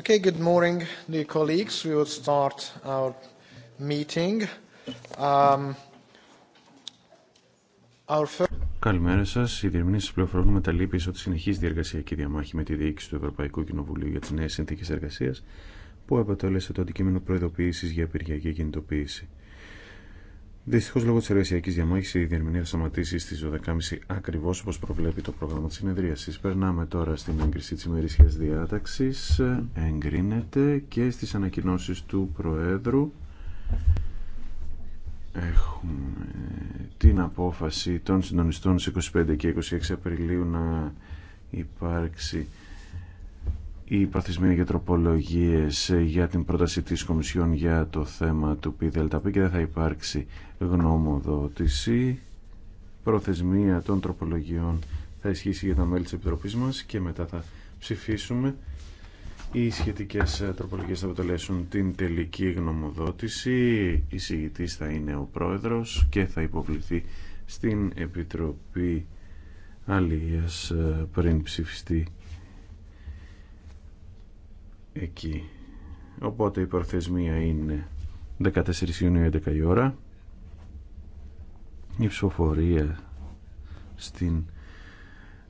Okay, good morning, dear colleagues. We um, Καλημέρα σα. Οι διερμηνεί σα πληροφορούν με τα λύπη ότι συνεχίζει η διεργασιακή διαμάχη με τη διοίκηση του Ευρωπαϊκού Κοινοβουλίου για τι νέε συνθήκε εργασία, που αποτέλεσε το αντικείμενο προειδοποίηση για απεργιακή κινητοποίηση. Δυστυχώ λόγω τη εργασιακή διαμάχη η διερμηνία θα σταματήσει στι 12.30 ακριβώ όπω προβλέπει το πρόγραμμα τη συνεδρίαση. Περνάμε τώρα στην έγκριση τη ημερήσια διάταξη. Εγκρίνεται και στι ανακοινώσει του Προέδρου. Έχουμε την απόφαση των συντονιστών στις 25 και 26 Απριλίου να υπάρξει η προθεσμία για τροπολογίε ε, για την πρόταση τη Κομισιόν για το θέμα του ΠΔΕΛΤΑΠ και δεν θα υπάρξει γνώμοδότηση. Προθεσμία των τροπολογιών θα ισχύσει για τα μέλη τη επιτροπή μας και μετά θα ψηφίσουμε. Οι σχετικέ ε, τροπολογίε θα αποτελέσουν την τελική γνωμοδότηση. Η συγητής θα είναι ο πρόεδρο και θα υποβληθεί στην Επιτροπή Αλίας ε, πριν ψηφιστεί εκεί. Οπότε η προθεσμία είναι 14 Ιουνίου 11 η ώρα. Η ψηφοφορία στην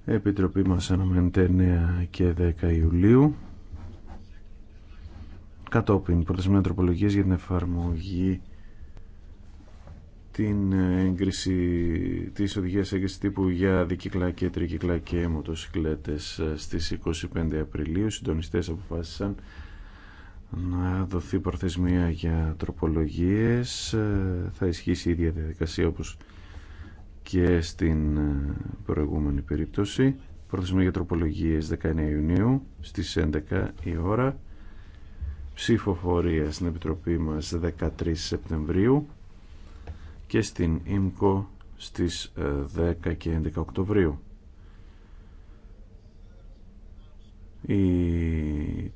Επιτροπή μας αναμένεται 9 και 10 Ιουλίου. Κατόπιν, προθεσμία τροπολογίας για την εφαρμογή την έγκριση της οδηγίας έγκρισης τύπου για δικυκλά και τρικυκλά και μοτοσυκλέτες στις 25 Απριλίου. Οι συντονιστές αποφάσισαν να δοθεί προθεσμία για τροπολογίες. Θα ισχύσει η ίδια διαδικασία όπως και στην προηγούμενη περίπτωση. Προθεσμία για τροπολογίες 19 Ιουνίου στις 11 η ώρα. Ψηφοφορία στην Επιτροπή μας 13 Σεπτεμβρίου και στην ΙΜΚΟ στις 10 ε, και 11 Οκτωβρίου. Η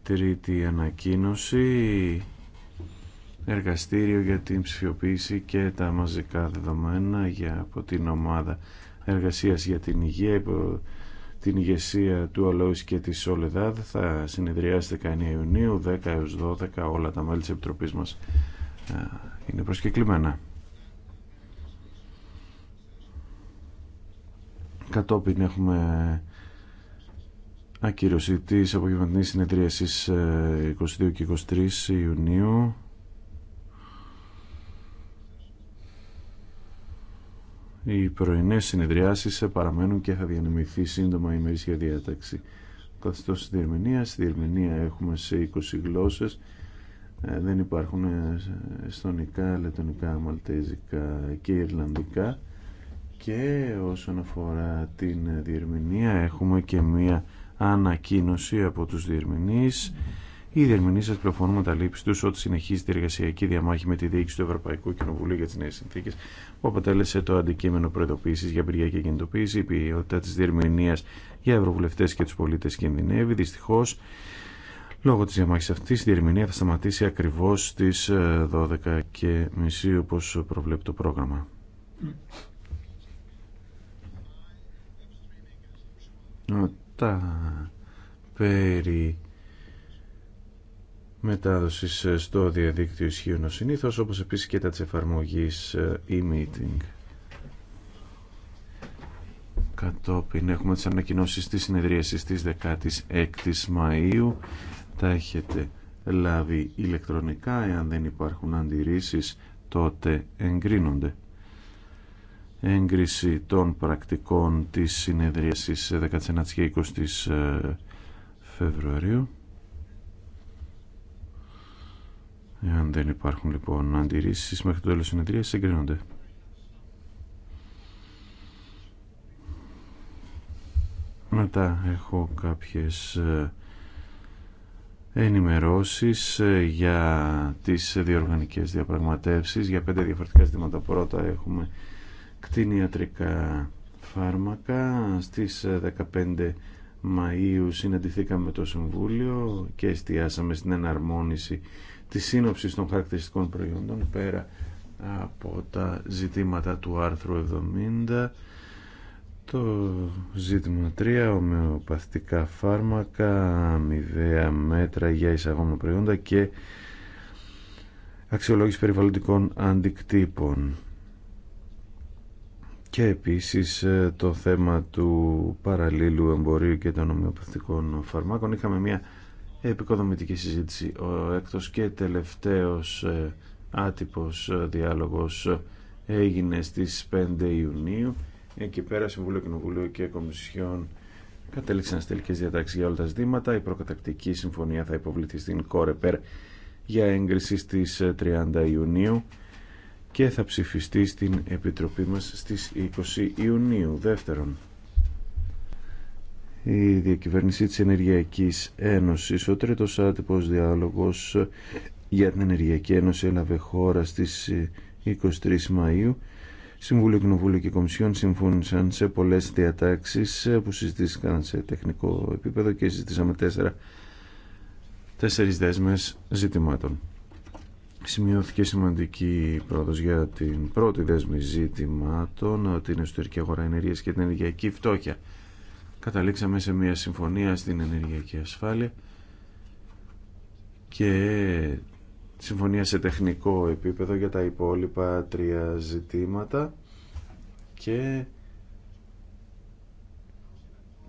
τρίτη ανακοίνωση εργαστήριο για την ψηφιοποίηση και τα μαζικά δεδομένα για, από την ομάδα εργασίας για την υγεία την ηγεσία του Αλόης και της Σολεδάδ θα συνεδριάσει 19 Ιουνίου 10 έως 12 όλα τα μέλη της Επιτροπής μας ε, είναι προσκεκλημένα. Κατόπιν έχουμε ακύρωση τη απογευματινής συνεδρίασης 22 ε, και 23 Ιουνίου. Οι πρωινέ συνεδριάσεις παραμένουν και θα διανεμηθεί σύντομα η ημερήσια διάταξη. Καθιστώς στη διερμηνία. Στη διερμηνία έχουμε σε 20 γλώσσες. Ε, δεν υπάρχουν ε, εστονικά, λετονικά, μαλτέζικα και ιρλανδικά. Και όσον αφορά την διερμηνία έχουμε και μία ανακοίνωση από τους διερμηνείς. Οι διερμηνείς σας πληροφορούν τα λήψη τους ότι συνεχίζει η εργασιακή διαμάχη με τη διοίκηση του Ευρωπαϊκού Κοινοβουλίου για τις νέες συνθήκες που αποτέλεσε το αντικείμενο προειδοποίηση για πυριακή κινητοποίηση. Η ποιότητα της διερμηνίας για ευρωβουλευτές και τους πολίτες κινδυνεύει. Δυστυχώ, Λόγω της διαμάχης αυτής, η διερμηνία θα σταματήσει ακριβώς στις 12.30 ε, όπως προβλέπει το πρόγραμμα. τα περί μετάδοση στο διαδίκτυο ισχύουν ως συνήθως, όπως επίσης και τα της εφαρμογής ε, e-meeting. Κατόπιν έχουμε τις ανακοινώσεις της συνεδρίασης της 16ης Μαΐου. Τα έχετε λάβει ηλεκτρονικά, εάν δεν υπάρχουν αντιρρήσεις τότε εγκρίνονται έγκριση των πρακτικών της συνεδρίασης 19 και 20 ε, Φεβρουαρίου. Εάν δεν υπάρχουν λοιπόν αντιρρήσεις μέχρι το τέλος συνεδρίας εγκρίνονται. Μετά έχω κάποιες ε, ενημερώσεις ε, για τις διοργανικές διαπραγματεύσεις για πέντε διαφορετικά ζητήματα. Πρώτα έχουμε κτηνιατρικά φάρμακα. Στις 15 ε, Μαΐου συναντηθήκαμε το Συμβούλιο και εστιάσαμε στην εναρμόνιση της σύνοψης των χαρακτηριστικών προϊόντων πέρα από τα ζητήματα του άρθρου 70 το ζήτημα 3 ομοιοπαθητικά φάρμακα αμοιβαία μέτρα για εισαγόμενα προϊόντα και αξιολόγηση περιβαλλοντικών αντικτύπων και επίσης ε, το θέμα του παραλλήλου εμπορίου και των ομοιοπαθητικών φαρμάκων. Είχαμε μια επικοδομητική συζήτηση. Ο έκτος και τελευταίος ε, άτυπος ε, διάλογος έγινε στις 5 Ιουνίου. Εκεί πέρα Συμβούλιο Κοινοβουλίου και Κομισιόν κατέληξαν στις τελικές διατάξεις για όλα τα ζητήματα. Η προκατακτική συμφωνία θα υποβληθεί στην Κόρεπερ για έγκριση στις 30 Ιουνίου και θα ψηφιστεί στην Επιτροπή μας στις 20 Ιουνίου. Δεύτερον, η διακυβέρνηση της Ενεργειακής Ένωσης, ο τρίτος άτυπος διάλογος για την Ενεργειακή Ένωση έλαβε χώρα στις 23 Μαΐου. Συμβούλιο, Κοινοβούλιο και Κομισιόν συμφώνησαν σε πολλές διατάξεις που συζητήθηκαν σε τεχνικό επίπεδο και συζητήσαμε τέσσερα, τέσσερις δέσμες ζητημάτων σημειώθηκε σημαντική πρόοδος για την πρώτη δέσμη ζήτηματων, την εσωτερική αγορά ενέργειας και την ενεργειακή φτώχεια. Καταλήξαμε σε μια συμφωνία στην ενεργειακή ασφάλεια και συμφωνία σε τεχνικό επίπεδο για τα υπόλοιπα τρία ζητήματα και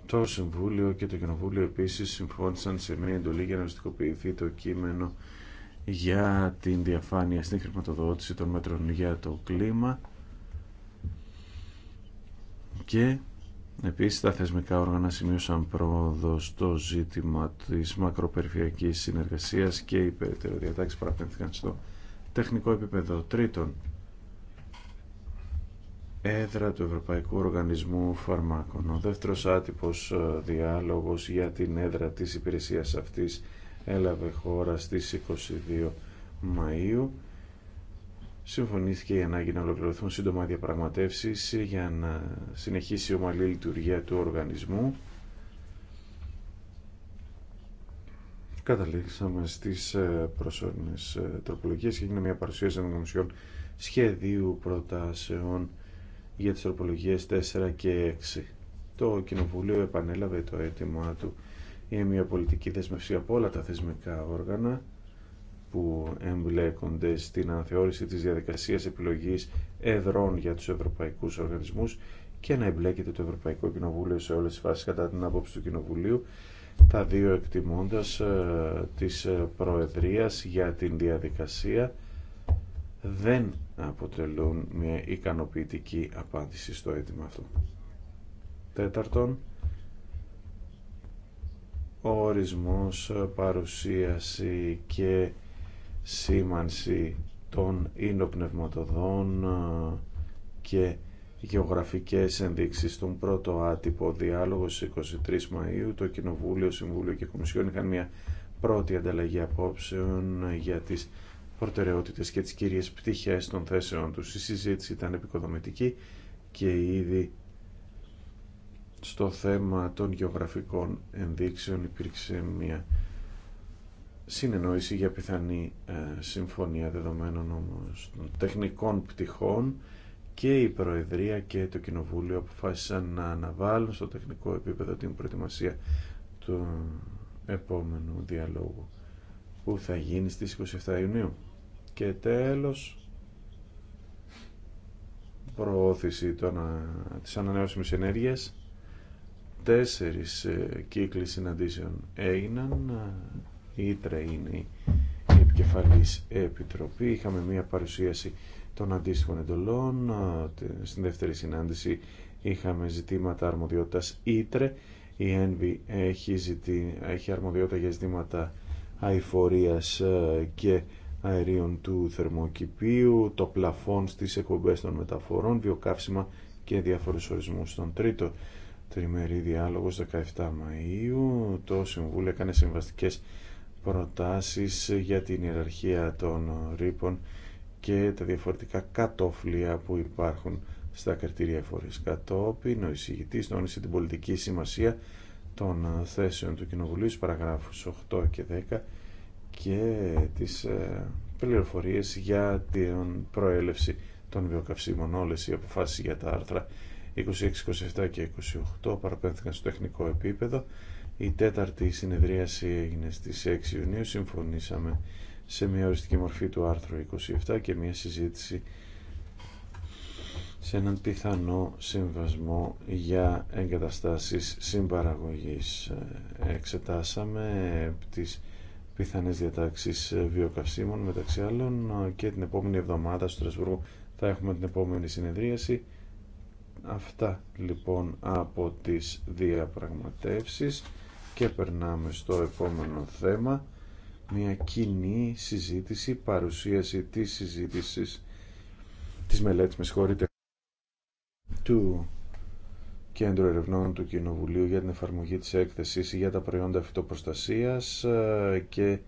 το Συμβούλιο και το Κοινοβούλιο επίσης συμφώνησαν σε μια εντολή για να μυστικοποιηθεί το κείμενο για την διαφάνεια στην χρηματοδότηση των μέτρων για το κλίμα και επίσης τα θεσμικά όργανα σημείωσαν πρόοδο στο ζήτημα της μακροπεριφερειακής συνεργασίας και οι περιτεροδιατάξεις παραπέμφθηκαν στο τεχνικό επίπεδο. Τρίτον, έδρα του Ευρωπαϊκού Οργανισμού Φαρμάκων. Ο δεύτερος άτυπος ε, διάλογος για την έδρα της υπηρεσίας αυτής έλαβε χώρα στις 22 Μαΐου. Συμφωνήθηκε η ανάγκη να ολοκληρωθούν σύντομα διαπραγματεύσεις για να συνεχίσει η ομαλή λειτουργία του οργανισμού. Καταλήξαμε στις ε, προσωρινές ε, τροπολογίες και έγινε μια παρουσίαση των Κομισιών σχεδίου προτάσεων για τις τροπολογίες 4 και 6. Το Κοινοβούλιο επανέλαβε το αίτημά του είναι μια πολιτική δέσμευση από όλα τα θεσμικά όργανα που εμπλέκονται στην αναθεώρηση της διαδικασίας επιλογής εδρών για τους ευρωπαϊκούς οργανισμούς και να εμπλέκεται το Ευρωπαϊκό Κοινοβούλιο σε όλες τις φάσεις κατά την άποψη του Κοινοβουλίου τα δύο εκτιμώντας ε, της ε, Προεδρίας για την διαδικασία δεν αποτελούν μια ικανοποιητική απάντηση στο αίτημα αυτό. Τέταρτον, ορισμός, ε, παρουσίαση και σήμανση των ίνοπνευματοδών ε, και γεωγραφικές ενδείξεις. Στον πρώτο άτυπο διάλογο στις 23 Μαΐου το Κοινοβούλιο, Συμβούλιο και Κομισιόν είχαν μια πρώτη ανταλλαγή απόψεων ε, για τις προτεραιότητες και τις κύριες πτυχές των θέσεων του Η συζήτηση ήταν επικοδομητική και ήδη στο θέμα των γεωγραφικών ενδείξεων υπήρξε μια συνεννόηση για πιθανή ε, συμφωνία δεδομένων όμως των τεχνικών πτυχών και η Προεδρία και το Κοινοβούλιο αποφάσισαν να αναβάλουν στο τεχνικό επίπεδο την προετοιμασία του επόμενου διαλόγου που θα γίνει στις 27 Ιουνίου. Και τέλος, προώθηση των, ε, της ανανεώσιμης ενέργειας τέσσερις ε, κύκλοι συναντήσεων έγιναν. Ε, η Ήτρα είναι η επικεφαλής επιτροπή. Είχαμε μία παρουσίαση των αντίστοιχων εντολών. Ε, στην δεύτερη συνάντηση είχαμε ζητήματα αρμοδιότητας Ήτρε. Η ΕΝΒΗ έχει, ζητή, έχει αρμοδιότητα για ζητήματα αηφορίας και αερίων του θερμοκηπίου, το πλαφόν στις εκπομπές των μεταφορών, βιοκαύσιμα και διάφορους ορισμούς. Στον τρίτο τριμερή διάλογο 17 Μαΐου το Συμβούλιο έκανε συμβαστικές προτάσεις για την ιεραρχία των ρήπων και τα διαφορετικά κατόφλια που υπάρχουν στα κριτήρια φορής. Κατόπιν ο εισηγητής τόνισε την πολιτική σημασία των θέσεων του Κοινοβουλίου στους παραγράφους 8 και 10 και τις ε, πληροφορίες για την προέλευση των βιοκαυσίμων όλες οι αποφάσεις για τα άρθρα 26, 27 και 28 παραπέμφθηκαν στο τεχνικό επίπεδο. Η τέταρτη συνεδρίαση έγινε στις 6 Ιουνίου. Συμφωνήσαμε σε μια οριστική μορφή του άρθρου 27 και μια συζήτηση σε έναν πιθανό συμβασμό για εγκαταστάσεις συμπαραγωγής. Εξετάσαμε τις πιθανές διατάξεις βιοκαυσίμων μεταξύ άλλων και την επόμενη εβδομάδα στο Τρασβούργο θα έχουμε την επόμενη συνεδρίαση Αυτά λοιπόν από τις διαπραγματεύσεις και περνάμε στο επόμενο θέμα μια κοινή συζήτηση, παρουσίαση της συζήτησης της μελέτης, με συγχωρείτε, του Κέντρου Ερευνών του Κοινοβουλίου για την εφαρμογή της έκθεσης για τα προϊόντα φυτοπροστασίας ε, και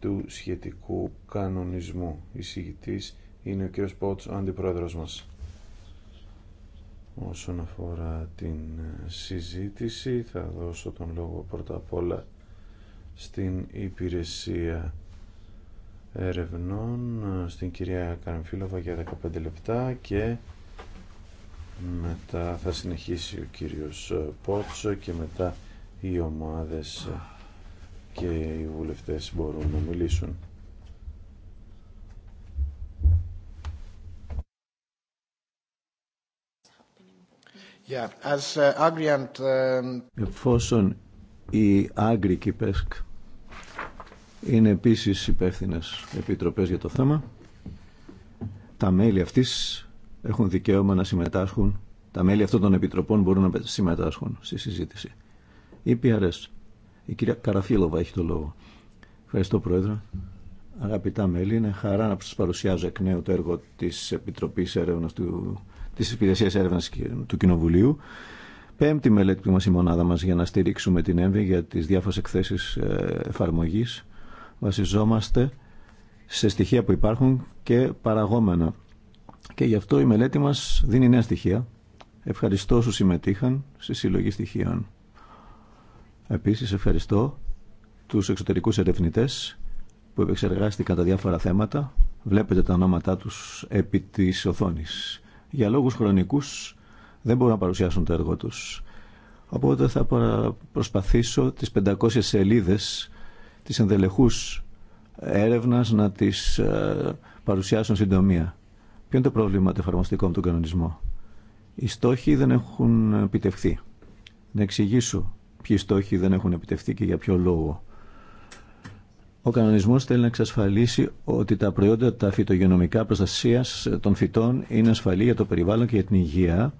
του σχετικού κανονισμού. Η είναι ο κ. Πότς, ο αντιπρόεδρος μας. Όσον αφορά την ε, συζήτηση θα δώσω τον λόγο πρώτα απ' όλα στην υπηρεσία ερευνών ε, στην κυρία Καραμφίλοβα για 15 λεπτά και μετά θα συνεχίσει ο κύριος ε, Πότσο και μετά οι ομάδες και οι βουλευτές μπορούν να μιλήσουν. Uh, um, Εφόσον οι Άγκρη ΠΕΣΚ είναι επίσης υπεύθυνε επιτροπές για το θέμα, τα μέλη αυτής έχουν δικαίωμα να συμμετάσχουν, τα μέλη αυτών των επιτροπών μπορούν να συμμετάσχουν στη συζήτηση. Η PRS, η κυρία Καραφίλοβα έχει το λόγο. Ευχαριστώ Πρόεδρε. Αγαπητά μέλη, είναι χαρά να σας παρουσιάζω εκ νέου το έργο της Επιτροπής Έρευνας του Τη Υπηρεσία Έρευνα του Κοινοβουλίου. Πέμπτη μελέτη που είμαστε η μονάδα μας για να στηρίξουμε την ΕΜΒΗ για τις διάφορες εκθέσεις ε, εφαρμογή. Βασιζόμαστε σε στοιχεία που υπάρχουν και παραγόμενα. Και γι' αυτό η μελέτη μας δίνει νέα στοιχεία. Ευχαριστώ όσου συμμετείχαν στη συλλογή στοιχείων. Επίση ευχαριστώ τους εξωτερικού ερευνητέ που επεξεργάστηκαν τα διάφορα θέματα. Βλέπετε τα ονόματά τους επί της οθόνης για λόγους χρονικούς δεν μπορούν να παρουσιάσουν το έργο τους. Οπότε θα προσπαθήσω τις 500 σελίδες της ενδελεχούς έρευνας να τις ε, παρουσιάσουν συντομία. Ποιο είναι το πρόβλημα το εφαρμοστικό με τον κανονισμό. Οι στόχοι δεν έχουν επιτευχθεί. Να εξηγήσω ποιοι στόχοι δεν έχουν επιτευχθεί και για ποιο λόγο. Ο κανονισμός θέλει να εξασφαλίσει ότι τα προϊόντα τα φυτογενομικά προστασίας των φυτών είναι ασφαλή για το περιβάλλον και για την υγεία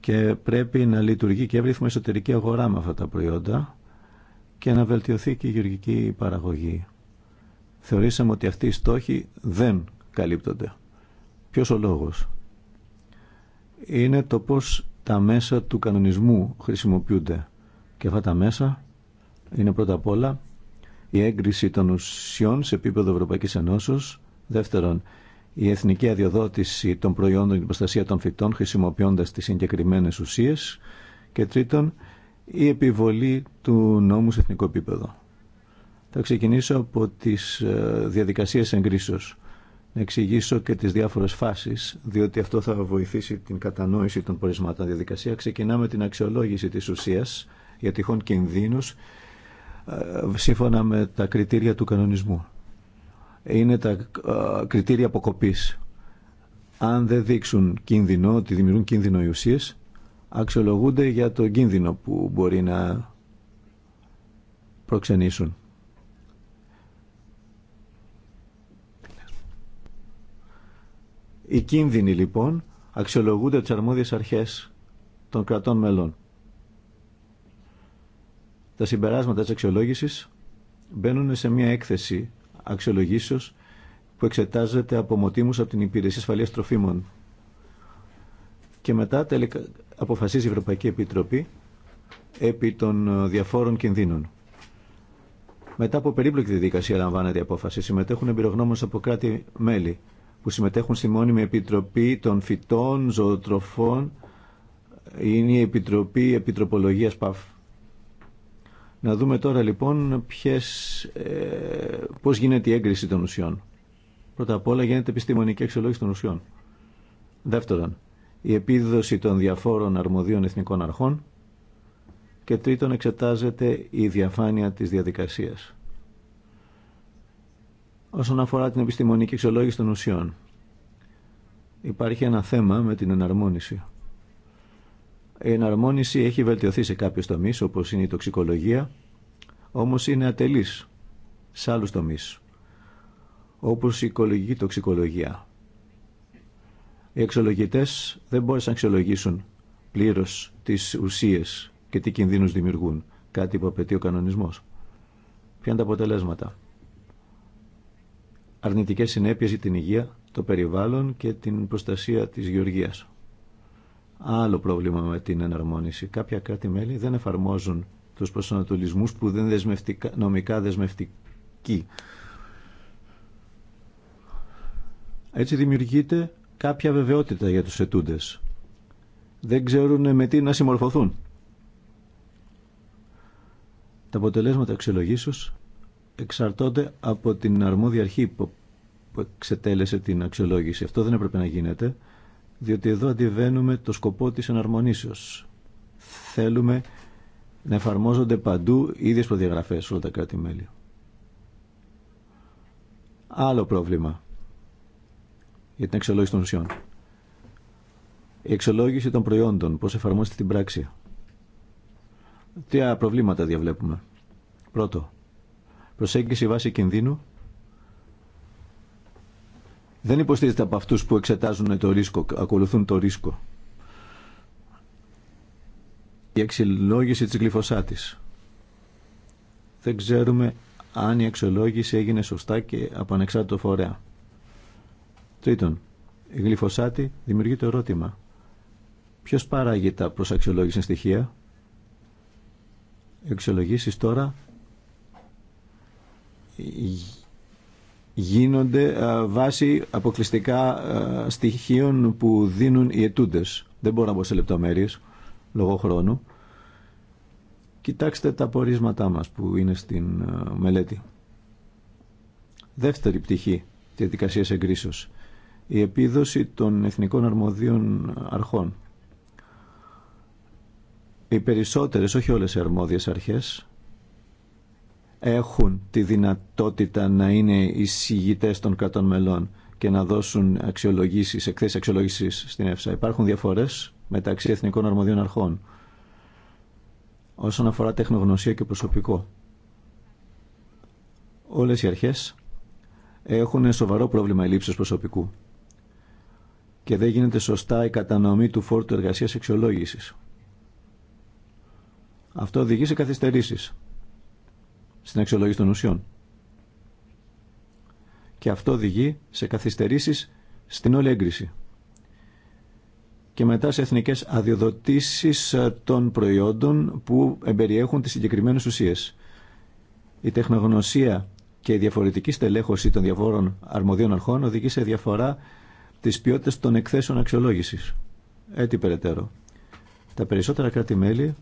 και πρέπει να λειτουργεί και εύρυθμα εσωτερική αγορά με αυτά τα προϊόντα και να βελτιωθεί και η γεωργική παραγωγή. Θεωρήσαμε ότι αυτοί οι στόχοι δεν καλύπτονται. Ποιο ο λόγος. Είναι το πώς τα μέσα του κανονισμού χρησιμοποιούνται. Και αυτά τα μέσα είναι πρώτα απ' όλα η έγκριση των ουσιών σε επίπεδο Ευρωπαϊκής Ενώσεω, Δεύτερον, η εθνική αδειοδότηση των προϊόντων και προστασία των φυτών χρησιμοποιώντα τι συγκεκριμένε ουσίες. Και τρίτον, η επιβολή του νόμου σε εθνικό επίπεδο. Θα ξεκινήσω από τις ε, διαδικασίες εγκρίσεως. Να εξηγήσω και τις διάφορες φάσεις, διότι αυτό θα βοηθήσει την κατανόηση των πορισμάτων διαδικασία. Ξεκινάμε την αξιολόγηση τη ουσία, για τυχόν κινδύνου ε, σύμφωνα με τα κριτήρια του κανονισμού. Είναι τα ε, κριτήρια αποκοπής. Αν δεν δείξουν κίνδυνο, ότι δημιουργούν κίνδυνο οι ουσίες, αξιολογούνται για το κίνδυνο που μπορεί να προξενήσουν. Οι κίνδυνοι λοιπόν αξιολογούνται από τις αρμόδιες αρχές των κρατών μελών. Τα συμπεράσματα της αξιολόγησης μπαίνουν σε μια έκθεση αξιολογήσεως που εξετάζεται από μοτίμους από την Υπηρεσία Ασφαλείας Τροφίμων. Και μετά αποφασίζει η Ευρωπαϊκή Επιτροπή επί των ε, διαφόρων κινδύνων. Μετά από περίπλοκη διαδικασία λαμβάνεται η απόφαση. Συμμετέχουν εμπειρογνώμονε από κράτη-μέλη που συμμετέχουν στη μόνιμη επιτροπή των φυτών, ζωοτροφών. Είναι η Επιτροπή Επιτροπολογίας ΠΑΦ. Να δούμε τώρα λοιπόν ποιες, ε, πώς γίνεται η έγκριση των ουσιών. Πρώτα απ' όλα γίνεται επιστημονική αξιολόγηση των ουσιών. Δεύτερον, η επίδοση των διαφόρων αρμοδίων εθνικών αρχών. Και τρίτον, εξετάζεται η διαφάνεια της διαδικασίας. Όσον αφορά την επιστημονική εξολόγηση των ουσιών, υπάρχει ένα θέμα με την εναρμόνιση. Η εναρμόνιση έχει βελτιωθεί σε κάποιους τομείς, όπως είναι η τοξικολογία, όμως είναι ατελής σε άλλους τομείς, όπως η οικολογική τοξικολογία. Οι εξολογητές δεν μπόρεσαν να αξιολογήσουν πλήρως τις ουσίες και τι κινδύνους δημιουργούν, κάτι που απαιτεί ο κανονισμός. Ποια είναι τα αποτελέσματα. Αρνητικές συνέπειες για την υγεία, το περιβάλλον και την προστασία της γεωργίας. Άλλο πρόβλημα με την εναρμόνιση. Κάποια κράτη-μέλη δεν εφαρμόζουν τους προσανατολισμού που δεν είναι νομικά δεσμευτικοί. Έτσι δημιουργείται κάποια βεβαιότητα για τους ετούντες. Δεν ξέρουν με τι να συμμορφωθούν. Τα αποτελέσματα αξιολογήσεως εξαρτώνται από την αρμόδια αρχή που εξετέλεσε την αξιολόγηση. Αυτό δεν έπρεπε να γίνεται διότι εδώ αντιβαίνουμε το σκοπό της εναρμονήσεως. Θέλουμε να εφαρμόζονται παντού οι ίδιες προδιαγραφές όλα τα κράτη-μέλη. Άλλο πρόβλημα για την εξολόγηση των ουσιών. Η εξολόγηση των προϊόντων, πώς εφαρμόζεται την πράξη. Τι προβλήματα διαβλέπουμε. Πρώτο, προσέγγιση βάση κινδύνου δεν υποστηρίζεται από αυτούς που εξετάζουν το ρίσκο, ακολουθούν το ρίσκο. Η αξιολόγηση της γλυφοσάτης. Δεν ξέρουμε αν η αξιολόγηση έγινε σωστά και από ανεξάρτητο φορέα. Τρίτον, η γλυφωσάτη δημιουργεί το ερώτημα. Ποιος παράγει τα προς στοιχεία. Οι αξιολογήσεις τώρα γίνονται ε, βάσει αποκλειστικά ε, στοιχείων που δίνουν οι ετούντες. Δεν μπορώ να πω σε λεπτομέρειες, λόγω χρόνου. Κοιτάξτε τα πορίσματά μας που είναι στην ε, μελέτη. Δεύτερη πτυχή της διαδικασίας εγκρίσεως. Η επίδοση των εθνικών αρμοδίων αρχών. Οι περισσότερες, όχι όλες οι αρμόδιες αρχές, έχουν τη δυνατότητα να είναι εισηγητές των κρατών μελών και να δώσουν αξιολογήσεις, εκθέσεις αξιολογήσεις στην ΕΦΣΑ. Υπάρχουν διαφορές μεταξύ εθνικών αρμοδίων αρχών όσον αφορά τεχνογνωσία και προσωπικό. Όλες οι αρχές έχουν σοβαρό πρόβλημα ελλείψης προσωπικού και δεν γίνεται σωστά η κατανομή του φόρτου εργασίας αξιολόγησης. Αυτό οδηγεί σε καθυστερήσεις στην αξιολόγηση των ουσιών. Και αυτό οδηγεί σε καθυστερήσεις στην όλη έγκριση. Και μετά σε εθνικές αδειοδοτήσεις ε, των προϊόντων που εμπεριέχουν τις συγκεκριμένες ουσίες. Η τεχνογνωσία και η διαφορετική στελέχωση των διαφόρων αρμοδίων αρχών οδηγεί σε διαφορά της ποιότητας των εκθέσεων αξιολόγησης. Έτσι περαιτέρω. Τα περισσότερα κράτη-μέλη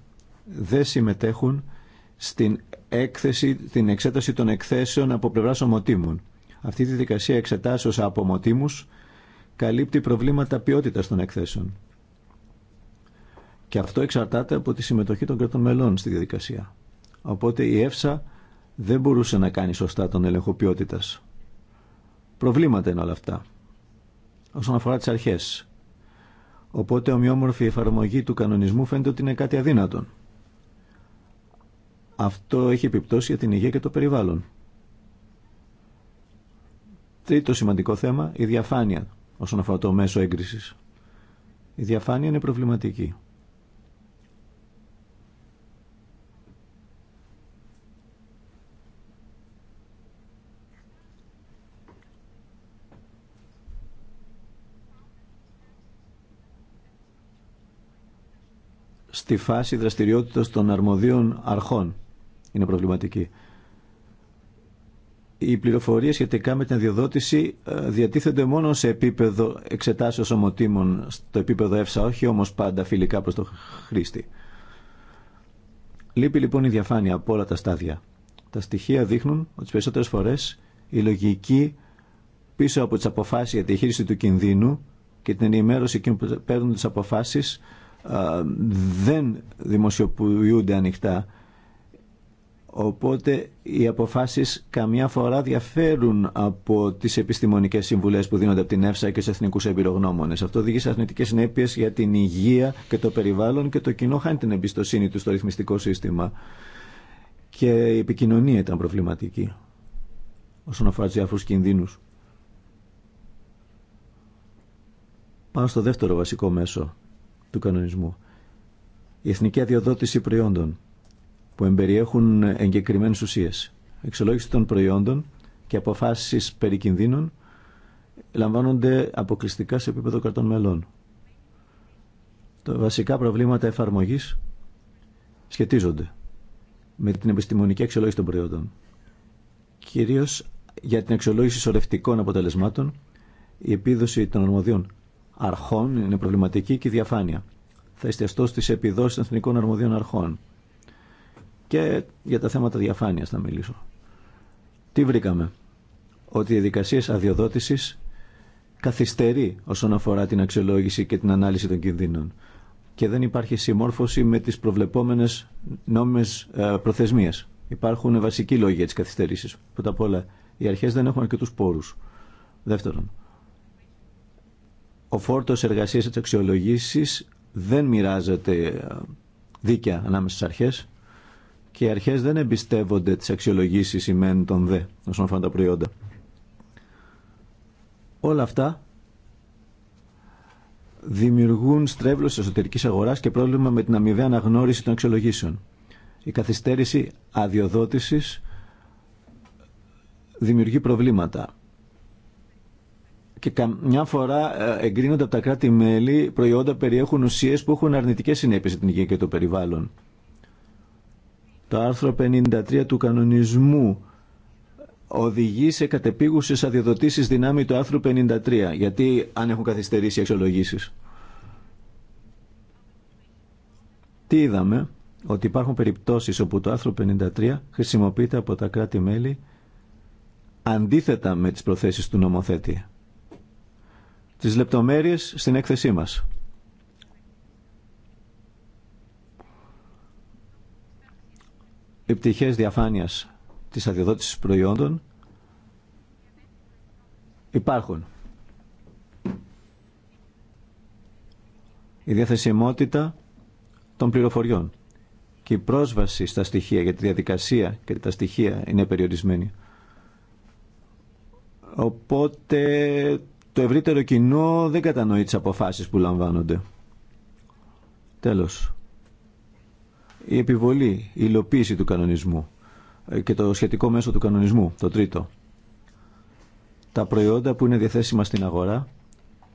δεν συμμετέχουν στην έκθεση, την εξέταση των εκθέσεων από πλευρά ομοτήμων. Αυτή η διαδικασία εξετάσεως από ομοτήμους καλύπτει προβλήματα ποιότητας των εκθέσεων. Και αυτό εξαρτάται από τη συμμετοχή των κρατών μελών στη διαδικασία. Οπότε η ΕΦΣΑ δεν μπορούσε να κάνει σωστά τον έλεγχο ποιότητας. Προβλήματα είναι όλα αυτά. Όσον αφορά τι αρχές. Οπότε ομοιόμορφη εφαρμογή του κανονισμού φαίνεται ότι είναι κάτι αδύνατον. Αυτό έχει επιπτώσει για την υγεία και το περιβάλλον. Τρίτο σημαντικό θέμα, η διαφάνεια όσον αφορά το μέσο έγκρισης. Η διαφάνεια είναι προβληματική. στη φάση δραστηριότητας των αρμοδίων αρχών είναι προβληματική. Οι πληροφορίες σχετικά με την αδειοδότηση ε, διατίθενται μόνο σε επίπεδο εξετάσεως ομοτήμων στο επίπεδο ΕΦΣΑ, όχι όμως πάντα φιλικά προς το χρήστη. Λείπει λοιπόν η διαφάνεια από όλα τα στάδια. Τα στοιχεία δείχνουν ότι περισσότερες φορές η λογική πίσω από τις αποφάσεις για τη χείριση του κινδύνου και την ενημέρωση εκείνων που παίρνουν τις αποφάσεις ε, δεν δημοσιοποιούνται ανοιχτά Οπότε οι αποφάσεις καμιά φορά διαφέρουν από τις επιστημονικές συμβουλές που δίνονται από την ΕΦΣΑ και στους εθνικούς εμπειρογνώμονες. Αυτό οδηγεί σε αρνητικές συνέπειες για την υγεία και το περιβάλλον και το κοινό χάνει την εμπιστοσύνη του στο ρυθμιστικό σύστημα. Και η επικοινωνία ήταν προβληματική όσον αφορά τους κινδύνους. Πάω στο δεύτερο βασικό μέσο του κανονισμού. Η εθνική αδειοδότηση προϊόντων που εμπεριέχουν εγκεκριμένε ουσίες. Εξολόγηση των προϊόντων και αποφάσει περί κινδύνων λαμβάνονται αποκλειστικά σε επίπεδο κρατών μελών. Τα βασικά προβλήματα εφαρμογής σχετίζονται με την επιστημονική αξιολόγηση των προϊόντων. Κυρίω για την αξιολόγηση σωρευτικών αποτελεσμάτων, η επίδοση των αρμοδιών αρχών είναι προβληματική και η διαφάνεια. Θα εστιαστώ στι επιδόσει των εθνικών αρμοδίων αρχών και για τα θέματα διαφάνειας θα μιλήσω. Τι βρήκαμε. Ότι οι διαδικασίες αδειοδότησης καθυστερεί όσον αφορά την αξιολόγηση και την ανάλυση των κινδύνων και δεν υπάρχει συμμόρφωση με τις προβλεπόμενες νόμιμες ε, προθεσμίε. Υπάρχουν βασικοί λόγοι για τις καθυστερήσεις. Πρώτα απ' όλα, οι αρχές δεν έχουν αρκετούς πόρους. Δεύτερον, ο φόρτος εργασίας της αξιολογήσης δεν μοιράζεται ε, δίκαια ανάμεσα στις αρχές και οι αρχές δεν εμπιστεύονται τις αξιολογήσεις ημέν των δε όσον αφορά τα προϊόντα. Όλα αυτά δημιουργούν στρέβλωση εσωτερικής αγοράς και πρόβλημα με την αμοιβαία αναγνώριση των αξιολογήσεων. Η καθυστέρηση αδειοδότησης δημιουργεί προβλήματα. Και καμιά φορά ε, εγκρίνονται από τα κράτη-μέλη προϊόντα περιέχουν ουσίες που έχουν αρνητικές συνέπειες στην υγεία και το περιβάλλον. Το άρθρο 53 του κανονισμού οδηγεί σε κατεπίγουσες αδειοδοτήσει δυνάμει του άρθρου 53, γιατί αν έχουν καθυστερήσει οι αξιολογήσεις. Τι είδαμε, ότι υπάρχουν περιπτώσεις όπου το άρθρο 53 χρησιμοποιείται από τα κράτη-μέλη αντίθετα με τις προθέσεις του νομοθέτη. Τις λεπτομέρειες στην έκθεσή μας. οι πτυχές διαφάνειας της αδειοδότησης προϊόντων υπάρχουν. Η διαθεσιμότητα των πληροφοριών και η πρόσβαση στα στοιχεία για τη διαδικασία και τα στοιχεία είναι περιορισμένη. Οπότε το ευρύτερο κοινό δεν κατανοεί τις αποφάσεις που λαμβάνονται. Τέλος η επιβολή, η υλοποίηση του κανονισμού ε, και το σχετικό μέσο του κανονισμού, το τρίτο. Τα προϊόντα που είναι διαθέσιμα στην αγορά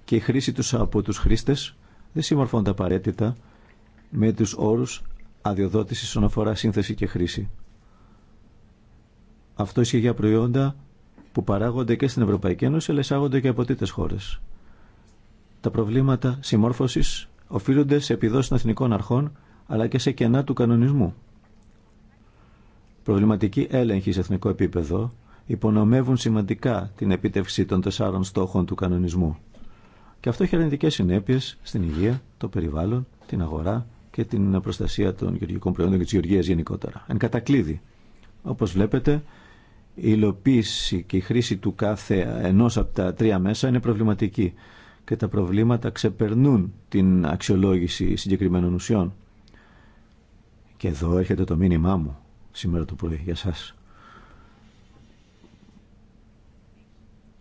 και η χρήση τους από τους χρήστες δεν συμμορφώνται απαραίτητα με τους όρους αδειοδότησης όσον αφορά σύνθεση και χρήση. Αυτό ισχύει για προϊόντα που παράγονται και στην Ευρωπαϊκή Ένωση αλλά εισάγονται και από τρίτε χώρε. Τα προβλήματα συμμόρφωση οφείλονται σε επιδόσει των εθνικών αρχών αλλά και σε κενά του κανονισμού. Προβληματικοί έλεγχοι σε εθνικό επίπεδο υπονομεύουν σημαντικά την επίτευξη των τεσσάρων στόχων του κανονισμού. Και αυτό έχει αρνητικέ συνέπειε στην υγεία, το περιβάλλον, την αγορά και την προστασία των γεωργικών προϊόντων και τη γεωργία γενικότερα. Εν κατακλείδη, όπω βλέπετε, η υλοποίηση και η χρήση του κάθε ενό από τα τρία μέσα είναι προβληματική και τα προβλήματα ξεπερνούν την αξιολόγηση συγκεκριμένων ουσιών. Και εδώ έρχεται το μήνυμά μου σήμερα το πρωί για σας.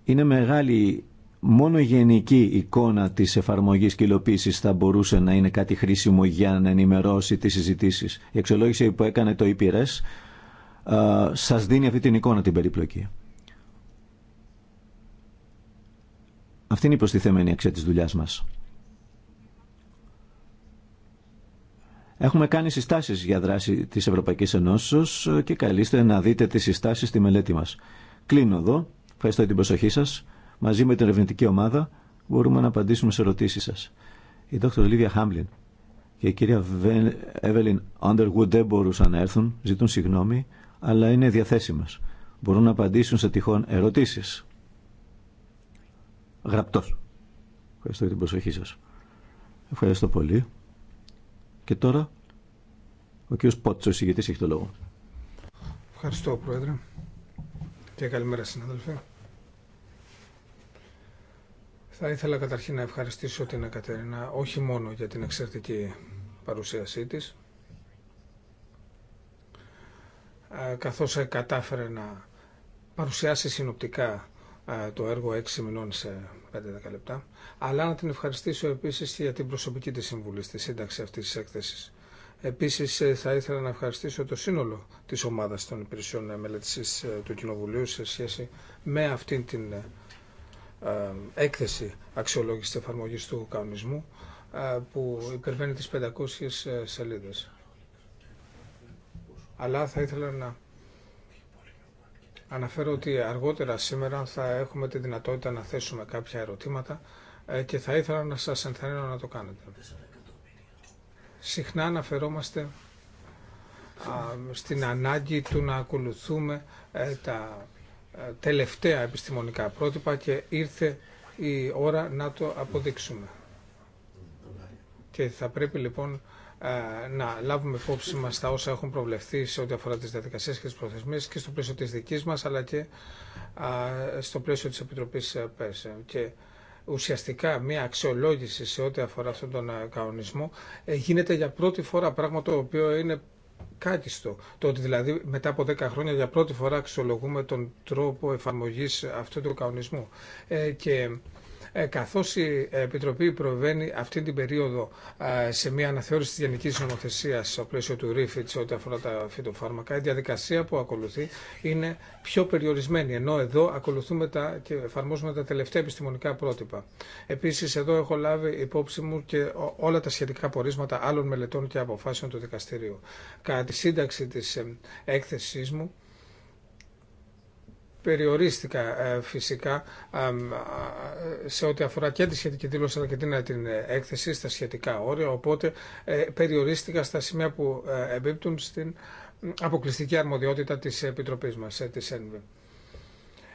Είναι μεγάλη μόνο η γενική εικόνα της εφαρμογής και υλοποίησης θα μπορούσε να είναι κάτι χρήσιμο για να ενημερώσει τις συζητήσεις. Η εξολόγηση που έκανε το EPRS σας δίνει αυτή την εικόνα την περιπλοκή. Αυτή είναι η προστιθέμενη αξία της δουλειάς μας. Έχουμε κάνει συστάσεις για δράση της Ευρωπαϊκής Ενώσεως και καλείστε να δείτε τις συστάσεις στη μελέτη μας. Κλείνω εδώ. Ευχαριστώ την προσοχή σας. Μαζί με την ερευνητική ομάδα μπορούμε να απαντήσουμε σε ερωτήσεις σας. Η Δ. Λίβια Χάμπλιν και η κυρία Εύελιν Underwood δεν μπορούσαν να έρθουν, ζητούν συγγνώμη, αλλά είναι διαθέσιμες. Μπορούν να απαντήσουν σε τυχόν ερωτήσεις. Γραπτός. Ευχαριστώ για την προσοχή σας. Ευχαριστώ πολύ. Και τώρα ο κύριος Πότσο, ο έχει το λόγο. Ευχαριστώ, Πρόεδρε. Και καλημέρα, συνάδελφε. Θα ήθελα καταρχήν να ευχαριστήσω την Εκατερίνα όχι μόνο για την εξαιρετική παρουσίασή της, καθώς ε, κατάφερε να παρουσιάσει συνοπτικά το έργο έξι μηνών σε 5-10 λεπτά, αλλά να την ευχαριστήσω επίσης για την προσωπική της συμβουλή στη σύνταξη αυτής της έκθεσης. Επίσης ε, θα ήθελα να ευχαριστήσω το σύνολο της ομάδας των υπηρεσιών ε, μελέτησης ε, του Κοινοβουλίου σε σχέση με αυτήν την έκθεση αξιολόγησης εφαρμογή του κανονισμού που υπερβαίνει τις 500 σελίδες. Αλλά θα ήθελα να αναφέρω ότι αργότερα σήμερα θα έχουμε τη δυνατότητα να θέσουμε κάποια ερωτήματα ε, και θα ήθελα να σας ενθαρρύνω να το κάνετε. Συχνά αναφερόμαστε στην ανάγκη του να ακολουθούμε ε, τα ε, τελευταία επιστημονικά πρότυπα και ήρθε η ώρα να το αποδείξουμε. Και θα πρέπει λοιπόν ε, να λάβουμε υπόψη μας τα όσα έχουν προβλεφθεί σε ό,τι αφορά τις διαδικασίες και τις προθεσμίες και στο πλαίσιο της δικής μας αλλά και στο πλαίσιο της Επιτροπής ε, ΠΕΣ. Και ουσιαστικά μια αξιολόγηση σε ό,τι αφορά αυτόν τον ε, κανονισμό γίνεται για πρώτη φορά, πράγμα το οποίο είναι κάκιστο. Το ότι δηλαδή μετά από 10 χρόνια για πρώτη φορά αξιολογούμε τον τρόπο εφαρμογής αυτού του κανονισμού. και ε, καθώς η Επιτροπή προβαίνει αυτή την περίοδο ε, σε μια αναθεώρηση της γενικής νομοθεσίας στο πλαίσιο του σε ό,τι αφορά τα φυτοφάρμακα, η διαδικασία που ακολουθεί είναι πιο περιορισμένη, ενώ εδώ ακολουθούμε τα, και εφαρμόζουμε τα τελευταία επιστημονικά πρότυπα. Επίσης, εδώ έχω λάβει υπόψη μου και όλα τα σχετικά πορίσματα άλλων μελετών και αποφάσεων του δικαστηρίου. Κατά τη σύνταξη της ε, έκθεσής μου, περιορίστηκα ε, φυσικά σε ό,τι αφορά και τη σχετική δήλωση αλλά και την ε, ε, έκθεση στα σχετικά όρια, οπότε περιορίστηκα στα σημεία που εμπίπτουν στην αποκλειστική αρμοδιότητα της Επιτροπής μας, της ΕΝΒΕ.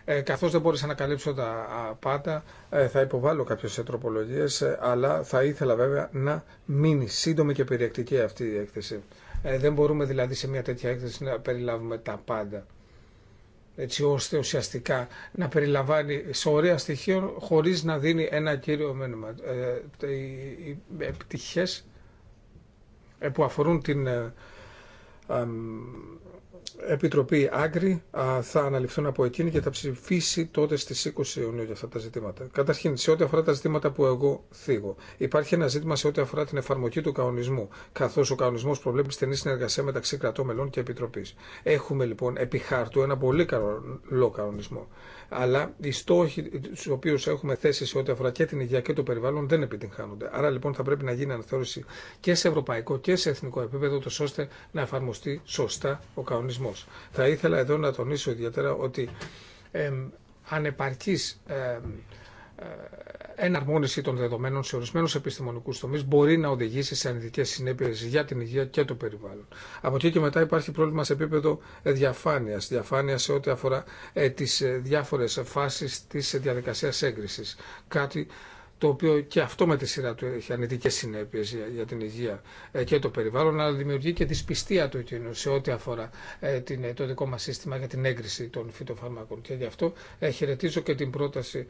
Ε, καθώς δεν μπόρεσα να καλύψω τα πάντα, θα υποβάλω κάποιες τροπολογίες, αλλά θα ήθελα βέβαια να μείνει σύντομη και περιεκτική αυτή η έκθεση. δεν μπορούμε δηλαδή σε μια τέτοια έκθεση να περιλάβουμε τα πάντα έτσι ώστε ουσιαστικά να περιλαμβάνει σωρία στοιχείων χωρίς να δίνει ένα κύριο μένωμα. Ε, οι επιτυχίες ε, που αφορούν την ε, Επιτροπή Άγκρη θα αναλυφθούν από εκείνη και θα ψηφίσει τότε στι 20 Ιουνίου για αυτά τα ζητήματα. Καταρχήν, σε ό,τι αφορά τα ζητήματα που εγώ θίγω, υπάρχει ένα ζήτημα σε ό,τι αφορά την εφαρμογή του κανονισμού, καθώ ο κανονισμό προβλέπει στενή συνεργασία μεταξύ κρατών μελών και Επιτροπή. Έχουμε λοιπόν επί χάρτου ένα πολύ καλό κανονισμό αλλά οι στόχοι του οποίου έχουμε θέσει σε ό,τι αφορά και την υγεία και το περιβάλλον δεν επιτυγχάνονται. Άρα λοιπόν θα πρέπει να γίνει αναθεώρηση και σε ευρωπαϊκό και σε εθνικό επίπεδο, τόσο ώστε να εφαρμοστεί σωστά ο κανονισμό. Θα ήθελα εδώ να τονίσω ιδιαίτερα ότι ε, ανεπαρκής ε, εναρμόνιση των δεδομένων σε ορισμένου επιστημονικού τομεί μπορεί να οδηγήσει σε αρνητικέ συνέπειε για την υγεία και το περιβάλλον. Από εκεί και μετά υπάρχει πρόβλημα σε επίπεδο διαφάνεια. Διαφάνεια σε ό,τι αφορά ε, τι ε, διάφορε φάσει τη διαδικασία έγκριση. Κάτι το οποίο και αυτό με τη σειρά του έχει ανητικές συνέπειες για, την υγεία ε, και το περιβάλλον, αλλά δημιουργεί και δυσπιστία του εκείνου σε ό,τι αφορά ε, την, ε, το δικό μας σύστημα για την έγκριση των φυτοφαρμάκων. Και γι' αυτό χαιρετίζω και την πρόταση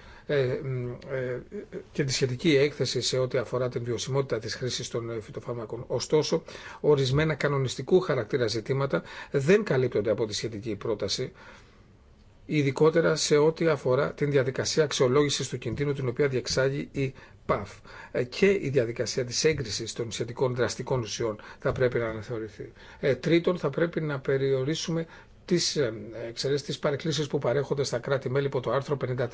και τη σχετική έκθεση σε ό,τι αφορά την βιωσιμότητα της χρήσης των φυτοφαρμάκων. Ωστόσο, ορισμένα κανονιστικού χαρακτήρα ζητήματα δεν καλύπτονται από τη σχετική πρόταση ειδικότερα σε ό,τι αφορά την διαδικασία αξιολόγηση του κινδύνου την οποία διεξάγει η ΠΑΦ. Ε, και η διαδικασία τη έγκριση των σχετικών δραστικών ουσιών θα πρέπει να αναθεωρηθεί. Ε, τρίτον, θα πρέπει να περιορίσουμε τι ε, εξαιρέσει, τι παρεκκλήσει που παρέχονται στα κράτη-μέλη υπό το άρθρο 53.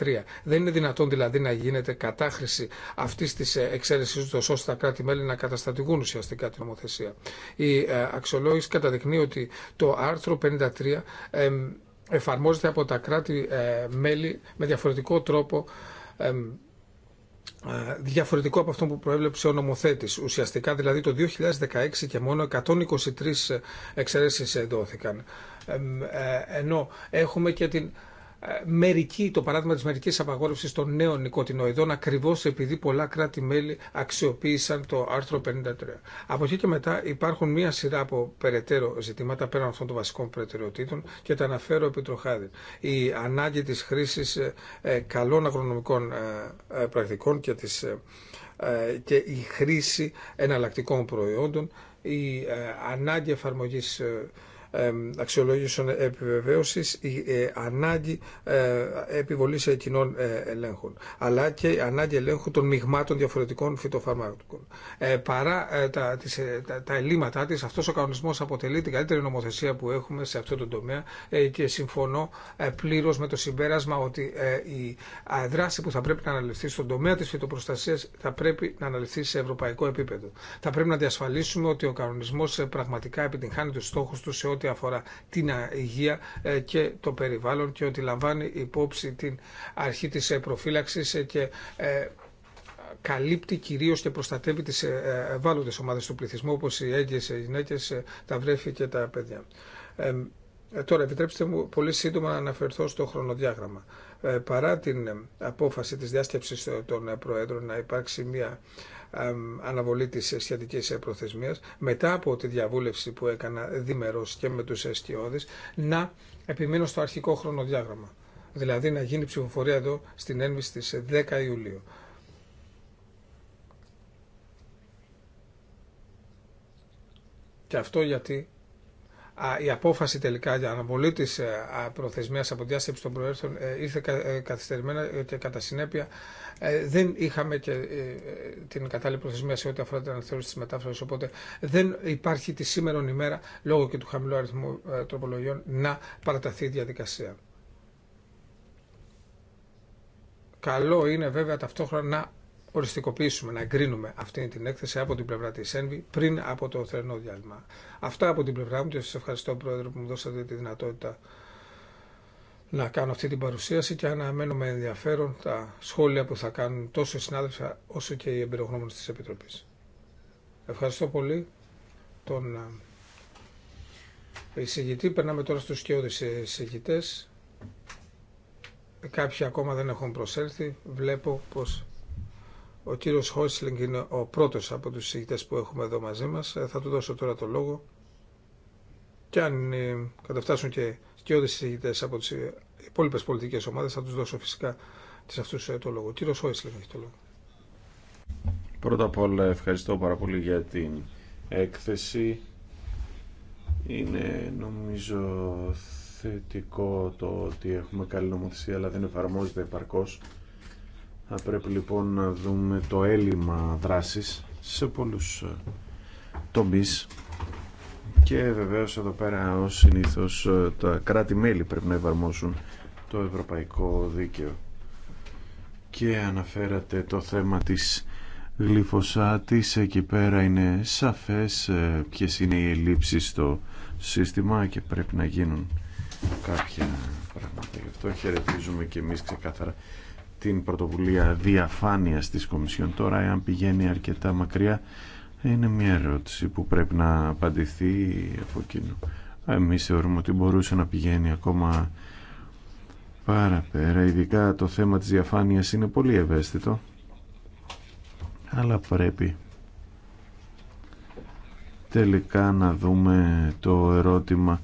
Δεν είναι δυνατόν δηλαδή να γίνεται κατάχρηση αυτή τη εξαίρεση, ώστε τα κράτη-μέλη να καταστατηγούν ουσιαστικά την νομοθεσία. Η αξιολόγηση καταδεικνύει ότι το άρθρο 53 εφαρμόζεται από τα κράτη-μέλη ε, με διαφορετικό τρόπο ε, ε, διαφορετικό από αυτό που προέβλεψε ο νομοθέτης. Ουσιαστικά δηλαδή το 2016 και μόνο 123 εξαιρέσεις δόθηκαν. Ενώ έχουμε και την ε, μερική, το παράδειγμα της μερική απαγόρευσης των νέων νοικοτινοειδών ακριβώς επειδή πολλά κράτη-μέλη αξιοποίησαν το άρθρο 53. Από εκεί και μετά υπάρχουν μία σειρά από περαιτέρω ζητήματα πέραν αυτών των βασικών προτεραιοτήτων και τα αναφέρω επί τροχάδι. Η ανάγκη τη χρήση ε, ε, καλών αγρονομικών πρακτικών και, και η χρήση εναλλακτικών προϊόντων, η ανάγκη εφαρμογής αξιολόγησεων επιβεβαίωσης η ε, ανάγκη ε, επιβολής ε, κοινών ελέγχων αλλά και η ανάγκη ελέγχου των μειγμάτων διαφορετικών φυτοφαρμάκων. Παρά τα, τις, τα, τα ελλείμματά της, αυτός ο κανονισμός αποτελεί την καλύτερη νομοθεσία που έχουμε σε αυτό το τομέα και συμφωνώ πλήρως με το συμπέρασμα ότι η δράση που θα πρέπει να αναλυθεί στον τομέα της φυτοπροστασίας θα πρέπει να αναλυθεί σε ευρωπαϊκό επίπεδο. Θα πρέπει να διασφαλίσουμε ότι ο κανονισμός πραγματικά επιτυγχάνει τους στόχους του σε ό,τι αφορά την υγεία ε, και το περιβάλλον και ότι λαμβάνει υπόψη την αρχή της ε, προφύλαξης ε, και καλύπτει κυρίως και προστατεύει τις ευάλωτες ομάδες του πληθυσμού όπως οι έγκυες, οι γυναίκες, τα βρέφη και τα παιδιά. Τώρα επιτρέψτε μου πολύ σύντομα να αναφερθώ στο χρονοδιάγραμμα. Παρά την απόφαση της διάσκεψης των Προέδρων να υπάρξει μια αναβολή της σχετικής προθεσμίας μετά από τη διαβούλευση που έκανα διμερός και με τους εστιώδεις να επιμείνω στο αρχικό χρονοδιάγραμμα. Δηλαδή να γίνει ψηφοφορία εδώ στην ένβηση στις 10 Ιουλίου. Και αυτό γιατί η απόφαση τελικά για αναβολή τη ε, προθεσμία από διάσκεψη των προέρχων ε, ήρθε ε, καθυστερημένα και κατά συνέπεια δεν είχαμε και την κατάλληλη προθεσμία σε ό,τι αφορά την αναθεώρηση τη μετάφραση. Οπότε δεν υπάρχει τη σήμερον ημέρα, λόγω και του χαμηλού αριθμού τροπολογιών, να παραταθεί η διαδικασία. Καλό είναι βέβαια ταυτόχρονα να οριστικοποιήσουμε, να εγκρίνουμε αυτή την έκθεση από την πλευρά της ΕΝΒΗ πριν από το θερινό διάλειμμα. Αυτά από την πλευρά μου και σας ευχαριστώ Πρόεδρε που μου δώσατε τη δυνατότητα να κάνω αυτή την παρουσίαση και αναμένω με ενδιαφέρον τα σχόλια που θα κάνουν τόσο οι συνάδελφοι όσο και οι εμπειρογνώμονες της Επιτροπής. Ευχαριστώ πολύ τον ε, εισηγητή. Περνάμε τώρα στους σκιώδεις εισηγητές. Κάποιοι ακόμα δεν έχουν προσέλθει. Βλέπω πως ο κύριος Χόισλινγκ είναι ο πρώτος από τους συζητητές που έχουμε εδώ μαζί μας. Ε, θα του δώσω τώρα το λόγο. Και αν ε, καταφτάσουν και σκιώδες συζητητές από τις ε, υπόλοιπε πολιτικές ομάδες, θα τους δώσω φυσικά τις αυτούς το λόγο. Ο κύριος Χόισλινγκ έχει το λόγο. Πρώτα απ' όλα ευχαριστώ πάρα πολύ για την έκθεση. Είναι νομίζω θετικό το ότι έχουμε καλή νομοθεσία αλλά δεν εφαρμόζεται επαρκώ. Θα πρέπει λοιπόν να δούμε το έλλειμμα δράσης σε πολλούς ε, τομείς και βεβαίως εδώ πέρα ως συνήθως ε, τα κράτη-μέλη πρέπει να εφαρμόσουν το ευρωπαϊκό δίκαιο. Και αναφέρατε το θέμα της γλυφοσάτης, εκεί πέρα είναι σαφές ε, ποιες είναι οι ελλείψεις στο σύστημα και πρέπει να γίνουν κάποια πράγματα. Γι' αυτό χαιρετίζουμε και εμείς ξεκάθαρα την πρωτοβουλία διαφάνειας της Κομισιόν. Τώρα, εάν πηγαίνει αρκετά μακριά, είναι μια ερώτηση που πρέπει να απαντηθεί από εκείνο. Εμείς θεωρούμε ότι μπορούσε να πηγαίνει ακόμα παραπέρα. Ειδικά το θέμα της διαφάνειας είναι πολύ ευαίσθητο. Αλλά πρέπει τελικά να δούμε το ερώτημα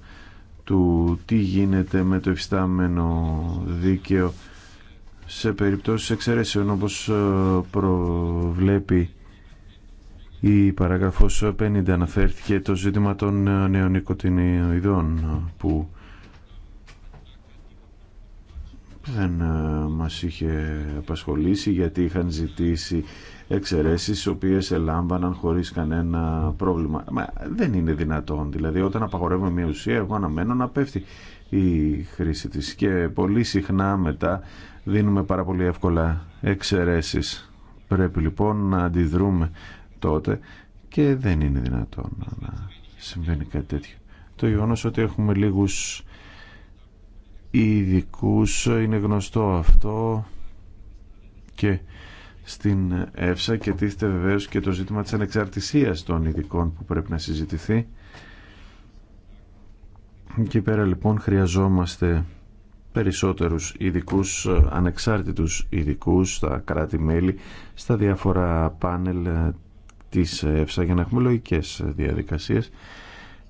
του τι γίνεται με το υφιστάμενο δίκαιο σε περιπτώσεις εξαιρέσεων όπως ε, προβλέπει η παραγραφός 50 αναφέρθηκε το ζήτημα των ε, νεονικοτινοειδών ε, που δεν μας είχε απασχολήσει γιατί είχαν ζητήσει εξαιρέσεις οι οποίες ελάμβαναν χωρίς κανένα πρόβλημα. δεν είναι δυνατόν. Δηλαδή όταν απαγορεύουμε μια ουσία εγώ αναμένω να πέφτει η χρήση της και πολύ συχνά μετά δίνουμε πάρα πολύ εύκολα εξαιρέσει. Πρέπει λοιπόν να αντιδρούμε τότε και δεν είναι δυνατόν να συμβαίνει κάτι τέτοιο. Το γεγονό ότι έχουμε λίγους ειδικού είναι γνωστό αυτό και στην ΕΦΣΑ και τίθεται βεβαίως και το ζήτημα της ανεξαρτησίας των ειδικών που πρέπει να συζητηθεί. Και πέρα λοιπόν χρειαζόμαστε περισσότερους ειδικού, ε, ανεξάρτητους ειδικού στα κράτη-μέλη, στα διάφορα πάνελ ε, της ΕΦΣΑ για να έχουμε λογικές διαδικασίες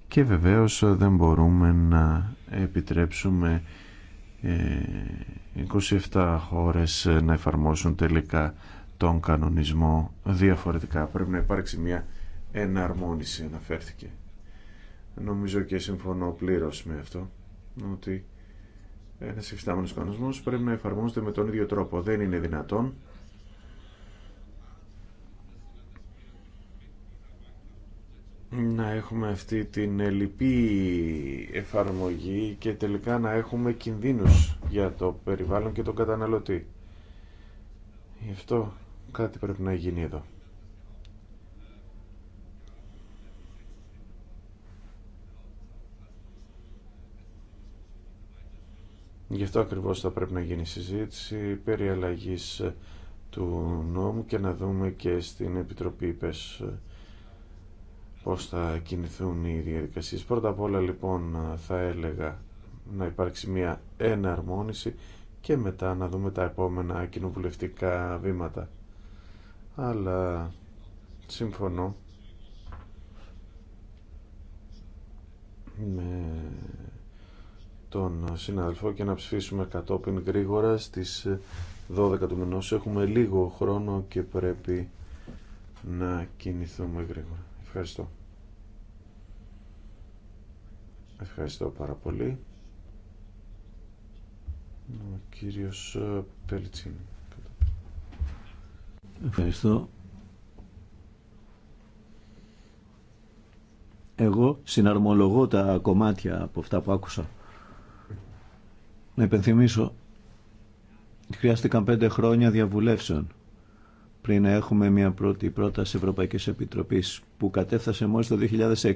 και βεβαίως ε, δεν μπορούμε να επιτρέψουμε 27 χώρες να εφαρμόσουν τελικά τον κανονισμό διαφορετικά. Πρέπει να υπάρξει μια εναρμόνιση αναφέρθηκε. Νομίζω και συμφωνώ πλήρως με αυτό ότι ένα εξετάμενο κανονισμό πρέπει να εφαρμόζεται με τον ίδιο τρόπο. Δεν είναι δυνατόν να έχουμε αυτή την ελλειπή εφαρμογή και τελικά να έχουμε κινδύνους για το περιβάλλον και τον καταναλωτή. Γι' αυτό κάτι πρέπει να γίνει εδώ. Γι' αυτό ακριβώς θα πρέπει να γίνει συζήτηση περί αλλαγής ε, του νόμου και να δούμε και στην Επιτροπή ΠΕΣ ε, πώς θα κινηθούν οι διαδικασίες. Πρώτα απ' όλα λοιπόν ε, θα έλεγα να υπάρξει μια εναρμόνιση και μετά να δούμε τα επόμενα κοινοβουλευτικά βήματα. Αλλά συμφωνώ με τον συναδελφό και να ψηφίσουμε κατόπιν γρήγορα στις 12 ε, του μηνός. Έχουμε λίγο χρόνο και πρέπει να κινηθούμε γρήγορα. Ευχαριστώ. Ευχαριστώ πάρα πολύ. Ο κύριος ε, Πελτσίνη. Ευχαριστώ. Εγώ συναρμολογώ τα κομμάτια από αυτά που άκουσα. Να υπενθυμίσω, χρειάστηκαν πέντε χρόνια διαβουλεύσεων πριν να έχουμε μια πρώτη πρόταση Ευρωπαϊκής Επιτροπής που κατέφθασε μόλις το 2006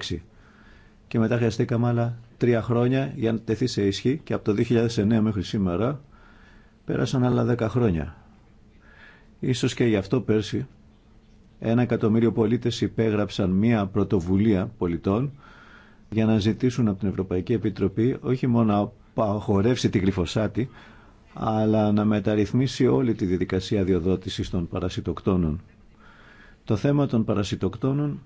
και μετά χρειαστήκαμε άλλα τρία χρόνια για να τεθεί σε ισχύ και από το 2009 μέχρι σήμερα πέρασαν άλλα δέκα χρόνια. Ίσως και γι' αυτό πέρσι ένα εκατομμύριο πολίτες υπέγραψαν μία πρωτοβουλία πολιτών για να ζητήσουν από την Ευρωπαϊκή Επιτροπή όχι μόνο που τη γλυφοσάτη, αλλά να μεταρρυθμίσει όλη τη διαδικασία διοδότησης των παρασιτοκτόνων. Το θέμα των παρασιτοκτόνων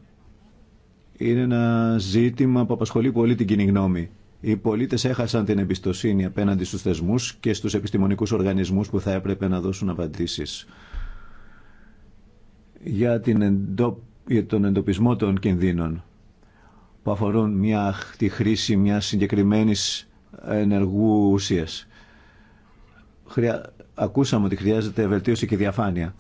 είναι ένα ζήτημα που απασχολεί πολύ την κοινή γνώμη. Οι πολίτες έχασαν την εμπιστοσύνη απέναντι στους θεσμούς και στους επιστημονικούς οργανισμούς που θα έπρεπε να δώσουν απαντήσεις. Για, την για τον εντοπισμό των κινδύνων που αφορούν μια... τη χρήση μιας συγκεκριμένης ενεργού ουσία. Ακούσαμε ότι χρειάζεται βελτίωση και διαφάνεια.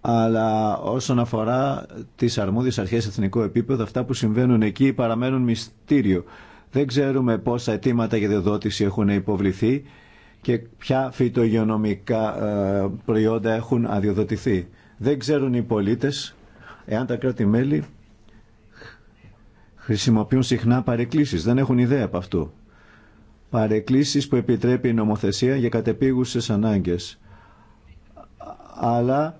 Αλλά όσον αφορά τις αρμόδιες αρχές εθνικού επίπεδο, αυτά που συμβαίνουν εκεί παραμένουν μυστήριο. Δεν ξέρουμε πόσα αιτήματα για διοδότηση έχουν υποβληθεί και ποια φυτογειονομικά ε, προϊόντα έχουν αδειοδοτηθεί. Δεν ξέρουν οι πολίτες εάν τα κράτη-μέλη χρησιμοποιούν συχνά παρεκκλήσεις, δεν έχουν ιδέα από αυτού. Παρεκκλήσεις που επιτρέπει η νομοθεσία για κατεπίγουσες ανάγκες. Αλλά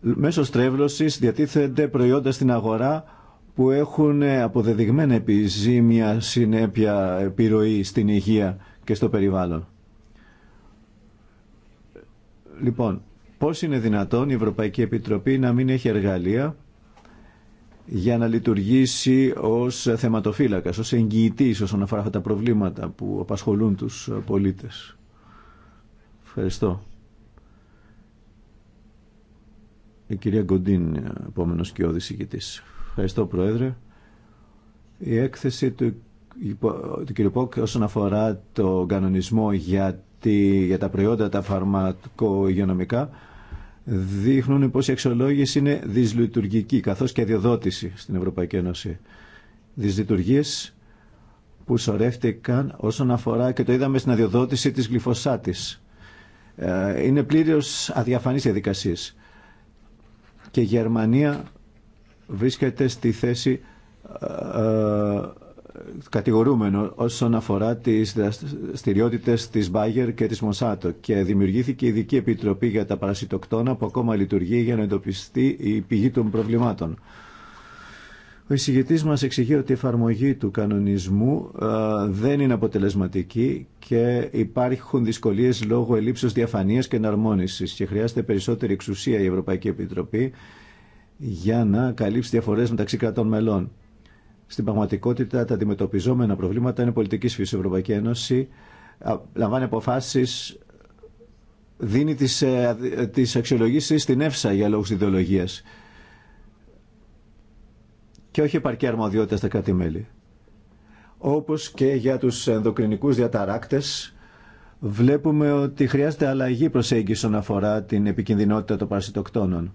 μέσω στρέβλωσης διατίθενται προϊόντα στην αγορά που έχουν αποδεδειγμένα επιζήμια συνέπεια επιρροή στην υγεία και στο περιβάλλον. Λοιπόν, πώς είναι δυνατόν η Ευρωπαϊκή Επιτροπή να μην έχει εργαλεία για να λειτουργήσει ως θεματοφύλακας, ως εγγυητής όσον αφορά αυτά τα προβλήματα που απασχολούν τους πολίτες. Ευχαριστώ. Η κυρία Γκοντίν, επόμενο και ο Ευχαριστώ, Πρόεδρε. Η έκθεση του, του κ. Πόκ όσον αφορά το κανονισμό για, για τα προϊόντα τα φαρμακο-υγειονομικά δείχνουν πως η αξιολόγηση είναι δυσλειτουργική καθώς και αδειοδότηση στην Ευρωπαϊκή Ένωση. Δυσλειτουργίες που σωρεύτηκαν όσον αφορά και το είδαμε στην αδειοδότηση της γλυφοσάτης. Ε, είναι πλήρως η διαδικασία. Και η Γερμανία βρίσκεται στη θέση ε, ε, κατηγορούμενο όσον αφορά τις δραστηριότητες της Bayer και της Monsanto και δημιουργήθηκε η Ειδική Επιτροπή για τα Παρασιτοκτόνα που ακόμα λειτουργεί για να εντοπιστεί η πηγή των προβλημάτων. Ο εισηγητή μα εξηγεί ότι η εφαρμογή του κανονισμού ε, δεν είναι αποτελεσματική και υπάρχουν δυσκολίε λόγω ελλείψεω διαφανεία και εναρμόνιση. και χρειάζεται περισσότερη εξουσία η Ευρωπαϊκή Επιτροπή για να καλύψει διαφορέ μεταξύ κρατών μελών. Στην πραγματικότητα τα αντιμετωπιζόμενα προβλήματα είναι πολιτικής φύση. Η Ευρωπαϊκή Ένωση λαμβάνει αποφάσεις, δίνει τις, ε, ε, τις αξιολογήσεις στην ΕΦΣΑ για λόγους ιδεολογία. και όχι επαρκή αρμοδιότητα στα κράτη-μέλη. Όπως και για τους ενδοκρινικούς διαταράκτες, βλέπουμε ότι χρειάζεται αλλαγή προσέγγιση όσον αφορά την επικινδυνότητα των παρασιτοκτόνων.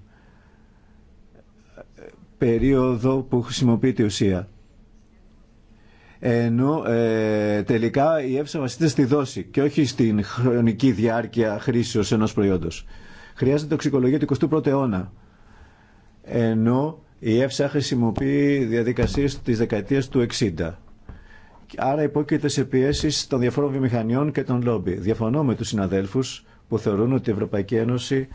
Περίοδο που χρησιμοποιείται η ουσία ενώ ε, τελικά η έψα βασίζεται στη δόση και όχι στην χρονική διάρκεια χρήσεω ενό προϊόντος. Χρειάζεται τοξικολογία του 21ου αιώνα, ενώ η ΕΦΣΑ χρησιμοποιεί διαδικασίε τη δεκαετία του 60. Άρα υπόκειται σε πιέσει των διαφόρων βιομηχανιών και των λόμπι. Διαφωνώ με του συναδέλφου που θεωρούν ότι η Ευρωπαϊκή Ένωση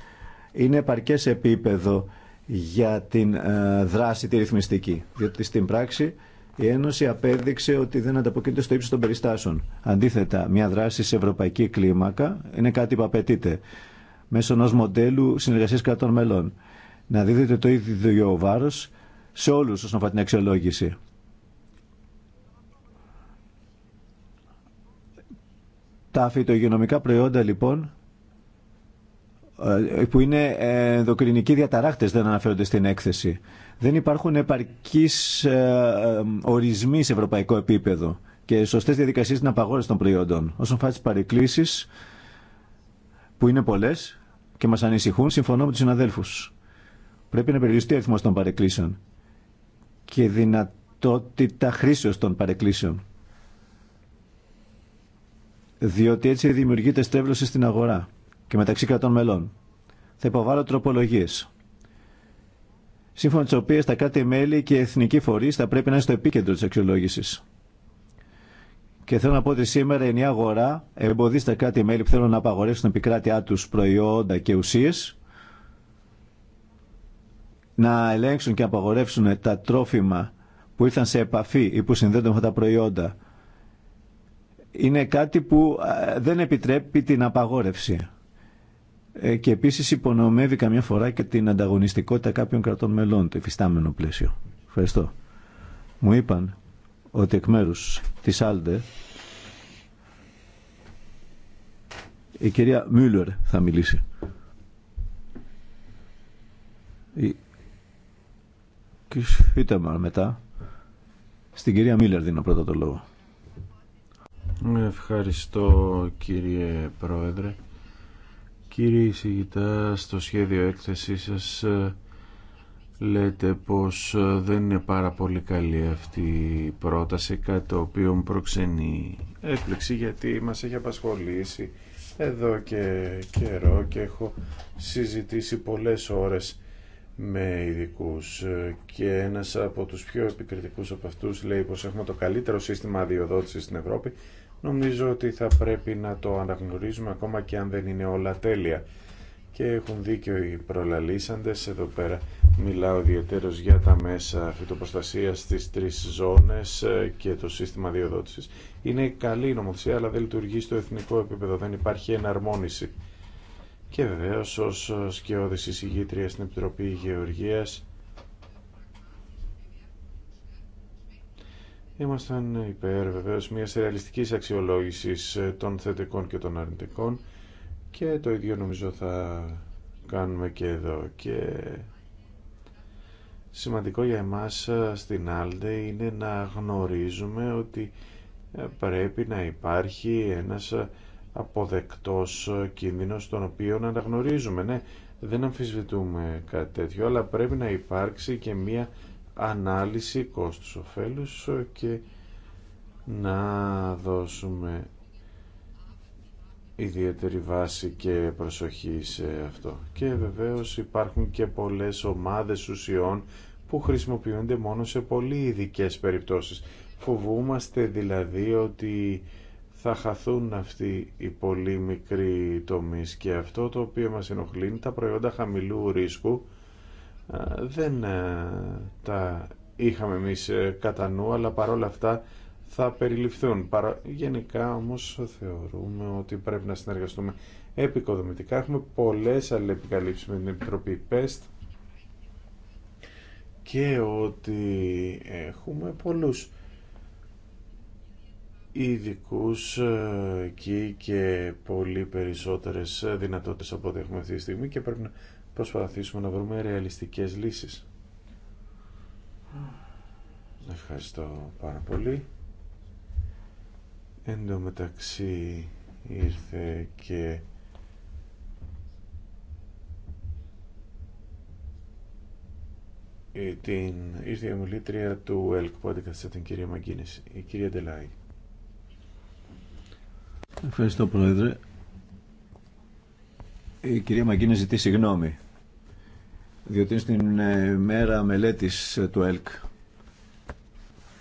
είναι επαρκέ επίπεδο για την ε, δράση τη ρυθμιστική. Διότι στην πράξη η Ένωση απέδειξε ότι δεν ανταποκρίνεται στο ύψο των περιστάσεων. Αντίθετα, μια δράση σε ευρωπαϊκή κλίμακα είναι κάτι που απαιτείται μέσω ενό μοντέλου συνεργασία κρατών μελών. Να δίδεται το ίδιο βάρο σε όλου όσον αφορά την αξιολόγηση. Τα φυτογενομικά προϊόντα λοιπόν ε, που είναι ενδοκρινικοί διαταράχτες δεν αναφέρονται στην έκθεση. Δεν υπάρχουν επαρκείς ε, ε, ορισμοί σε ευρωπαϊκό επίπεδο και σωστές διαδικασίες στην απαγόρευση των προϊόντων. Όσον φάει τις παρεκκλήσεις, που είναι πολλές και μας ανησυχούν, συμφωνώ με τους συναδέλφους. Πρέπει να περιοριστεί ο αριθμός των παρεκκλήσεων και δυνατότητα χρήσεως των παρεκκλήσεων. Διότι έτσι δημιουργείται στρέβλωση στην αγορά και μεταξύ κρατών μελών. Θα υποβάλλω τροπολογίε. Σύμφωνα τι οποίε τα κράτη-μέλη και οι εθνικοί φορεί θα πρέπει να είναι στο επίκεντρο τη αξιολόγηση. Και θέλω να πω ότι σήμερα η νέα αγορά εμποδίζει τα κράτη-μέλη που θέλουν να απαγορεύσουν την επικράτειά του προϊόντα και ουσίε να ελέγξουν και απαγορεύσουν τα τρόφιμα που ήρθαν σε επαφή ή που συνδέονται με αυτά τα προϊόντα. Είναι κάτι που ε, δεν επιτρέπει την απαγόρευση. Ε, και επίσης υπονομεύει καμιά φορά και την ανταγωνιστικότητα κάποιων κρατών μελών, το υφιστάμενο πλαίσιο. Ευχαριστώ. Μου είπαν ότι εκ μέρου της Άλντε η κυρία Μιούλερ θα μιλήσει. Η... Και Φίτεμαρ μετά. Στην κυρία Μίλλερ δίνω πρώτα το λόγο. Ευχαριστώ κύριε Πρόεδρε. Κύριε Σιγητά, στο σχέδιο έκθεσή σας ε, λέτε πως ε, δεν είναι πάρα πολύ καλή αυτή η πρόταση, κάτι το οποίο μου προξενεί έκπληξη γιατί μας έχει απασχολήσει εδώ και καιρό και έχω συζητήσει πολλές ώρες με ειδικού ε, και ένας από τους πιο επικριτικούς από αυτούς λέει πως έχουμε το καλύτερο σύστημα αδειοδότησης στην Ευρώπη Νομίζω ότι θα πρέπει να το αναγνωρίζουμε ακόμα και αν δεν είναι όλα τέλεια. Και έχουν δίκιο οι προλαλήσαντες. Εδώ πέρα μιλάω ιδιαίτερως για τα μέσα φυτοπροστασίας στις τρεις ζώνες ε, και το σύστημα διοδότησης. Είναι καλή η νομοθεσία αλλά δεν λειτουργεί στο εθνικό επίπεδο. Δεν υπάρχει εναρμόνιση. Και βεβαίω ω σκιώδη εισηγήτρια στην Επιτροπή Γεωργίας Ήμασταν υπέρ βεβαίως μιας ρεαλιστικής αξιολόγησης ε, των θετικών και των αρνητικών και το ίδιο νομίζω θα κάνουμε και εδώ και σημαντικό για εμάς ε, στην Άλντε είναι να γνωρίζουμε ότι ε, πρέπει να υπάρχει ένας αποδεκτός κίνδυνος τον οποίο να αναγνωρίζουμε. Ναι, δεν αμφισβητούμε κάτι τέτοιο, αλλά πρέπει να υπάρξει και μία ανάλυση κόστους ωφέλους και να δώσουμε ιδιαίτερη βάση και προσοχή σε αυτό. Και βεβαίως υπάρχουν και πολλές ομάδες ουσιών που χρησιμοποιούνται μόνο σε πολύ ειδικέ περιπτώσεις. Φοβούμαστε δηλαδή ότι θα χαθούν αυτοί οι πολύ μικροί τομείς και αυτό το οποίο μας ενοχλεί είναι τα προϊόντα χαμηλού ρίσκου δεν ε, τα είχαμε εμείς ε, κατά νου, αλλά παρόλα αυτά θα περιληφθούν. Γενικά όμως θεωρούμε ότι πρέπει να συνεργαστούμε επικοδομητικά. Έχουμε πολλές αλληλεπικαλύψεις με την Επιτροπή ΠΕΣΤ και ότι έχουμε πολλούς ειδικού ε, εκεί και πολύ περισσότερες δυνατότητες από ό,τι έχουμε αυτή τη στιγμή και πρέπει να προσπαθήσουμε να βρούμε ρεαλιστικές λύσεις. Ευχαριστώ πάρα πολύ. Εν τω μεταξύ ήρθε και την, ήρθε η ομιλήτρια του ΕΛΚ που αντικαθιστά την κυρία Μαγκίνης, η κυρία Ντελάη. Ευχαριστώ Πρόεδρε. Η κυρία Μαγκίνη ζητεί συγγνώμη, διότι είναι στην ε, μέρα μελέτης ε, του ΕΛΚ.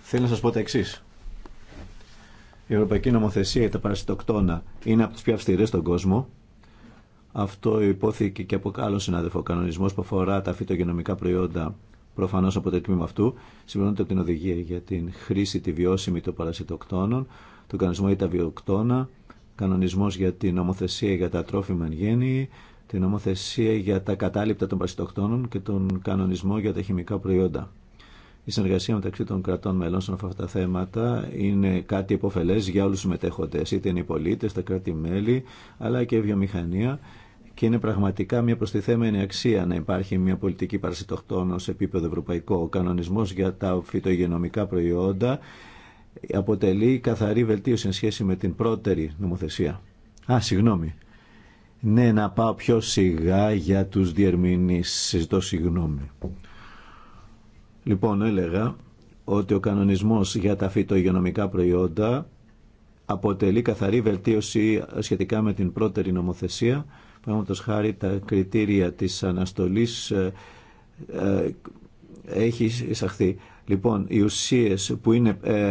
Θέλω να σας πω τα εξή. Η Ευρωπαϊκή Νομοθεσία για τα παρασιτοκτόνα είναι από τις πιο αυστηρές στον κόσμο. Αυτό υπόθηκε και από άλλο συνάδελφο. Ο κανονισμό που αφορά τα φυτογενομικά προϊόντα προφανώ το τμήμα αυτού. Συμπληρώνεται από την οδηγία για την χρήση τη βιώσιμη των παρασιτοκτόνων, τον κανονισμό για τα Βιοκτόνα κανονισμός για την νομοθεσία για τα τρόφιμα εν γέννη, την νομοθεσία για τα κατάληπτα των παρσιτοκτώνων και τον κανονισμό για τα χημικά προϊόντα. Η συνεργασία μεταξύ των κρατών μελών σε αυτά τα θέματα είναι κάτι υποφελέ για όλου του μετέχοντε, είτε είναι οι πολίτε, τα κράτη-μέλη, αλλά και η βιομηχανία. Και είναι πραγματικά μια προστιθέμενη αξία να υπάρχει μια πολιτική παρασιτοκτόνο σε επίπεδο ευρωπαϊκό. Ο κανονισμό για τα φυτογενομικά προϊόντα αποτελεί καθαρή βελτίωση σε σχέση με την πρώτερη νομοθεσία. Α, συγγνώμη. Ναι, να πάω πιο σιγά για τους διερμηνείς. Συζητώ συγγνώμη. Λοιπόν, έλεγα ότι ο κανονισμός για τα φυτογειονομικά προϊόντα αποτελεί καθαρή βελτίωση σχετικά με την πρώτερη νομοθεσία. Παραδείγματο χάρη τα κριτήρια της αναστολής ε, ε, έχει εισαχθεί. Λοιπόν, οι ουσίες που είναι ε,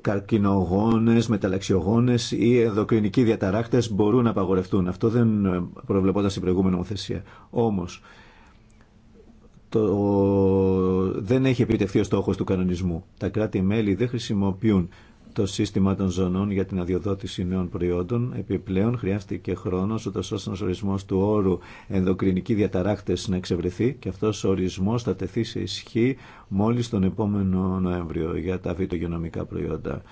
καρκινογόνες, μεταλλαξιογόνες ή ενδοκρινικοί διαταράκτες μπορούν να απαγορευτούν. Αυτό δεν ε, προβλεπόταν στην προηγούμενη νομοθεσία. Όμως, το, δεν έχει επιτευχθεί ο στόχος του κανονισμού. Τα κράτη-μέλη δεν χρησιμοποιούν το σύστημα των ζωνών για την αδειοδότηση νέων προϊόντων. Επιπλέον, χρειάστηκε χρόνο ούτω ώστε ο ορισμό του όρου ενδοκρινική διαταράκτε να εξευρεθεί και αυτό ο ορισμό θα τεθεί σε ισχύ μόλι τον επόμενο Νοέμβριο για τα φυτογενομικά προϊόντα.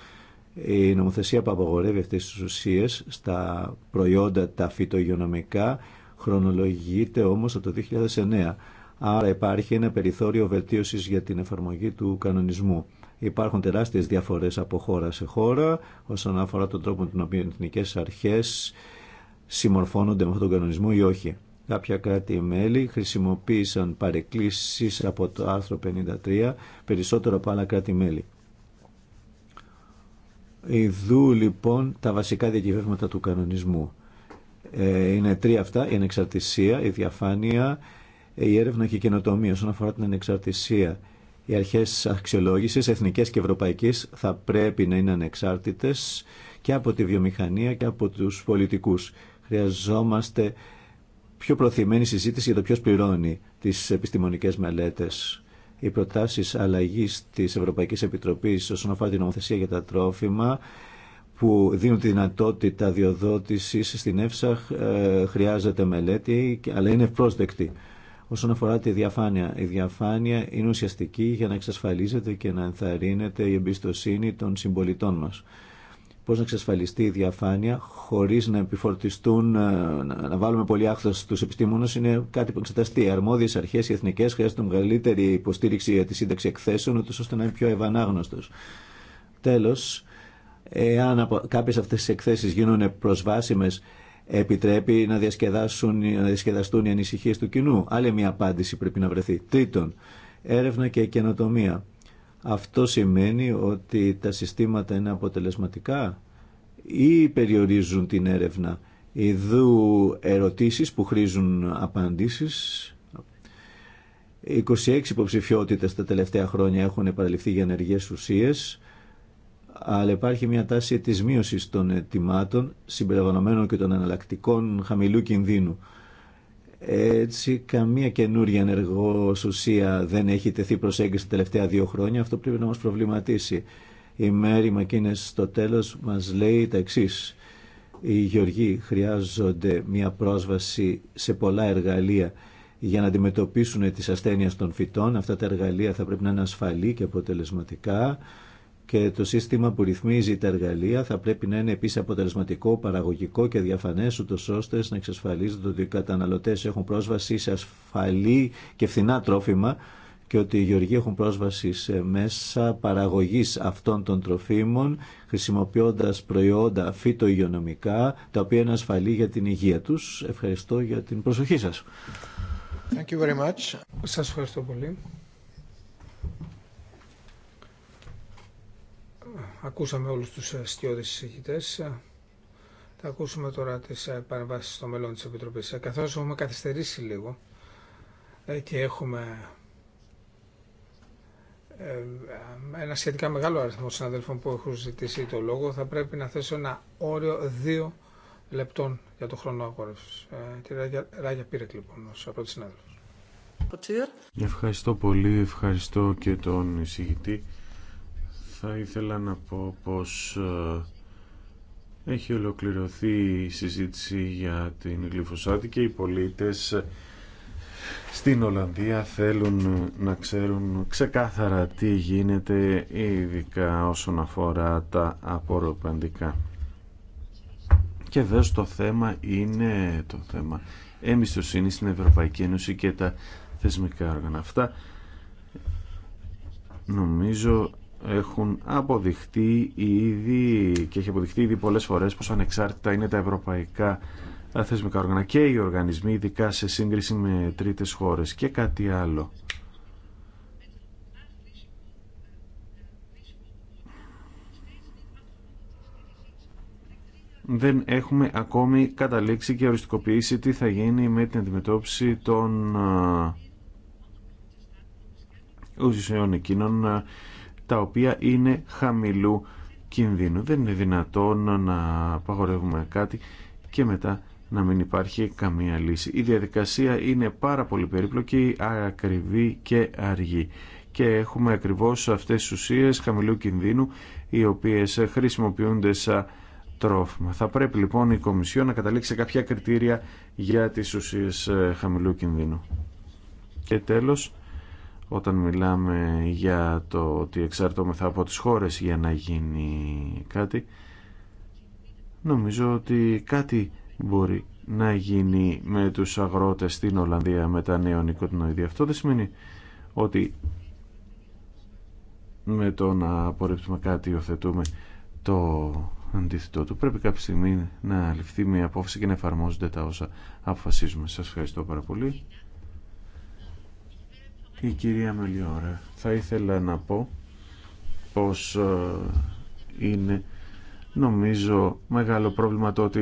Η νομοθεσία που απαγορεύει αυτέ τι ουσίε στα προϊόντα τα φυτογενομικά χρονολογείται όμω από το 2009. Άρα υπάρχει ένα περιθώριο βελτίωση για την εφαρμογή του κανονισμού. Υπάρχουν τεράστιες διαφορές από χώρα σε χώρα όσον αφορά τον τρόπο με τον οποίο οι εθνικές αρχές συμμορφώνονται με αυτόν τον κανονισμό ή όχι. Κάποια κράτη-μέλη χρησιμοποίησαν παρεκκλήσεις από το άρθρο 53 περισσότερο από άλλα κράτη-μέλη. Ιδού λοιπόν τα βασικά διακυβεύματα του κανονισμού. Ε, είναι τρία αυτά, η ανεξαρτησία, η διαφάνεια, η έρευνα και η καινοτομία. Όσον αφορά την ανεξαρτησία, οι αρχές αξιολόγησης, εθνικές και ευρωπαϊκής, θα πρέπει να είναι ανεξάρτητες και από τη βιομηχανία και από τους πολιτικούς. Χρειαζόμαστε πιο προθυμένη συζήτηση για το ποιος πληρώνει τις επιστημονικές μελέτες. Οι προτάσεις αλλαγής της Ευρωπαϊκής Επιτροπής όσον αφορά την νομοθεσία για τα τρόφιμα που δίνουν τη δυνατότητα διοδότησης στην ΕΦΣΑ ε, χρειάζεται μελέτη, αλλά είναι πρόσδεκτη. Όσον αφορά τη διαφάνεια, η διαφάνεια είναι ουσιαστική για να εξασφαλίζεται και να ενθαρρύνεται η εμπιστοσύνη των συμπολιτών μας. Πώς να εξασφαλιστεί η διαφάνεια χωρίς να επιφορτιστούν, ε, να βάλουμε πολύ άχθος στους επιστήμονες, είναι κάτι που εξεταστεί. Οι αρμόδιες αρχές, οι εθνικές, χρειάζεται μεγαλύτερη υποστήριξη για τη σύνταξη εκθέσεων, ούτως ώστε να είναι πιο ευανάγνωστος. Τέλος, εάν κάποιες αυτές τις εκθέσεις γίνουν προσβάσιμες επιτρέπει να, διασκεδάσουν, να διασκεδαστούν οι ανησυχίες του κοινού. Άλλη μια απάντηση πρέπει να βρεθεί. Τρίτον, έρευνα και καινοτομία. Αυτό σημαίνει ότι τα συστήματα είναι αποτελεσματικά ή περιορίζουν την έρευνα. Ιδού ερωτήσεις που χρήζουν απαντήσεις. 26 υποψηφιότητες τα τελευταία χρόνια έχουν παραληφθεί για ενεργές ουσίες αλλά υπάρχει μια τάση της μείωσης των ετοιμάτων συμπεριλαμβανομένων και των εναλλακτικών χαμηλού κινδύνου. Έτσι, καμία καινούργια ενεργό ουσία δεν έχει τεθεί προσέγγιση τα τελευταία δύο χρόνια. Αυτό πρέπει να μας προβληματίσει. Η Μέρη Μακίνες στο τέλος μας λέει τα εξή. Οι γεωργοί χρειάζονται μια πρόσβαση σε πολλά εργαλεία για να αντιμετωπίσουν τις ασθένειες των φυτών. Αυτά τα εργαλεία θα πρέπει να είναι ασφαλή και αποτελεσματικά και το σύστημα που ρυθμίζει τα εργαλεία θα πρέπει να είναι επίση αποτελεσματικό, παραγωγικό και διαφανέ, ούτω ώστε να εξασφαλίζεται ότι οι καταναλωτέ έχουν πρόσβαση σε ασφαλή και φθηνά τρόφιμα και ότι οι γεωργοί έχουν πρόσβαση σε μέσα παραγωγή αυτών των τροφίμων, χρησιμοποιώντα προϊόντα τα οποία είναι ασφαλή για την υγεία του. Ευχαριστώ για την προσοχή σα. Σας ευχαριστώ πολύ. Ακούσαμε όλους τους στιώδεις συζητητές. Θα ακούσουμε τώρα τις παρεμβάσεις στο μέλλον της Επιτροπής. Καθώς έχουμε καθυστερήσει λίγο ε, και έχουμε ε, ένα σχετικά μεγάλο αριθμό συναδέλφων που έχουν ζητήσει το λόγο, θα πρέπει να θέσω ένα όριο δύο λεπτών για το χρόνο αγόρευσης. Ε, τη Ράγια, πήρε Πύρεκ λοιπόν ως πρώτη συνάδελφος. Ευχαριστώ πολύ, ευχαριστώ και τον εισηγητή θα ήθελα να πω πως ε, έχει ολοκληρωθεί η συζήτηση για την γλυφοσάτη και οι πολίτες ε, στην Ολλανδία θέλουν να ξέρουν ξεκάθαρα τι γίνεται ειδικά όσον αφορά τα απορροπαντικά. Και βέβαια το θέμα είναι το θέμα εμπιστοσύνη στην Ευρωπαϊκή Ένωση και τα θεσμικά όργανα. Αυτά νομίζω έχουν αποδειχτεί ήδη και έχει αποδειχτεί ήδη πολλές φορές πως ανεξάρτητα είναι τα ευρωπαϊκά θεσμικά όργανα και οι οργανισμοί ειδικά σε σύγκριση με τρίτες χώρες και κάτι άλλο. δεν έχουμε ακόμη καταλήξει και οριστικοποιήσει τι θα γίνει με την αντιμετώπιση των ε, ουσιών εκείνων ε, τα οποία είναι χαμηλού κινδύνου. Δεν είναι δυνατόν να απαγορεύουμε κάτι και μετά να μην υπάρχει καμία λύση. Η διαδικασία είναι πάρα πολύ περίπλοκη, ακριβή και αργή. Και έχουμε ακριβώς αυτές τις ουσίες χαμηλού κινδύνου, οι οποίες χρησιμοποιούνται σαν τρόφιμα. Θα πρέπει λοιπόν η Κομισιό να καταλήξει σε κάποια κριτήρια για τις ουσίες ε, χαμηλού κινδύνου. Και τέλος, όταν μιλάμε για το ότι εξαρτώμεθα από τις χώρες για να γίνει κάτι νομίζω ότι κάτι μπορεί να γίνει με τους αγρότες στην Ολλανδία με τα νέα νοικοτινοειδή. Αυτό δεν σημαίνει ότι με το να απορρίπτουμε κάτι υιοθετούμε το αντίθετό του. Πρέπει κάποια στιγμή να ληφθεί μια απόφαση και να εφαρμόζονται τα όσα αποφασίζουμε. Σας ευχαριστώ πάρα πολύ η κυρία Μελιόρα. Θα ήθελα να πω πως ε, είναι νομίζω μεγάλο πρόβλημα το ότι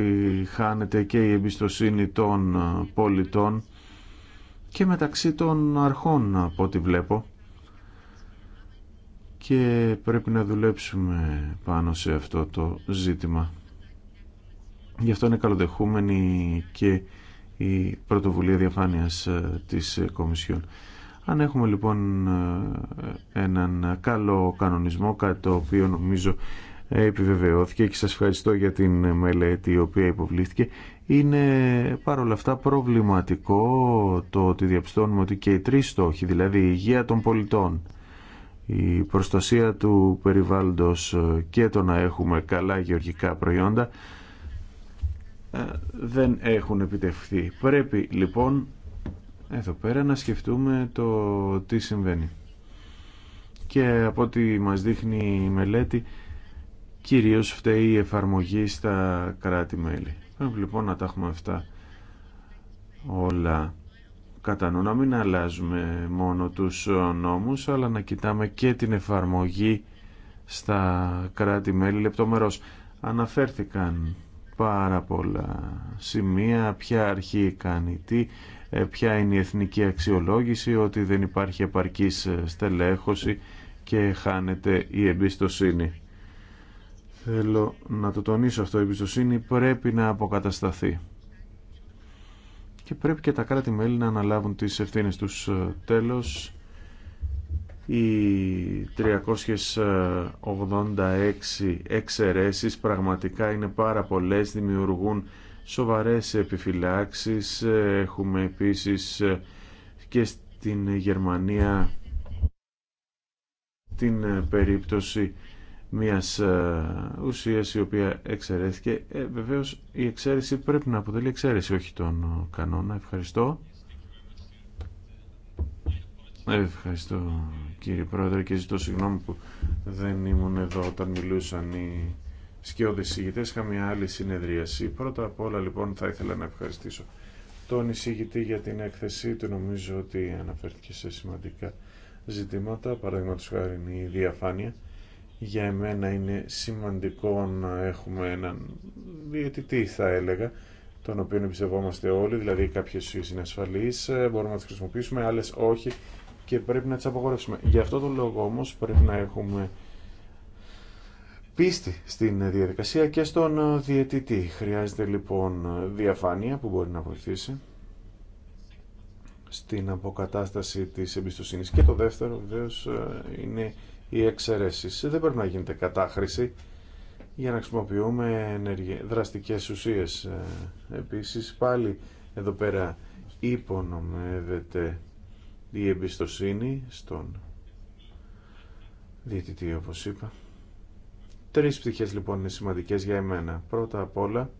χάνεται και η εμπιστοσύνη των ε, πολιτών και μεταξύ των αρχών από ό,τι βλέπω και πρέπει να δουλέψουμε πάνω σε αυτό το ζήτημα. Γι' αυτό είναι καλοδεχούμενη και η πρωτοβουλία διαφάνειας ε, της Κομισιόν. Αν έχουμε λοιπόν ε, έναν καλό κανονισμό, κάτι το οποίο νομίζω επιβεβαιώθηκε και σας ευχαριστώ για την μελέτη η οποία υποβλήθηκε, είναι παρόλα αυτά προβληματικό το ότι διαπιστώνουμε ότι και οι τρεις στόχοι, δηλαδή η υγεία των πολιτών, η προστασία του περιβάλλοντος και το να έχουμε καλά γεωργικά προϊόντα ε, δεν έχουν επιτευχθεί. Πρέπει λοιπόν εδώ πέρα να σκεφτούμε το τι συμβαίνει. Και από ό,τι μας δείχνει η μελέτη, κυρίως φταίει η εφαρμογή στα κράτη-μέλη. Πρέπει λοιπόν να τα έχουμε αυτά όλα κατά νου, να μην αλλάζουμε μόνο τους νόμους, αλλά να κοιτάμε και την εφαρμογή στα κράτη-μέλη λεπτομερώς. Αναφέρθηκαν πάρα πολλά σημεία, ποια αρχή κάνει τι, ε, ποια είναι η εθνική αξιολόγηση, ότι δεν υπάρχει επαρκής στελέχωση και χάνεται η εμπιστοσύνη. Θέλω να το τονίσω αυτό, η εμπιστοσύνη πρέπει να αποκατασταθεί. Και πρέπει και τα κράτη-μέλη να αναλάβουν τις ευθύνες τους. Τέλος, οι 386 εξαιρέσεις πραγματικά είναι πάρα πολλές, δημιουργούν σοβαρές επιφυλάξεις. Έχουμε επίσης και στην Γερμανία την περίπτωση μιας ε, ουσίας η οποία εξαιρέθηκε. Ε, βεβαίως η εξαίρεση πρέπει να αποτελεί εξαίρεση, όχι τον κανόνα. Ευχαριστώ. Ευχαριστώ κύριε Πρόεδρε και ζητώ συγγνώμη που δεν ήμουν εδώ όταν μιλούσαν οι σκιώδες ηγητές. Είχα μια άλλη συνεδρίαση. Πρώτα απ' όλα λοιπόν θα ήθελα να ευχαριστήσω τον εισηγητή για την έκθεσή του. Νομίζω ότι αναφέρθηκε σε σημαντικά ζητήματα. Παραδείγματος χάρη είναι η διαφάνεια. Για εμένα είναι σημαντικό να έχουμε έναν διαιτητή θα έλεγα τον οποίο εμπιστευόμαστε όλοι, δηλαδή κάποιε είναι ασφαλεί, μπορούμε να τι χρησιμοποιήσουμε, άλλε όχι και πρέπει να τι απογορεύσουμε. Γι' αυτό το λόγο όμω πρέπει να έχουμε πίστη στην διαδικασία και στον ε, διαιτητή. Χρειάζεται λοιπόν διαφάνεια που μπορεί να βοηθήσει στην αποκατάσταση της εμπιστοσύνης. Και το δεύτερο βεβαίω ε, είναι οι εξαιρέσει. Δεν πρέπει να γίνεται κατάχρηση για να χρησιμοποιούμε δραστικές ουσίες. Ε, επίσης πάλι εδώ πέρα υπονομεύεται η εμπιστοσύνη στον διαιτητή όπως είπα Τρεις πτυχές λοιπόν είναι σημαντικές για εμένα. Πρώτα απ' όλα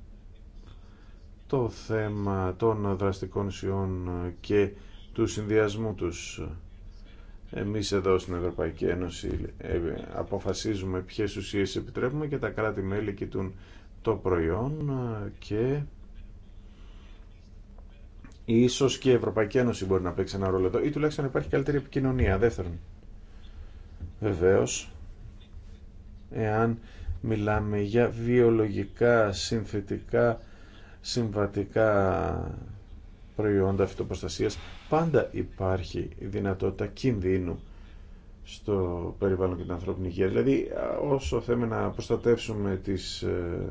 το θέμα των δραστικών ουσιών και του συνδυασμού τους. Εμείς εδώ στην Ευρωπαϊκή Ένωση ε, αποφασίζουμε ποιες ουσίες επιτρέπουμε και τα κράτη-μέλη κοιτούν το προϊόν και ίσως και η Ευρωπαϊκή Ένωση μπορεί να παίξει ένα ρόλο εδώ ή τουλάχιστον υπάρχει καλύτερη επικοινωνία. Δεύτερον, βεβαίως εάν μιλάμε για βιολογικά, συνθετικά, συμβατικά προϊόντα φυτοπροστασίας, πάντα υπάρχει δυνατότητα κινδύνου στο περιβάλλον και την ανθρώπινη υγεία. Δηλαδή, όσο θέλουμε να προστατεύσουμε τις ε,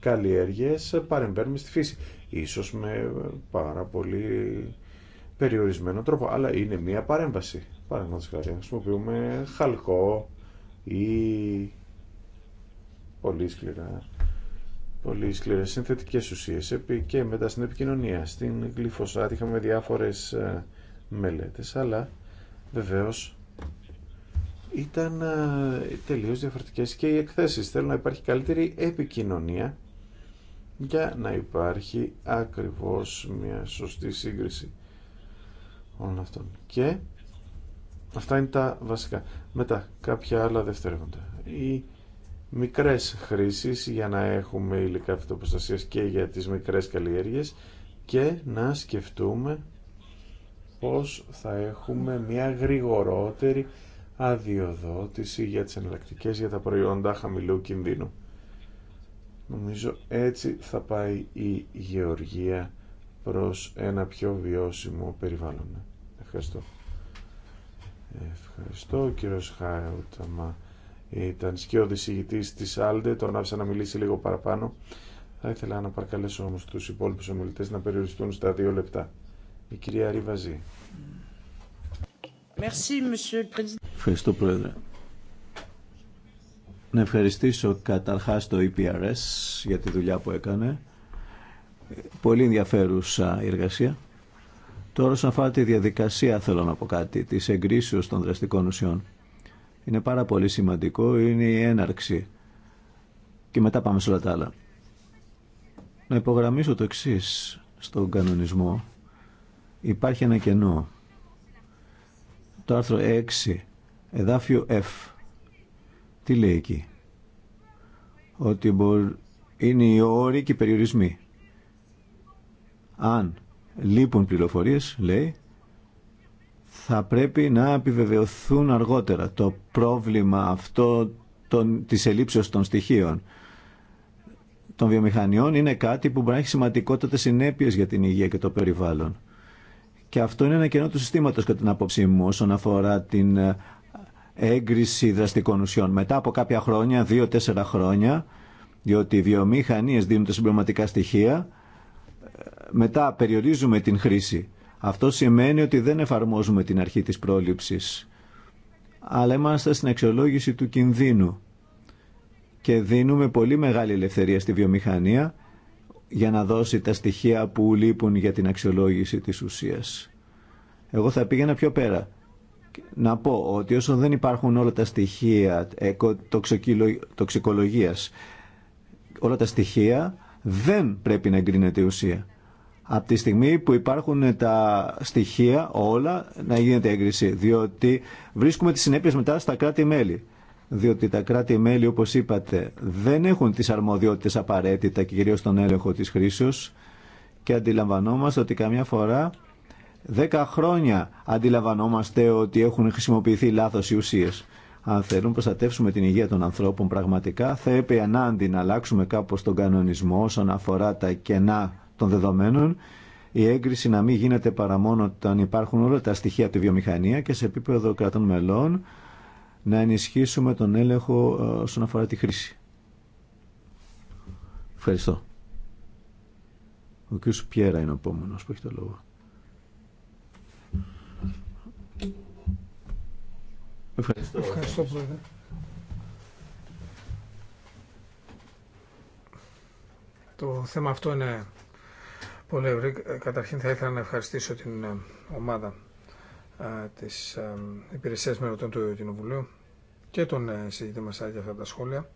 καλλιέργειες, παρεμβαίνουμε στη φύση. Ίσως με πάρα πολύ περιορισμένο τρόπο, αλλά είναι μία παρέμβαση. Παραδείγματος χάρη, χρησιμοποιούμε χαλκό ή πολύ σκληρά. Πολύ σκληρέ συνθετικέ ουσίε και μετά στην επικοινωνία. Στην γλυφοσάτη είχαμε διάφορε μελέτε, αλλά βεβαίω ήταν ε, τελείω διαφορετικέ και οι εκθέσει. Θέλω να υπάρχει καλύτερη επικοινωνία για να υπάρχει ακριβώς μια σωστή σύγκριση όλων αυτών. Και αυτά είναι τα βασικά. Μετά κάποια άλλα δευτερεύοντα μικρές χρήσεις για να έχουμε υλικά φυτοπροστασίας και για τις μικρές καλλιέργειες και να σκεφτούμε πώς θα έχουμε μια γρηγορότερη αδειοδότηση για τις εναλλακτικέ για τα προϊόντα χαμηλού κινδύνου. Νομίζω έτσι θα πάει η γεωργία προς ένα πιο βιώσιμο περιβάλλον. Ευχαριστώ. Ευχαριστώ κύριος ήταν σκιώδης ηγητής τη Άλντε, τον άφησα να μιλήσει λίγο παραπάνω. Θα ήθελα να παρακαλέσω όμω του υπόλοιπου ομιλητέ να περιοριστούν στα δύο λεπτά. Η κυρία Ριβαζή. Ευχαριστώ Πρόεδρε. Να ευχαριστήσω καταρχάς το EPRS για τη δουλειά που έκανε. Πολύ ενδιαφέρουσα η εργασία. Τώρα σαν αφορά τη διαδικασία θέλω να πω κάτι της εγκρίσεως των δραστικών ουσιών είναι πάρα πολύ σημαντικό, είναι η έναρξη. Και μετά πάμε σε όλα τα άλλα. Να υπογραμμίσω το εξή στον κανονισμό. Υπάρχει ένα κενό. Το άρθρο 6, εδάφιο F. Τι λέει εκεί. Ότι είναι οι όροι και οι περιορισμοί. Αν λείπουν πληροφορίες, λέει, θα πρέπει να επιβεβαιωθούν αργότερα το πρόβλημα αυτό των, της ελλείψεως των στοιχείων των βιομηχανιών είναι κάτι που μπορεί να έχει συνέπειες για την υγεία και το περιβάλλον. Και αυτό είναι ένα κενό του συστήματος κατά την άποψή μου όσον αφορά την ε, έγκριση δραστικών ουσιών. Μετά από κάποια χρόνια, δύο-τέσσερα χρόνια, διότι οι βιομηχανίες δίνουν τα συμπληρωματικά στοιχεία, ε, μετά περιορίζουμε την χρήση αυτό σημαίνει ότι δεν εφαρμόζουμε την αρχή της πρόληψης, αλλά είμαστε στην αξιολόγηση του κινδύνου και δίνουμε πολύ μεγάλη ελευθερία στη βιομηχανία για να δώσει τα στοιχεία που λείπουν για την αξιολόγηση της ουσίας. Εγώ θα πήγαινα πιο πέρα. Να πω ότι όσο δεν υπάρχουν όλα τα στοιχεία τοξικολογίας, όλα τα στοιχεία δεν πρέπει να εγκρίνεται η ουσία από τη στιγμή που υπάρχουν τα στοιχεία όλα να γίνεται έγκριση. Διότι βρίσκουμε τις συνέπειες μετά στα κράτη-μέλη. Διότι τα κράτη-μέλη, όπως είπατε, δεν έχουν τις αρμοδιότητες απαραίτητα και κυρίως τον έλεγχο της χρήσεως και αντιλαμβανόμαστε ότι καμιά φορά δέκα χρόνια αντιλαμβανόμαστε ότι έχουν χρησιμοποιηθεί λάθος οι ουσίες. Αν θέλουν προστατεύσουμε την υγεία των ανθρώπων πραγματικά, θα έπρεπε ανάντι να αλλάξουμε κάπως τον κανονισμό όσον αφορά τα κενά των δεδομένων η έγκριση να μην γίνεται παρά μόνο όταν υπάρχουν όλα τα στοιχεία από τη βιομηχανία και σε επίπεδο κρατών μελών να ενισχύσουμε τον έλεγχο ε, όσον αφορά τη χρήση. Ευχαριστώ. Ο κ. Πιέρα είναι ο επόμενο που έχει το λόγο. Ευχαριστώ. Ευχαριστώ, Το θέμα αυτό είναι Πολύ ευρύ. Ε, καταρχήν θα ήθελα να ευχαριστήσω την ε, ομάδα ε, της Υπηρεσίας Μερωτών του Κοινοβουλίου και τον συζητή μας για αυτά τα σχόλια.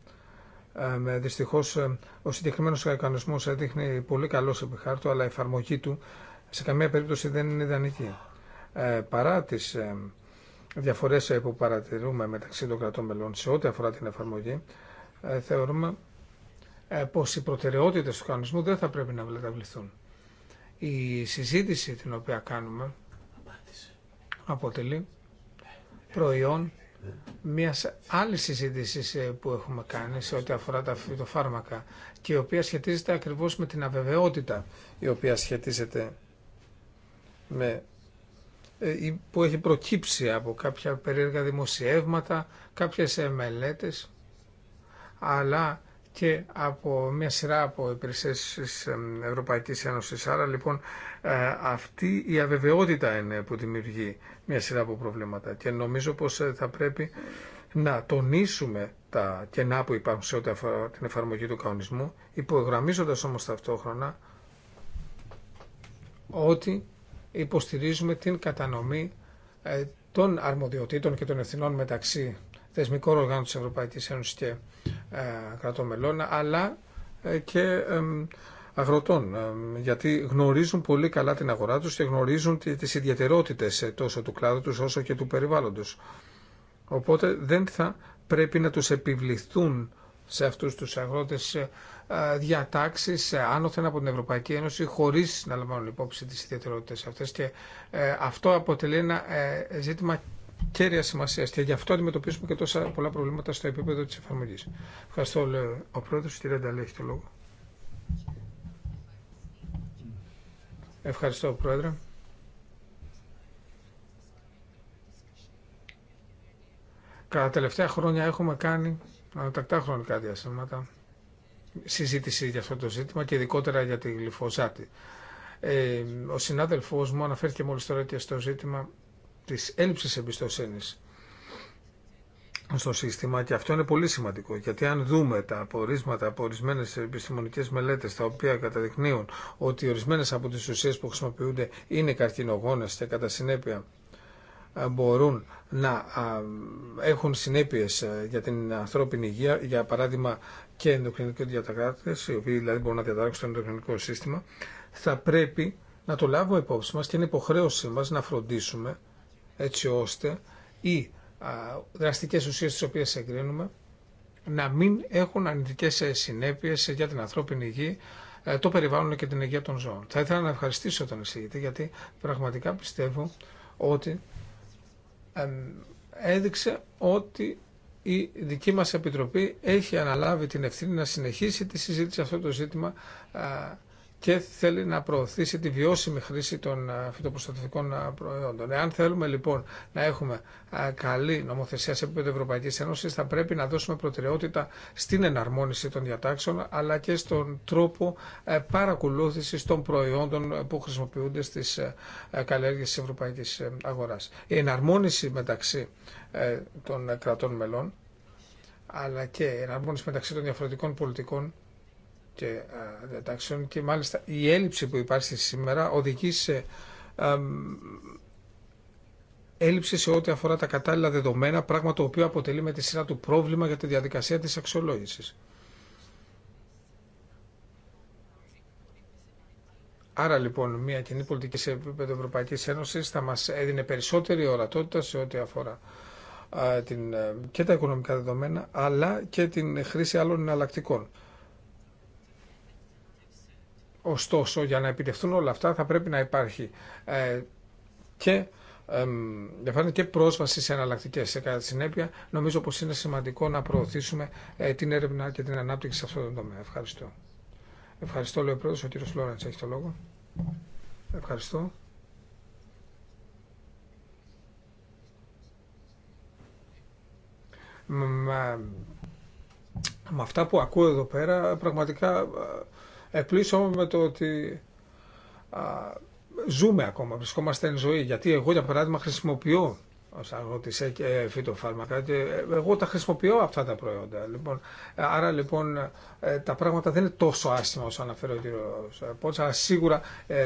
Ε, Δυστυχώ, ο συγκεκριμένο κανονισμό δείχνει πολύ καλό σε επιχάρτο, αλλά η εφαρμογή του σε καμία περίπτωση δεν είναι ιδανική. παρά τι διαφορές διαφορέ που παρατηρούμε μεταξύ των κρατών μελών σε ό,τι αφορά την εφαρμογή, θεωρούμε πω οι προτεραιότητε του κανονισμού δεν θα πρέπει να μεταβληθούν η συζήτηση την οποία κάνουμε αποτελεί προϊόν μιας άλλης συζήτηση ε, που έχουμε κάνει σε ό,τι αφορά τα φυτοφάρμακα και η οποία σχετίζεται ακριβώς με την αβεβαιότητα η οποία σχετίζεται με ε, που έχει προκύψει από κάποια περίεργα δημοσιεύματα, κάποιες ε, μελέτες, αλλά και από μια σειρά από υπηρεσίες της Ευρωπαϊκής Ένωσης. Άρα λοιπόν ε, αυτή η αβεβαιότητα είναι που δημιουργεί μια σειρά από προβλήματα και νομίζω πως ε, θα πρέπει να τονίσουμε τα κενά που υπάρχουν σε ό,τι αφορά την εφαρμογή του κανονισμού, υπογραμμίζοντας όμως ταυτόχρονα ότι υποστηρίζουμε την κατανομή ε, των αρμοδιοτήτων και των ευθυνών μεταξύ θεσμικών οργάνων της Ευρωπαϊκής Ένωσης και ε, κρατών μελών, αλλά ε, και αγροτών, γιατί γνωρίζουν πολύ καλά την αγορά τους και γνωρίζουν τις ιδιαιτερότητες ε, τόσο του κλάδου τους όσο και του περιβάλλοντος. Οπότε δεν θα πρέπει να τους επιβληθούν σε αυτούς τους αγρότες διατάξεις άνωθεν από την Ευρωπαϊκή Ένωση χωρίς να λαμβάνουν υπόψη τις ιδιαιτερότητες αυτές και αυτό αποτελεί ένα ζήτημα κέρια σημασία και γι' αυτό αντιμετωπίζουμε και τόσα πολλά προβλήματα στο επίπεδο τη εφαρμογή. Ευχαριστώ, λέω. Ο πρόεδρο, κύριε Νταλή, έχει το λόγο. Ευχαριστώ, πρόεδρε. Κατά τελευταία χρόνια έχουμε κάνει ανατακτά χρονικά διαστήματα συζήτηση για αυτό το ζήτημα και ειδικότερα για τη γλυφοζάτη. Ε, ο συνάδελφός μου αναφέρθηκε μόλις τώρα και στο ζήτημα της έλλειψης εμπιστοσύνης στο σύστημα και αυτό είναι πολύ σημαντικό γιατί αν δούμε τα απορίσματα από ορισμένε επιστημονικές μελέτες τα οποία καταδεικνύουν ότι ορισμένες από τις ουσίες που χρησιμοποιούνται είναι καρκινογόνες και κατά συνέπεια ε, μπορούν να έχουν συνέπειες ε, για την ανθρώπινη υγεία, για παράδειγμα και ενδοκρινικοί διαταράκτες οι οποίοι δηλαδή μπορούν να διαταράξουν το ενδοκρινικό σύστημα, θα πρέπει να το λάβουμε υπόψη μας και είναι υποχρέωσή μας να φροντίσουμε έτσι ώστε οι δραστικές ουσίες τις οποίες εγκρίνουμε να μην έχουν αρνητικές συνέπειες για την ανθρώπινη υγεία το περιβάλλον και την υγεία των ζώων. Θα ήθελα να ευχαριστήσω τον εισηγητή γιατί πραγματικά πιστεύω ότι έδειξε ότι η δική μας Επιτροπή έχει αναλάβει την ευθύνη να συνεχίσει τη συζήτηση αυτό το ζήτημα και θέλει να προωθήσει τη βιώσιμη χρήση των ε, φυτοπροστατευτικών ε, προϊόντων. Εάν θέλουμε λοιπόν να έχουμε ε, καλή νομοθεσία σε επίπεδο Ευρωπαϊκή Ένωση, θα πρέπει να δώσουμε προτεραιότητα στην εναρμόνιση των διατάξεων, αλλά και στον τρόπο παρακολούθηση των προϊόντων που χρησιμοποιούνται στι καλλιέργειε τη ευρωπαϊκή αγορά. Η εναρμόνιση μεταξύ των κρατών μελών, αλλά και η εναρμόνιση μεταξύ των διαφορετικών πολιτικών και ε, διατάξεων και μάλιστα η έλλειψη που υπάρχει σήμερα οδηγεί σε έλλειψη σε ό,τι αφορά τα κατάλληλα δεδομένα, πράγμα το οποίο αποτελεί με τη σειρά του πρόβλημα για τη διαδικασία της αξιολόγησης. Άρα λοιπόν μια κοινή πολιτική σε επίπεδο Ευρωπαϊκής Ένωσης θα μας έδινε περισσότερη ορατότητα σε ό,τι αφορά ε, την, ε, και τα οικονομικά δεδομένα αλλά και την χρήση άλλων εναλλακτικών. Ωστόσο, για να επιτευχθούν όλα αυτά θα πρέπει να υπάρχει και ε, και πρόσβαση σε εναλλακτικέ. Κατά τη συνέπεια, νομίζω πω είναι σημαντικό να προωθήσουμε την έρευνα και την ανάπτυξη σε αυτό το τομέα. Ευχαριστώ. Ευχαριστώ, λέει ο πρόεδρο. Ο κύριο Λόρεντ έχει το λόγο. Ευχαριστώ. με αυτά που ακούω εδώ πέρα, πραγματικά εκπλήσω με το ότι ζούμε ακόμα, βρισκόμαστε εν ζωή. Γιατί εγώ, για παράδειγμα, χρησιμοποιώ ως αγρότης ε, και φυτοφάρμακα ε, εγώ τα χρησιμοποιώ αυτά τα προϊόντα. Λοιπόν, ε, άρα λοιπόν τα πράγματα δεν είναι τόσο άσχημα όσο αναφέρει ο κ. Πότσα, αλλά σίγουρα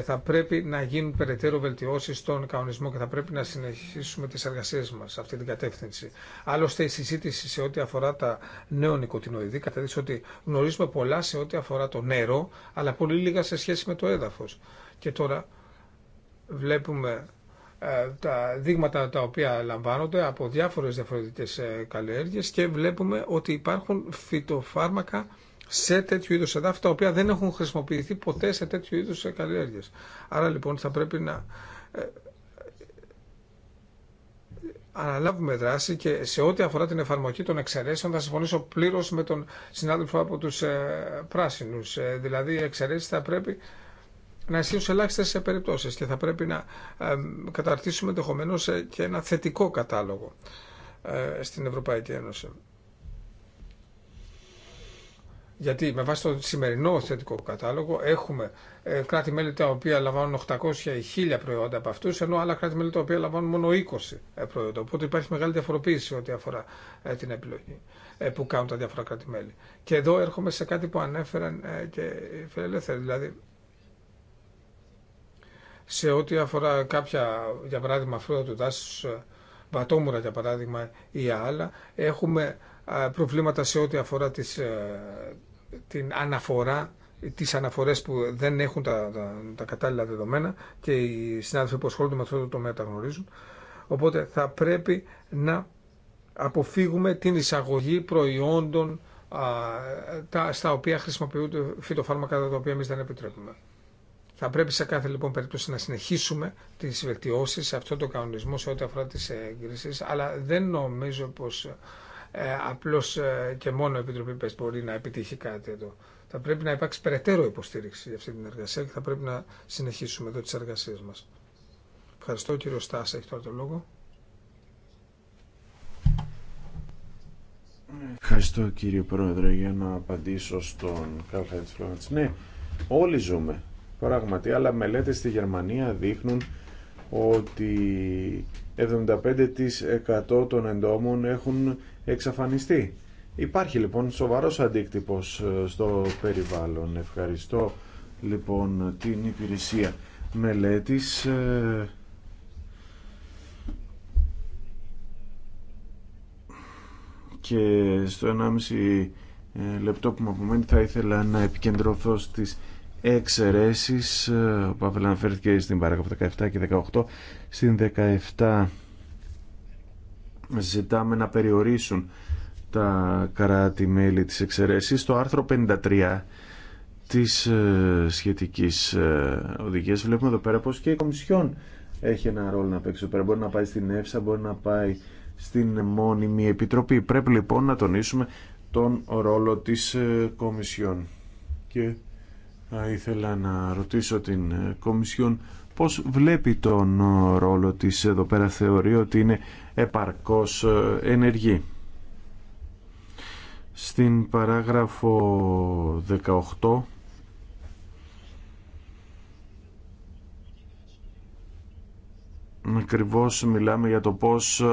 θα πρέπει να γίνουν περαιτέρω βελτιώσει στον κανονισμό και θα πρέπει να συνεχίσουμε τις εργασίες μας σε αυτή την κατεύθυνση. Άλλωστε η συζήτηση σε ό,τι αφορά τα νέο νοικοτινοειδή κατέδειξε ότι γνωρίζουμε πολλά σε ό,τι αφορά το νερό, αλλά πολύ λίγα σε σχέση με το έδαφος. Και τώρα βλέπουμε ε, τα δείγματα τα οποία λαμβάνονται από διάφορες διαφορετικές ε, καλλιέργειες και βλέπουμε ότι υπάρχουν φυτοφάρμακα σε τέτοιου είδους εδάφη τα οποία δεν έχουν χρησιμοποιηθεί ποτέ σε τέτοιου είδους ε, καλλιέργειες. Άρα λοιπόν θα πρέπει να αναλάβουμε δράση και σε ό,τι αφορά την εφαρμογή των εξαιρέσεων θα συμφωνήσω πλήρως με τον συνάδελφο από τους πράσινους. Δηλαδή οι εξαιρέσεις θα πρέπει να ισχύουν σε ελάχιστε περιπτώσει και θα πρέπει να καταρτήσουμε ενδεχομένω ε, και ένα θετικό κατάλογο ε, στην Ευρωπαϊκή Ένωση. Γιατί με βάση το σημερινό θετικό κατάλογο έχουμε ε, κράτη-μέλη τα οποία λαμβάνουν 800 ή 1000 προϊόντα από αυτού, ενώ άλλα κράτη-μέλη τα οποία λαμβάνουν μόνο 20 προϊόντα. Οπότε υπάρχει μεγάλη διαφοροποίηση ό,τι αφορά την επιλογή που κάνουν τα διάφορα κράτη-μέλη. Και εδώ έρχομαι σε κάτι που ανέφεραν και οι φιλελεύθεροι. Δηλαδή, σε ό,τι αφορά κάποια, για παράδειγμα, φρούτα του δάσου, ε, βατόμουρα για παράδειγμα ή άλλα, έχουμε προβλήματα σε ό,τι αφορά τις, ε, την αναφορά τις αναφορές που δεν έχουν τα, τα, κατάλληλα δεδομένα και οι συνάδελφοι που ασχολούνται με αυτό το τομέα τα γνωρίζουν. Οπότε θα πρέπει να αποφύγουμε την εισαγωγή προϊόντων τα, στα οποία χρησιμοποιούνται φυτοφάρμακα τα οποία εμεί δεν επιτρέπουμε. Θα πρέπει σε κάθε λοιπόν περίπτωση να συνεχίσουμε τι βελτιώσει σε αυτόν τον κανονισμό σε ό,τι αφορά τι εγκρίσει, αλλά δεν νομίζω πω ε, απλώ ε, και μόνο η Επιτροπή ΠΕΣ μπορεί να επιτύχει κάτι εδώ. Θα πρέπει να υπάρξει περαιτέρω υποστήριξη για αυτή την εργασία και θα πρέπει να συνεχίσουμε εδώ τι εργασίε μα. Ευχαριστώ κύριο Στάσα, έχει τώρα το λόγο. Ευχαριστώ κύριε Πρόεδρε για να απαντήσω στον Καλχάιντ Φλόρεντς. Ναι, όλοι ζούμε Πράγματι, αλλά μελέτες στη Γερμανία δείχνουν ότι 75% των εντόμων έχουν εξαφανιστεί. Υπάρχει λοιπόν σοβαρός αντίκτυπος ε, στο περιβάλλον. Ευχαριστώ λοιπόν την υπηρεσία μελέτης. Ε, και στο 1,5 ε, λεπτό που μου απομένει θα ήθελα να επικεντρωθώ στις εξαιρέσεις ε, που αναφέρθηκε στην παράγραφο 17 και 18 στην 17 ζητάμε να περιορίσουν τα κράτη-μέλη της εξαιρέσεις. στο άρθρο 53 της ε, σχετικής ε, οδηγίας βλέπουμε εδώ πέρα πως και η Κομισιόν έχει ένα ρόλο να παίξει μπορεί να πάει στην ΕΦΣΑ, μπορεί να πάει στην μόνιμη επιτροπή πρέπει λοιπόν να τονίσουμε τον ρόλο της Κομισιόν και θα ήθελα να ρωτήσω την ε, Κομισιόν πώς βλέπει τον ε, ρόλο της εδώ πέρα θεωρεί ότι είναι επαρκώς ε, ενεργή. Στην παράγραφο 18 ακριβώς μιλάμε για το πώς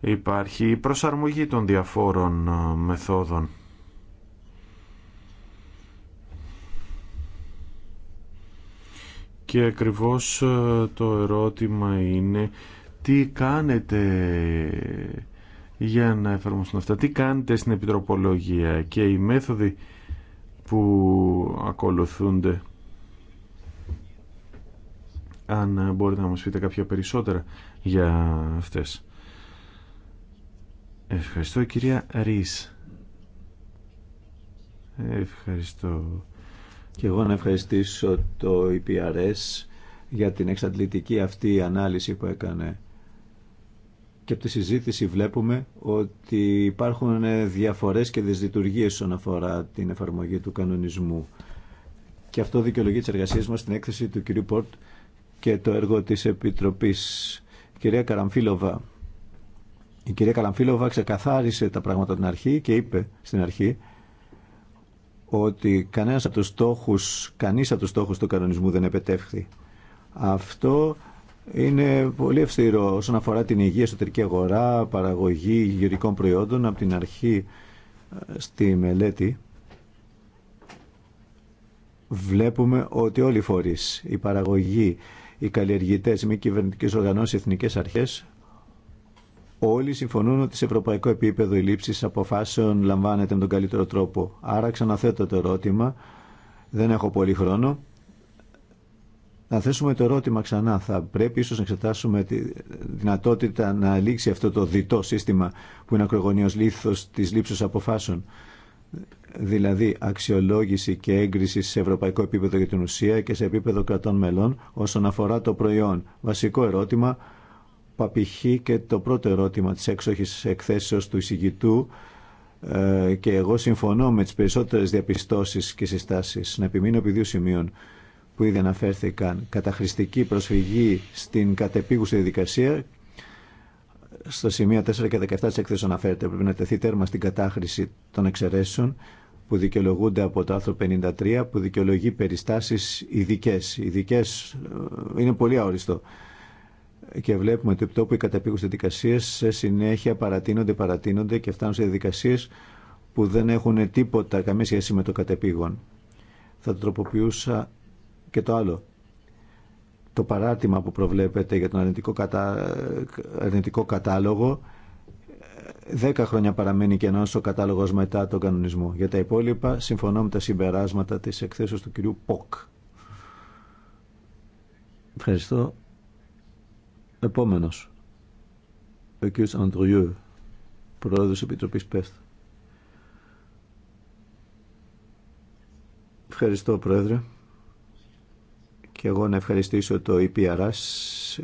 υπάρχει η προσαρμογή των διαφόρων μεθόδων. Και ακριβώς ε, το ερώτημα είναι τι κάνετε για να εφαρμοστούν αυτά, τι κάνετε στην επιτροπολογία και οι μέθοδοι που ακολουθούνται αν μπορείτε να μας πείτε κάποια περισσότερα για αυτές. Ευχαριστώ κυρία Ρίς. Ευχαριστώ και εγώ να ευχαριστήσω το EPRS για την εξαντλητική αυτή ανάλυση που έκανε. Και από τη συζήτηση βλέπουμε ότι υπάρχουν διαφορές και δυσλειτουργίες όσον αφορά την εφαρμογή του κανονισμού. Και αυτό δικαιολογεί τις εργασίες μας στην έκθεση του κ. Πορτ και το έργο της Επιτροπής. Κυρία Καραμφίλοβα, η κυρία Καραμφίλοβα ξεκαθάρισε τα πράγματα την αρχή και είπε στην αρχή ότι κανένας από τους στόχους, κανείς από τους στόχους του κανονισμού δεν επετεύχθη. Αυτό είναι πολύ ευστηρό όσον αφορά την υγεία εσωτερική αγορά, παραγωγή γεωρικών προϊόντων από την αρχή ε, στη μελέτη. Βλέπουμε ότι όλοι οι φορείς, η παραγωγή, οι καλλιεργητές, οι μη κυβερνητικέ οργανώσεις, οι εθνικές αρχές Όλοι συμφωνούν ότι σε ευρωπαϊκό επίπεδο η λήψη αποφάσεων λαμβάνεται με τον καλύτερο τρόπο. Άρα ξαναθέτω το ερώτημα. Δεν έχω πολύ χρόνο. Να θέσουμε το ερώτημα ξανά. Θα πρέπει ίσως να εξετάσουμε τη δυνατότητα να λήξει αυτό το διτό σύστημα που είναι ακρογωνιω λήθος της λήψης αποφάσεων. Δηλαδή αξιολόγηση και έγκριση σε ευρωπαϊκό επίπεδο για την ουσία και σε επίπεδο κρατών μελών όσον αφορά το προϊόν. Βασικό ερώτημα απηχεί και το πρώτο ερώτημα της έξοχης εκθέσεως του εισηγητού ε, και εγώ συμφωνώ με τις περισσότερες διαπιστώσεις και συστάσεις. Να επιμείνω επί δύο σημείων που ήδη αναφέρθηκαν. Καταχρηστική προσφυγή στην κατεπίγουσα διαδικασία στο σημείο 4 και 17 της έκθεσης αναφέρεται πρέπει να τεθεί τέρμα στην κατάχρηση των εξαιρέσεων που δικαιολογούνται από το άρθρο 53 που δικαιολογεί περιστάσεις ειδικέ. Ειδικέ ε, είναι πολύ αόριστο και βλέπουμε ότι που οι καταπήγουσε δικασίε σε συνέχεια παρατείνονται, παρατείνονται και φτάνουν σε διαδικασίε που δεν έχουν τίποτα, καμία σχέση με το κατεπήγον. Θα το τροποποιούσα και το άλλο. Το παράρτημα που προβλέπετε για τον αρνητικό, κατά... κατάλογο, δέκα χρόνια παραμένει κενό ο κατάλογος μετά τον κανονισμό. Για τα υπόλοιπα, συμφωνώ με τα συμπεράσματα της εκθέσεως του κυρίου Ποκ. Ευχαριστώ. Επόμενος, ο κ. Αντριού, πρόεδρος Επιτροπής ΠΕΣΤ. Ευχαριστώ, Πρόεδρε. Και εγώ να ευχαριστήσω το EPRS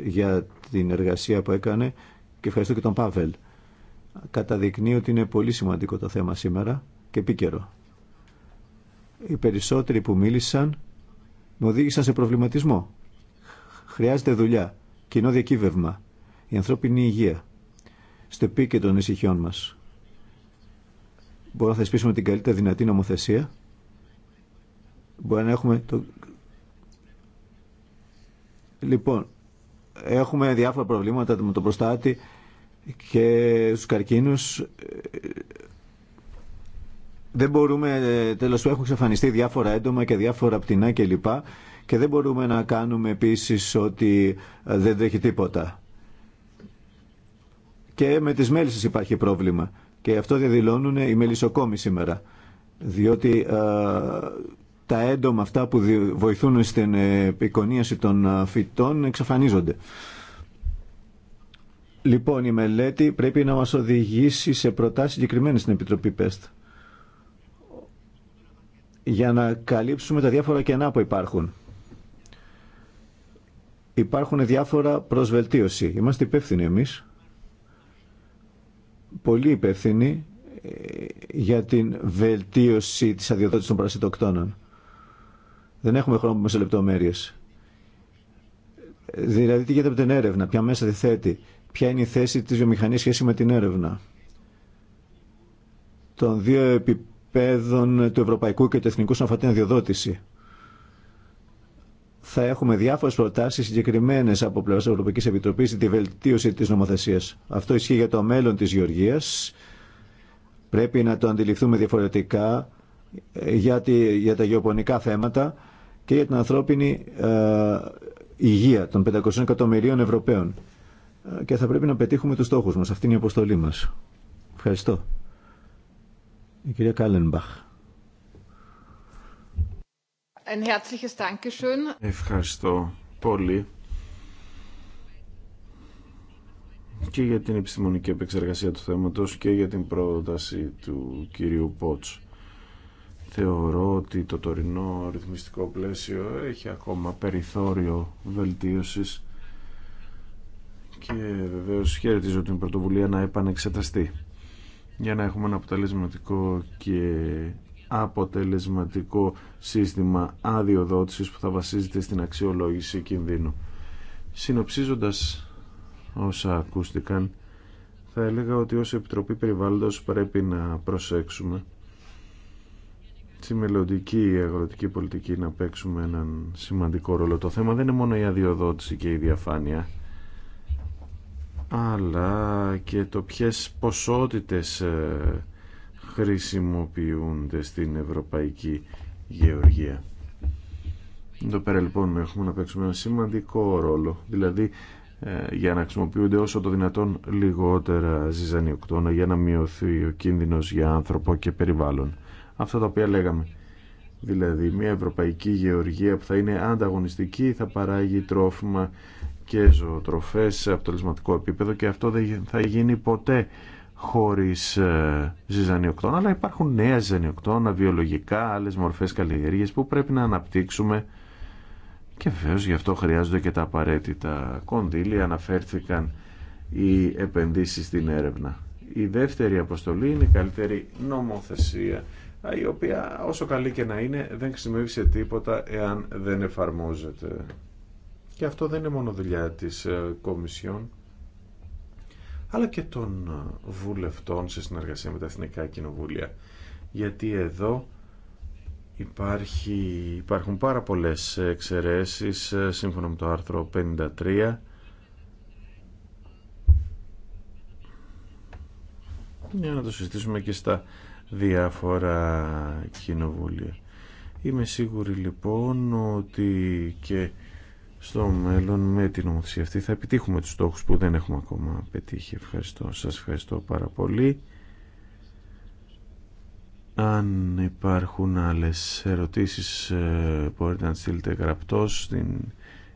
για την εργασία που έκανε και ευχαριστώ και τον Πάβελ. Καταδεικνύει ότι είναι πολύ σημαντικό το θέμα σήμερα και επίκαιρο. Οι περισσότεροι που μίλησαν με οδήγησαν σε προβληματισμό. Χρειάζεται δουλειά κοινό διακύβευμα, η ανθρώπινη υγεία, στο και των ησυχιών μας. Μπορούμε να θεσπίσουμε την καλύτερη δυνατή νομοθεσία, μπορεί να έχουμε το... Λοιπόν, έχουμε διάφορα προβλήματα με το προστάτη και στους καρκίνους δεν μπορούμε, τέλο του έχουν εξαφανιστεί διάφορα έντομα και διάφορα πτηνά κλπ. Και δεν μπορούμε να κάνουμε επίσης ότι ε, δεν τρέχει τίποτα. Και με τις μέλισσες υπάρχει πρόβλημα. Και αυτό διαδηλώνουν οι μελισσοκόμοι σήμερα. Διότι ε, τα έντομα αυτά που βοηθούν στην επικονίαση των ε, φυτών εξαφανίζονται. Λοιπόν, η μελέτη πρέπει να μας οδηγήσει σε προτάσεις συγκεκριμένες στην Επιτροπή ΠΕΣΤ για να καλύψουμε τα διάφορα κενά που υπάρχουν υπάρχουν διάφορα προς βελτίωση. Είμαστε υπεύθυνοι εμείς, πολύ υπεύθυνοι ε, για την βελτίωση της αδειοδότησης των παρασιτοκτόνων. Δεν έχουμε χρόνο που σε λεπτομέρειες. Δηλαδή τι γίνεται από την έρευνα, ποια μέσα τη θέτει, ποια είναι η θέση της βιομηχανίας σχέση με την έρευνα. Των δύο επιπέδων του ευρωπαϊκού και του εθνικού σαν αδειοδότηση θα έχουμε διάφορε προτάσει συγκεκριμένε από πλευρά τη Ευρωπαϊκή Επιτροπή για τη βελτίωση τη νομοθεσία. Αυτό ισχύει για το μέλλον τη Γεωργία. Πρέπει να το αντιληφθούμε διαφορετικά ε, για, για τα γεωπονικά θέματα και για την ανθρώπινη ε, υγεία των 500 εκατομμυρίων Ευρωπαίων. Ε, και θα πρέπει να πετύχουμε τους στόχους μα. Αυτή είναι η αποστολή μα. Ευχαριστώ. Η κυρία Κάλενμπαχ. Ευχαριστώ πολύ και για την επιστημονική επεξεργασία του θέματος και για την πρόταση του κυρίου Πότς. Θεωρώ ότι το τωρινό ρυθμιστικό πλαίσιο έχει ακόμα περιθώριο βελτίωσης και βεβαίως χαιρετίζω την πρωτοβουλία να επανεξεταστεί για να έχουμε ένα αποτελεσματικό και αποτελεσματικό σύστημα αδειοδότησης που θα βασίζεται στην αξιολόγηση κινδύνου. Συνοψίζοντας όσα ακούστηκαν, θα έλεγα ότι ως Επιτροπή Περιβάλλοντος πρέπει να προσέξουμε τη μελλοντική αγροτική πολιτική να παίξουμε έναν σημαντικό ρόλο. Το θέμα δεν είναι μόνο η αδειοδότηση και η διαφάνεια, αλλά και το ποιες ποσότητες ε, χρησιμοποιούνται στην Ευρωπαϊκή Γεωργία. Εδώ πέρα λοιπόν έχουμε να παίξουμε ένα σημαντικό ρόλο, δηλαδή ε, για να χρησιμοποιούνται όσο το δυνατόν λιγότερα ζυζανιοκτώνα για να μειωθεί ο κίνδυνος για άνθρωπο και περιβάλλον. Αυτά τα οποία λέγαμε. Δηλαδή μια ευρωπαϊκή γεωργία που θα είναι ανταγωνιστική θα παράγει τρόφιμα και ζωοτροφές σε αποτελεσματικό επίπεδο και αυτό δεν θα γίνει ποτέ χωρίς ε, ζυζανιοκτώνα, αλλά υπάρχουν νέα ζυζανιοκτώνα, βιολογικά, άλλες μορφές καλλιέργειας που πρέπει να αναπτύξουμε και βεβαίω γι' αυτό χρειάζονται και τα απαραίτητα κονδύλια, αναφέρθηκαν οι επενδύσεις στην έρευνα. Η δεύτερη αποστολή είναι η καλύτερη νομοθεσία, η οποία όσο καλή και να είναι δεν χρησιμεύει τίποτα εάν δεν εφαρμόζεται. Και αυτό δεν είναι μόνο δουλειά της ε, Κομισιόν αλλά και των ε, βουλευτών σε συνεργασία με τα Εθνικά Κοινοβούλια. Γιατί εδώ υπάρχει, υπάρχουν πάρα πολλές εξαιρέσεις ε, σύμφωνα με το άρθρο 53 για να το συζητήσουμε και στα διάφορα κοινοβούλια. Είμαι σίγουρη λοιπόν ότι και στο μέλλον με την νομοθεσία αυτή θα επιτύχουμε τους στόχους που δεν έχουμε ακόμα πετύχει. Ευχαριστώ. Σας ευχαριστώ πάρα πολύ. Αν υπάρχουν άλλες ερωτήσεις ε, μπορείτε να στείλετε γραπτός στην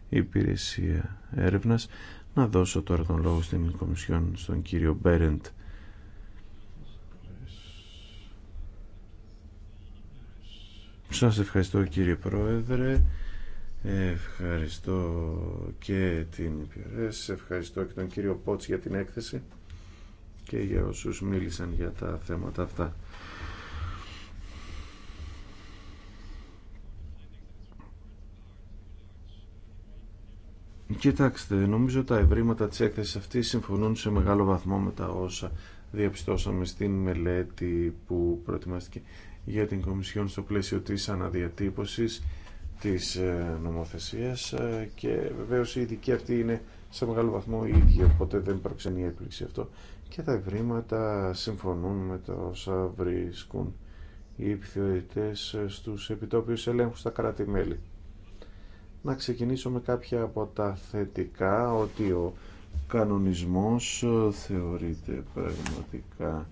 υπηρεσία έρευνας. Να δώσω τώρα τον λόγο στην Κομισιόν στον κύριο Μπέρεντ. Σας ευχαριστώ κύριε Πρόεδρε. Ευχαριστώ και την υπηρεσία, ευχαριστώ και τον κύριο Πότς για την έκθεση και για όσους μίλησαν για τα θέματα αυτά. Κοιτάξτε, νομίζω τα ευρήματα της έκθεσης αυτή συμφωνούν σε μεγάλο βαθμό με τα όσα διαπιστώσαμε στην μελέτη που προετοιμάστηκε για την Κομισιόν στο πλαίσιο της αναδιατύπωσης της ε, νομοθεσίας ε, και βεβαίως η ειδική αυτή είναι σε μεγάλο βαθμό η ίδια, οπότε δεν προξενεί έκπληξη αυτό και τα ευρήματα συμφωνούν με τα όσα βρίσκουν οι επιθεωρητές ε, στους επιτόπιους ελέγχους στα κράτη-μέλη. Να ξεκινήσω με κάποια από τα θετικά, ότι ο κανονισμός θεωρείται πραγματικά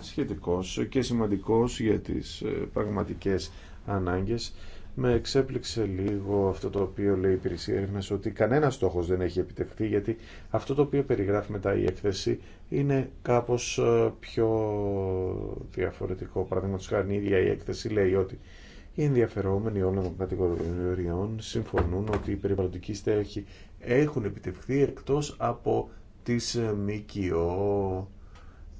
σχετικός και σημαντικός για τις πραγματικές ανάγκες. Με εξέπληξε λίγο αυτό το οποίο λέει η υπηρεσία έρευνα ότι κανένα στόχο δεν έχει επιτευχθεί γιατί αυτό το οποίο περιγράφει μετά η έκθεση είναι κάπω ε, πιο διαφορετικό. Παραδείγματο χάρη, η ίδια η έκθεση λέει ότι οι ενδιαφερόμενοι όλων των κατηγοριών συμφωνούν ότι οι περιβαλλοντικοί στέχοι έχουν επιτευχθεί εκτός από τις ε, ΜΚΟ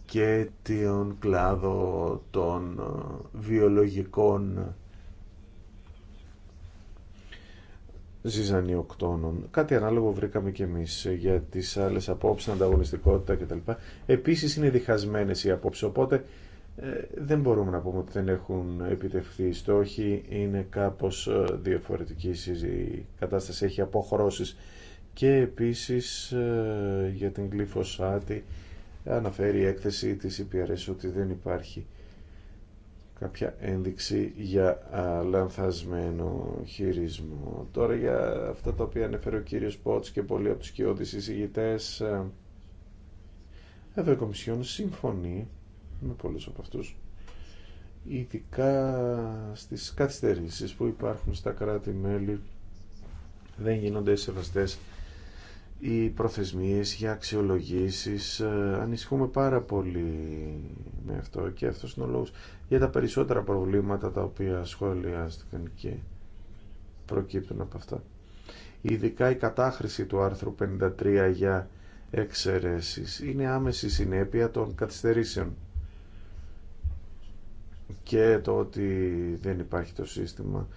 και τον κλάδο των ε, βιολογικών ζυζανιοκτώνων. Κάτι ανάλογο βρήκαμε και εμεί για τις άλλε απόψει, ανταγωνιστικότητα κτλ. Επίσης είναι διχασμένες οι αποψει οπότε ε, δεν μπορούμε να πούμε ότι δεν έχουν επιτευχθεί οι στόχοι, είναι κάπως ε, διαφορετική η κατάσταση, έχει αποχρωσει Και επίσης ε, για την γλυφοσάτη αναφέρει η έκθεση της EPRS ότι δεν υπάρχει κάποια ένδειξη για λανθασμένο χειρισμό. Τώρα για αυτά τα οποία ανέφερε ο κύριος Πότς και πολλοί από τους κοιόδης εισηγητές εδώ η Κομισιόν συμφωνεί με πολλούς από αυτούς ειδικά στις καθυστερήσεις που υπάρχουν στα κράτη-μέλη δεν γίνονται σεβαστές οι προθεσμίες για αξιολογήσεις. Ε, ανησυχούμε πάρα πολύ με αυτό και αυτός είναι ο λόγος για τα περισσότερα προβλήματα τα οποία σχολιάστηκαν και προκύπτουν από αυτά. Ειδικά η κατάχρηση του άρθρου 53 για εξαιρέσεις είναι άμεση συνέπεια των καθυστερήσεων και το ότι δεν υπάρχει το σύστημα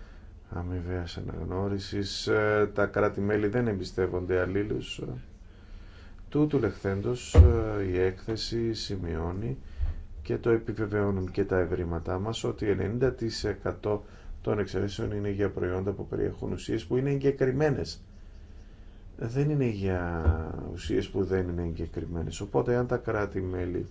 αμοιβαία αναγνώριση. Ε, τα κράτη-μέλη δεν εμπιστεύονται αλλήλους. Τούτου λεχθέντος ε, η έκθεση σημειώνει και το επιβεβαιώνουν και τα ευρήματά μας ότι 90% των εξαιρέσεων είναι για προϊόντα που περιέχουν ουσίε που είναι εγκεκριμένε. Δεν είναι για ουσίες που δεν είναι εγκεκριμένε. Οπότε αν τα κράτη-μέλη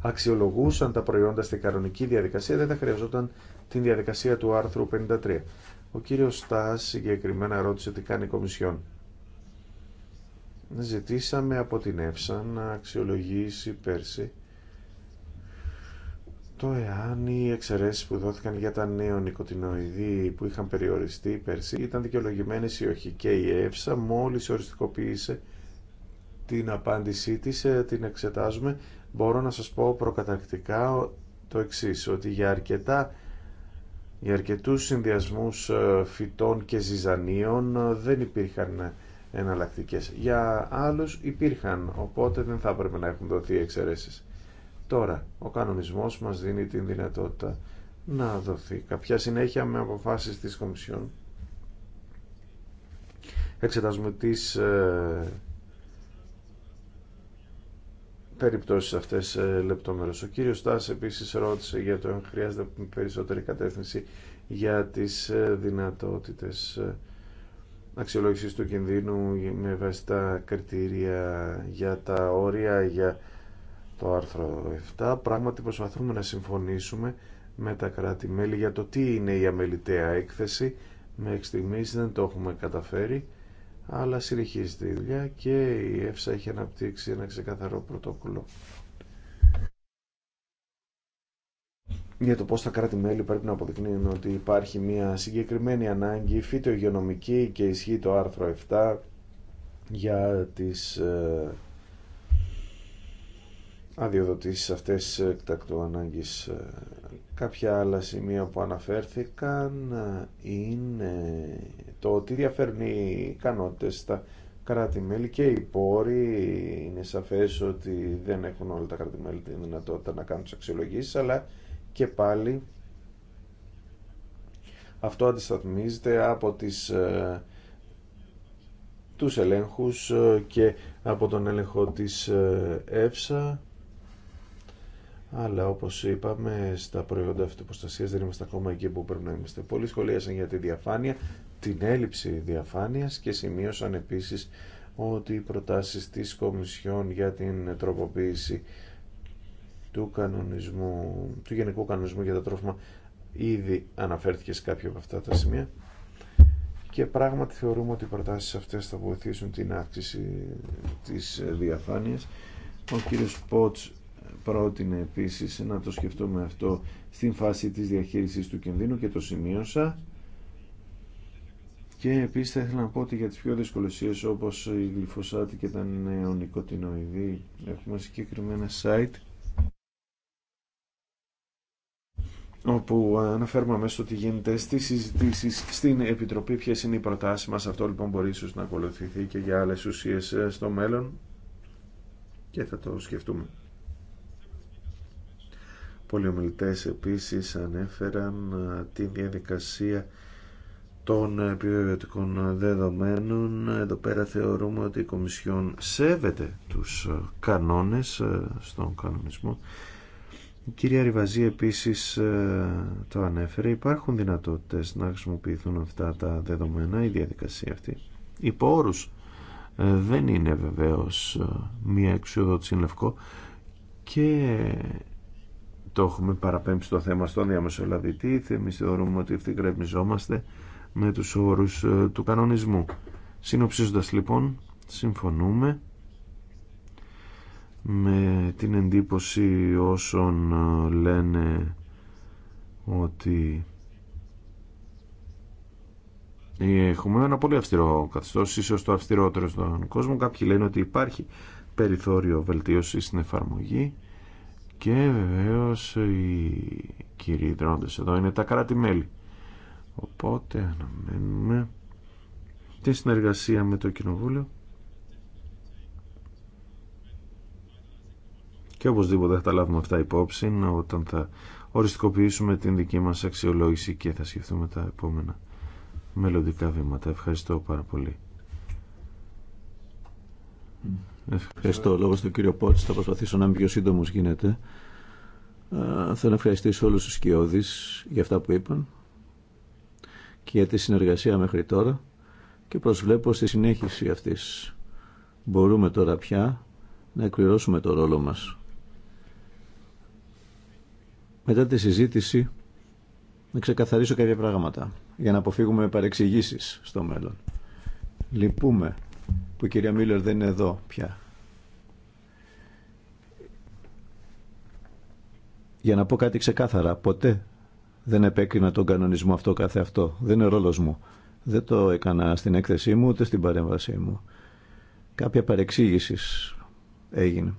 αξιολογούσαν τα προϊόντα στην κανονική διαδικασία δεν θα χρειαζόταν την διαδικασία του άρθρου 53. Ο κύριος Στάς συγκεκριμένα ρώτησε τι κάνει η Κομισιόν. Ζητήσαμε από την Εύσα να αξιολογήσει πέρσι το εάν οι εξαιρέσει που δόθηκαν για τα νέο νοικοτινοειδή που είχαν περιοριστεί πέρσι ήταν δικαιολογημένε ή όχι. Και η ΕΦΣΑ μόλις οριστικοποίησε την απάντησή της, ε, την εξετάζουμε. Μπορώ να σας πω προκαταρκτικά το εξής, ότι για αρκετά για αρκετούς συνδυασμούς ε, φυτών και ζυζανίων ε, δεν υπήρχαν εναλλακτικέ. Για άλλους υπήρχαν, οπότε δεν θα έπρεπε να έχουν δοθεί εξαιρέσεις. Τώρα, ο κανονισμός μας δίνει την δυνατότητα να δοθεί κάποια συνέχεια με αποφάσεις της Κομισιόν. Εξετάζουμε τις ε, περιπτώσεις αυτές ε, Ο κύριος Στάς επίσης ρώτησε για το αν χρειάζεται περισσότερη κατεύθυνση για τις ε, δυνατότητες ε, αξιολόγησης του κινδύνου με βάση τα κριτήρια για τα όρια για το άρθρο 7. Πράγματι προσπαθούμε να συμφωνήσουμε με τα κράτη-μέλη για το τι είναι η αμεληταία έκθεση. Μέχρι στιγμής δεν το έχουμε καταφέρει αλλά συνεχίζεται η δουλειά και η ΕΦΣΑ έχει αναπτύξει ένα ξεκαθαρό πρωτόκολλο για το πώς τα κράτη-μέλη πρέπει να αποδεικνύουν ότι υπάρχει μια συγκεκριμένη ανάγκη φυτογειονομική και ισχύει το άρθρο 7 για τις ε, αδειοδοτήσεις αυτές εκτακτού ανάγκης. Ε, κάποια άλλα σημεία που αναφέρθηκαν ε, είναι το ότι διαφέρνει οι ικανότητες στα κράτη-μέλη και οι πόροι. Είναι σαφές ότι δεν έχουν όλα τα κράτη-μέλη τη δυνατότητα να κάνουν τις αξιολογήσεις, αλλά και πάλι αυτό αντισταθμίζεται από τις ε, τους ελέγχους και από τον έλεγχο της ΕΦΣΑ αλλά όπω είπαμε στα προϊόντα αυτοποστασίας δεν είμαστε ακόμα εκεί που πρέπει να είμαστε. Πολλοί σχολίασαν για τη διαφάνεια, την έλλειψη διαφάνεια και σημείωσαν επίση ότι οι προτάσει τη Κομισιόν για την τροποποίηση του, κανονισμού, του Γενικού Κανονισμού για τα Τρόφιμα ήδη αναφέρθηκε σε κάποια από αυτά τα σημεία και πράγματι θεωρούμε ότι οι προτάσεις αυτές θα βοηθήσουν την αύξηση της διαφάνειας. Ο κύριος Πότς πρότεινε επίσης να το σκεφτούμε αυτό στην φάση της διαχείρισης του κινδύνου και το σημείωσα. Και επίσης θα ήθελα να πω ότι για τις πιο δύσκολες όπως η γλυφοσάτη και τα νεονικοτινοειδή έχουμε συγκεκριμένα site όπου αναφέρουμε αμέσως ότι γίνεται στις συζητήσεις στην Επιτροπή ποιες είναι οι προτάσεις μας. Αυτό λοιπόν μπορεί ίσως να ακολουθηθεί και για άλλες ουσίες ε, στο μέλλον και θα το σκεφτούμε. Πολλοί ομιλητές επίσης ανέφεραν ε, τη διαδικασία των επιβεβαιωτικών δεδομένων. Εδώ πέρα θεωρούμε ότι η Κομισιόν σέβεται τους ε, κανόνες ε, στον κανονισμό. Η κυρία Ριβαζή επίσης το ανέφερε. Υπάρχουν δυνατότητες να χρησιμοποιηθούν αυτά τα δεδομένα, η διαδικασία αυτή. Υπό όρους δεν είναι βεβαίως μία εξουδότηση λευκό και το έχουμε παραπέμψει το θέμα στον διαμεσολαβητή. Εμείς θεωρούμε ότι ευθυγραμμιζόμαστε με τους όρους ε, του κανονισμού. Συνοψίζοντας λοιπόν, συμφωνούμε με την εντύπωση όσων ε, λένε ότι έχουμε ένα πολύ αυστηρό καθεστώς, ίσως το αυστηρότερο στον κόσμο. Κάποιοι λένε ότι υπάρχει περιθώριο βελτίωση στην εφαρμογή. Και βεβαίω οι κύριοι δρόντε εδώ είναι τα κράτη-μέλη. Οπότε αναμένουμε τη συνεργασία με το Κοινοβούλιο και οπωσδήποτε θα τα λάβουμε αυτά υπόψη όταν θα οριστικοποιήσουμε την δική μας αξιολόγηση και θα σκεφτούμε τα επόμενα μελλοντικά βήματα. Ευχαριστώ πάρα πολύ. Ευχαριστώ. Λόγω στον κύριο ποτ, θα προσπαθήσω να είμαι πιο σύντομο γίνεται. Θέλω να ευχαριστήσω όλου του για αυτά που είπαν και για τη συνεργασία μέχρι τώρα και προσβλέπω στη συνέχιση αυτής. Μπορούμε τώρα πια να εκπληρώσουμε το ρόλο μας. Μετά τη συζήτηση να ξεκαθαρίσω κάποια πράγματα για να αποφύγουμε παρεξηγήσεις στο μέλλον. Λυπούμε που η κυρία Μίλλερ δεν είναι εδώ πια. Για να πω κάτι ξεκάθαρα, ποτέ δεν επέκρινα τον κανονισμό αυτό κάθε αυτό. Δεν είναι ρόλος μου. Δεν το έκανα στην έκθεσή μου ούτε στην παρέμβασή μου. Κάποια παρεξήγηση έγινε.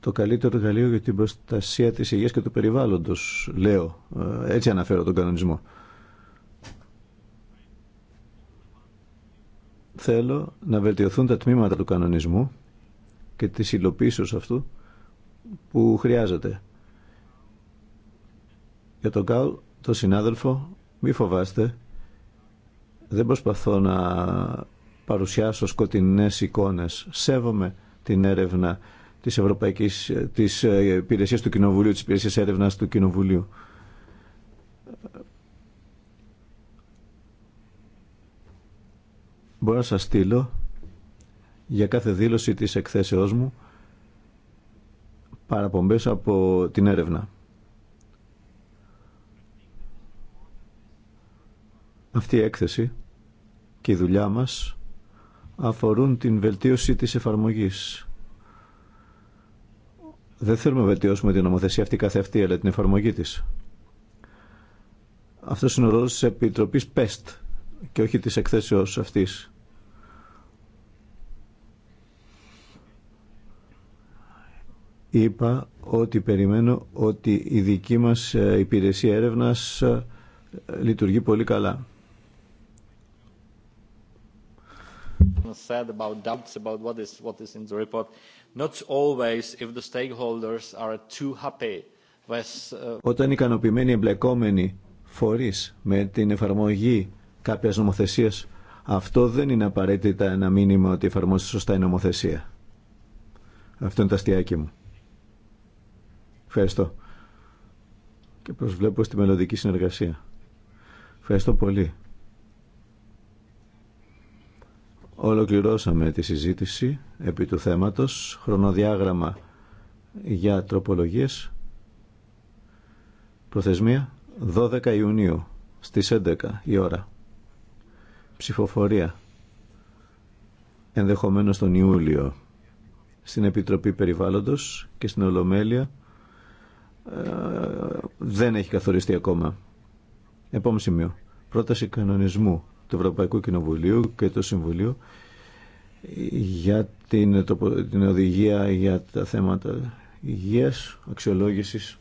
Το καλύτερο εργαλείο για την προστασία της υγείας και του περιβάλλοντος, λέω. Ε, έτσι αναφέρω τον κανονισμό. Θέλω να βελτιωθούν τα τμήματα του κανονισμού και της υλοποίησης αυτού που χρειάζεται. Για τον κάλ τον συνάδελφο, μη φοβάστε, δεν προσπαθώ να παρουσιάσω σκοτεινές εικόνες. Σέβομαι την έρευνα της Ευρωπαϊκής, της ε, υπηρεσίας του Κοινοβουλίου, της υπηρεσίας έρευνας του Κοινοβουλίου. μπορώ να σας στείλω για κάθε δήλωση της εκθέσεώς μου παραπομπές από την έρευνα. Αυτή η έκθεση και η δουλειά μας αφορούν την βελτίωση της εφαρμογής. Δεν θέλουμε να βελτιώσουμε την νομοθεσία αυτή καθε αυτή, αλλά την εφαρμογή της. Αυτός είναι ο ρόλος της Επιτροπής ΠΕΣΤ, και όχι της εκθέσεως αυτής. Είπα ότι περιμένω ότι η δική μας ε, υπηρεσία έρευνας ε, λειτουργεί πολύ καλά. said about Όταν ικανοποιημένοι εμπλεκόμενοι φορείς με την εφαρμογή κάποιας νομοθεσίας, αυτό δεν είναι απαραίτητα ένα μήνυμα ότι εφαρμόζεται σωστά η νομοθεσία. Αυτό είναι τα αστιακή μου. Ευχαριστώ. Και προσβλέπω στη μελλοντική συνεργασία. Ευχαριστώ πολύ. Ολοκληρώσαμε τη συζήτηση επί του θέματος. Χρονοδιάγραμμα για τροπολογίες. Προθεσμία 12 Ιουνίου στις 11 η ώρα ψηφοφορία ενδεχομένως τον Ιούλιο στην Επιτροπή Περιβάλλοντος και στην Ολομέλεια ε, δεν έχει καθοριστεί ακόμα. Επόμενο σημείο. Πρόταση κανονισμού του Ευρωπαϊκού Κοινοβουλίου και του Συμβουλίου για την, την οδηγία για τα θέματα υγείας, αξιολόγησης,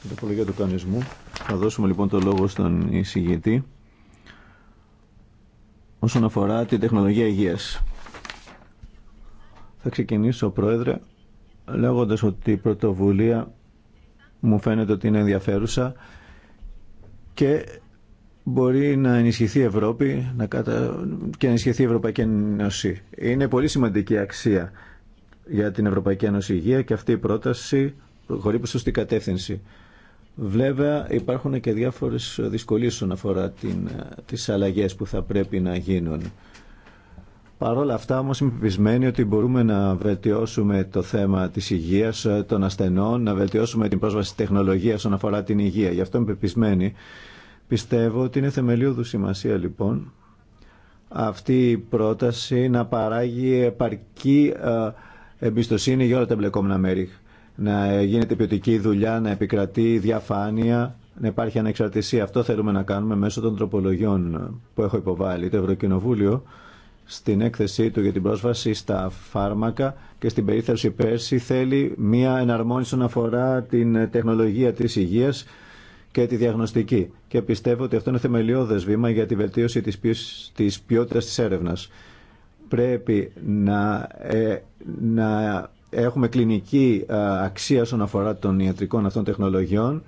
την τοπολογία του κανονισμού. Θα δώσουμε λοιπόν το λόγο στον εισηγητή όσον αφορά την τεχνολογία υγείας. Θα ξεκινήσω, Πρόεδρε, λέγοντας ότι η πρωτοβουλία μου φαίνεται ότι είναι ενδιαφέρουσα και μπορεί να ενισχυθεί η Ευρώπη να κατα... και να ενισχυθεί η Ευρωπαϊκή Ένωση. Είναι πολύ σημαντική αξία για την Ευρωπαϊκή Ένωση Υγεία και αυτή η πρόταση προχωρεί προς την κατεύθυνση. Βέβαια υπάρχουν και διάφορες δυσκολίες όσον αφορά την, ε, τις αλλαγές που θα πρέπει να γίνουν. Παρ' όλα αυτά όμως είμαι πεπισμένη ότι μπορούμε να βελτιώσουμε το θέμα της υγείας ε, των ασθενών, να βελτιώσουμε την πρόσβαση της τεχνολογία όσον αφορά την υγεία. Γι' αυτό είμαι πεπισμένη. Πιστεύω ότι είναι θεμελιώδου σημασία λοιπόν αυτή η πρόταση να παράγει επαρκή ε, εμπιστοσύνη για όλα τα εμπλεκόμενα μέρη να γίνεται ποιοτική δουλειά, να επικρατεί διαφάνεια, να υπάρχει ανεξαρτησία. Αυτό θέλουμε να κάνουμε μέσω των τροπολογιών που έχω υποβάλει. Το Ευρωκοινοβούλιο στην έκθεσή του για την πρόσβαση στα φάρμακα και στην περίθαλψη πέρσι θέλει μία εναρμόνιση όσον αφορά την τεχνολογία της υγείας και τη διαγνωστική. Και πιστεύω ότι αυτό είναι θεμελιώδες βήμα για τη βελτίωση της, της ποιότητας της έρευνας. Πρέπει να, ε, να έχουμε κλινική ε, αξία όσον αφορά των ιατρικών αυτών τεχνολογιών,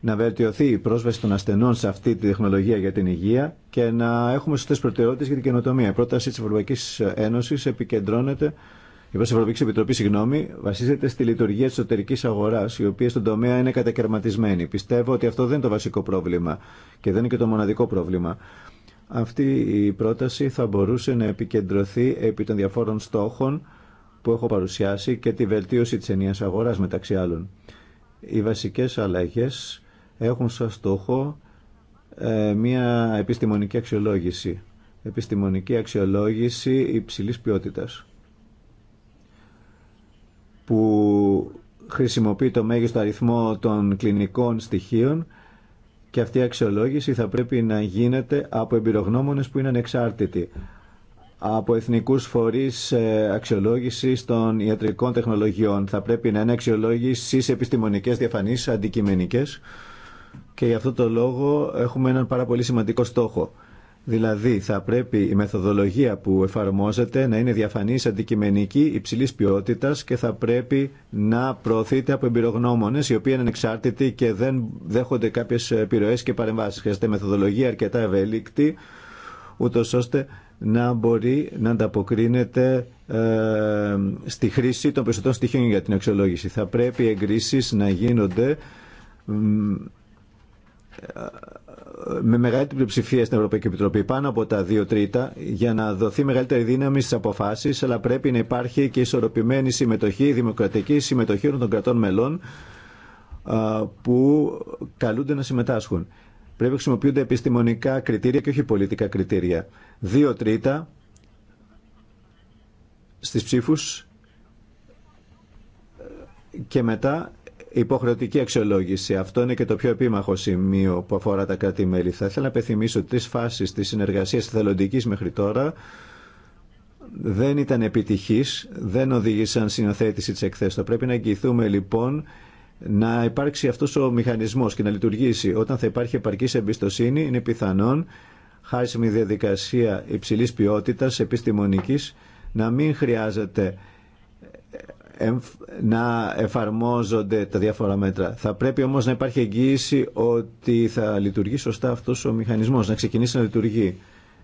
να βελτιωθεί η πρόσβαση των ασθενών σε αυτή τη τεχνολογία για την υγεία και να έχουμε σωστέ προτεραιότητε για την καινοτομία. Η πρόταση τη Ευρωπαϊκή Ένωση επικεντρώνεται. Η Ευρωπαϊκή Επιτροπή, συγγνώμη, βασίζεται στη λειτουργία τη εσωτερική αγορά, η οποία στον τομέα είναι κατακαιρματισμένη. Πιστεύω ότι αυτό δεν είναι το βασικό πρόβλημα και δεν είναι και το μοναδικό πρόβλημα. Αυτή η πρόταση θα μπορούσε να επικεντρωθεί επί των διαφόρων στόχων που έχω παρουσιάσει και τη βελτίωση της ενίας αγοράς μεταξύ άλλων. Οι βασικές αλλαγές έχουν σαν στόχο ε, μια επιστημονική αξιολόγηση. Επιστημονική αξιολόγηση υψηλής ποιότητας που χρησιμοποιεί το μέγιστο αριθμό των κλινικών στοιχείων και αυτή η αξιολόγηση θα πρέπει να γίνεται από εμπειρογνώμονες που είναι ανεξάρτητοι από εθνικού φορεί ε, αξιολόγηση των ιατρικών τεχνολογιών. Θα πρέπει να είναι αξιολόγηση σε επιστημονικές διαφανείς, αντικειμενικές και γι' αυτό το λόγο έχουμε έναν πάρα πολύ σημαντικό στόχο. Δηλαδή θα πρέπει η μεθοδολογία που εφαρμόζεται να είναι διαφανής, αντικειμενική, υψηλή ποιότητα, και θα πρέπει να προωθείται από εμπειρογνώμονε οι οποίοι είναι ανεξάρτητοι και δεν δέχονται κάποιε επιρροέ και παρεμβάσει. Χρειάζεται μεθοδολογία αρκετά ευέλικτη ούτω ώστε να μπορεί να ανταποκρίνεται ε, στη χρήση των περισσότερων στοιχείων για την αξιολόγηση. Θα πρέπει οι εγκρίσεις να γίνονται ε, με μεγαλύτερη πλειοψηφία στην Ευρωπαϊκή Επιτροπή, πάνω από τα δύο τρίτα, για να δοθεί μεγαλύτερη δύναμη στι αποφάσει, αλλά πρέπει να υπάρχει και ισορροπημένη συμμετοχή, δημοκρατική συμμετοχή των κρατών μελών ε, που καλούνται να συμμετάσχουν. Πρέπει να χρησιμοποιούνται επιστημονικά κριτήρια και όχι πολιτικά κριτήρια. Δύο τρίτα στις ψήφους και μετά υποχρεωτική αξιολόγηση. Αυτό είναι και το πιο επίμαχο σημείο που αφορά τα κράτη-μέλη. Θα ήθελα να πεθυμίσω τρεις φάσεις της συνεργασίας θελοντικής μέχρι τώρα δεν ήταν επιτυχής, δεν οδήγησαν συνοθέτηση της εκθέσης. πρέπει να εγγυηθούμε λοιπόν να υπάρξει αυτός ο μηχανισμός και να λειτουργήσει. Όταν θα υπάρχει επαρκής εμπιστοσύνη είναι πιθανόν χάρη σε μια διαδικασία υψηλής ποιότητας επιστημονικής να μην χρειάζεται ε, να εφαρμόζονται τα διάφορα μέτρα. Θα πρέπει όμως να υπάρχει εγγύηση ότι θα λειτουργεί σωστά αυτός ο μηχανισμός, να ξεκινήσει να λειτουργεί.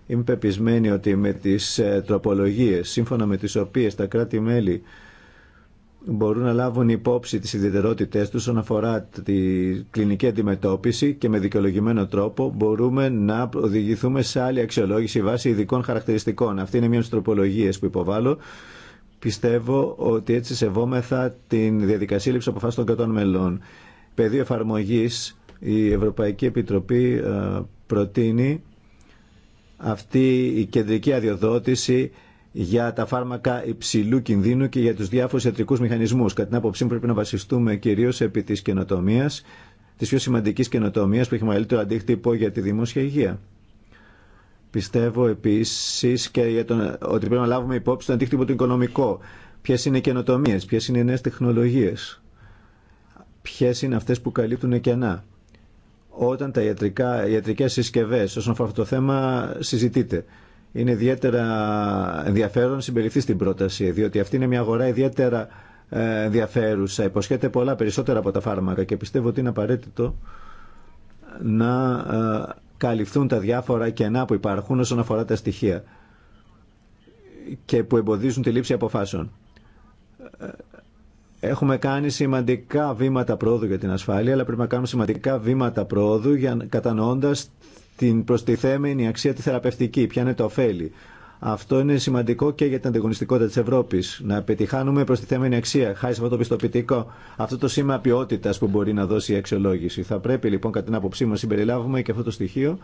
Είμαι πεπισμένη ότι με τις ε, τροπολογίες, σύμφωνα με τις οποίες τα κράτη-μέλη μπορούν να λάβουν υπόψη τις ιδιαιτερότητές τους όσον αφορά τη κλινική αντιμετώπιση και με δικαιολογημένο τρόπο μπορούμε να οδηγηθούμε σε άλλη αξιολόγηση βάσει ειδικών χαρακτηριστικών. Αυτή είναι μια από τροπολογίες που υποβάλλω. Πιστεύω ότι έτσι σεβόμεθα την διαδικασία λήψη αποφάσεων των μελών. Πεδίο εφαρμογή, η Ευρωπαϊκή Επιτροπή ε, προτείνει αυτή η κεντρική αδειοδότηση για τα φάρμακα υψηλού κινδύνου και για τους διάφορους ιατρικούς μηχανισμούς. Κατά την άποψή μου πρέπει να βασιστούμε κυρίως επί της καινοτομίας, της πιο σημαντικής καινοτομίας που έχει μεγαλύτερο αντίκτυπο για τη δημόσια υγεία. Πιστεύω επίσης και για τον, ότι πρέπει να λάβουμε υπόψη τον αντίκτυπο του οικονομικό. Ποιε είναι οι καινοτομίε, ποιε είναι οι νέε τεχνολογίε, ποιε είναι αυτέ που καλύπτουν κενά. Όταν τα ιατρικά, ιατρικές συσκευές όσον αφορά αυτό το θέμα συζητείται είναι ιδιαίτερα ενδιαφέρον συμπεριφθεί στην πρόταση, διότι αυτή είναι μια αγορά ιδιαίτερα ε, ενδιαφέρουσα. Υποσχέται πολλά περισσότερα από τα φάρμακα και πιστεύω ότι είναι απαραίτητο να ε, καλυφθούν τα διάφορα κενά που υπάρχουν όσον αφορά τα στοιχεία και που εμποδίζουν τη λήψη αποφάσεων. Ε, έχουμε κάνει σημαντικά βήματα πρόοδου για την ασφάλεια, αλλά πρέπει να κάνουμε σημαντικά βήματα πρόοδου για κατανοώντας την προστιθέμενη αξία τη θεραπευτική, ποια είναι το ωφέλη. Αυτό είναι σημαντικό και για την ανταγωνιστικότητα τη Ευρώπη. Να πετυχάνουμε προστιθέμενη αξία χάρη σε αυτό το πιστοποιητικό, αυτό το σήμα ποιότητα που μπορεί να δώσει η αξιολόγηση. Θα πρέπει λοιπόν, κατά την άποψή μα, συμπεριλάβουμε και αυτό το στοιχείο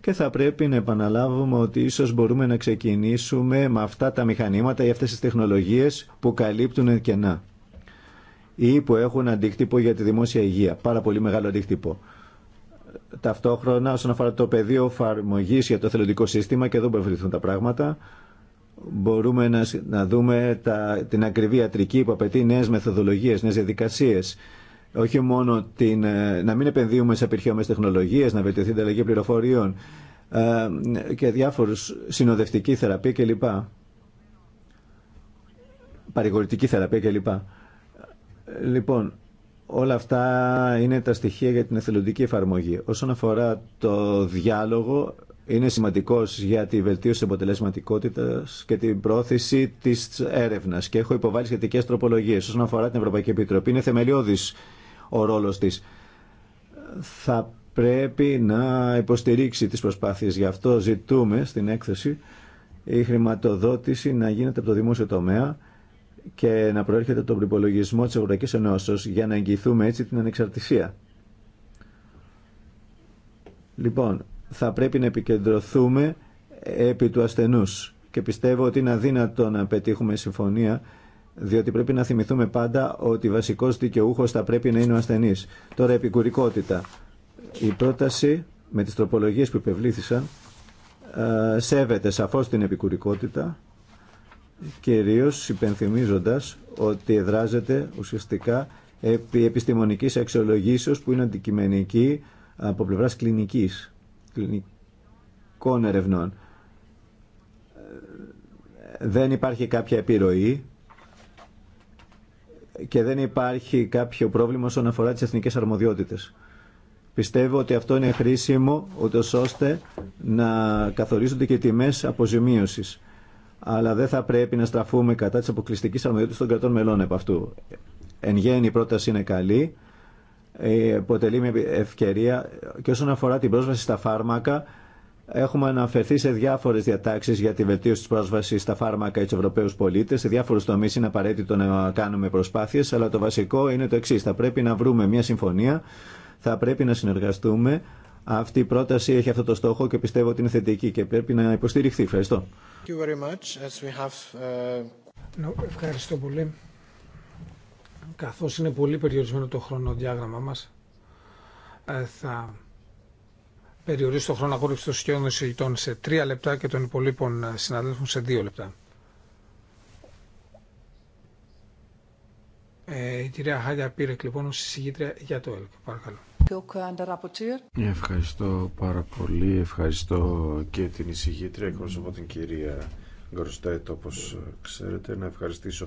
και θα πρέπει να επαναλάβουμε ότι ίσω μπορούμε να ξεκινήσουμε με αυτά τα μηχανήματα ή αυτέ τι τεχνολογίε που καλύπτουν κενά ή που έχουν αντίκτυπο για τη δημόσια υγεία. Πάρα πολύ μεγάλο αντίκτυπο ταυτόχρονα όσον αφορά το πεδίο εφαρμογή για το θελοντικό σύστημα και εδώ μπορούν τα πράγματα. Μπορούμε να, να δούμε τα, την ακριβή ιατρική που απαιτεί νέε μεθοδολογίε, νέε διαδικασίε. Όχι μόνο την, ε, να μην επενδύουμε σε απειρχιόμες τεχνολογίε, να βελτιωθεί η ανταλλαγή πληροφοριών ε, και διάφορου συνοδευτική θεραπεία κλπ. Παρηγορητική θεραπεία κλπ. Λοιπόν, Όλα αυτά είναι τα στοιχεία για την εθελοντική εφαρμογή. Όσον αφορά το διάλογο, είναι σημαντικός για τη βελτίωση αποτελεσματικότητα και την πρόθεση της έρευνα και έχω υποβάλει σχετικέ τροπολογίε. Όσον αφορά την Ευρωπαϊκή Επιτροπή, είναι θεμελιώδης ο ρόλος της. Θα πρέπει να υποστηρίξει τις προσπάθειες. Γι' αυτό ζητούμε στην έκθεση η χρηματοδότηση να γίνεται από το δημόσιο τομέα και να προέρχεται τον προπολογισμό της Ευρωπαϊκής Ενώσεως για να εγγυηθούμε έτσι την ανεξαρτησία. Λοιπόν, θα πρέπει να επικεντρωθούμε επί του ασθενούς και πιστεύω ότι είναι αδύνατο να πετύχουμε συμφωνία διότι πρέπει να θυμηθούμε πάντα ότι βασικός δικαιούχος θα πρέπει να είναι ο ασθενής. Τώρα επικουρικότητα. Η πρόταση με τις τροπολογίες που υπευλήθησαν ε, σέβεται σαφώς την επικουρικότητα κυρίως υπενθυμίζοντας ότι εδράζεται ουσιαστικά επί επιστημονικής αξιολογήσεως που είναι αντικειμενική από πλευράς κλινικής, κλινικών ερευνών. Δεν υπάρχει κάποια επιρροή και δεν υπάρχει κάποιο πρόβλημα όσον αφορά τις εθνικές αρμοδιότητες. Πιστεύω ότι αυτό είναι χρήσιμο ούτως ώστε να καθορίζονται και τιμές αποζημίωσης αλλά δεν θα πρέπει να στραφούμε κατά τη αποκλειστική αρμοδιότητα των κρατών μελών επ' αυτού. Εν γέννη, η πρόταση είναι καλή. Ε, αποτελεί μια ευκαιρία και όσον αφορά την πρόσβαση στα φάρμακα, έχουμε αναφερθεί σε διάφορε διατάξει για τη βελτίωση τη πρόσβαση στα φάρμακα για του Ευρωπαίου πολίτε. Σε διάφορου τομεί είναι απαραίτητο να κάνουμε προσπάθειε, αλλά το βασικό είναι το εξή. Θα πρέπει να βρούμε μια συμφωνία, θα πρέπει να συνεργαστούμε αυτή η πρόταση έχει αυτό το στόχο και πιστεύω ότι είναι θετική και πρέπει να υποστηριχθεί. Ευχαριστώ. Uh, ευχαριστώ πολύ. Καθώς είναι πολύ περιορισμένο το χρονοδιάγραμμα μας, ε, θα περιορίσω το χρόνο ακόμη των σχεδόν σε τρία λεπτά και των υπολείπων ε, συναδέλφων σε δύο λεπτά. Ε, η κυρία Χάλια Πύρεκ, λοιπόν, ως συγγήτρια για το ΕΛΚ. Παρακαλώ. Ευχαριστώ πάρα πολύ. Ευχαριστώ και την εισηγήτρια. Εκπροσωπώ την κυρία Γκροστέτ, όπως ξέρετε. Να ευχαριστήσω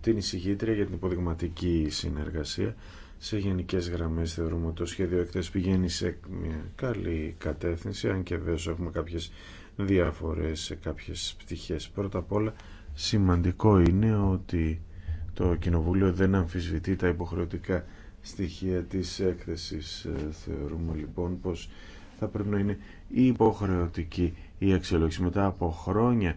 την εισηγήτρια για την υποδειγματική συνεργασία. Σε γενικές γραμμές θεωρούμε ότι το σχέδιο εκτές πηγαίνει σε μια καλή κατεύθυνση, αν και βέβαια έχουμε κάποιες διαφορές σε κάποιες πτυχές. Πρώτα απ' όλα, σημαντικό είναι ότι το Κοινοβούλιο δεν αμφισβητεί τα υποχρεωτικά στοιχεία της έκθεσης. Ε, θεωρούμε λοιπόν πως θα πρέπει να είναι υποχρεωτική η αξιολόγηση. Μετά από χρόνια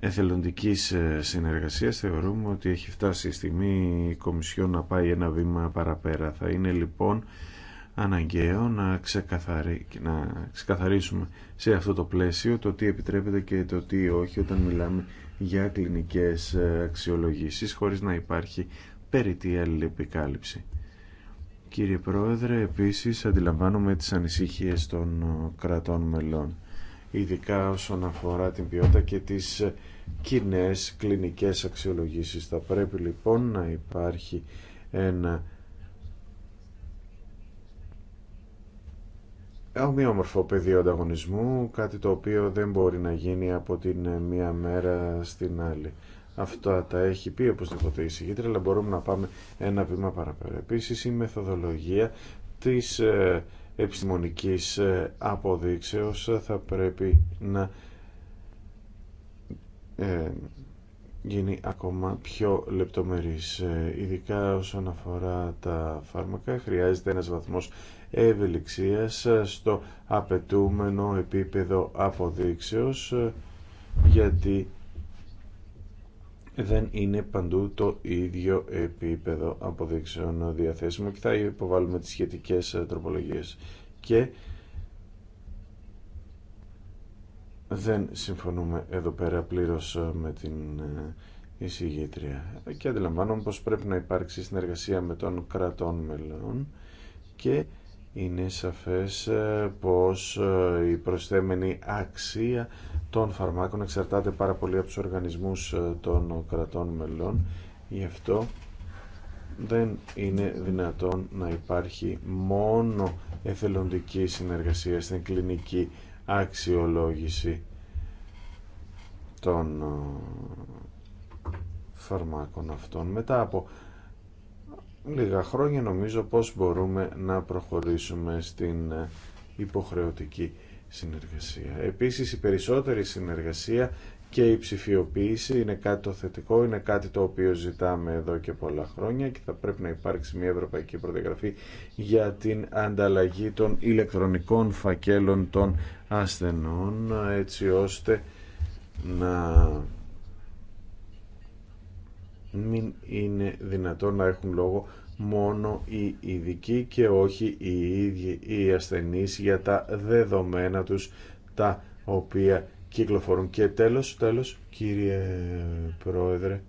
εθελοντικής ε, συνεργασίας θεωρούμε ότι έχει φτάσει η στιγμή η Κομισιόν να πάει ένα βήμα παραπέρα. Θα είναι λοιπόν αναγκαίο να, ξεκαθαρί... να ξεκαθαρίσουμε σε αυτό το πλαίσιο το τι επιτρέπεται και το τι όχι όταν μιλάμε για κλινικές ε, αξιολογήσεις χωρίς να υπάρχει περιττή αλληλεπικάλυψη. Κύριε Πρόεδρε, επίσης αντιλαμβάνομαι τις ανησυχίες των ε, κρατών μελών, ειδικά όσον αφορά την ποιότητα και τις ε, κοινέ κλινικές αξιολογήσεις. Θα πρέπει λοιπόν να υπάρχει ένα ομοιόμορφο πεδίο ανταγωνισμού, κάτι το οποίο δεν μπορεί να γίνει από την μία μέρα στην άλλη. Αυτά τα έχει πει οπωσδήποτε η συγκήτρια, αλλά μπορούμε να πάμε ένα βήμα παραπέρα. Επίσης η μεθοδολογία της ε, επιστημονικής ε, αποδείξεως θα πρέπει να ε, γίνει ακόμα πιο λεπτομερής. Ειδικά όσον αφορά τα φάρμακα χρειάζεται ένας βαθμός ευελιξίας στο απαιτούμενο επίπεδο αποδείξεως γιατί δεν είναι παντού το ίδιο επίπεδο αποδείξεων διαθέσιμο και θα υποβάλουμε τις σχετικές τροπολογίες και δεν συμφωνούμε εδώ πέρα πλήρως με την εισηγήτρια και αντιλαμβάνομαι πως πρέπει να υπάρξει συνεργασία με τον κρατών μελών και είναι σαφές ε, πως ε, η προσθέμενη αξία των φαρμάκων εξαρτάται πάρα πολύ από τους οργανισμούς ε, των κρατών μελών. Γι' αυτό δεν είναι δυνατόν να υπάρχει μόνο εθελοντική συνεργασία στην κλινική αξιολόγηση των φαρμάκων αυτών. Μετά από λίγα χρόνια νομίζω πως μπορούμε να προχωρήσουμε στην ε, υποχρεωτική συνεργασία. Επίσης η περισσότερη συνεργασία και η ψηφιοποίηση είναι κάτι το θετικό, είναι κάτι το οποίο ζητάμε εδώ και πολλά χρόνια και θα πρέπει να υπάρξει μια ευρωπαϊκή προδιαγραφή για την ανταλλαγή των ηλεκτρονικών φακέλων των ασθενών ε, έτσι ώστε να μην είναι δυνατόν να έχουν λόγο μόνο οι ειδικοί και όχι οι ίδιοι οι ασθενείς για τα δεδομένα τους τα οποία κυκλοφορούν. Και τέλος, τέλος, κύριε Πρόεδρε,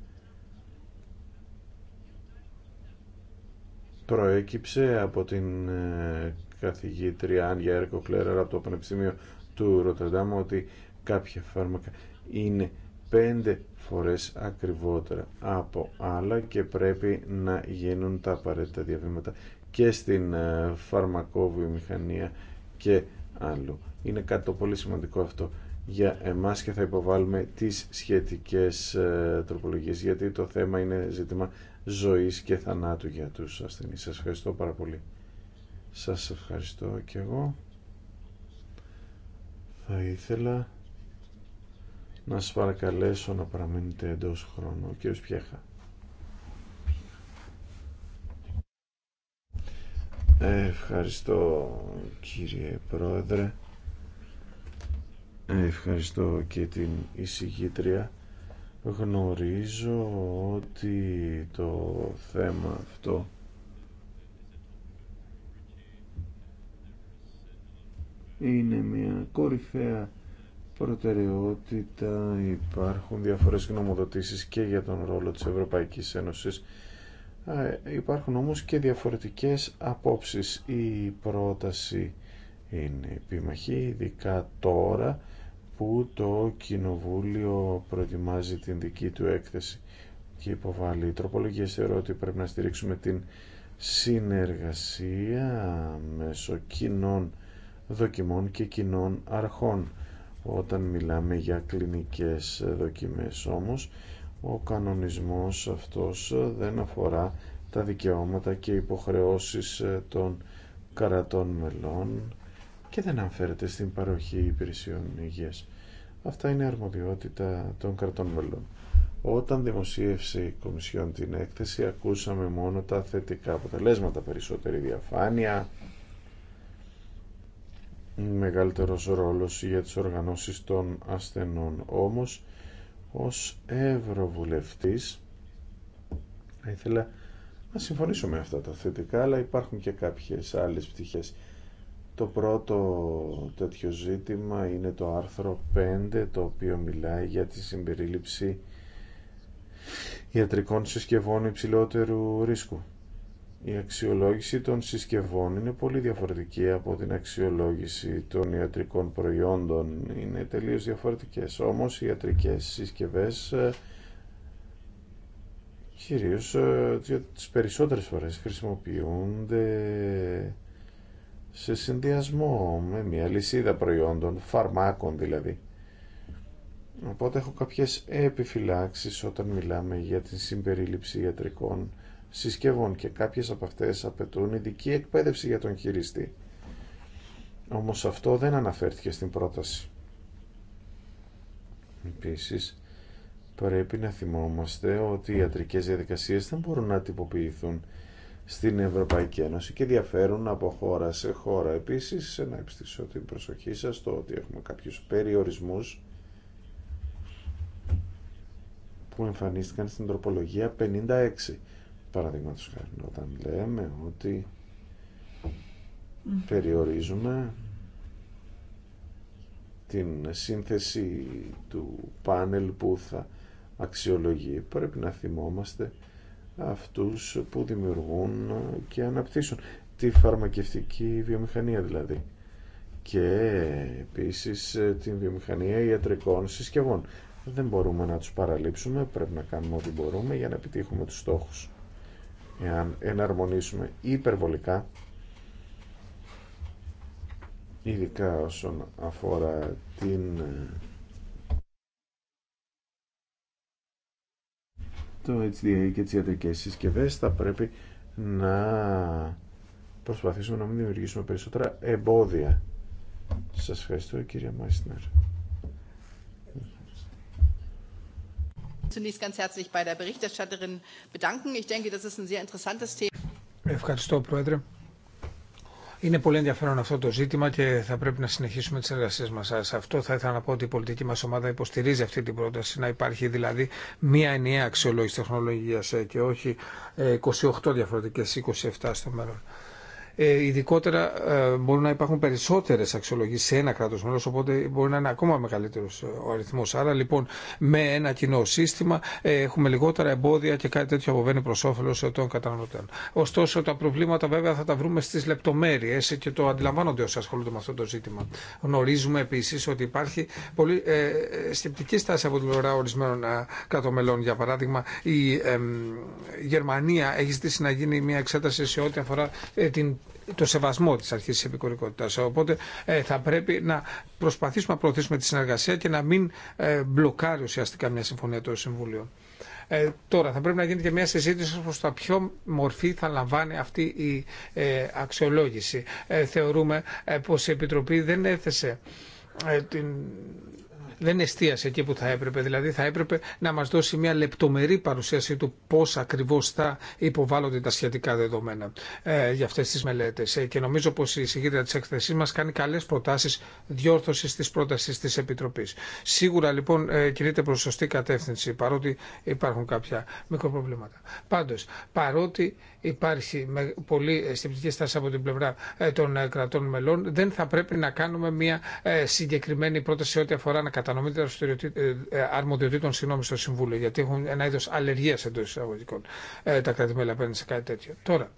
προέκυψε από την ε, καθηγήτρια Άνια Έρκο Κλέρερα από το Πανεπιστήμιο του Ροτερντάμου ότι κάποια φάρμακα είναι πέντε φορές ακριβότερα από άλλα και πρέπει να γίνουν τα απαραίτητα διαβήματα και στην ε, φαρμακοβιομηχανία και άλλου. Είναι κάτι το πολύ σημαντικό αυτό για εμάς και θα υποβάλουμε τις σχετικές ε, τροπολογίες γιατί το θέμα είναι ζήτημα ζωής και θανάτου για τους ασθενείς. Σας ευχαριστώ πάρα πολύ. Σας ευχαριστώ και εγώ. Θα ήθελα να σας παρακαλέσω να παραμείνετε εντός χρόνου. Ο κύριος Πιέχα. Ευχαριστώ κύριε Πρόεδρε. Ευχαριστώ και την εισηγήτρια. Γνωρίζω ότι το θέμα αυτό είναι μια κορυφαία προτεραιότητα υπάρχουν διαφορές γνωμοδοτήσεις και για τον ρόλο της Ευρωπαϊκής Ένωσης. Υπάρχουν όμως και διαφορετικές απόψεις. Η πρόταση είναι επιμαχή, ειδικά τώρα που το Κοινοβούλιο προετοιμάζει την δική του έκθεση και υποβάλλει τροπολογίες. Θεωρώ ότι πρέπει να στηρίξουμε την συνεργασία μέσω κοινών δοκιμών και κοινών αρχών όταν μιλάμε για κλινικές δοκιμές. Όμως, ο κανονισμός αυτός δεν αφορά τα δικαιώματα και υποχρεώσεις των κρατών μελών και δεν αναφέρεται στην παροχή υπηρεσιών υγείας. Αυτά είναι αρμοδιότητα των κρατών μελών. Όταν δημοσίευσε η Κομισιόν την έκθεση ακούσαμε μόνο τα θετικά αποτελέσματα, περισσότερη διαφάνεια, μεγαλύτερος ρόλος για τις οργανώσεις των ασθενών. Όμως, ως Ευρωβουλευτής, θα ήθελα να συμφωνήσω με αυτά τα θετικά, αλλά υπάρχουν και κάποιες άλλες πτυχές. Το πρώτο τέτοιο ζήτημα είναι το άρθρο 5, το οποίο μιλάει για τη συμπερίληψη ιατρικών συσκευών υψηλότερου ρίσκου. Η αξιολόγηση των συσκευών είναι πολύ διαφορετική από την αξιολόγηση των ιατρικών προϊόντων. Είναι τελείως διαφορετικές. Όμως οι ιατρικές συσκευές ε, κυρίως ε, τις περισσότερες φορές χρησιμοποιούνται σε συνδυασμό με μια λυσίδα προϊόντων, φαρμάκων δηλαδή. Οπότε έχω κάποιες επιφυλάξεις όταν μιλάμε για την συμπερίληψη ιατρικών συσκευών και κάποιες από αυτές απαιτούν ειδική εκπαίδευση για τον χειριστή. Όμως αυτό δεν αναφέρθηκε στην πρόταση. Επίσης, πρέπει να θυμόμαστε ότι οι ιατρικές διαδικασίες δεν μπορούν να τυποποιηθούν στην Ευρωπαϊκή Ένωση και διαφέρουν από χώρα σε χώρα. Επίσης, να επιστήσω την προσοχή σας το ότι έχουμε κάποιους περιορισμούς που εμφανίστηκαν στην τροπολογία 56 Παραδείγματο χάρη, όταν λέμε ότι περιορίζουμε την σύνθεση του πάνελ που θα αξιολογεί. Πρέπει να θυμόμαστε αυτούς που δημιουργούν και αναπτύσσουν τη φαρμακευτική βιομηχανία δηλαδή και επίσης ε, την βιομηχανία ιατρικών συσκευών. Δεν μπορούμε να τους παραλείψουμε, πρέπει να κάνουμε ό,τι μπορούμε για να επιτύχουμε τους στόχους εάν εναρμονίσουμε υπερβολικά ειδικά όσον αφορά την το HDA και τις ιατρικές συσκευές θα πρέπει να προσπαθήσουμε να μην δημιουργήσουμε περισσότερα εμπόδια. Σας ευχαριστώ κύριε Μάισνερ. zunächst ganz herzlich bei der Ευχαριστώ, Πρόεδρε. Είναι πολύ ενδιαφέρον αυτό το ζήτημα και θα πρέπει να συνεχίσουμε τι εργασίε μα σε αυτό. Θα ήθελα να πω ότι η πολιτική μα ομάδα υποστηρίζει αυτή την πρόταση, να υπάρχει δηλαδή μία ενιαία αξιολόγηση τεχνολογία ε, και όχι ε, 28 διαφορετικέ, 27 στο μέλλον. Ε, ειδικότερα ε, μπορούν να υπάρχουν περισσότερες αξιολογήσεις σε ένα κράτος μέλος, οπότε μπορεί να είναι ακόμα μεγαλύτερος ε, ο αριθμός. Άρα λοιπόν με ένα κοινό σύστημα έχουμε λιγότερα εμπόδια και κάτι τέτοιο αποβαίνει προς όφελος των καταναλωτών. Ωστόσο τα προβλήματα βέβαια θα τα βρούμε στις λεπτομέρειες και το αντιλαμβάνονται όσοι ασχολούνται με αυτό το ζήτημα. Γνωρίζουμε επίσης ότι υπάρχει πολύ ε, σκεπτική στάση από την πλευρά ορισμένων ε, κρατομελών. Για παράδειγμα, η ε, Γερμανία έχει ζητήσει να γίνει μια εξέταση σε ό,τι αφορά την το σεβασμό της αρχής της επικορικότητας. Οπότε ε, θα πρέπει να προσπαθήσουμε να προωθήσουμε τη συνεργασία και να μην ε, μπλοκάρει ουσιαστικά μια συμφωνία των Συμβουλίων. Ε, τώρα θα πρέπει να γίνει και μια συζήτηση προ τα ποιο μορφή θα λαμβάνει αυτή η ε, αξιολόγηση. θεωρούμε πως η Επιτροπή δεν έθεσε την δεν εστίασε εκεί που θα έπρεπε. Δηλαδή θα έπρεπε να μας δώσει μια λεπτομερή παρουσίαση του πώ ακριβώς θα υποβάλλονται τα σχετικά δεδομένα ε, για αυτές τις μελέτε. Ε, και νομίζω πως η συγκίτρια τη εκθεσή μας κάνει καλές προτάσεις διόρθωση τη πρόταση τη Επιτροπής. Σίγουρα λοιπόν ε, κινείται προ σωστή κατεύθυνση παρότι υπάρχουν κάποια μικροπροβλήματα. Πάντως, παρότι Υπάρχει με πολύ σκεπτική στάση από την πλευρά ε, των ε, κρατών μελών, δεν θα πρέπει να κάνουμε μια ε, συγκεκριμένη πρόταση ό,τι αφορά να κατανομή των αρμοδιοτήτων συγγνώμη, στο Συμβούλιο, γιατί έχουν ένα είδο αλλεργία εντό εισαγωγικών τα κράτη-μέλη απέναντι σε κάτι τέτοιο. Τώρα,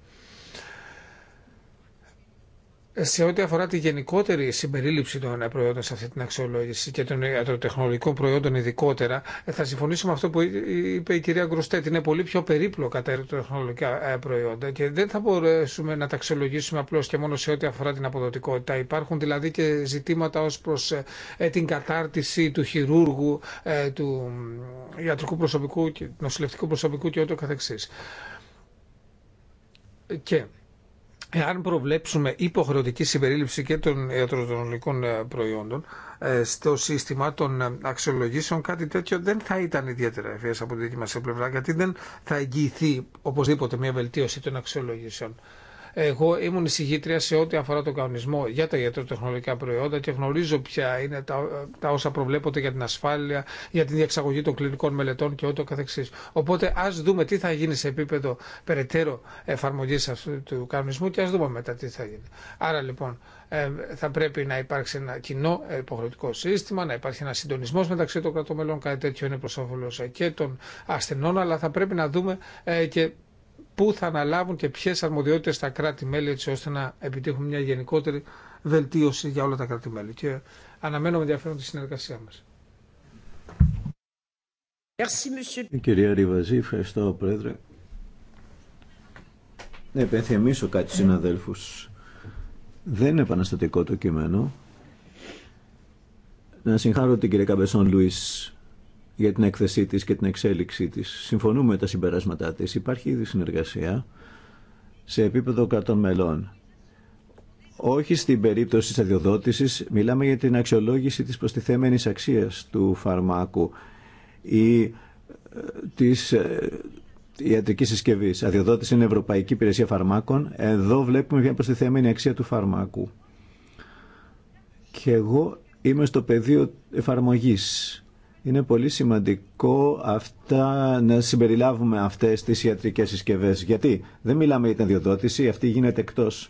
σε ό,τι αφορά τη γενικότερη συμπερίληψη των προϊόντων σε αυτή την αξιολόγηση και των ιατροτεχνολογικών ε, προϊόντων ειδικότερα, ε, θα συμφωνήσω με αυτό που είπε η κυρία Γκροστέτ. Είναι πολύ πιο περίπλοκα τα ιατροτεχνολογικά ε, προϊόντα και δεν θα μπορέσουμε να τα αξιολογήσουμε απλώ και μόνο σε ό,τι αφορά την αποδοτικότητα. Υπάρχουν δηλαδή και ζητήματα ω προ την κατάρτιση του χειρούργου, του ιατρικού προσωπικού, νοσηλευτικού προσωπικού και ό,τι Και εάν προβλέψουμε υποχρεωτική συμπερίληψη και των ιατροδρομικών ε, προϊόντων ε, στο σύστημα των ε, αξιολογήσεων, κάτι τέτοιο δεν θα ήταν ιδιαίτερα ευφυέ από τη δική μα πλευρά, γιατί δεν θα εγγυηθεί οπωσδήποτε μια βελτίωση των αξιολογήσεων. Εγώ ήμουν εισηγήτρια σε ό,τι αφορά τον κανονισμό για τα ιατροτεχνολογικά προϊόντα και γνωρίζω ποια είναι τα, τα όσα προβλέπονται για την ασφάλεια, για την διεξαγωγή των κλινικών μελετών και ό,τι καθεξή. Οπότε α δούμε τι θα γίνει σε επίπεδο περαιτέρω εφαρμογή αυτού του κανονισμού και α δούμε μετά τι θα γίνει. Άρα λοιπόν ε, θα πρέπει να υπάρξει ένα κοινό υποχρεωτικό σύστημα, να υπάρχει ένα συντονισμό μεταξύ των κρατομελών. Κάτι τέτοιο είναι προ όφελο και των ασθενών, αλλά θα πρέπει να δούμε ε, και πού θα αναλάβουν και ποιε αρμοδιότητε τα κράτη-μέλη, έτσι ώστε να επιτύχουν μια γενικότερη βελτίωση για όλα τα κράτη-μέλη. Και αναμένω με ενδιαφέρον τη συνεργασία μα. Κυρία Ριβαζή, ευχαριστώ, Πρόεδρε. Ναι, να επενθυμίσω κάτι στους συναδέλφους. Δεν είναι επαναστατικό το κείμενο. Να συγχάρω την κυρία Καμπεσόν Λουίς για την έκθεσή της και την εξέλιξή της. Συμφωνούμε με τα συμπεράσματά της. Υπάρχει ήδη συνεργασία σε επίπεδο κρατών μελών. Όχι στην περίπτωση της αδειοδότησης, μιλάμε για την αξιολόγηση της προστιθέμενης αξίας του φαρμάκου ή ε, της ε, ιατρική συσκευή. Αδειοδότηση είναι Ευρωπαϊκή Υπηρεσία Φαρμάκων. Εδώ βλέπουμε μια προστιθέμενη αξία του φαρμάκου. Και εγώ είμαι στο πεδίο εφαρμογής είναι πολύ σημαντικό αυτά, να συμπεριλάβουμε αυτές τις ιατρικές συσκευές. Γιατί δεν μιλάμε για την διοδότηση, αυτή γίνεται εκτός.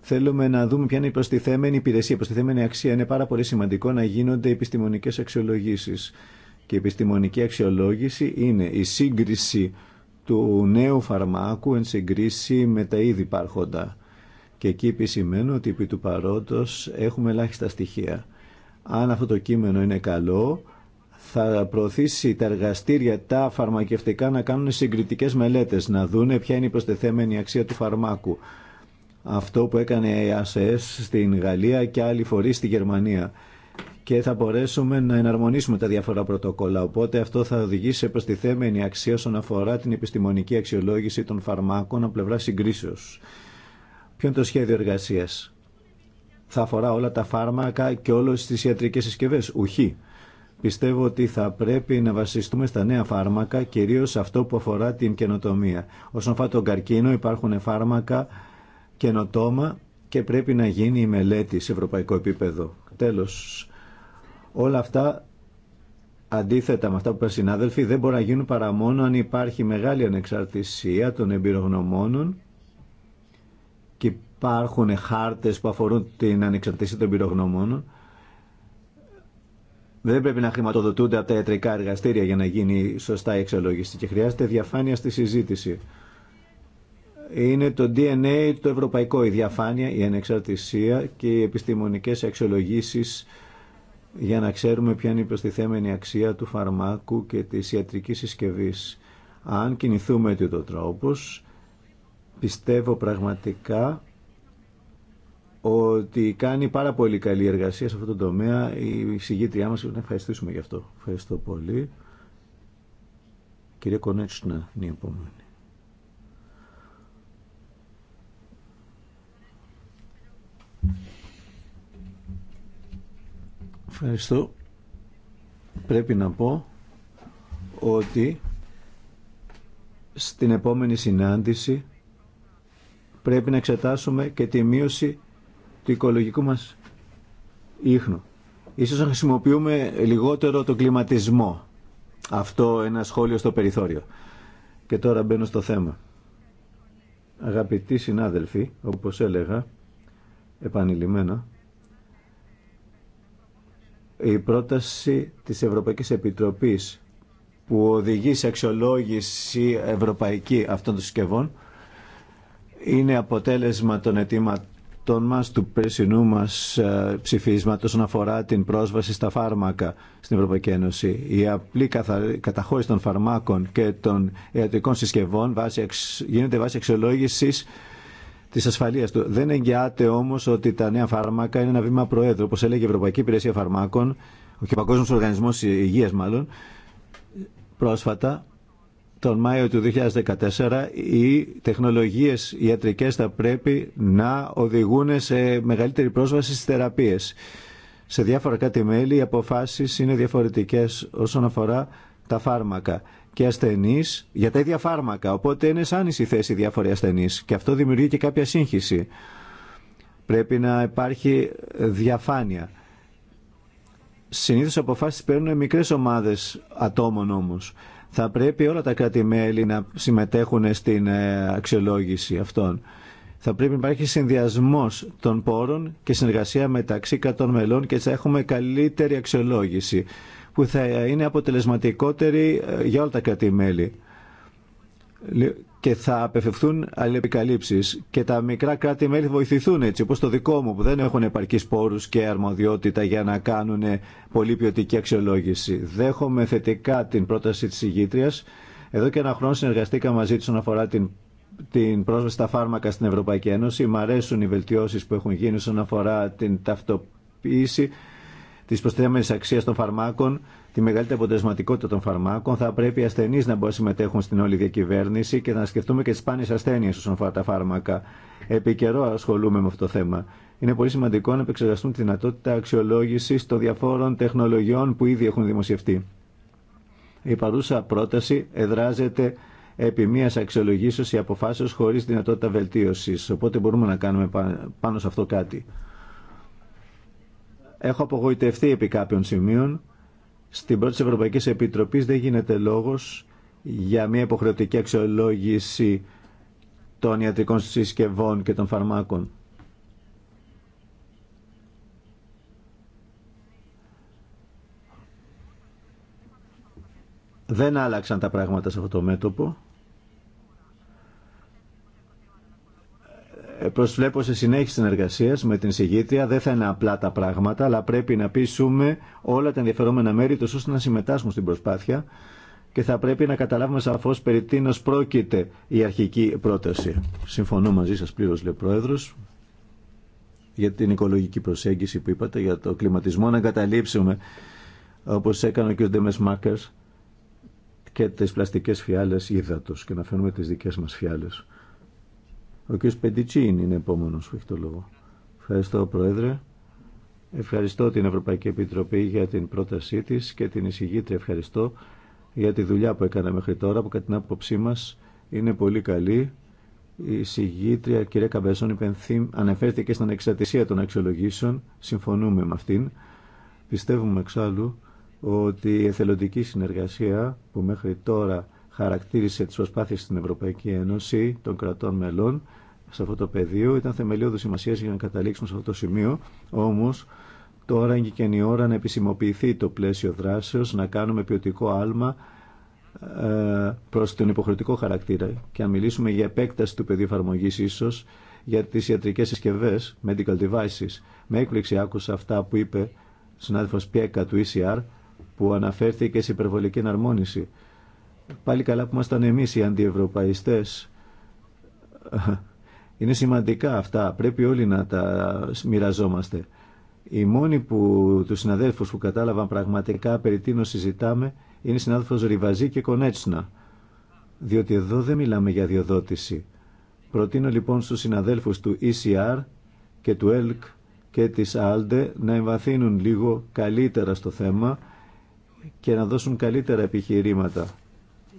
Θέλουμε να δούμε ποια είναι η προστιθέμενη υπηρεσία, η προστιθέμενη αξία. Είναι πάρα πολύ σημαντικό να γίνονται επιστημονικές αξιολογήσεις. Και η επιστημονική αξιολόγηση είναι η σύγκριση του νέου φαρμάκου εν συγκρίση με τα ήδη υπάρχοντα. Και εκεί επισημαίνω ότι επί του παρόντος έχουμε ελάχιστα στοιχεία. Αν αυτό το κείμενο είναι καλό, θα προωθήσει τα εργαστήρια, τα φαρμακευτικά να κάνουν συγκριτικές μελέτες, να δούνε ποια είναι η προστεθέμενη αξία του φαρμάκου. Αυτό που έκανε η ΑΣΕΣ στην Γαλλία και άλλοι φορεί στη Γερμανία. Και θα μπορέσουμε να εναρμονίσουμε τα διάφορα πρωτοκόλλα. Οπότε αυτό θα οδηγήσει σε προστιθέμενη αξία όσον αφορά την επιστημονική αξιολόγηση των φαρμάκων από πλευρά συγκρίσεω. Ποιο είναι το σχέδιο εργασία. Θα αφορά όλα τα φάρμακα και όλε τι ιατρικέ συσκευέ. Ουχή. Πιστεύω ότι θα πρέπει να βασιστούμε στα νέα φάρμακα, κυρίως αυτό που αφορά την καινοτομία. Όσον αφορά τον καρκίνο υπάρχουν φάρμακα καινοτόμα και πρέπει να γίνει η μελέτη σε ευρωπαϊκό επίπεδο. Τέλος, όλα αυτά αντίθετα με αυτά που είπα συνάδελφοι δεν μπορεί να γίνουν παρά μόνο αν υπάρχει μεγάλη ανεξαρτησία των εμπειρογνωμόνων και υπάρχουν χάρτες που αφορούν την ανεξαρτησία των εμπειρογνωμόνων δεν πρέπει να χρηματοδοτούνται από τα ιατρικά εργαστήρια για να γίνει σωστά η εξολόγηση και χρειάζεται διαφάνεια στη συζήτηση. Είναι το DNA το ευρωπαϊκό, η διαφάνεια, η ανεξαρτησία και οι επιστημονικές αξιολογήσεις για να ξέρουμε ποια είναι η προστιθέμενη αξία του φαρμάκου και της ιατρικής συσκευής. Αν κινηθούμε το τρόπος, πιστεύω πραγματικά ότι κάνει πάρα πολύ καλή εργασία σε αυτό το τομέα η συγγήτριά μας να ευχαριστήσουμε γι' αυτό. Ευχαριστώ πολύ. Κυρία Κονέτσινα, είναι η επόμενη. Ευχαριστώ. Πρέπει να πω ότι στην επόμενη συνάντηση πρέπει να εξετάσουμε και τη μείωση του οικολογικού μας ίχνου. Ίσως να χρησιμοποιούμε λιγότερο τον κλιματισμό. Αυτό ένα σχόλιο στο περιθώριο. Και τώρα μπαίνω στο θέμα. Αγαπητοί συνάδελφοι, όπως έλεγα, επανειλημμένα, η πρόταση της Ευρωπαϊκής Επιτροπής που οδηγεί σε αξιολόγηση ευρωπαϊκή αυτών των συσκευών είναι αποτέλεσμα των αιτήματων των μας του περσινού μας ε, ψηφίσματος όσον αφορά την πρόσβαση στα φάρμακα στην Ευρωπαϊκή Ένωση. Η απλή καταχώρηση των φαρμάκων και των ιατρικών συσκευών γίνεται βάσει αξιολόγηση τη ασφαλεία του. Δεν εγγυάται όμω ότι τα νέα φάρμακα είναι ένα βήμα προέδρου. Όπω έλεγε η Ευρωπαϊκή Υπηρεσία Φαρμάκων, ο Παγκόσμιο Οργανισμό Υγεία μάλλον, πρόσφατα τον Μάιο του 2014 οι τεχνολογίες ιατρικές θα πρέπει να οδηγούν σε μεγαλύτερη πρόσβαση στις θεραπείες. Σε διάφορα κάτι μέλη οι αποφάσεις είναι διαφορετικές όσον αφορά τα φάρμακα και ασθενεί για τα ίδια φάρμακα. Οπότε είναι σαν η θέση διάφοροι ασθενεί. και αυτό δημιουργεί και κάποια σύγχυση. Πρέπει να υπάρχει διαφάνεια. Συνήθω αποφάσεις παίρνουν μικρές ομάδες ατόμων όμως. Θα πρέπει όλα τα κράτη-μέλη να συμμετέχουν στην ε, αξιολόγηση αυτών. Θα πρέπει να υπάρχει συνδυασμό των πόρων και συνεργασία μεταξύ κρατών μελών και θα έχουμε καλύτερη αξιολόγηση που θα είναι αποτελεσματικότερη ε, για όλα τα κράτη-μέλη και θα απεφευθούν αλληλεπικαλύψει και τα μικρά κράτη-μέλη βοηθηθούν έτσι όπω το δικό μου που δεν έχουν επαρκή πόρου και αρμοδιότητα για να κάνουν πολύ ποιοτική αξιολόγηση. Δέχομαι θετικά την πρόταση τη ηγήτρια. Εδώ και ένα χρόνο συνεργαστήκα μαζί τη όσον αφορά την την πρόσβαση στα φάρμακα στην Ευρωπαϊκή Ένωση. Μ' αρέσουν οι βελτιώσει που έχουν γίνει όσον αφορά την ταυτοποίηση τη προστιθέμενη αξία των φαρμάκων τη μεγαλύτερη αποτελεσματικότητα των φαρμάκων, θα πρέπει οι ασθενεί να μπορούν να συμμετέχουν στην όλη διακυβέρνηση και να σκεφτούμε και τι σπάνιε ασθένειε όσον αφορά τα φάρμακα. Επί καιρό ασχολούμαι με αυτό το θέμα. Είναι πολύ σημαντικό να επεξεργαστούν τη δυνατότητα αξιολόγηση των διαφόρων τεχνολογιών που ήδη έχουν δημοσιευτεί. Η παρούσα πρόταση εδράζεται επί μια αξιολογήσεω ή αποφάσεω χωρί δυνατότητα βελτίωση. Οπότε μπορούμε να κάνουμε πάνω σε αυτό κάτι. Έχω απογοητευτεί επί κάποιων σημείων στην πρώτη Ευρωπαϊκή Επιτροπή δεν γίνεται λόγο για μια υποχρεωτική αξιολόγηση των ιατρικών συσκευών και των φαρμάκων. Δεν άλλαξαν τα πράγματα σε αυτό το μέτωπο. Ε, προσβλέπω σε συνέχιση συνεργασία με την συγγήτρια. Δεν θα είναι απλά τα πράγματα, αλλά πρέπει να πείσουμε όλα τα ενδιαφερόμενα μέρη, τόσο ώστε να συμμετάσχουν στην προσπάθεια και θα πρέπει να καταλάβουμε σαφώ περί τίνο πρόκειται η αρχική πρόταση. Συμφωνώ μαζί σα πλήρω, λέει ο Πρόεδρο, για την οικολογική προσέγγιση που είπατε, για το κλιματισμό. Να εγκαταλείψουμε, όπω έκανε και ο Ντέμε Μάκερ, και τι πλαστικέ φιάλε ύδατο και να φέρουμε τι δικέ μα φιάλε. Ο κ. Πεντιτσίν είναι επόμενο που έχει το λόγο. Ευχαριστώ, Πρόεδρε. Ευχαριστώ την Ευρωπαϊκή Επιτροπή για την πρότασή τη και την εισηγήτρια ευχαριστώ για τη δουλειά που έκανα μέχρι τώρα, που κατά την άποψή μα είναι πολύ καλή. Η εισηγήτρια κ. Καμπεζόν αναφέρθηκε στην ανεξαρτησία των αξιολογήσεων. Συμφωνούμε με αυτήν. Πιστεύουμε εξάλλου ότι η εθελοντική συνεργασία που μέχρι τώρα χαρακτήρισε τις προσπάθειες στην Ευρωπαϊκή Ένωση των κρατών μελών σε αυτό το πεδίο. Ήταν θεμελιώδη σημασία για να καταλήξουμε σε αυτό το σημείο. όμω, τώρα είναι και η ώρα να επισημοποιηθεί το πλαίσιο δράσεω, να κάνουμε ποιοτικό άλμα ε, προ τον υποχρεωτικό χαρακτήρα και να μιλήσουμε για επέκταση του πεδίου εφαρμογή ίσω για τι ιατρικέ συσκευέ, medical devices. Με έκπληξη άκουσα αυτά που είπε ο συνάδελφο Πιέκα του ECR που αναφέρθηκε σε υπερβολική εναρμόνιση Πάλι καλά που ήμασταν εμείς οι αντιευρωπαϊστές. Είναι σημαντικά αυτά. Πρέπει όλοι να τα μοιραζόμαστε. Οι μόνοι που, τους συναδέλφους που κατάλαβαν πραγματικά περί τίνο συζητάμε είναι οι συνάδελφος Ριβαζή και Κονέτσνα. Διότι εδώ δεν μιλάμε για διοδότηση. Προτείνω λοιπόν στους συναδέλφους του ECR και του ΕΛΚ και της ΑΛΔΕ να εμβαθύνουν λίγο καλύτερα στο θέμα και να δώσουν καλύτερα επιχειρήματα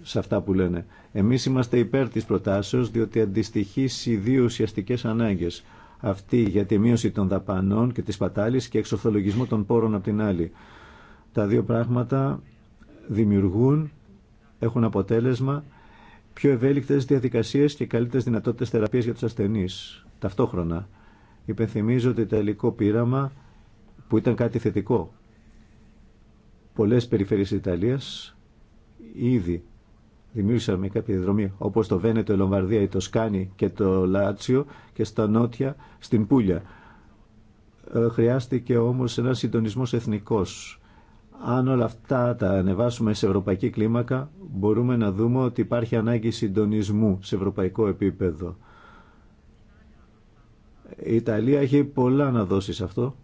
σε αυτά που λένε. Εμείς είμαστε υπέρ της προτάσεως διότι αντιστοιχεί σε δύο ουσιαστικές ανάγκες. Αυτή για τη μείωση των δαπανών και της πατάλης και εξορθολογισμό των πόρων από την άλλη. Τα δύο πράγματα δημιουργούν, έχουν αποτέλεσμα πιο ευέλικτες διαδικασίες και καλύτερες δυνατότητες θεραπείας για τους ασθενείς. Ταυτόχρονα υπενθυμίζω ότι το ιταλικό πείραμα που ήταν κάτι θετικό. Πολλές περιφέρειες Ιταλίας ήδη δημιούργησαμε κάποια διαδρομή όπως το Βένετο, η Λομβαρδία, η Τοσκάνη και το Λάτσιο και στα νότια στην Πούλια. Ε, χρειάστηκε όμως ένα συντονισμό εθνικός. Αν όλα αυτά τα ανεβάσουμε σε ευρωπαϊκή κλίμακα, μπορούμε να δούμε ότι υπάρχει ανάγκη συντονισμού σε ευρωπαϊκό επίπεδο. Η Ιταλία έχει πολλά να δώσει σε αυτό.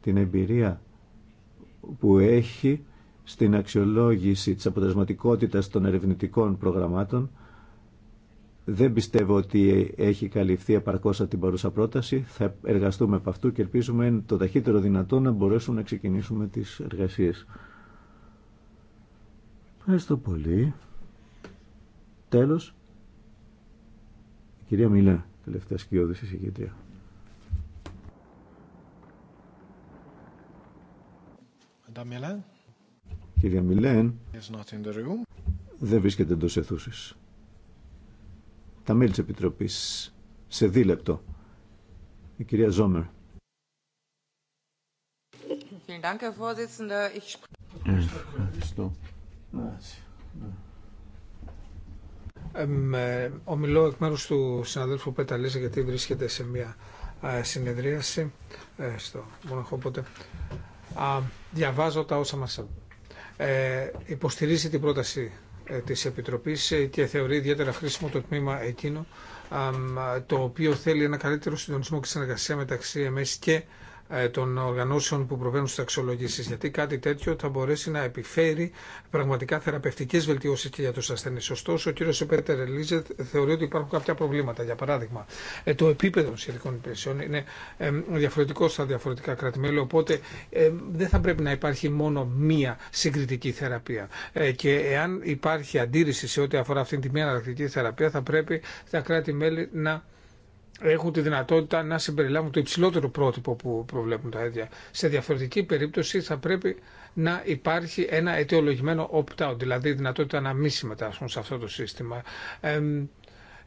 Την εμπειρία που έχει στην αξιολόγηση της αποτελεσματικότητας των ερευνητικών προγραμμάτων. Δεν πιστεύω ότι έχει καλυφθεί επαρκώς από την παρούσα πρόταση. Θα εργαστούμε από αυτού και ελπίζουμε το ταχύτερο δυνατό να μπορέσουμε να ξεκινήσουμε τις εργασίες. Ευχαριστώ πολύ. Τέλος, η κυρία Μιλά, τελευταία σκιώδηση συγκεκριά. Madame Mélin. Κυρία Μιλέν δεν βρίσκεται εντός αιθούσης. Τα μέλη της Επιτροπής σε δίλεπτο. Η κυρία Ζόμερ. Ευχαριστώ. Ε, ομιλώ εκ μέρους του συναδέλφου Πεταλίζα γιατί βρίσκεται σε μια ε, συνεδρίαση ε, στο Μοναχό, οπότε διαβάζω τα όσα μας ε, υποστηρίζει την πρόταση ε, της Επιτροπής ε, και θεωρεί ιδιαίτερα χρήσιμο το τμήμα εκείνο το οποίο θέλει ένα καλύτερο συντονισμό και συνεργασία μεταξύ ΕΜΕΣ και ε, των οργανώσεων που προβαίνουν στι αξιολογήσει. Γιατί κάτι τέτοιο θα μπορέσει να επιφέρει πραγματικά θεραπευτικέ βελτιώσει και για του ασθενεί. Ωστόσο, ο κύριος Πέτερ Ελίζε θεωρεί ότι υπάρχουν κάποια προβλήματα. Για παράδειγμα, ε, το επίπεδο των σχετικών υπηρεσιών είναι ε, διαφορετικό στα διαφορετικά κράτη-μέλη, οπότε δεν θα πρέπει να υπάρχει μόνο μία συγκριτική θεραπεία. Και εάν υπάρχει αντίρρηση σε ό,τι αφορά αυτήν τη μία αναλλακτική θεραπεία, θα πρέπει τα κράτη-μέλη να έχουν τη δυνατότητα να συμπεριλάβουν το υψηλότερο πρότυπο που προβλέπουν τα ίδια. Σε διαφορετική περίπτωση θα πρέπει να υπάρχει ένα αιτιολογημένο opt-out, δηλαδή η δυνατότητα να μη συμμετάσχουν σε αυτό το σύστημα.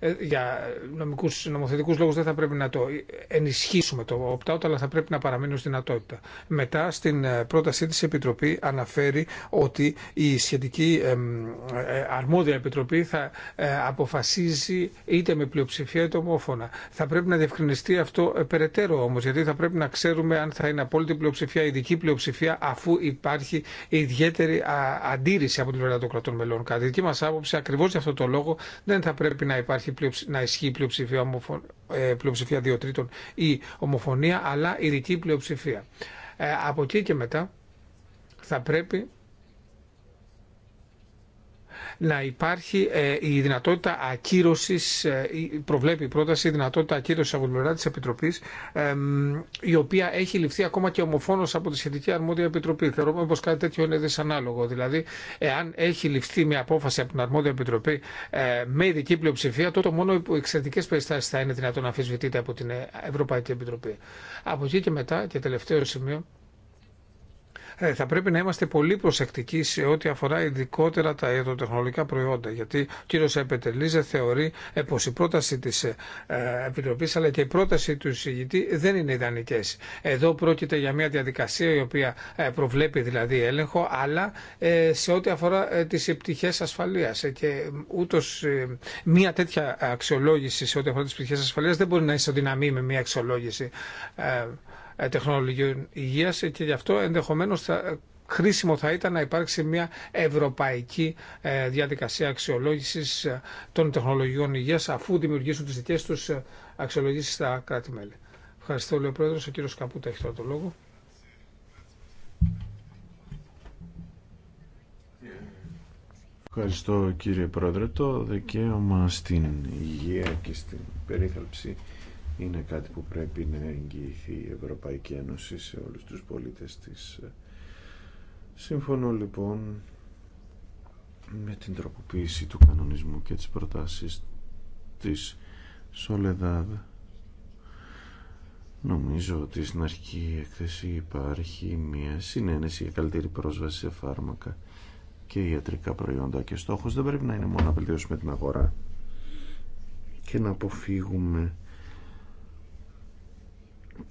Ε, για νομικούς, νομοθετικούς λόγους δεν θα πρέπει να το ενισχύσουμε το opt-out, αλλά θα πρέπει να παραμείνει ως δυνατότητα. Μετά στην ε, πρότασή της Επιτροπή αναφέρει ότι η σχετική ε, αρμόδια Επιτροπή θα αποφασίζει είτε με πλειοψηφία είτε ομόφωνα. Θα πρέπει να διευκρινιστεί αυτό περαιτέρω όμως, γιατί θα πρέπει να ξέρουμε αν θα είναι απόλυτη πλειοψηφία, ειδική πλειοψηφία, αφού υπάρχει ιδιαίτερη αντίρρηση από την πλευρά των κρατών μελών. Κατά δική μας άποψη, ακριβώς για αυτό το λόγο δεν θα πρέπει να υπάρχει να ισχύει πλειοψηφία, ομοφων... Ε, πλειοψηφία δύο τρίτων ή ομοφωνία, αλλά ειδική πλειοψηφία. Ε, από εκεί και μετά θα πρέπει να υπάρχει ε, η δυνατότητα ακύρωσης, ε, προβλέπει η πρόταση η δυνατότητα ακύρωση από την πλευρά της Επιτροπής, η οποία έχει ληφθεί ακόμα και ομοφόνο από τη σχετική αρμόδια Επιτροπή. Θεωρούμε πω κάτι τέτοιο είναι δυσανάλογο. Δηλαδή, εάν έχει ληφθεί μια απόφαση από την αρμόδια Επιτροπή ε, με ειδική πλειοψηφία, τότε μόνο υπό εξαιρετικέ περιστάσει θα είναι δυνατόν να αμφισβητείται από την Ευρωπαϊκή Επιτροπή. Από εκεί και μετά, και τελευταίο σημείο, ε, θα πρέπει να είμαστε πολύ προσεκτικοί σε ό,τι αφορά ειδικότερα τα ιατροτεχνολογικά προϊόντα. Γιατί ο κύριο Επετελίζε θεωρεί ε, πω η πρόταση τη ε, Επιτροπή αλλά και η πρόταση του εισηγητή δεν είναι ιδανικέ. Εδώ πρόκειται για μια διαδικασία η οποία προβλέπει δηλαδή έλεγχο, αλλά σε ό,τι αφορά τι πτυχέ ασφαλεία. Και ούτω μια τέτοια αξιολόγηση σε ό,τι αφορά τι πτυχέ ασφαλεία δεν μπορεί να ισοδυναμεί με μια αξιολόγηση ε, τεχνολογιών υγείας και γι' αυτό ενδεχομένως θα χρήσιμο θα ήταν να υπάρξει μια ευρωπαϊκή ε, διαδικασία αξιολόγησης ε, των τεχνολογιών υγείας αφού δημιουργήσουν τις δικές τους αξιολογήσεις στα κράτη-μέλη. Ευχαριστώ, λέει ο Πρόεδρος. Ο κύριος Καπούτα έχει τώρα το λόγο. Ευχαριστώ κύριε Πρόεδρε. Το δικαίωμα στην υγεία και στην περίθαλψη είναι κάτι που πρέπει να εγγυηθεί η Ευρωπαϊκή Ένωση σε όλους τους πολίτες της. Σύμφωνο λοιπόν με την τροποποίηση του κανονισμού και τις προτάσεις της Σολεδάδ νομίζω ότι στην αρχική έκθεση υπάρχει μια συνένεση για καλύτερη πρόσβαση σε φάρμακα και ιατρικά προϊόντα και στόχος δεν πρέπει να είναι μόνο να βελτιώσουμε την αγορά και να αποφύγουμε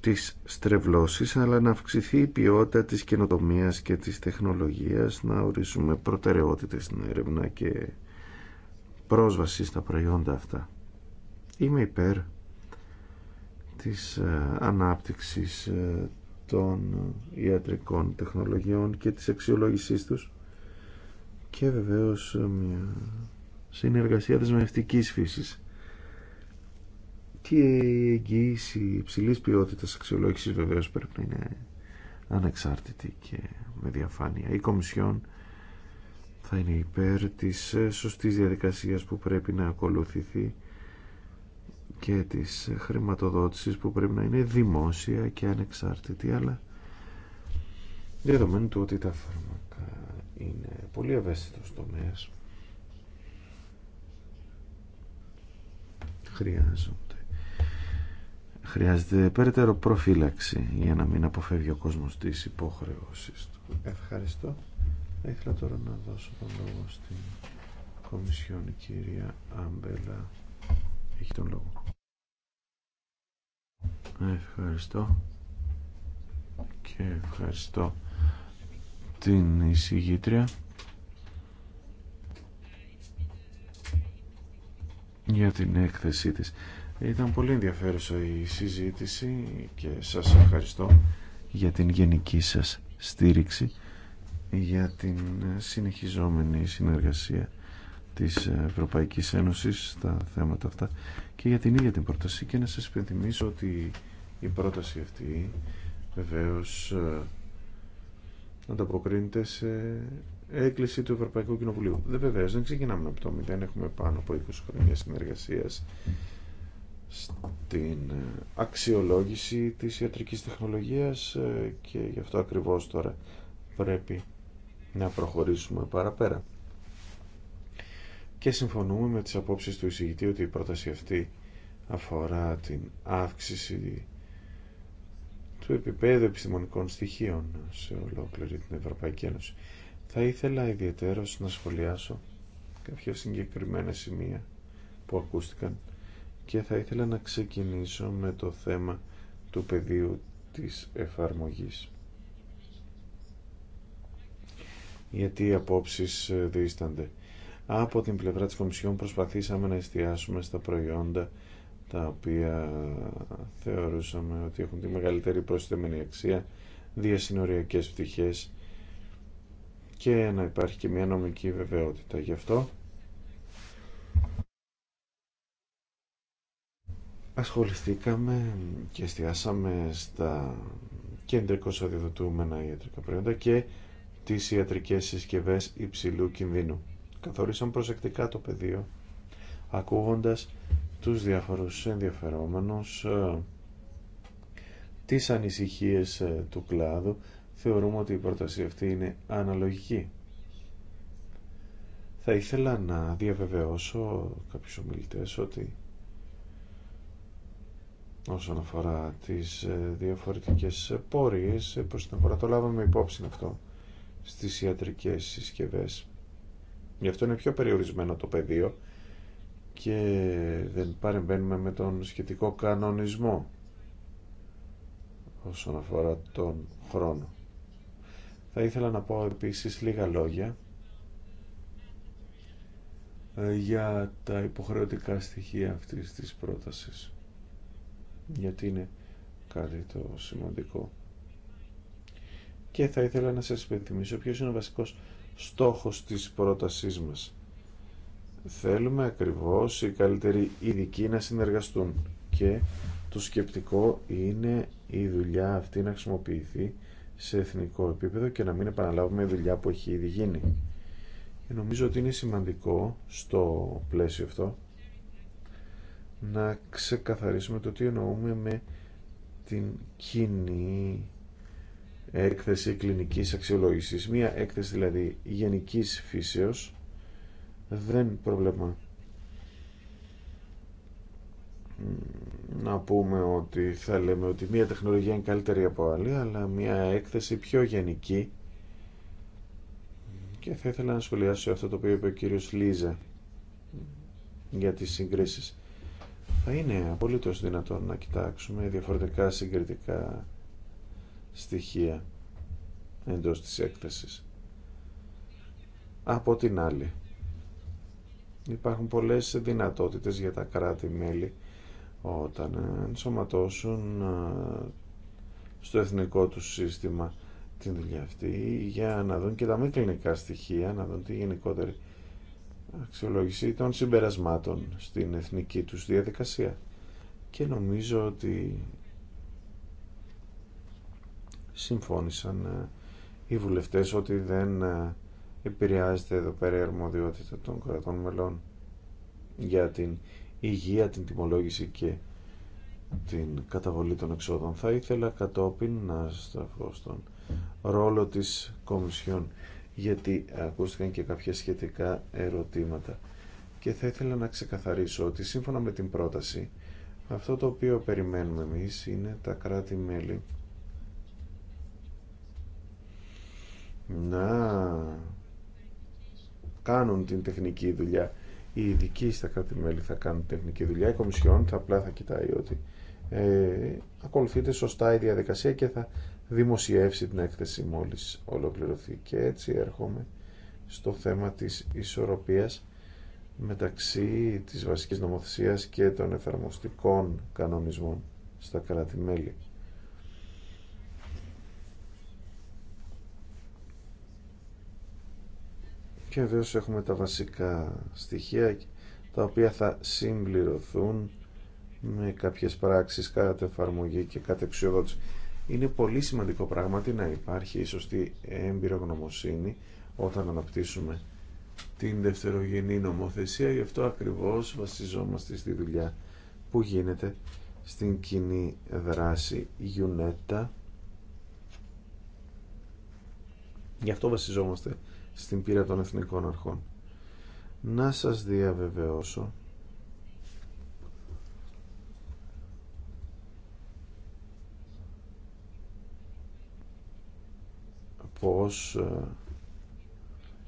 της στρεβλώσεις αλλά να αυξηθεί η ποιότητα της καινοτομίας και της τεχνολογίας να ορίσουμε προτεραιότητες στην έρευνα και πρόσβαση στα προϊόντα αυτά. Είμαι υπέρ της ε, ανάπτυξης ε, των ιατρικών τεχνολογιών και της αξιολόγησής τους και βεβαίως ε, μια συνεργασία δεσμευτικής φύσης και η εγγύηση υψηλή ποιότητας αξιολόγησης βεβαίω πρέπει να είναι ανεξάρτητη και με διαφάνεια. Η Κομισιόν θα είναι υπέρ τη σωστή διαδικασία που πρέπει να ακολουθηθεί και της χρηματοδότηση που πρέπει να είναι δημόσια και ανεξάρτητη αλλά δεδομένου του ότι τα φάρμακα είναι πολύ ευαίσθητο τομέα. χρειάζομαι Χρειάζεται περαιτέρω προφύλαξη για να μην αποφεύγει ο κόσμος τις υποχρεώσεις του. Ευχαριστώ. Θα ήθελα τώρα να δώσω τον λόγο στην Κομισιόν, κυρία Άμπελα. Έχει τον λόγο. Ευχαριστώ και ευχαριστώ την εισηγήτρια για την έκθεσή της. Ήταν πολύ ενδιαφέρουσα η συζήτηση και σας ευχαριστώ για την γενική σας στήριξη για την συνεχιζόμενη συνεργασία της Ευρωπαϊκής Ένωσης στα θέματα αυτά και για την ίδια την πρόταση και να σας υπενθυμίσω ότι η πρόταση αυτή βεβαίως ε, ανταποκρίνεται σε έκκληση του Ευρωπαϊκού Κοινοβουλίου. Δεν βεβαίως δεν ξεκινάμε από το μηδέν, έχουμε πάνω από 20 χρόνια συνεργασίας στην ε, αξιολόγηση της ιατρικής τεχνολογίας ε, και γι' αυτό ακριβώς τώρα πρέπει να προχωρήσουμε παραπέρα. Και συμφωνούμε με τις απόψεις του εισηγητή ότι η πρόταση αυτή αφορά την αύξηση του επίπεδου επιστημονικών στοιχείων σε ολόκληρη την Ευρωπαϊκή Ένωση. Θα ήθελα ιδιαίτερα να σχολιάσω κάποια συγκεκριμένα σημεία που ακούστηκαν και θα ήθελα να ξεκινήσω με το θέμα του πεδίου της εφαρμογής. Γιατί οι απόψεις ε, δίστανται. Από την πλευρά της Κομισιόν προσπαθήσαμε να εστιάσουμε στα προϊόντα τα οποία θεωρούσαμε ότι έχουν τη μεγαλύτερη προσθέμενη αξία, διασυνοριακές πτυχές και να υπάρχει και μια νομική βεβαιότητα. Γι' αυτό ασχοληθήκαμε και εστιάσαμε στα κεντρικώς αδειοδοτούμενα ιατρικά προϊόντα και τις ιατρικές συσκευές υψηλού κινδύνου. Καθορίσαμε προσεκτικά το πεδίο, ακούγοντας τους διάφορους ενδιαφερόμενους, ε, τις ανησυχίες ε, του κλάδου. Θεωρούμε ότι η πρόταση αυτή είναι αναλογική. Θα ήθελα να διαβεβαιώσω κάποιους ομιλητές ότι όσον αφορά τις ε, διαφορετικές πόριες ε, προς την αγορά. Το λάβαμε υπόψη αυτό στις ιατρικές συσκευές. Γι' αυτό είναι πιο περιορισμένο το πεδίο και δεν παρεμβαίνουμε με τον σχετικό κανονισμό όσον αφορά τον χρόνο. Θα ήθελα να πω επίσης λίγα λόγια ε, για τα υποχρεωτικά στοιχεία αυτής της πρότασης γιατί είναι κάτι το σημαντικό. Και θα ήθελα να σας υπενθυμίσω ποιος είναι ο βασικός στόχος της πρότασής μας. Θέλουμε ακριβώς οι καλύτεροι ειδικοί να συνεργαστούν και το σκεπτικό είναι η δουλειά αυτή να χρησιμοποιηθεί σε εθνικό επίπεδο και να μην επαναλάβουμε δουλειά που έχει ήδη γίνει. νομίζω ότι είναι σημαντικό στο πλαίσιο αυτό να ξεκαθαρίσουμε το τι εννοούμε με την κοινή έκθεση κλινικής αξιολόγησης. Μία έκθεση δηλαδή γενικής φύσεως δεν πρόβλημα. να πούμε ότι θα λέμε ότι μία τεχνολογία είναι καλύτερη από άλλη, αλλά μία έκθεση πιο γενική και θα ήθελα να σχολιάσω αυτό το οποίο είπε ο κύριος Λίζα για τις συγκρίσεις. Θα είναι απολύτως δυνατόν να κοιτάξουμε διαφορετικά συγκριτικά στοιχεία εντός της έκθεσης. Από την άλλη, υπάρχουν πολλές δυνατότητες για τα κράτη-μέλη όταν ενσωματώσουν ε, στο εθνικό του σύστημα την δουλειά αυτή για να δουν και τα μη κλινικά στοιχεία, να δουν τη γενικότερη αξιολόγηση των συμπερασμάτων στην εθνική τους διαδικασία. Και νομίζω ότι συμφώνησαν ε, οι βουλευτές ότι δεν ε, επηρεάζεται εδώ πέρα η αρμοδιότητα των κρατών μελών για την υγεία, την τιμολόγηση και την καταβολή των εξόδων. Θα ήθελα κατόπιν να σταθώ στον ρόλο της Κομισιόν γιατί ακούστηκαν και κάποια σχετικά ερωτήματα. Και θα ήθελα να ξεκαθαρίσω ότι σύμφωνα με την πρόταση, αυτό το οποίο περιμένουμε εμείς είναι τα κράτη-μέλη να κάνουν την τεχνική δουλειά. Οι ειδικοί στα κράτη-μέλη θα κάνουν τεχνική δουλειά. Η Κομισιόν θα απλά θα κοιτάει ότι ε, ακολουθείται σωστά η διαδικασία και θα δημοσιεύσει την έκθεση μόλις ολοκληρωθεί. Και έτσι έρχομαι στο θέμα της ισορροπίας μεταξύ της βασικής νομοθεσίας και των εφαρμοστικών κανονισμών στα κράτη-μέλη. Και βέβαια έχουμε τα βασικά στοιχεία τα οποία θα συμπληρωθούν με κάποιες πράξεις κατά εφαρμογή και κατά εξοδότηση. Είναι πολύ σημαντικό πράγματι να υπάρχει η σωστή γνωμοσύνη όταν αναπτύσσουμε την δευτερογενή νομοθεσία. Γι' αυτό ακριβώς βασιζόμαστε στη δουλειά που γίνεται στην κοινή δράση UNETA. Γι' αυτό βασιζόμαστε στην πύρα των εθνικών αρχών. Να σας διαβεβαιώσω πως ε,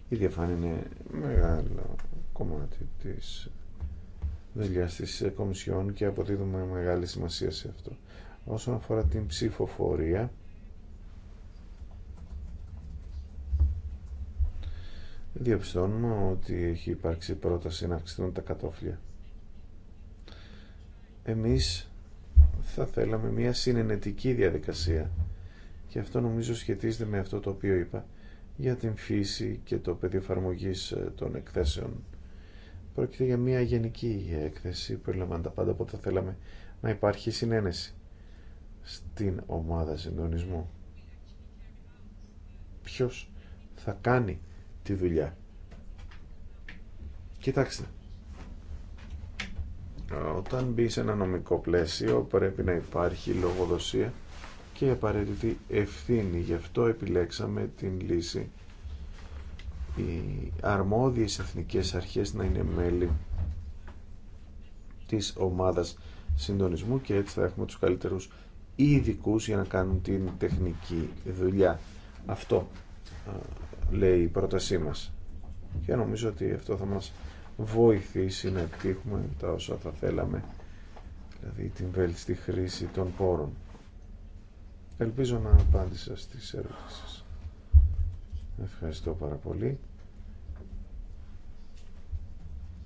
η διαφάνεια είναι μεγάλο κομμάτι της δουλειά τη ε, Κομισιόν και αποδίδουμε μεγάλη σημασία σε αυτό. Όσον αφορά την ψηφοφορία, διαπιστώνουμε ότι έχει υπάρξει πρόταση να αυξηθούν τα κατόφλια. Εμείς θα θέλαμε μια συνενετική διαδικασία και αυτό νομίζω σχετίζεται με αυτό το οποίο είπα για την φύση και το πεδίο εφαρμογή ε, των εκθέσεων. Πρόκειται για μια γενική έκθεση που ελαμβάνει τα πάντα, οπότε θα θέλαμε να υπάρχει συνένεση στην ομάδα συντονισμού. Ποιος θα κάνει τη δουλειά. Κοιτάξτε, όταν μπει σε ένα νομικό πλαίσιο πρέπει να υπάρχει λογοδοσία και απαραίτητη ευθύνη. Γι' αυτό επιλέξαμε την λύση οι αρμόδιες εθνικές αρχές να είναι μέλη της ομάδας συντονισμού και έτσι θα έχουμε τους καλύτερους ειδικού για να κάνουν την τεχνική δουλειά. Αυτό λέει η πρότασή μας και νομίζω ότι αυτό θα μας βοηθήσει να επιτύχουμε τα όσα θα θέλαμε δηλαδή την βέλτιστη χρήση των πόρων. Ελπίζω να απάντησα στις ερωτήσεις. Ευχαριστώ πάρα πολύ.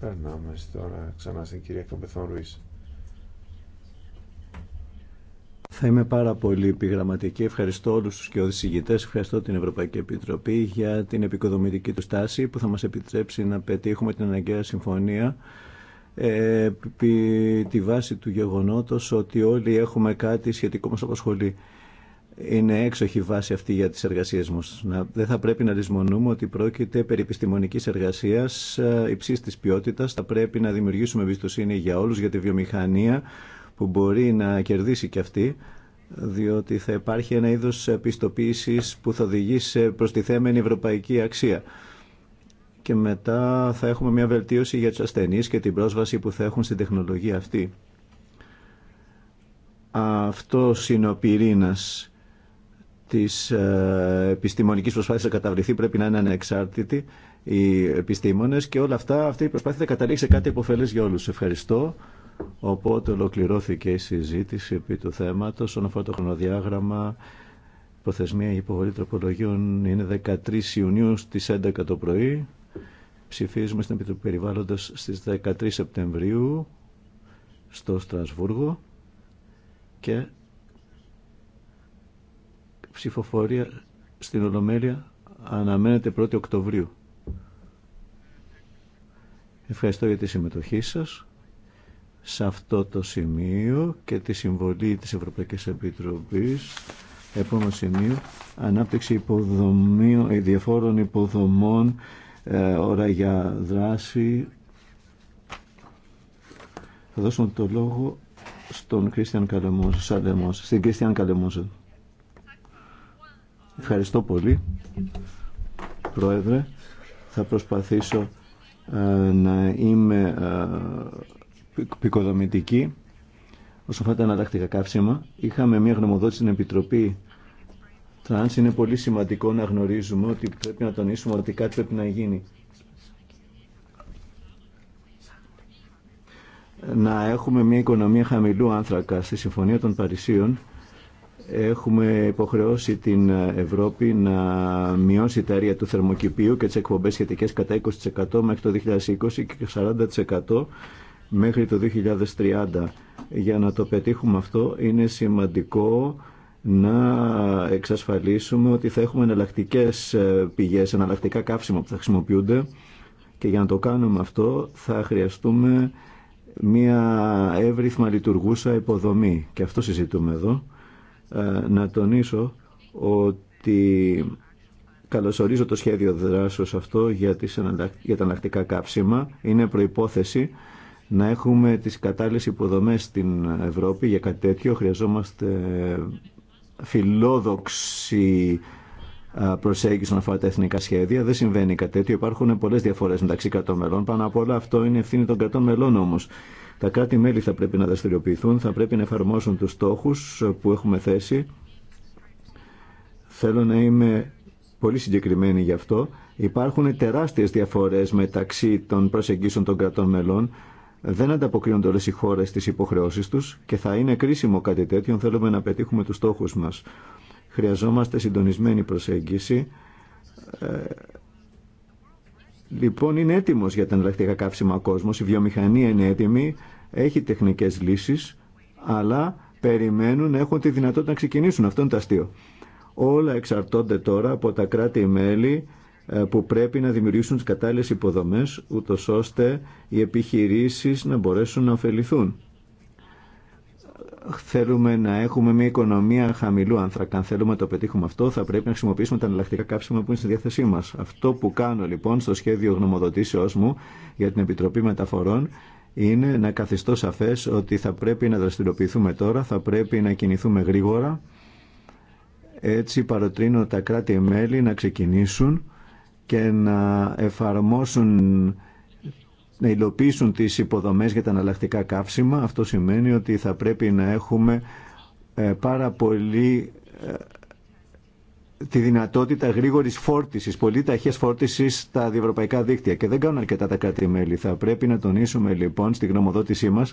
Περνάμε τώρα ξανά στην κυρία Καμπεθόν Ρουής. Θα είμαι πάρα πολύ επιγραμματική. Ευχαριστώ όλου του και ηγητέ. Ευχαριστώ την Ευρωπαϊκή Επιτροπή για την επικοδομητική του στάση που θα μα επιτρέψει να πετύχουμε την αναγκαία συμφωνία ε, επί τη βάση του γεγονότος ότι όλοι έχουμε κάτι σχετικό μας απασχολεί είναι έξοχη βάση αυτή για τις εργασίες μας. Να, δεν θα πρέπει να ρισμονούμε ότι πρόκειται περί επιστημονικής εργασίας ε, υψής της ποιότητας. Θα πρέπει να δημιουργήσουμε εμπιστοσύνη για όλους, για τη βιομηχανία που μπορεί να κερδίσει και αυτή διότι θα υπάρχει ένα είδος πιστοποίησης που θα οδηγεί σε προστιθέμενη ευρωπαϊκή αξία. Και μετά θα έχουμε μια βελτίωση για τους ασθενείς και την πρόσβαση που θα έχουν στην τεχνολογία αυτή. Αυτό είναι ο πυρήνας της ε, επιστημονικής προσπάθειας να καταβληθεί πρέπει να είναι ανεξάρτητοι οι επιστήμονες και όλα αυτά αυτή η προσπάθεια θα καταλήξει σε κάτι υποφελές για όλους. Ευχαριστώ. Οπότε ολοκληρώθηκε η συζήτηση επί του θέματος όσον αφορά το χρονοδιάγραμμα. Η υποβολή τροπολογίων είναι 13 Ιουνίου στις 11 το πρωί. Ψηφίζουμε στην Επιτροπή Περιβάλλοντος στις 13 Σεπτεμβρίου στο Στρασβούργο και Ψηφοφορία στην Ολομέλεια αναμένεται 1η Οκτωβρίου. Ευχαριστώ για τη συμμετοχή σας σε αυτό το σημείο και τη συμβολή της Ευρωπαϊκής Επιτροπής. Επόμενο σημείο, ανάπτυξη υποδομίων, ε, διαφόρων υποδομών, ε, ώρα για δράση. Θα δώσουμε το λόγο στον Κρίστιαν Καλεμόζο, στην Κρίστιαν Καλεμόζο. Ευχαριστώ πολύ, Πρόεδρε. Θα προσπαθήσω ε, να είμαι ε, πικοδομητική. Όσο αφορά τα αναλλακτικά καύσιμα, είχαμε μια γνωμοδότηση στην Επιτροπή Τρανς. Είναι πολύ σημαντικό να γνωρίζουμε ότι πρέπει να τονίσουμε ότι κάτι πρέπει να γίνει. Να έχουμε μια οικονομία χαμηλού άνθρακα στη Συμφωνία των Παρισίων έχουμε υποχρεώσει την Ευρώπη να μειώσει τα αέρια του θερμοκηπίου και τις εκπομπές σχετικές κατά 20% μέχρι το 2020 και 40% μέχρι το 2030. Για να το πετύχουμε αυτό είναι σημαντικό να εξασφαλίσουμε ότι θα έχουμε εναλλακτικέ ε, πηγές, εναλλακτικά καύσιμα που θα χρησιμοποιούνται και για να το κάνουμε αυτό θα χρειαστούμε μια εύρυθμα λειτουργούσα υποδομή και αυτό συζητούμε εδώ ε, να τονίσω ότι καλωσορίζω το σχέδιο δράσεως αυτό για, για τα ανακτικά κάψιμα. Είναι προϋπόθεση να έχουμε τις κατάλληλες υποδομές στην Ευρώπη. Για κάτι τέτοιο χρειαζόμαστε φιλόδοξη προσέγγιση να αφορά τα εθνικά σχέδια. Δεν συμβαίνει κάτι τέτοιο. Υπάρχουν πολλέ διαφορές μεταξύ κρατών μελών. Πάνω απ' όλα αυτό είναι ευθύνη των κρατών μελών όμως. Τα κράτη-μέλη θα πρέπει να δραστηριοποιηθούν, θα πρέπει να εφαρμόσουν τους στόχους που έχουμε θέσει. Θέλω να είμαι πολύ συγκεκριμένη γι' αυτό. Υπάρχουν τεράστιες διαφορές μεταξύ των προσεγγίσεων των κρατών μελών. Δεν ανταποκρίνονται όλες οι χώρες στις υποχρεώσεις τους και θα είναι κρίσιμο κάτι τέτοιο αν θέλουμε να πετύχουμε τους στόχους μας. Χρειαζόμαστε συντονισμένη προσέγγιση ε, Λοιπόν, είναι έτοιμος για τα εναλλακτικά καύσιμα ο κόσμος, η βιομηχανία είναι έτοιμη, έχει τεχνικές λύσεις, αλλά περιμένουν να έχουν τη δυνατότητα να ξεκινήσουν. Αυτό είναι το αστείο. Όλα εξαρτώνται τώρα από τα κράτη-μέλη ε, που πρέπει να δημιουργήσουν τις κατάλληλες υποδομές, ούτω ώστε οι επιχειρήσεις να μπορέσουν να ωφεληθούν θέλουμε να έχουμε μια οικονομία χαμηλού άνθρακα. Αν θέλουμε να το πετύχουμε αυτό, θα πρέπει να χρησιμοποιήσουμε τα εναλλακτικά κάψιμα που είναι στη διάθεσή μα. Αυτό που κάνω λοιπόν στο σχέδιο γνωμοδοτήσεώ μου για την Επιτροπή Μεταφορών είναι να καθιστώ σαφέ ότι θα πρέπει να δραστηριοποιηθούμε τώρα, θα πρέπει να κινηθούμε γρήγορα. Έτσι παροτρύνω τα κράτη-μέλη να ξεκινήσουν και να εφαρμόσουν να υλοποιήσουν τις υποδομές για τα αναλλακτικά καύσιμα. Αυτό σημαίνει ότι θα πρέπει να έχουμε ε, πάρα πολύ ε, τη δυνατότητα γρήγορης φόρτισης, πολύ ταχεία φόρτιση στα διευρωπαϊκά δίκτυα. Και δεν κάνουν αρκετά τα κράτη-μέλη. Θα πρέπει να τονίσουμε λοιπόν στη γνωμοδότησή μας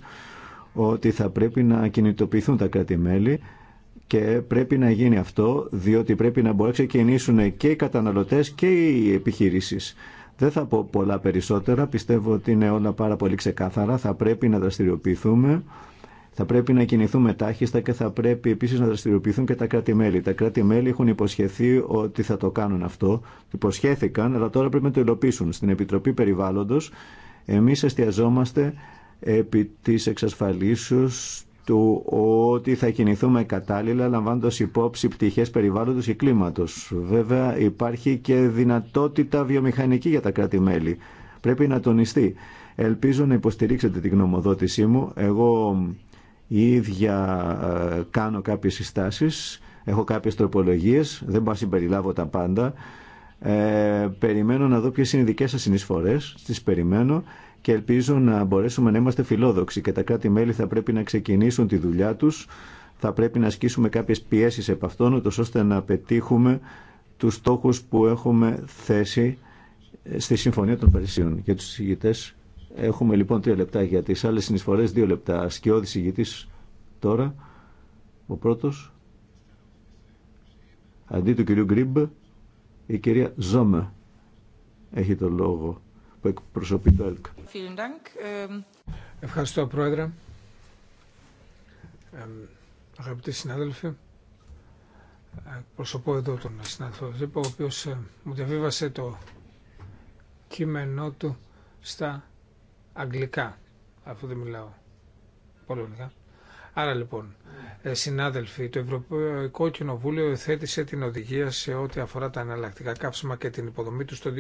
ότι θα πρέπει να κινητοποιηθούν τα κράτη-μέλη και πρέπει να γίνει αυτό, διότι πρέπει να μπορεί να ξεκινήσουν και οι καταναλωτέ και οι επιχειρήσεις. Δεν θα πω πολλά περισσότερα. Πιστεύω ότι είναι όλα πάρα πολύ ξεκάθαρα. Θα πρέπει να δραστηριοποιηθούμε. Θα πρέπει να κινηθούμε τάχιστα και θα πρέπει επίσης να δραστηριοποιηθούν και τα κράτη-μέλη. Τα κράτη-μέλη έχουν υποσχεθεί ότι θα το κάνουν αυτό. Υποσχέθηκαν, αλλά τώρα πρέπει να το υλοποιήσουν. Στην Επιτροπή Περιβάλλοντος εμείς εστιαζόμαστε επί της εξασφαλίσεως του ότι θα κινηθούμε κατάλληλα λαμβάνοντας υπόψη πτυχές περιβάλλοντος και κλίματος. Βέβαια υπάρχει και δυνατότητα βιομηχανική για τα κράτη-μέλη. Πρέπει να τονιστεί. Ελπίζω να υποστηρίξετε την γνωμοδότησή μου. Εγώ ίδια ε, κάνω κάποιες συστάσεις, έχω κάποιες τροπολογίες, δεν πάω συμπεριλάβω τα πάντα. Ε, περιμένω να δω ποιες είναι οι δικές σας συνεισφορές, τις περιμένω και ελπίζω να μπορέσουμε να είμαστε φιλόδοξοι και τα κράτη-μέλη θα πρέπει να ξεκινήσουν τη δουλειά τους, θα πρέπει να ασκήσουμε κάποιες πιέσεις επ' αυτόν, ώστε να πετύχουμε τους στόχους που έχουμε θέσει ε, στη Συμφωνία των Παρισίων. Για τους συγητές έχουμε λοιπόν τρία λεπτά, για τις άλλες συνεισφορές δύο λεπτά. Ασκιώδη συγητής τώρα, ο πρώτος, αντί του κυρίου Γκριμπ, η κυρία Ζώμα έχει το λόγο που εκπροσωπεί το Ευχαριστώ Πρόεδρε. αγαπητοί συνάδελφοι, προσωπώ εδώ τον συνάδελφο Δήπο, ο οποίος ε, μου διαβίβασε το κείμενό του στα αγγλικά, αφού δεν μιλάω πολωνικά. Άρα λοιπόν, ε, συνάδελφοι, το Ευρωπαϊκό Κοινοβούλιο θέτησε την οδηγία σε ό,τι αφορά τα εναλλακτικά κάψιμα και την υποδομή του το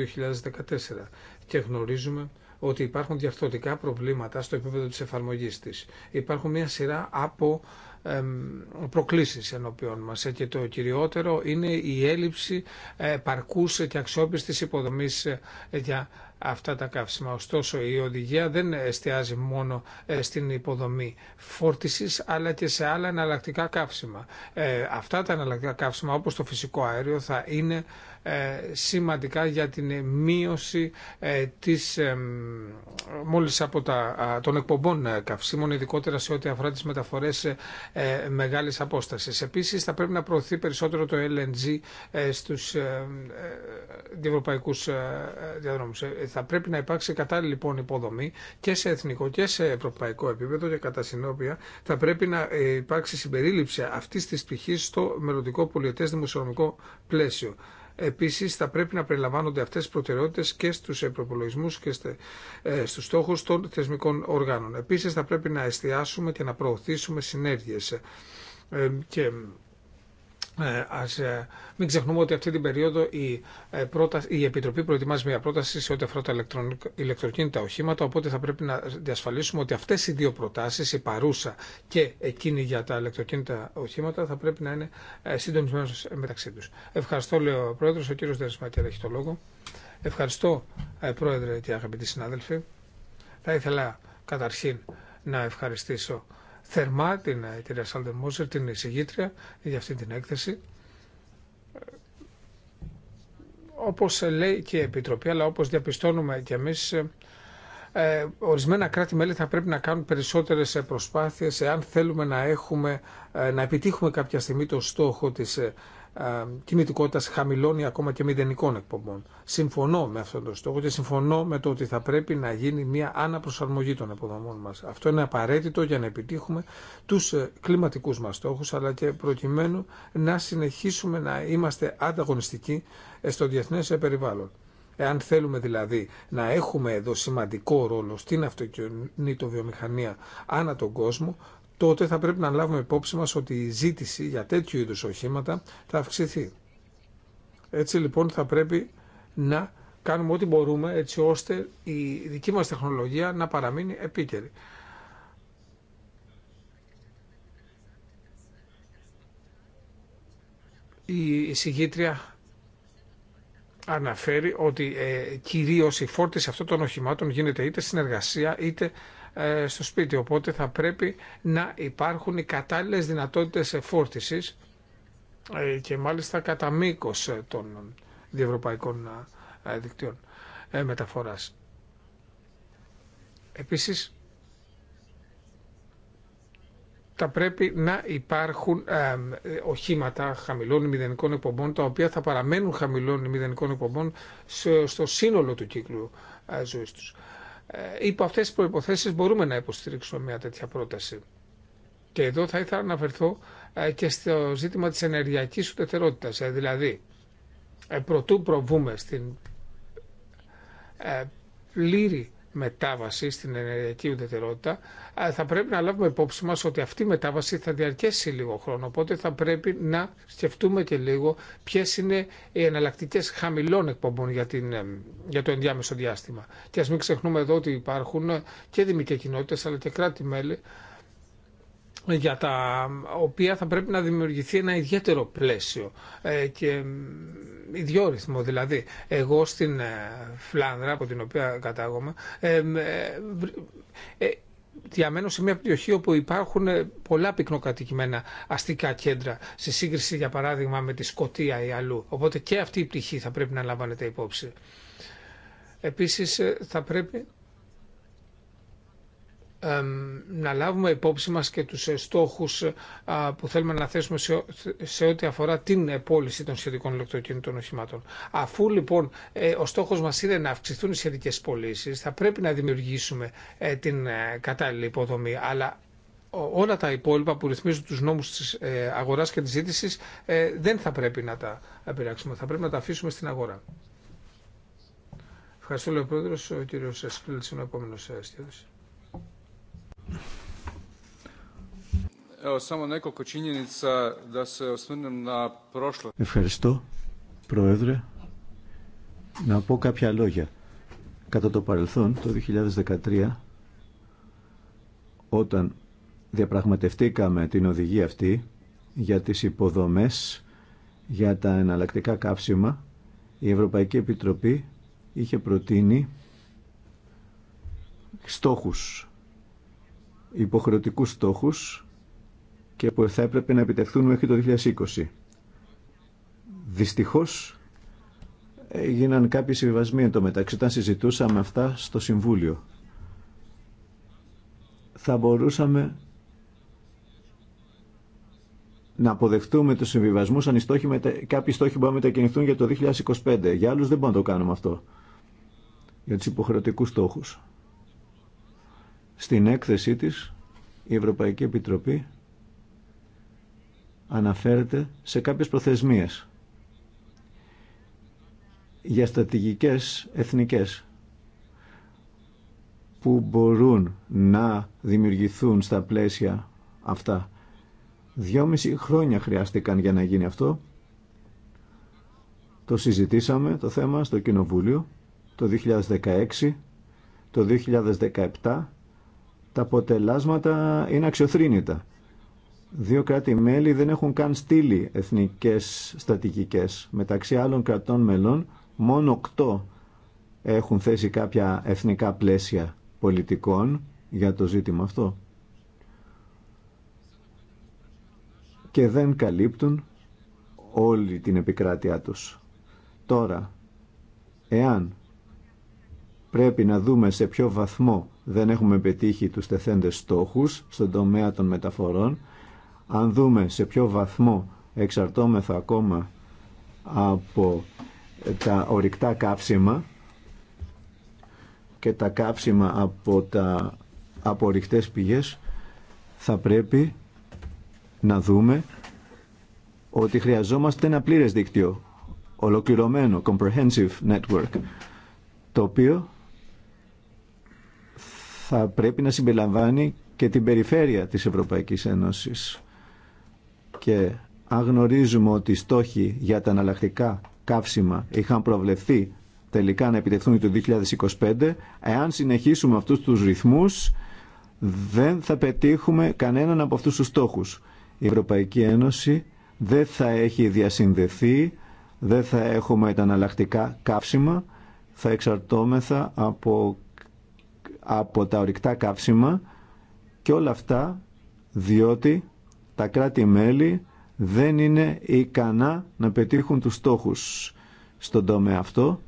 2014 και γνωρίζουμε ότι υπάρχουν διαφθορτικά προβλήματα στο επίπεδο της εφαρμογής της. Υπάρχουν μια σειρά από προκλήσεις ενώπιον μας ε, και το κυριότερο είναι η έλλειψη ε, παρκούς και αξιόπιστης υποδομής για αυτά τα καύσιμα. Ωστόσο, η οδηγία δεν εστιάζει μόνο ε, στην υποδομή φόρτισης, αλλά και σε άλλα εναλλακτικά καύσιμα. Ε, αυτά τα εναλλακτικά καύσιμα, όπως το φυσικό αέριο, θα είναι ε, σημαντικά για την μείωση ε, της ε, μόλις από τα, των εκπομπών καυσίμων, ειδικότερα σε ό,τι αφορά τις μεταφορές μεγάλης απόστασης. Επίσης, θα πρέπει να προωθεί περισσότερο το LNG στους διευρωπαϊκούς διαδρόμους. Θα πρέπει να υπάρξει κατάλληλη λοιπόν υποδομή και σε εθνικό και σε ευρωπαϊκό επίπεδο και κατά συνόπια θα πρέπει να υπάρξει συμπερίληψη αυτής της πτυχή στο μελλοντικό πολιετές δημοσιονομικό πλαίσιο. Επίση, θα πρέπει να περιλαμβάνονται αυτέ τι προτεραιότητε και στου προπολογισμού και ε, στου στόχου των θεσμικών οργάνων. Επίση, θα πρέπει να εστιάσουμε και να προωθήσουμε συνέργειε. Ε, και ε, ας ε, μην ξεχνούμε ότι αυτή την περίοδο η, ε, η Επιτροπή προετοιμάζει μια πρόταση σε ό,τι αφορά τα ηλεκτροκίνητα οχήματα, οπότε θα πρέπει να διασφαλίσουμε ότι αυτές οι δύο προτάσεις, η παρούσα και εκείνη για τα ηλεκτροκίνητα οχήματα, θα πρέπει να είναι ε, συντονισμένε μεταξύ τους. Ευχαριστώ, λέει ο Πρόεδρος, ο κύριος Δερσμακέρα έχει το λόγο. Ευχαριστώ, Πρόεδρε και αγαπητοί συνάδελφοι. Θα ήθελα καταρχήν να ευχαριστήσω θερμά την ε, κυρία Μόζερ, την εισηγήτρια για αυτή την έκθεση. Όπως ε, λέει και η Επιτροπή, αλλά όπως διαπιστώνουμε και εμείς, ε, ορισμένα κράτη-μέλη θα πρέπει να κάνουν περισσότερες προσπάθειες εάν θέλουμε να, έχουμε, να επιτύχουμε κάποια στιγμή το στόχο της ε, κινητικότητας χαμηλών ή ακόμα και μηδενικών εκπομπών. Συμφωνώ με αυτόν τον στόχο και συμφωνώ με το ότι θα πρέπει να γίνει μια αναπροσαρμογή των αποδομών μας. Αυτό είναι απαραίτητο για να επιτύχουμε τους ε, κλιματικούς μας στόχους αλλά και προκειμένου να συνεχίσουμε να είμαστε ανταγωνιστικοί ε, στο διεθνέ περιβάλλον. Εάν θέλουμε δηλαδή να έχουμε εδώ σημαντικό ρόλο στην αυτοκινητοβιομηχανία ανά τον κόσμο, τότε θα πρέπει να λάβουμε υπόψη μας ότι η ζήτηση για τέτοιου είδους οχήματα θα αυξηθεί. Έτσι λοιπόν θα πρέπει να κάνουμε ό,τι μπορούμε έτσι ώστε η δική μας τεχνολογία να παραμείνει επίκαιρη. Η συγγήτρια αναφέρει ότι ε, κυρίως η φόρτιση αυτών των οχημάτων γίνεται είτε συνεργασία είτε ε, στο σπίτι. Οπότε θα πρέπει να υπάρχουν οι κατάλληλες δυνατότητες εφόρτισης ε, και μάλιστα κατά μήκο ε, των διευρωπαϊκών δικτύων μεταφοράς. Επίσης, θα πρέπει να υπάρχουν οχήματα χαμηλών μηδενικών εκπομπών, τα οποία θα παραμένουν χαμηλών μηδενικών εκπομπών στο σύνολο του κύκλου ε, ζωής τους. Ε, υπό αυτές τις προϋποθέσεις μπορούμε να υποστηρίξουμε μια τέτοια πρόταση. Και εδώ θα ήθελα να αναφερθώ ε, και στο ζήτημα της ενεργειακής ουδετερότητας. Ε, δηλαδή, πρωτού προβούμε στην πλήρη μετάβαση στην ενεργειακή ουδετερότητα, θα πρέπει να λάβουμε υπόψη μας ότι αυτή η μετάβαση θα διαρκέσει λίγο χρόνο. Οπότε θα πρέπει να σκεφτούμε και λίγο ποιε είναι οι εναλλακτικέ χαμηλών εκπομπών για, την, για το ενδιάμεσο διάστημα. Και α μην ξεχνούμε εδώ ότι υπάρχουν και δημικέ κοινότητε αλλά και κράτη-μέλη ε, για τα οποία θα πρέπει να δημιουργηθεί ένα ιδιαίτερο πλαίσιο ε, και ιδιόρυθμο δηλαδή. Εγώ στην ε, Φλάνδρα, από την οποία κατάγομαι, διαμένω σε μια περιοχή όπου υπάρχουν πολλά πυκνοκατοικημένα αστικά κέντρα, σε σύγκριση για παράδειγμα με τη Σκοτία ή αλλού. Οπότε και αυτή η πτυχή θα πρέπει να λαμβάνεται υπόψη. Επίσης θα πρέπει να λάβουμε υπόψη μας και τους ε, στόχους ε, που θέλουμε να θέσουμε σε ό,τι αφορά την ε, πώληση των σχετικών ηλεκτροκινητών οχημάτων. Αφού λοιπόν ο στόχος μας είναι να αυξηθούν οι σχετικές πωλήσει, θα πρέπει να δημιουργήσουμε την κατάλληλη υποδομή, αλλά όλα τα υπόλοιπα που ρυθμίζουν τους νόμους της αγοράς και της ζήτησης δεν θα πρέπει να τα επηρεάξουμε, θα πρέπει να τα αφήσουμε στην αγορά. Ευχαριστώ, λέει ο Πρόεδρος, ο κύριος είναι ο επόμενος σχέδιος. Ευχαριστώ, Πρόεδρε. Να πω κάποια λόγια. Κατά το παρελθόν, το 2013, όταν διαπραγματευτήκαμε την οδηγία αυτή για τις υποδομές, για τα εναλλακτικά κάψιμα η Ευρωπαϊκή Επιτροπή είχε προτείνει στόχους υποχρεωτικούς στόχους και που θα έπρεπε να επιτευχθούν μέχρι το 2020. Δυστυχώς έγιναν κάποιοι συμβιβασμοί εν μεταξύ όταν συζητούσαμε αυτά στο Συμβούλιο. Θα μπορούσαμε να αποδεχτούμε τους συμβιβασμούς αν οι στόχοι μετα... κάποιοι στόχοι μπορούν να μετακινηθούν για το 2025. Για άλλους δεν μπορούμε να το κάνουμε αυτό. Για τους υποχρεωτικούς στόχους. Στην έκθεσή της η Ευρωπαϊκή Επιτροπή αναφέρεται σε κάποιες προθεσμίες για στρατηγικές εθνικές που μπορούν να δημιουργηθούν στα πλαίσια αυτά. Δυόμιση χρόνια χρειάστηκαν για να γίνει αυτό. Το συζητήσαμε το θέμα στο Κοινοβούλιο το 2016, το 2017 τα αποτελάσματα είναι αξιοθρύνητα. Δύο κράτη-μέλη δεν έχουν καν στείλει εθνικές στατικικές. Μεταξύ άλλων κρατών μελών, μόνο οκτώ έχουν θέσει κάποια εθνικά πλαίσια πολιτικών για το ζήτημα αυτό. Και δεν καλύπτουν όλη την επικράτειά τους. Τώρα, εάν πρέπει να δούμε σε ποιο βαθμό δεν έχουμε πετύχει τους τεθέντες στόχους στον τομέα των μεταφορών. Αν δούμε σε ποιο βαθμό εξαρτώμεθα ακόμα από τα ορυκτά κάψιμα και τα κάψιμα από τα απορριχτές πηγές θα πρέπει να δούμε ότι χρειαζόμαστε ένα πλήρες δίκτυο, ολοκληρωμένο, comprehensive network, το οποίο θα πρέπει να συμπεριλαμβάνει και την περιφέρεια της Ευρωπαϊκής Ένωσης. Και αν γνωρίζουμε ότι οι στόχοι για τα αναλλακτικά καύσιμα είχαν προβλεφθεί τελικά να επιτευχθούν το 2025, εάν συνεχίσουμε αυτούς τους ρυθμούς δεν θα πετύχουμε κανέναν από αυτούς τους στόχους. Η Ευρωπαϊκή Ένωση δεν θα έχει διασυνδεθεί, δεν θα έχουμε τα αναλλακτικά καύσιμα, θα εξαρτόμεθα από από τα ορυκτά καύσιμα και όλα αυτά διότι τα κράτη-μέλη δεν είναι ικανά να πετύχουν τους στόχους στον τομέα αυτό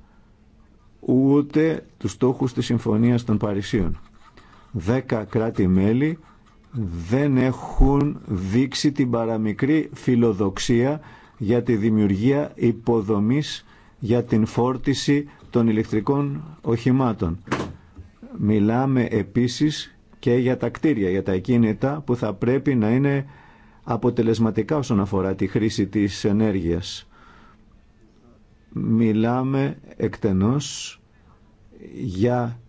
ούτε τους στόχους της Συμφωνίας των Παρισίων. Δέκα κράτη-μέλη δεν έχουν δείξει την παραμικρή φιλοδοξία για τη δημιουργία υποδομής για την φόρτιση των ηλεκτρικών οχημάτων. Μιλάμε επίσης και για τα κτίρια, για τα τα που θα πρέπει να είναι αποτελεσματικά όσον αφορά τη χρήση της ενέργειας. Μιλάμε εκτενώς για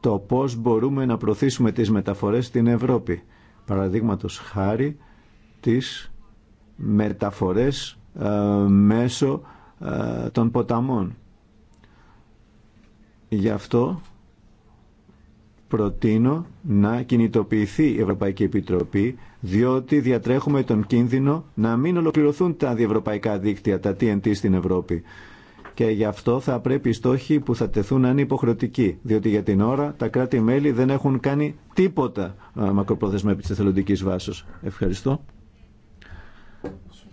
το πώς μπορούμε να προωθήσουμε τις μεταφορές στην Ευρώπη. Παραδείγματος χάρη τις μεταφορές ε, μέσω ε, των ποταμών. Γι' αυτό προτείνω να κινητοποιηθεί η Ευρωπαϊκή Επιτροπή, διότι διατρέχουμε τον κίνδυνο να μην ολοκληρωθούν τα διευρωπαϊκά δίκτυα, τα TNT στην Ευρώπη. Και γι' αυτό θα πρέπει οι στόχοι που θα τεθούν να είναι υποχρεωτικοί, διότι για την ώρα τα κράτη-μέλη δεν έχουν κάνει τίποτα μακροπρόθεσμα επί της εθελοντικής βάσης. Ευχαριστώ.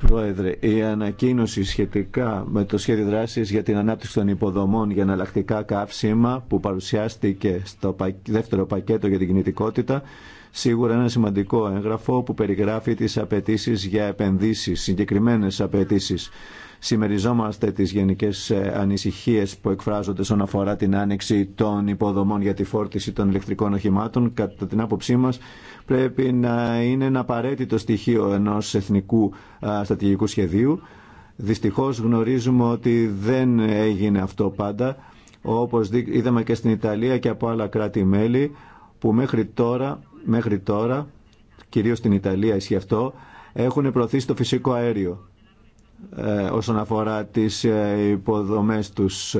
Πρόεδρε, η ανακοίνωση σχετικά με το σχέδιο δράσης για την ανάπτυξη των υποδομών για εναλλακτικά καύσιμα που παρουσιάστηκε στο δεύτερο πακέτο για την κινητικότητα σίγουρα ένα σημαντικό έγγραφο που περιγράφει τις απαιτήσει για επενδύσεις, συγκεκριμένες απαιτήσει Συμμεριζόμαστε τις γενικές ε, ανησυχίε που εκφράζονται όσον αφορά την άνοιξη των υποδομών για τη φόρτιση των ηλεκτρικών οχημάτων. Κατά την άποψή μα, πρέπει να είναι ένα απαραίτητο στοιχείο ενός εθνικού στρατηγικού σχεδίου. Δυστυχώ γνωρίζουμε ότι δεν έγινε αυτό πάντα, όπως είδαμε και στην Ιταλία και από άλλα κράτη-μέλη, που μέχρι τώρα, μέχρι τώρα, κυρίως στην Ιταλία ισχύει αυτό, έχουν προωθήσει το φυσικό αέριο. Ε, όσον αφορά τις ε, υποδομές τους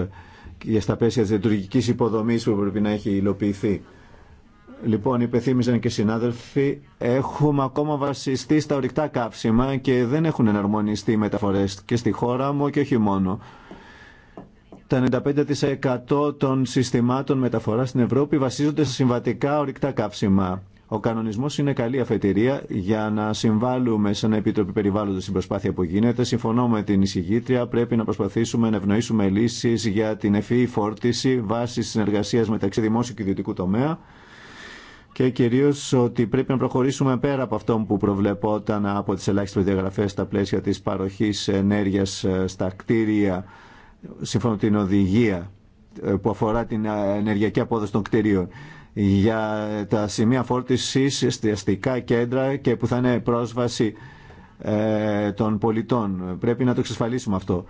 για στα πλαίσια της λειτουργικής υποδομής που πρέπει να έχει υλοποιηθεί. Λοιπόν, υπεθύμιζαν και συνάδελφοι, έχουμε ακόμα βασιστεί στα ορυκτά καύσιμα και δεν έχουν εναρμονιστεί οι μεταφορές και στη χώρα μου και όχι μόνο. Τα 95% των συστημάτων μεταφοράς στην Ευρώπη βασίζονται σε συμβατικά ορυκτά καύσιμα. Ο κανονισμό είναι καλή αφετηρία για να συμβάλλουμε σαν Επίτροπη Περιβάλλοντο στην προσπάθεια που γίνεται. Συμφωνώ με την εισηγήτρια. Πρέπει να προσπαθήσουμε να ευνοήσουμε λύσει για την ευφυή φόρτιση βάσει συνεργασία μεταξύ δημόσιου και ιδιωτικού τομέα και κυρίω ότι πρέπει να προχωρήσουμε πέρα από αυτό που προβλεπόταν από τι ελάχιστε προδιαγραφέ στα πλαίσια τη παροχή ενέργεια στα κτίρια σύμφωνα με την οδηγία που αφορά την ενεργειακή απόδοση των κτηρίων για τα σημεία φόρτισης εστιαστικά κέντρα και που θα είναι πρόσβαση ε, των πολιτών. Πρέπει να το εξασφαλίσουμε αυτό.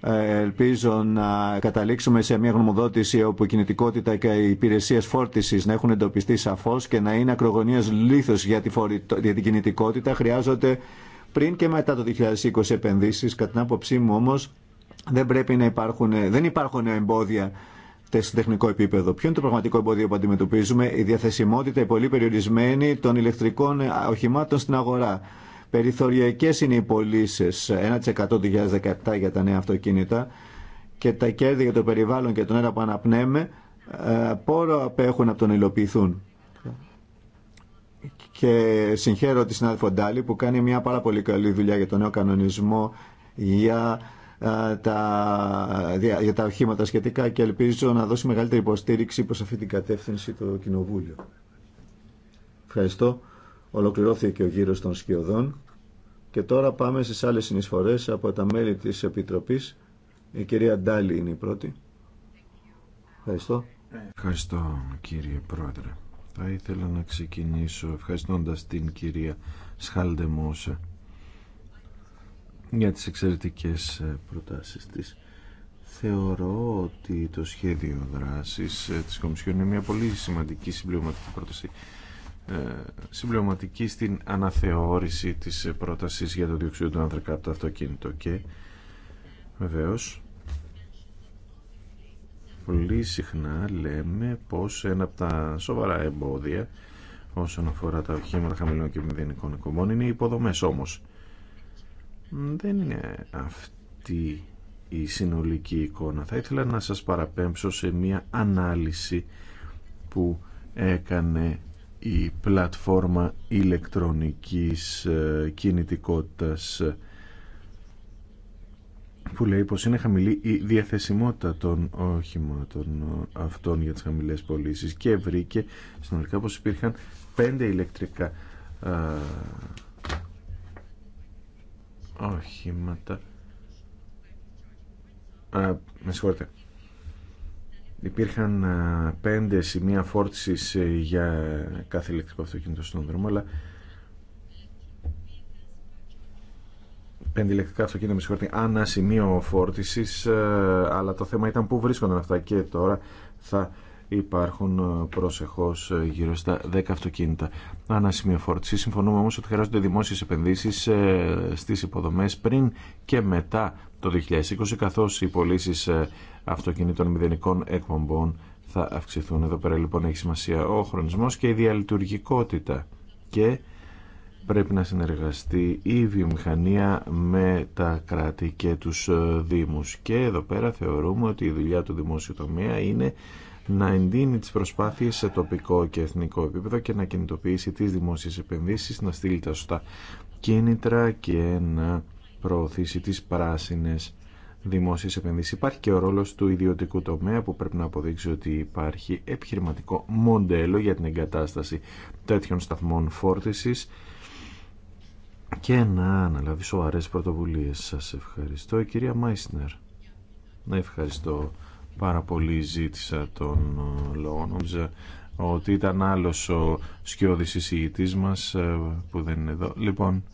Ε, ελπίζω να καταλήξουμε σε μια γνωμοδότηση όπου η κινητικότητα και οι υπηρεσίε φόρτιση να έχουν εντοπιστεί σαφώ και να είναι ακρογωνία λήθο για, για την κινητικότητα. Χρειάζονται πριν και μετά το 2020 επενδύσει. Κατά την άποψή μου όμω δεν να υπάρχουν, δεν υπάρχουν εμπόδια στο τεχνικό επίπεδο. Ποιο είναι το πραγματικό εμπόδιο που αντιμετωπίζουμε, η διαθεσιμότητα η πολύ περιορισμένη των ηλεκτρικών ε, οχημάτων στην αγορά. Περιθωριακέ είναι οι πωλήσει 1% του 2017 για τα νέα αυτοκίνητα και τα κέρδη για το περιβάλλον και τον αέρα που αναπνέμε ε, πόρο απέχουν από τον υλοποιηθούν. Και συγχαίρω τη συνάδελφο Ντάλη που κάνει μια πάρα πολύ καλή δουλειά για τον νέο κανονισμό για τα, για τα οχήματα σχετικά και ελπίζω να δώσει μεγαλύτερη υποστήριξη προς αυτή την κατεύθυνση το Κοινοβούλιο. Ευχαριστώ. Ολοκληρώθηκε ο γύρος των σκιωδών και τώρα πάμε στις άλλες συνεισφορές από τα μέλη της Επιτροπής. Η κυρία Ντάλη είναι η πρώτη. Ευχαριστώ. Ευχαριστώ κύριε Πρόεδρε. Θα ήθελα να ξεκινήσω ευχαριστώντας την κυρία Σχάλντε Μόσα για τις εξαιρετικές ε, προτάσεις της. Θεωρώ ότι το σχέδιο δράσης ε, της Κομισιόν είναι μια πολύ σημαντική συμπληρωματική πρόταση ε, συμπληρωματική στην αναθεώρηση της πρότασης για το διοξείδιο του άνθρακα από το αυτοκίνητο και βεβαίως πολύ συχνά λέμε πως ένα από τα σοβαρά εμπόδια όσον αφορά τα οχήματα χαμηλών και μηδενικών οικομών είναι οι υποδομές όμως δεν είναι αυτή η συνολική εικόνα. Θα ήθελα να σας παραπέμψω σε μία ανάλυση που έκανε η πλατφόρμα ηλεκτρονικής ε, κινητικότητας που λέει πως είναι χαμηλή η διαθεσιμότητα των οχημάτων ε, αυτών για τις χαμηλές πωλήσει και βρήκε συνολικά πως υπήρχαν πέντε ηλεκτρικά ε, οχήματα Α, με συγχωρείτε υπήρχαν πέντε σημεία φόρτισης ε, για κάθε ηλεκτρικό αυτοκίνητο στον δρόμο αλλά πέντε ηλεκτρικά αυτοκίνητα με συγχωρείτε ανά σημείο φόρτισης ε, αλλά το θέμα ήταν που βρίσκονταν αυτά και τώρα θα υπάρχουν ε, προσεχώ ε, γύρω στα 10 αυτοκίνητα ανά σημείο φόρτιση. Συμφωνούμε όμως ότι χρειάζονται δημόσιε επενδύσει ε, στι υποδομέ πριν και μετά το 2020 καθώ οι πωλήσει αυτοκινήτων μηδενικών εκπομπών θα αυξηθούν. Εδώ πέρα λοιπόν έχει σημασία ο χρονισμό και η διαλειτουργικότητα και πρέπει να συνεργαστεί η βιομηχανία με τα κράτη και τους δήμους. Και εδώ πέρα θεωρούμε ότι η δουλειά του δημόσιου τομέα είναι να εντείνει τις προσπάθειες σε τοπικό και εθνικό επίπεδο και να κινητοποιήσει τις δημόσιες επενδύσεις, να στείλει τα σωστά κίνητρα και να προωθήσει τις πράσινες δημόσιες επενδύσεις. Υπάρχει και ο ρόλος του ιδιωτικού τομέα που πρέπει να αποδείξει ότι υπάρχει επιχειρηματικό μοντέλο για την εγκατάσταση τέτοιων σταθμών φόρτισης και να αναλάβει σοβαρές πρωτοβουλίες. Σας ευχαριστώ. κυρία Μάισνερ. Να ευχαριστώ πάρα πολύ ζήτησα τον ε, λόγο. Νόμιζα ότι ήταν άλλος ο σκιώδης εισηγητής μας ε, που δεν είναι εδώ. Λοιπόν,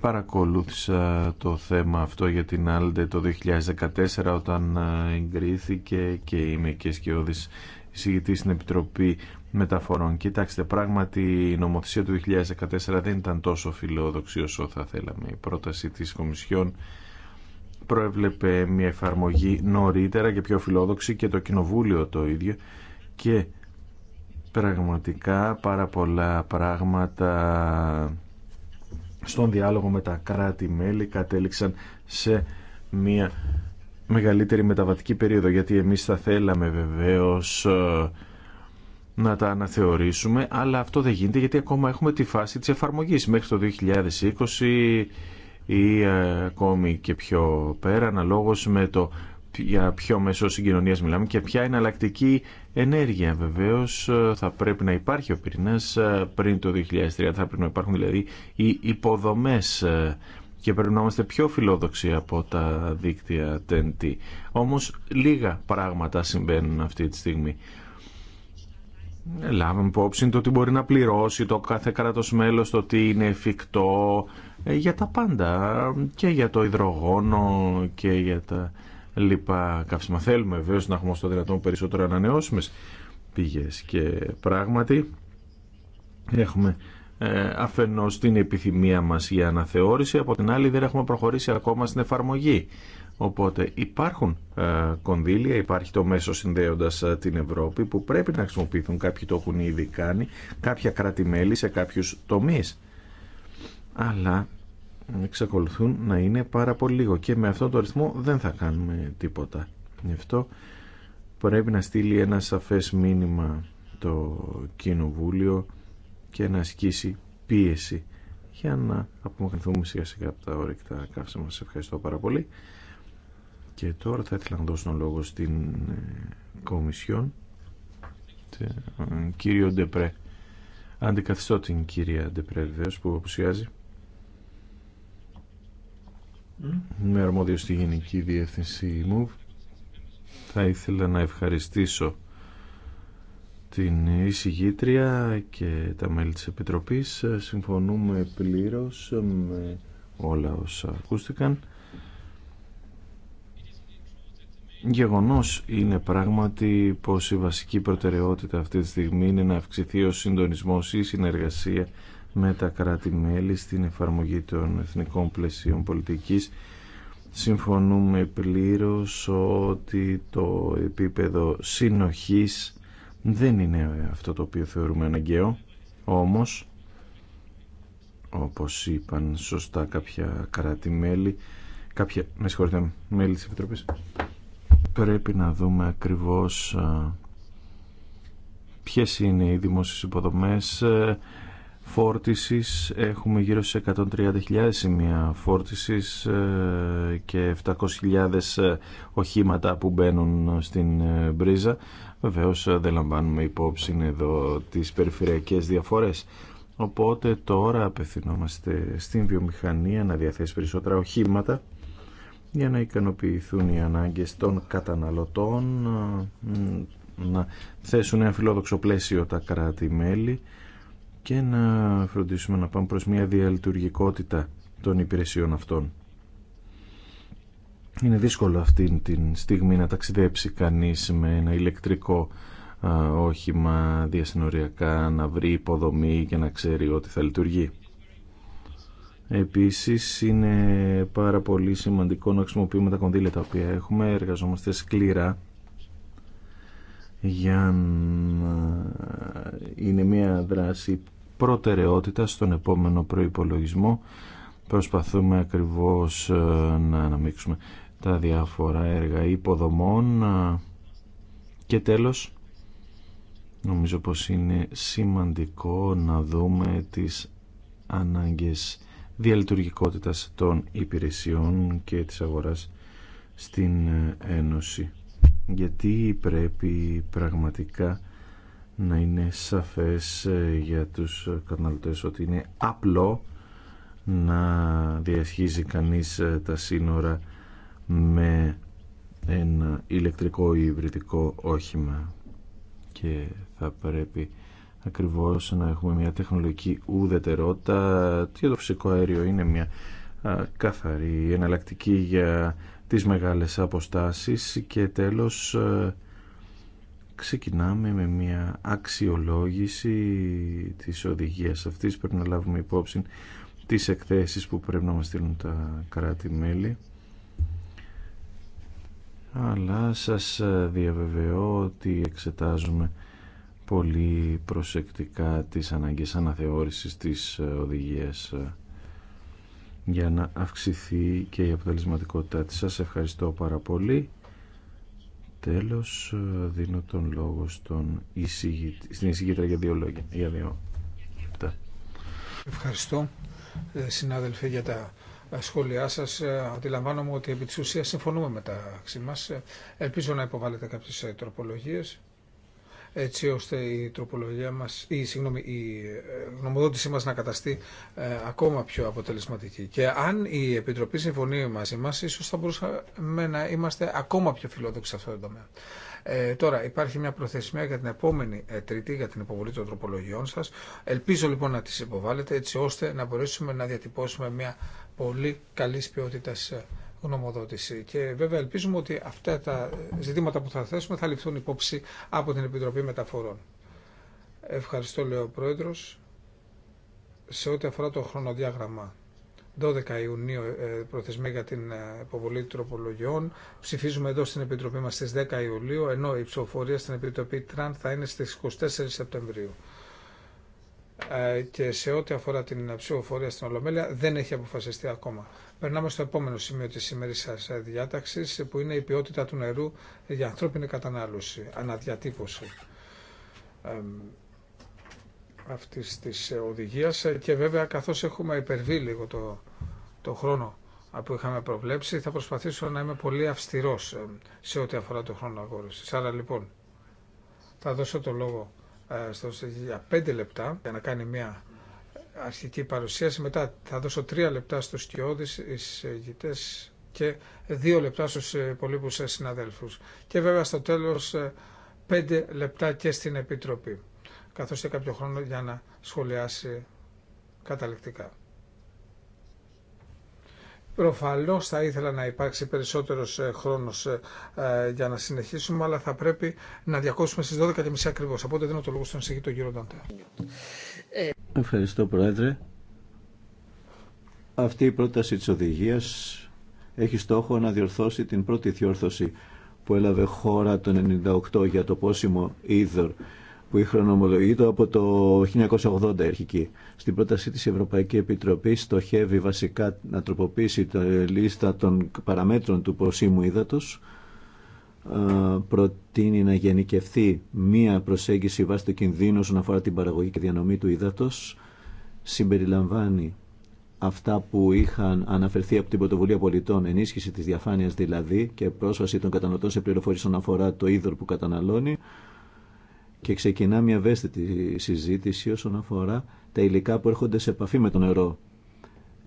παρακολούθησα το θέμα αυτό για την Άλντε το 2014 όταν ε, εγκρίθηκε και είμαι και σκιώδης εισηγητή στην Επιτροπή Μεταφορών. Κοιτάξτε, πράγματι η νομοθεσία του 2014 δεν ήταν τόσο φιλόδοξη όσο θα θέλαμε. Η πρόταση της Κομισιόν προέβλεπε μια εφαρμογή νωρίτερα και πιο φιλόδοξη και το Κοινοβούλιο το ίδιο και πραγματικά πάρα πολλά πράγματα στον διάλογο με τα κράτη-μέλη κατέληξαν σε μια μεγαλύτερη μεταβατική περίοδο γιατί εμείς θα θέλαμε βεβαίως ε, να τα αναθεωρήσουμε αλλά αυτό δεν γίνεται γιατί ακόμα έχουμε τη φάση της εφαρμογής μέχρι το 2020 ή ε, ακόμη και πιο πέρα, αναλόγως με το για ποιο μέσο συγκοινωνία μιλάμε και ποια εναλλακτική ενέργεια. Βεβαίω ε, θα πρέπει να υπάρχει ο πυρηνά ε, πριν το 2030, θα πρέπει να υπάρχουν δηλαδή οι υποδομέ και πρέπει να είμαστε πιο φιλόδοξοι από τα δίκτυα TNT. Όμως λίγα πράγματα συμβαίνουν αυτή τη στιγμή. Λάβουμε υπόψη το ότι μπορεί να πληρώσει το κάθε κράτο μέλο το τι είναι εφικτό, ε, για τα πάντα και για το υδρογόνο και για τα λοιπά καύσιμα. Θέλουμε βέβαια να έχουμε στο δυνατόν περισσότερο ανανεώσιμε πηγές και πράγματι έχουμε ε, αφενός την επιθυμία μα για αναθεώρηση, από την άλλη δεν έχουμε προχωρήσει ακόμα στην εφαρμογή. Οπότε υπάρχουν ε, κονδύλια, υπάρχει το μέσο συνδέοντας την Ευρώπη που πρέπει να χρησιμοποιηθούν, κάποιοι το έχουν ήδη κάνει, κάποια κράτη-μέλη σε κάποιους τομείς. Αλλά εξακολουθούν να είναι πάρα πολύ λίγο και με αυτόν τον αριθμό δεν θα κάνουμε τίποτα. Γι' αυτό πρέπει να στείλει ένα σαφές μήνυμα το Κοινοβούλιο και να ασκήσει πίεση για να απομακρυνθούμε σιγά σιγά από τα όρεκτα καύσα μας. Ευχαριστώ πάρα πολύ. Και τώρα θα ήθελα να δώσω τον λόγο στην ε, Κομισιόν, τον ε, κύριο Ντεπρέ. Αντικαθιστώ την κυρία Ντεπρέ βεβαίως που αποσιάζει με αρμόδιο στη Γενική Διεύθυνση μου. Θα ήθελα να ευχαριστήσω την εισηγήτρια και τα μέλη της Επιτροπής. Συμφωνούμε πλήρως με όλα όσα ακούστηκαν. Γεγονός είναι πράγματι πως η βασική προτεραιότητα αυτή τη στιγμή είναι να αυξηθεί ο συντονισμός ή η συνεργασία με τα κράτη-μέλη στην εφαρμογή των εθνικών πλαισίων πολιτικής. Συμφωνούμε πλήρως ότι το επίπεδο συνοχής δεν είναι αυτό το οποίο θεωρούμε αναγκαίο, όμως, όπως είπαν σωστά κάποια κράτη-μέλη, κάποια, με συγχωρείτε, μέλη της Επιτροπής, πρέπει να δούμε ακριβώς ποιες είναι οι δημόσιες υποδομές, φόρτισης έχουμε γύρω σε 130.000 σημεία φόρτισης ε, και 700.000 ε, οχήματα που μπαίνουν ε, στην μπρίζα. Βεβαίως δεν λαμβάνουμε υπόψη εδώ τις περιφερειακές διαφορές. Οπότε τώρα απευθυνόμαστε στην βιομηχανία να διαθέσει περισσότερα οχήματα για να ικανοποιηθούν οι ανάγκες των καταναλωτών, να θέσουν ένα φιλόδοξο πλαίσιο τα κράτη-μέλη και να φροντίσουμε να πάμε προς μια διαλειτουργικότητα των υπηρεσιών αυτών. Είναι δύσκολο αυτή τη στιγμή να ταξιδέψει κανείς με ένα ηλεκτρικό όχημα διασυνοριακά, να βρει υποδομή και να ξέρει ότι θα λειτουργεί. Επίσης είναι πάρα πολύ σημαντικό να χρησιμοποιούμε τα κονδύλια τα οποία έχουμε, εργαζόμαστε σκληρά για είναι μια δράση προτεραιότητα στον επόμενο προϋπολογισμό. Προσπαθούμε ακριβώς ε, να αναμίξουμε τα διάφορα έργα υποδομών ε, και τέλος νομίζω πως είναι σημαντικό να δούμε τις ανάγκες διαλειτουργικότητας των υπηρεσιών και της αγοράς στην ε, Ένωση γιατί πρέπει πραγματικά να είναι σαφές ε, για τους καταναλωτές ότι είναι απλό να διασχίζει κανείς ε, τα σύνορα με ένα ηλεκτρικό ή υβριδικό όχημα και θα πρέπει ακριβώς να έχουμε μια τεχνολογική ουδετερότητα και το φυσικό αέριο είναι μια καθαρή εναλλακτική για τις μεγάλες αποστάσεις και τέλος ε, ξεκινάμε με μια αξιολόγηση της οδηγίας αυτής. Πρέπει να λάβουμε υπόψη τις εκθέσεις που πρέπει να μας στείλουν τα κράτη-μέλη. Αλλά σας διαβεβαιώ ότι εξετάζουμε πολύ προσεκτικά τις ανάγκες αναθεώρησης της οδηγίας για να αυξηθεί και η αποτελεσματικότητά της. Σας ευχαριστώ πάρα πολύ Τέλος, δίνω τον λόγο στον εισηγη... στην εισηγήτρα για δύο λόγια. Για δύο. Ευχαριστώ, ε, συνάδελφοι, για τα ε, σχόλιά σας. Ε, αντιλαμβάνομαι ότι επί της ουσίας συμφωνούμε μεταξύ μας. Ελπίζω να υποβάλλετε κάποιες τροπολογίες έτσι ώστε η τροπολογία μας, η, συγγνώμη, η ε, γνωμοδότησή μας να καταστεί ε, ακόμα πιο αποτελεσματική. Και αν η Επιτροπή συμφωνεί μαζί μας, ίσως θα μπορούσαμε να είμαστε ακόμα πιο φιλόδοξοι σε αυτό το τομέα. Ε, τώρα υπάρχει μια προθεσμία για την επόμενη ε, Τρίτη για την υποβολή των τροπολογιών σας. Ελπίζω λοιπόν να τις υποβάλλετε έτσι ώστε να μπορέσουμε να διατυπώσουμε μια πολύ καλή ποιότητα γνωμοδότηση. Και βέβαια ελπίζουμε ότι αυτά τα ζητήματα που θα θέσουμε θα ληφθούν υπόψη από την Επιτροπή Μεταφορών. Ευχαριστώ, λέει ο Πρόεδρος. Σε ό,τι αφορά το χρονοδιάγραμμα, 12 Ιουνίου ε, προθεσμία για την ε, υποβολή τροπολογιών. Ψηφίζουμε εδώ στην Επιτροπή μας στις 10 Ιουλίου, ενώ η ψηφοφορία στην Επιτροπή Τραν θα είναι στις 24 Σεπτεμβρίου. Ε, και σε ό,τι αφορά την ψηφοφορία στην Ολομέλεια δεν έχει αποφασιστεί ακόμα. Περνάμε στο επόμενο σημείο της σημερινής σας ε, διάταξης που είναι η ποιότητα του νερού για ανθρώπινη κατανάλωση, αναδιατύπωση αυτής της ε, οδηγίας και βέβαια καθώς έχουμε υπερβεί λίγο το, το χρόνο που είχαμε προβλέψει θα προσπαθήσω να είμαι πολύ αυστηρός σε ό,τι αφορά το χρόνο αγόρευσης. Άρα λοιπόν θα δώσω το λόγο ε, στο για 5 λεπτά για να κάνει μια αρχική παρουσίαση. Μετά θα δώσω 3 λεπτά στους κοιόδης εισηγητές και 2 λεπτά στους υπολείπους συναδέλφους. Και βέβαια στο τέλος 5 ε, λεπτά και στην Επιτροπή καθώς και κάποιο χρόνο για να σχολιάσει καταληκτικά. Προφανώς θα ήθελα να υπάρξει περισσότερος ε, χρόνος ε, ε, για να συνεχίσουμε, αλλά θα πρέπει να διακόψουμε στις 12.30 ακριβώς. Οπότε δίνω το λόγο στον εισηγητό κύριο Νταντέ. Ευχαριστώ Πρόεδρε. Αυτή η πρόταση τη οδηγίας έχει στόχο να διορθώσει την πρώτη διόρθωση που έλαβε χώρα το 98 για το πόσιμο είδωρ που χρονομολογείται από το 1980 αρχική. Στην πρότασή της Ευρωπαϊκή Επιτροπή στοχεύει βασικά να τροποποιήσει τη λίστα των παραμέτρων του προσήμου ύδατος. Προτείνει να γενικευθεί μία προσέγγιση βάσει του κινδύνου όσον αφορά την παραγωγή και διανομή του ύδατος. Συμπεριλαμβάνει αυτά που είχαν αναφερθεί από την πρωτοβουλία πολιτών, ενίσχυση της διαφάνειας δηλαδή και πρόσβαση των καταναλωτών σε πληροφορίες όσον αφορά το είδωρ που καταναλώνει και ξεκινά μια ευαίσθητη συζήτηση όσον αφορά τα υλικά που έρχονται σε επαφή με το νερό.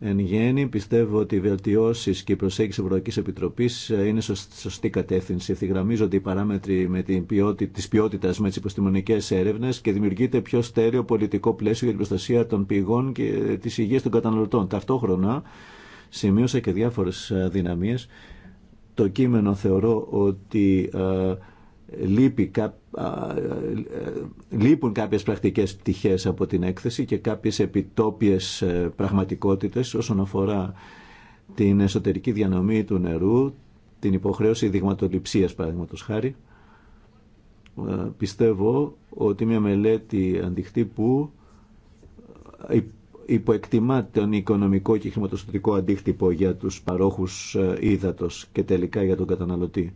Εν γέννη, πιστεύω ότι οι βελτιώσει και η προσέγγιση Ευρωπαϊκή Επιτροπή ε, είναι σωστή κατεύθυνση. Ευθυγραμμίζονται οι παράμετροι με την ποιότητα, της με τι επιστημονικέ έρευνε και δημιουργείται πιο στέρεο πολιτικό πλαίσιο για την προστασία των πηγών και ε, τη υγεία των καταναλωτών. Ταυτόχρονα, σημείωσα και διάφορε ε, δυναμίε. Το κείμενο θεωρώ ότι λείπει, ε, λείπουν κάποιες πρακτικές πτυχές από την έκθεση και κάποιες επιτόπιες ε, πραγματικότητες όσον αφορά την εσωτερική διανομή του νερού, την υποχρέωση δειγματοληψίας παραδείγματος χάρη. Ε, πιστεύω ότι μια μελέτη που υποεκτιμά τον οικονομικό και χρηματοστατικό αντίκτυπο για τους παρόχους ύδατος και τελικά για τον καταναλωτή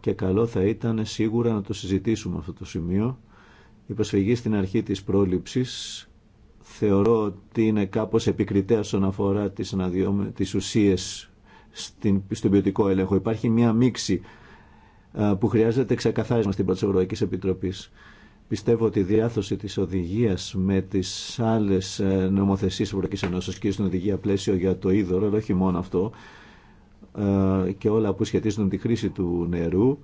και καλό θα ήταν σίγουρα να το συζητήσουμε αυτό το σημείο. Η προσφυγή στην αρχή της πρόληψης θεωρώ ότι είναι κάπως επικριτέα όσον αφορά τις, αναδιόμε, τις ουσίες στην, στον ποιοτικό έλεγχο. Υπάρχει μια μίξη που χρειάζεται ξεκαθάρισμα στην πρώτη Ευρωπαϊκή Επιτροπή. Πιστεύω ότι η διάθεση της οδηγίας με τις άλλες ε, νομοθεσίες Ευρωπαϊκής Ενώσης και στην οδηγία πλαίσιο για το είδωρο, αλλά όχι μόνο αυτό, ε, και όλα που σχετίζονται με τη χρήση του νερού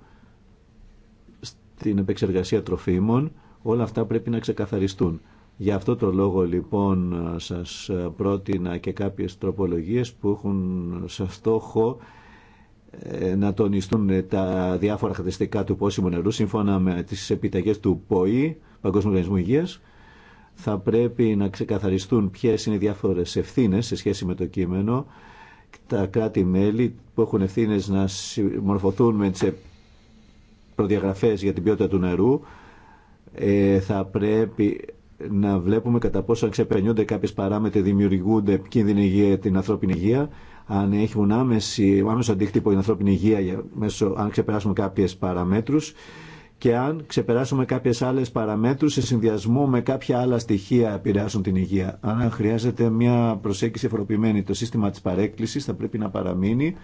στην επεξεργασία τροφίμων, όλα αυτά πρέπει να ξεκαθαριστούν. Για αυτό το λόγο λοιπόν σας πρότεινα και κάποιες τροπολογίες που έχουν σαν στόχο ε, να τονιστούν τα διάφορα χαρακτηριστικά του πόσιμου νερού σύμφωνα με τις επιταγές του ΠΟΗ, Παγκόσμιου Οργανισμού Υγείας. Θα πρέπει να ξεκαθαριστούν ποιες είναι οι διάφορες ευθύνες σε σχέση με το κείμενο τα κράτη-μέλη που έχουν ευθύνε να συμμορφωθούν με τι προδιαγραφέ για την ποιότητα του νερού, ε, θα πρέπει να βλέπουμε κατά πόσο αν ξεπερνιούνται κάποιε παράμετροι, δημιουργούνται επικίνδυνοι για την ανθρώπινη υγεία, αν έχουν άμεση, άμεσο αντίκτυπο για την ανθρώπινη υγεία μέσω, αν ξεπεράσουμε κάποιε παραμέτρου και αν ξεπεράσουμε κάποιε άλλε παραμέτρου σε συνδυασμό με κάποια άλλα στοιχεία επηρεάσουν την υγεία. Αν χρειάζεται μια προσέγγιση εφοροποιημένη. Το σύστημα τη παρέκκλησης θα πρέπει να παραμείνει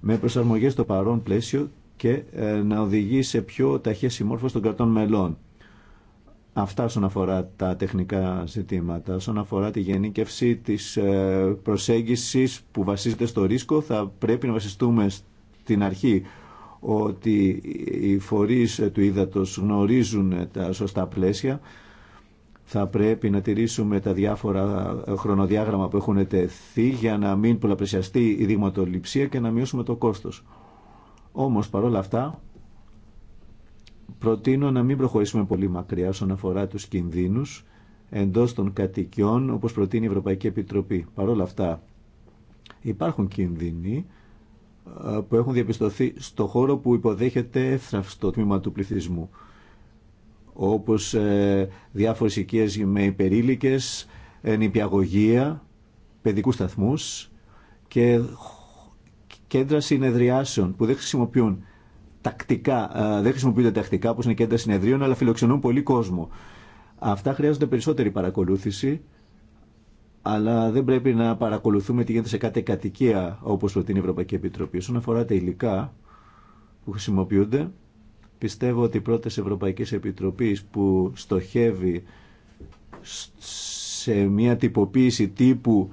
με προσαρμογέ στο παρόν πλαίσιο και ε, να οδηγεί σε πιο ταχεία συμμόρφωση των κρατών μελών. Αυτά όσον αφορά τα τεχνικά ζητήματα. Όσον αφορά τη γενίκευση της ε, προσέγγιση που βασίζεται στο ρίσκο, θα πρέπει να βασιστούμε στην αρχή ότι οι φορείς του ύδατος γνωρίζουν τα σωστά πλαίσια. Θα πρέπει να τηρήσουμε τα διάφορα χρονοδιάγραμμα που έχουν τεθεί για να μην πολλαπλασιαστεί η δειγματοληψία και να μειώσουμε το κόστος. Όμως παρόλα αυτά προτείνω να μην προχωρήσουμε πολύ μακριά όσον αφορά τους κινδύνους εντός των κατοικιών όπως προτείνει η Ευρωπαϊκή Επιτροπή. Παρόλα αυτά υπάρχουν κινδύνοι ε, που έχουν διαπιστωθεί στο χώρο που υποδέχεται εύθραυστο τμήμα του πληθυσμού όπως ε, διάφορες οικίες με υπερήλικες, ε, νηπιαγωγεία, παιδικούς σταθμούς και κέντρα συνεδριάσεων που δεν χρησιμοποιούν τακτικά, ε, δεν χρησιμοποιούνται τακτικά όπως είναι κέντρα συνεδρίων αλλά φιλοξενούν πολύ κόσμο. Αυτά χρειάζονται περισσότερη παρακολούθηση αλλά δεν πρέπει να παρακολουθούμε τι γίνεται σε κάθε κατοικία όπως προτείνει η Ευρωπαϊκή Επιτροπή. Όσον αφορά τα υλικά που χρησιμοποιούνται, πιστεύω ότι οι πρώτε Ευρωπαϊκή Επιτροπή που στοχεύει σε μια τυποποίηση τύπου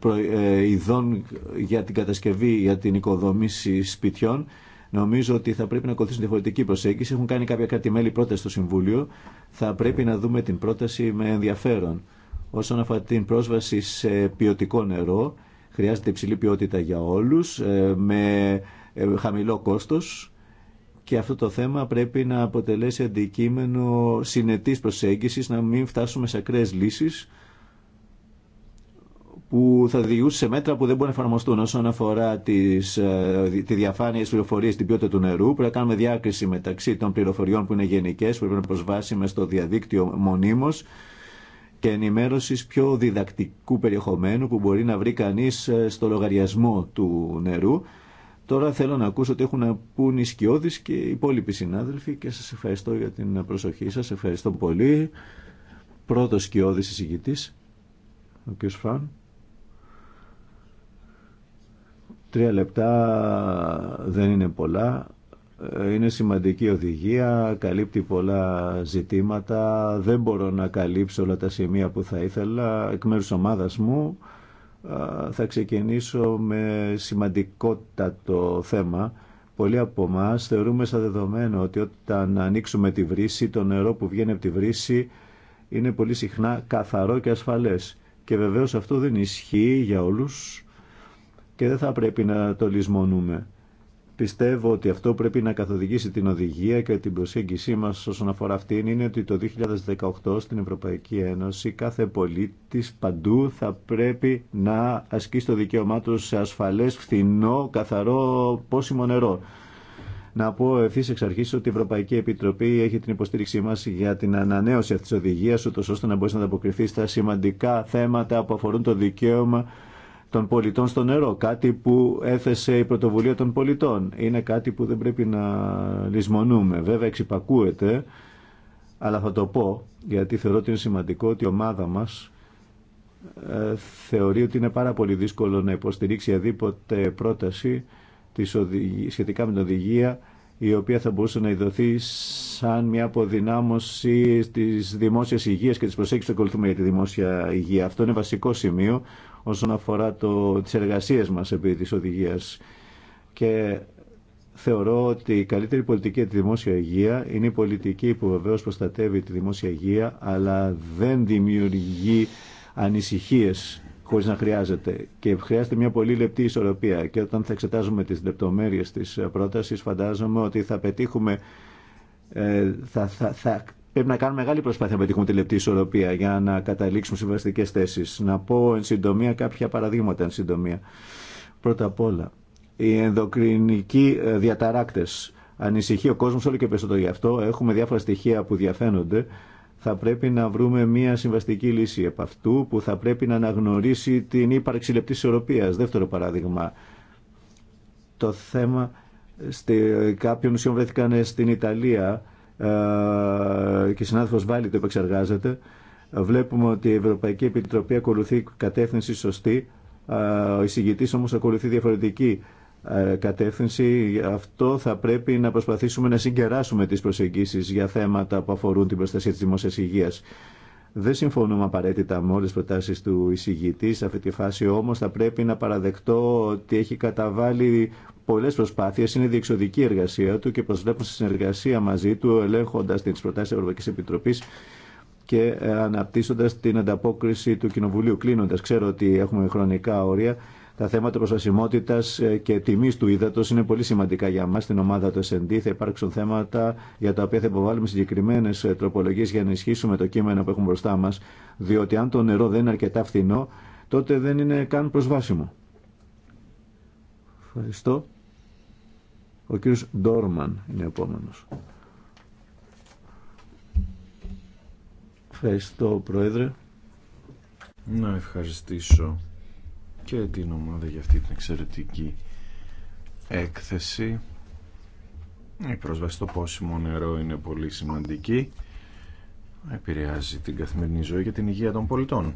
ε, ειδών για την κατασκευή, για την οικοδόμηση σπιτιών, Νομίζω ότι θα πρέπει να ακολουθήσουν διαφορετική προσέγγιση. Έχουν κάνει κάποια κράτη-μέλη πρόταση στο Συμβούλιο. Θα πρέπει να δούμε την πρόταση με ενδιαφέρον. Όσον αφορά την πρόσβαση σε ποιοτικό νερό, χρειάζεται υψηλή ποιότητα για όλους, ε, με ε, χαμηλό κόστος και αυτό το θέμα πρέπει να αποτελέσει αντικείμενο συνετής προσέγγισης, να μην φτάσουμε σε ακραίες λύσεις που θα διηγούσε σε μέτρα που δεν μπορούν να εφαρμοστούν όσον αφορά τις, ε, τη διαφάνεια τη πληροφορία στην ποιότητα του νερού. Πρέπει να κάνουμε διάκριση μεταξύ των πληροφοριών που είναι γενικέ, που πρέπει να προσβάσουμε στο διαδίκτυο μονίμω και ενημέρωσης πιο διδακτικού περιεχομένου που μπορεί να βρει κανείς ε, στο λογαριασμό του νερού. Τώρα θέλω να ακούσω ότι έχουν να πούν οι σκιώδεις και οι υπόλοιποι συνάδελφοι και σας ευχαριστώ για την προσοχή σας. Ευχαριστώ πολύ. Πρώτος σκιώδης εισηγητής, ο κ. Φραν. Τρία λεπτά δεν είναι πολλά. Ε, είναι σημαντική οδηγία, καλύπτει πολλά ζητήματα, δεν μπορώ να καλύψω όλα τα σημεία που θα ήθελα. Εκ μέρους ομάδας μου θα ξεκινήσω με σημαντικότατο θέμα. Πολλοί από εμά θεωρούμε σαν δεδομένο ότι όταν ανοίξουμε τη βρύση, το νερό που βγαίνει από τη βρύση είναι πολύ συχνά καθαρό και ασφαλές. Και βεβαίως αυτό δεν ισχύει για όλους και δεν θα πρέπει να το λησμονούμε. Πιστεύω ότι αυτό πρέπει να καθοδηγήσει την οδηγία και την προσέγγιση μας όσον αφορά αυτήν είναι ότι το 2018 στην Ευρωπαϊκή Ένωση κάθε πολίτη παντού θα πρέπει να ασκεί το δικαίωμά του σε ασφαλές, φθηνό, καθαρό, πόσιμο νερό. Να πω ευθύ εξ αρχή ότι η Ευρωπαϊκή Επιτροπή έχει την υποστήριξή μα για την ανανέωση αυτή τη οδηγία, ούτω ώστε να μπορέσει να ανταποκριθεί στα σημαντικά θέματα που αφορούν το δικαίωμα των πολιτών στο νερό, κάτι που έθεσε η πρωτοβουλία των πολιτών. Είναι κάτι που δεν πρέπει να λησμονούμε. Βέβαια εξυπακούεται, αλλά θα το πω, γιατί θεωρώ ότι είναι σημαντικό ότι η ομάδα μας ε, θεωρεί ότι είναι πάρα πολύ δύσκολο να υποστηρίξει αδίποτε πρόταση της σχετικά με την οδηγία η οποία θα μπορούσε να ειδωθεί σαν μια αποδυνάμωση της δημόσιας υγείας και της προσέγγισης που ακολουθούμε για τη δημόσια υγεία. Αυτό είναι βασικό σημείο όσον αφορά το, τις εργασίες μας επί της οδηγίας. Και θεωρώ ότι η καλύτερη πολιτική για τη δημόσια υγεία είναι η πολιτική που βεβαίως προστατεύει τη δημόσια υγεία αλλά δεν δημιουργεί ανησυχίες χωρί να χρειάζεται. Και χρειάζεται μια πολύ λεπτή ισορροπία. Και όταν θα εξετάζουμε τι λεπτομέρειε τη πρόταση, φαντάζομαι ότι θα πετύχουμε. Ε, θα, θα Πρέπει να κάνουμε μεγάλη προσπάθεια να πετύχουμε τη λεπτή ισορροπία για να καταλήξουμε συμβαστικέ θέσει. Να πω εν συντομία κάποια παραδείγματα εν συντομία. Πρώτα απ' όλα, οι ενδοκρινικοί ε, διαταράκτε. Ανησυχεί ο κόσμο όλο και περισσότερο γι' αυτό. Έχουμε διάφορα στοιχεία που διαφαίνονται. Θα πρέπει να βρούμε μια συμβαστική λύση επ' αυτού που θα πρέπει να αναγνωρίσει την ύπαρξη λεπτή ισορροπία. Δεύτερο παράδειγμα. Το θέμα στη, κάποιων βρέθηκαν στην Ιταλία ε, και συνάδελφος Βάλλη το επεξεργάζεται. Βλέπουμε ότι η Ευρωπαϊκή Επιτροπή ακολουθεί κατεύθυνση σωστή, ε, ο εισηγητής όμως ακολουθεί διαφορετική ε, κατεύθυνση. Αυτό θα πρέπει να προσπαθήσουμε να συγκεράσουμε τις προσεγγίσεις για θέματα που αφορούν την προστασία της δημόσιας υγείας. Δεν συμφωνούμε απαραίτητα με όλε τις προτάσει του εισηγητή. Σε αυτή τη φάση όμω θα πρέπει να παραδεχτώ ότι έχει καταβάλει Πολλέ προσπάθειε είναι διεξοδική εργασία του και προσβλέπουν στη συνεργασία μαζί του, ελέγχοντα τι προτάσει τη Ευρωπαϊκής Επιτροπής και ε, αναπτύσσοντας την ανταπόκριση του Κοινοβουλίου. Κλείνοντα, ξέρω ότι έχουμε χρονικά όρια, τα θέματα προσβασιμότητα ε, και τιμή του ύδατο είναι πολύ σημαντικά για μα. Στην ομάδα του SD θα υπάρξουν θέματα για τα οποία θα υποβάλουμε συγκεκριμένε ε, τροπολογίε για να ενισχύσουμε το κείμενο που έχουμε μπροστά μα. Διότι αν το νερό δεν είναι αρκετά φθηνό, τότε δεν είναι καν προσβάσιμο. Ευχαριστώ. Ο κύριος Ντόρμαν είναι ο επόμενος. Ευχαριστώ, Πρόεδρε. Να ευχαριστήσω και την ομάδα για αυτή την εξαιρετική έκθεση. Η πρόσβαση στο πόσιμο νερό είναι πολύ σημαντική. Επηρεάζει την καθημερινή ζωή και την υγεία των πολιτών.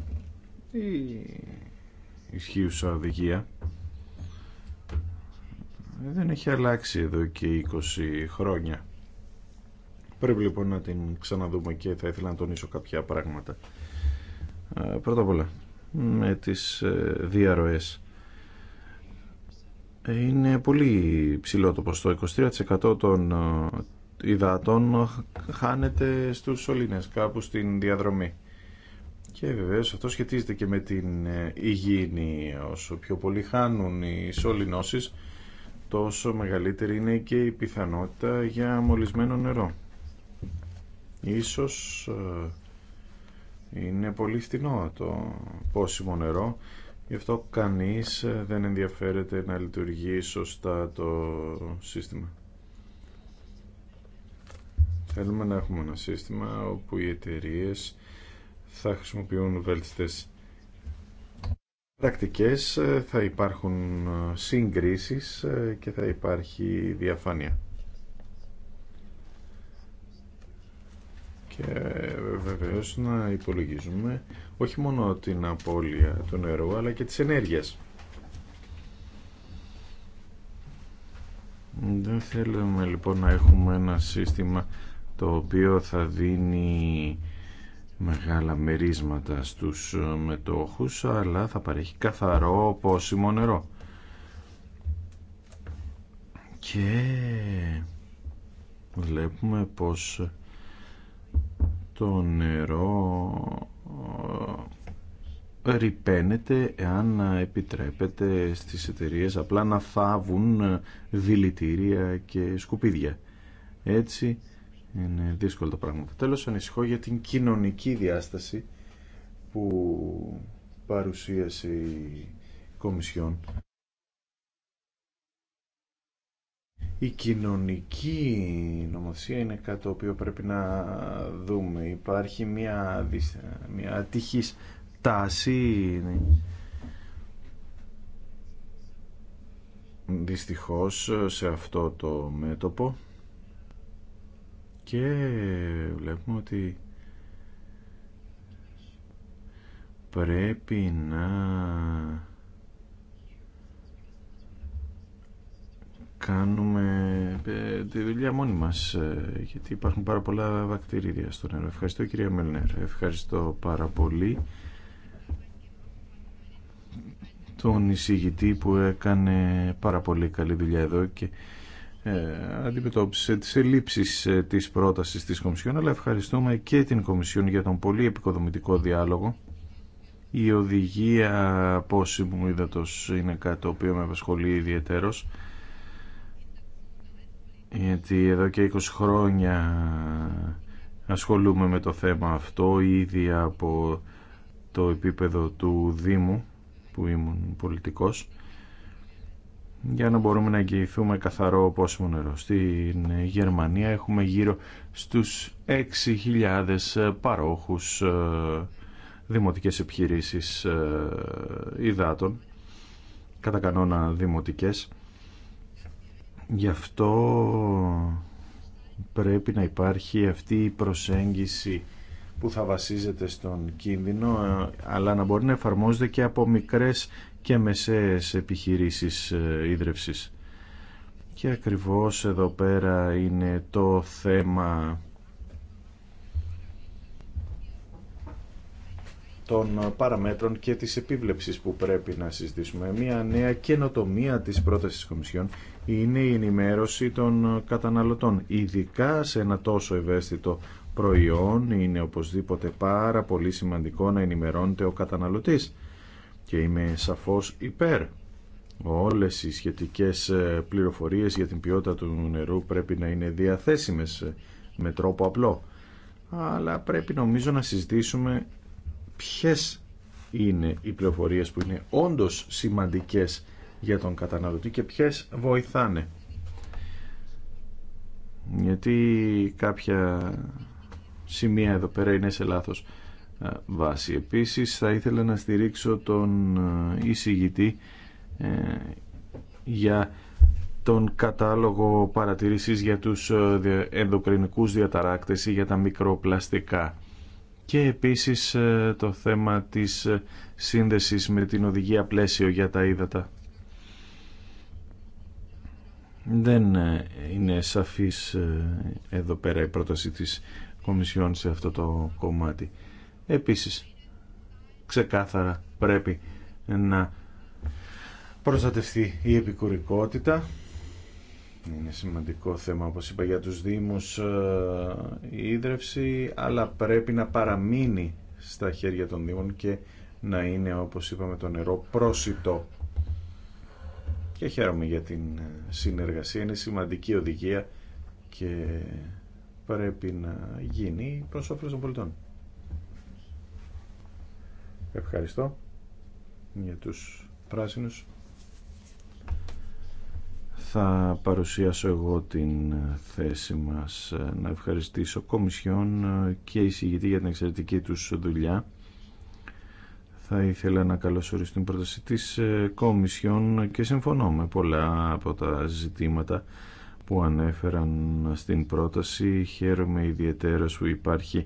Η ισχύουσα οδηγία δεν έχει αλλάξει εδώ και 20 χρόνια. Πρέπει λοιπόν να την ξαναδούμε και θα ήθελα να τονίσω κάποια πράγματα. Πρώτα απ' όλα, με τις ε, διαρροές. Είναι πολύ ψηλό το ποστό. 23% των ε, υδάτων χάνεται στους σωλήνες, κάπου στην διαδρομή. Και βεβαίως αυτό σχετίζεται και με την ε, υγιεινή. Όσο πιο πολύ χάνουν οι σωληνώσεις, τόσο μεγαλύτερη είναι και η πιθανότητα για μολυσμένο νερό. Ίσως ε, είναι πολύ φτηνό το πόσιμο νερό, γι' αυτό κανείς ε, δεν ενδιαφέρεται να λειτουργεί σωστά το σύστημα. Θέλουμε να έχουμε ένα σύστημα όπου οι εταιρείε θα χρησιμοποιούν βέλτιστες πρακτικές ε, θα υπάρχουν ε, συγκρίσεις ε, και θα υπάρχει διαφάνεια. Και βεβαίως να υπολογίζουμε όχι μόνο την απώλεια του νερού αλλά και της ενέργειας. Δεν θέλουμε λοιπόν να έχουμε ένα σύστημα το οποίο θα δίνει μεγάλα μερίσματα στους ε, μετόχους αλλά θα παρέχει καθαρό πόσιμο νερό και βλέπουμε πως το νερό ε, ρηπαίνεται εάν επιτρέπεται στις εταιρείες απλά να θάβουν δηλητήρια και σκουπίδια. Έτσι είναι δύσκολο το πράγμα. Τέλος ανησυχώ για την κοινωνική διάσταση που παρουσίασε η Κομισιόν. Η κοινωνική νομοθεσία είναι κάτι το οποίο πρέπει να δούμε. Υπάρχει μια, μια ατύχης τάση δυστυχώς σε αυτό το μέτωπο και βλέπουμε ότι πρέπει να κάνουμε ε, τη δουλειά μόνοι μας ε, γιατί υπάρχουν πάρα πολλά βακτηρίδια στο νερό. Ευχαριστώ κυρία Μελνέρ. Ευχαριστώ πάρα πολύ τον εισηγητή που έκανε πάρα πολύ καλή δουλειά εδώ και ε, αντιμετώπισε τις ελλείψεις ε, της πρότασης της Κομισιόν αλλά ευχαριστούμε και την Κομισιόν για τον πολύ επικοδομητικό διάλογο η οδηγία μου ύδατος είναι κάτι το οποίο με απασχολεί ιδιαίτερος γιατί εδώ και 20 χρόνια ασχολούμαι με το θέμα αυτό ήδη από το επίπεδο του Δήμου που ήμουν πολιτικός για να μπορούμε να εγγυηθούμε καθαρό πόσιμο νερό. Στην Γερμανία έχουμε γύρω στους 6.000 παρόχους ε, δημοτικές επιχειρήσεις ε, υδάτων, κατά κανόνα δημοτικές. Γι' αυτό πρέπει να υπάρχει αυτή η προσέγγιση που θα βασίζεται στον κίνδυνο ε, αλλά να μπορεί να εφαρμόζεται και από μικρές και μεσαίες επιχειρήσεις ε, ίδρυυσης. Και ακριβώς εδώ πέρα είναι το θέμα των παραμέτρων και της επίβλεψης που πρέπει να συζητήσουμε. Μια νέα καινοτομία της πρότασης της Κομισιόν είναι η ενημέρωση των καταναλωτών. Ειδικά σε ένα τόσο ευαίσθητο προϊόν είναι οπωσδήποτε πάρα πολύ σημαντικό να ενημερώνεται ο καταναλωτής και είμαι σαφώς υπέρ. Όλες οι σχετικές ε, πληροφορίες για την ποιότητα του νερού πρέπει να είναι διαθέσιμες ε, με τρόπο απλό. Αλλά πρέπει νομίζω να συζητήσουμε ποιες είναι οι πληροφορίες που είναι όντως σημαντικές για τον καταναλωτή και ποιες βοηθάνε. Γιατί κάποια σημεία εδώ πέρα είναι σε λάθος. Ε, βάση. Επίσης θα ήθελα να στηρίξω τον ε, εισηγητή ε, για τον κατάλογο παρατηρήσεις για τους ενδοκρινικούς διαταράκτες ή για τα μικροπλαστικά και επίσης το θέμα της σύνδεσης με την οδηγία πλαίσιο για τα ύδατα. Δεν είναι σαφής εδώ πέρα η πρόταση της Κομισιόν σε αυτό το κομμάτι. Επίσης, ξεκάθαρα πρέπει να προστατευτεί η επικουρικότητα. Είναι σημαντικό θέμα, όπως είπα, για τους Δήμους ε, η ίδρυυση, αλλά πρέπει να παραμείνει στα χέρια των Δήμων και να είναι, όπως είπαμε, το νερό πρόσιτο. Και χαίρομαι για την ε, συνεργασία. Είναι σημαντική οδηγία και πρέπει να γίνει προς όφελος των πολιτών. Ευχαριστώ για τους πράσινους. Θα παρουσιάσω εγώ την θέση μας να ευχαριστήσω Κομισιόν και εισηγητή για την εξαιρετική τους δουλειά. Θα ήθελα να καλωσορίσω την πρόταση της ε, Κομισιόν και συμφωνώ με πολλά από τα ζητήματα που ανέφεραν στην πρόταση. Χαίρομαι ιδιαίτερα που υπάρχει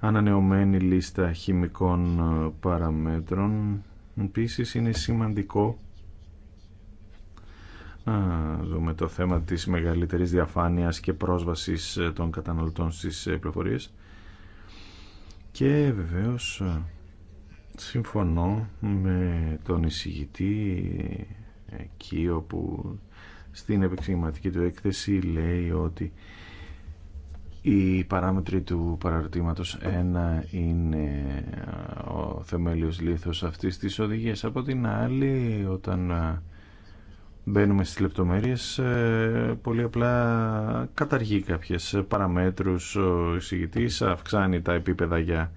ανανεωμένη λίστα χημικών ε, παραμέτρων. Επίσης είναι σημαντικό να δούμε το θέμα της μεγαλύτερης διαφάνειας και πρόσβασης ε, των καταναλωτών στις ε, πληροφορίες. Και βεβαίως συμφωνώ με τον εισηγητή εκεί όπου στην επεξηγηματική του έκθεση λέει ότι οι παράμετροι του παραρτήματος ένα είναι ε, ο θεμέλιος λήθος αυτής της οδηγίας. Από την άλλη, όταν ε, μπαίνουμε στις λεπτομέρειες, ε, πολύ απλά καταργεί κάποιες παραμέτρους ο εισηγητής, αυξάνει τα επίπεδα για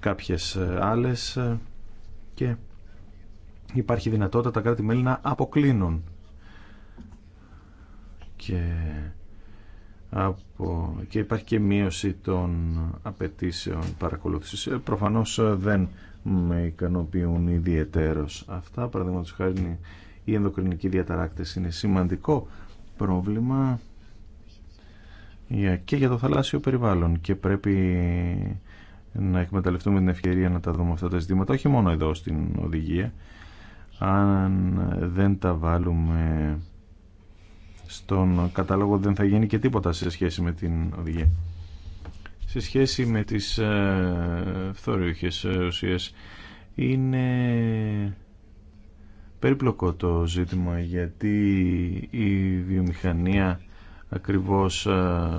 κάποιες άλλες και υπάρχει δυνατότητα τα κράτη-μέλη να αποκλίνουν. Και από... και υπάρχει και μείωση των απαιτήσεων παρακολούθησης. Ε, προφανώς ε, δεν με ικανοποιούν ιδιαιτέρως αυτά. Παραδείγματο χάρη η ενδοκρινική διαταράκτηση είναι σημαντικό πρόβλημα και για το θαλάσσιο περιβάλλον και πρέπει να εκμεταλλευτούμε την ευκαιρία να τα δούμε αυτά τα ζητήματα όχι μόνο εδώ στην οδηγία αν δεν τα βάλουμε στον κατάλογο δεν θα γίνει και τίποτα σε σχέση με την οδηγία. Σε σχέση με τις ε, φθοριούχέ ε, ουσίες είναι περίπλοκο το ζήτημα γιατί η βιομηχανία ακριβώς ε,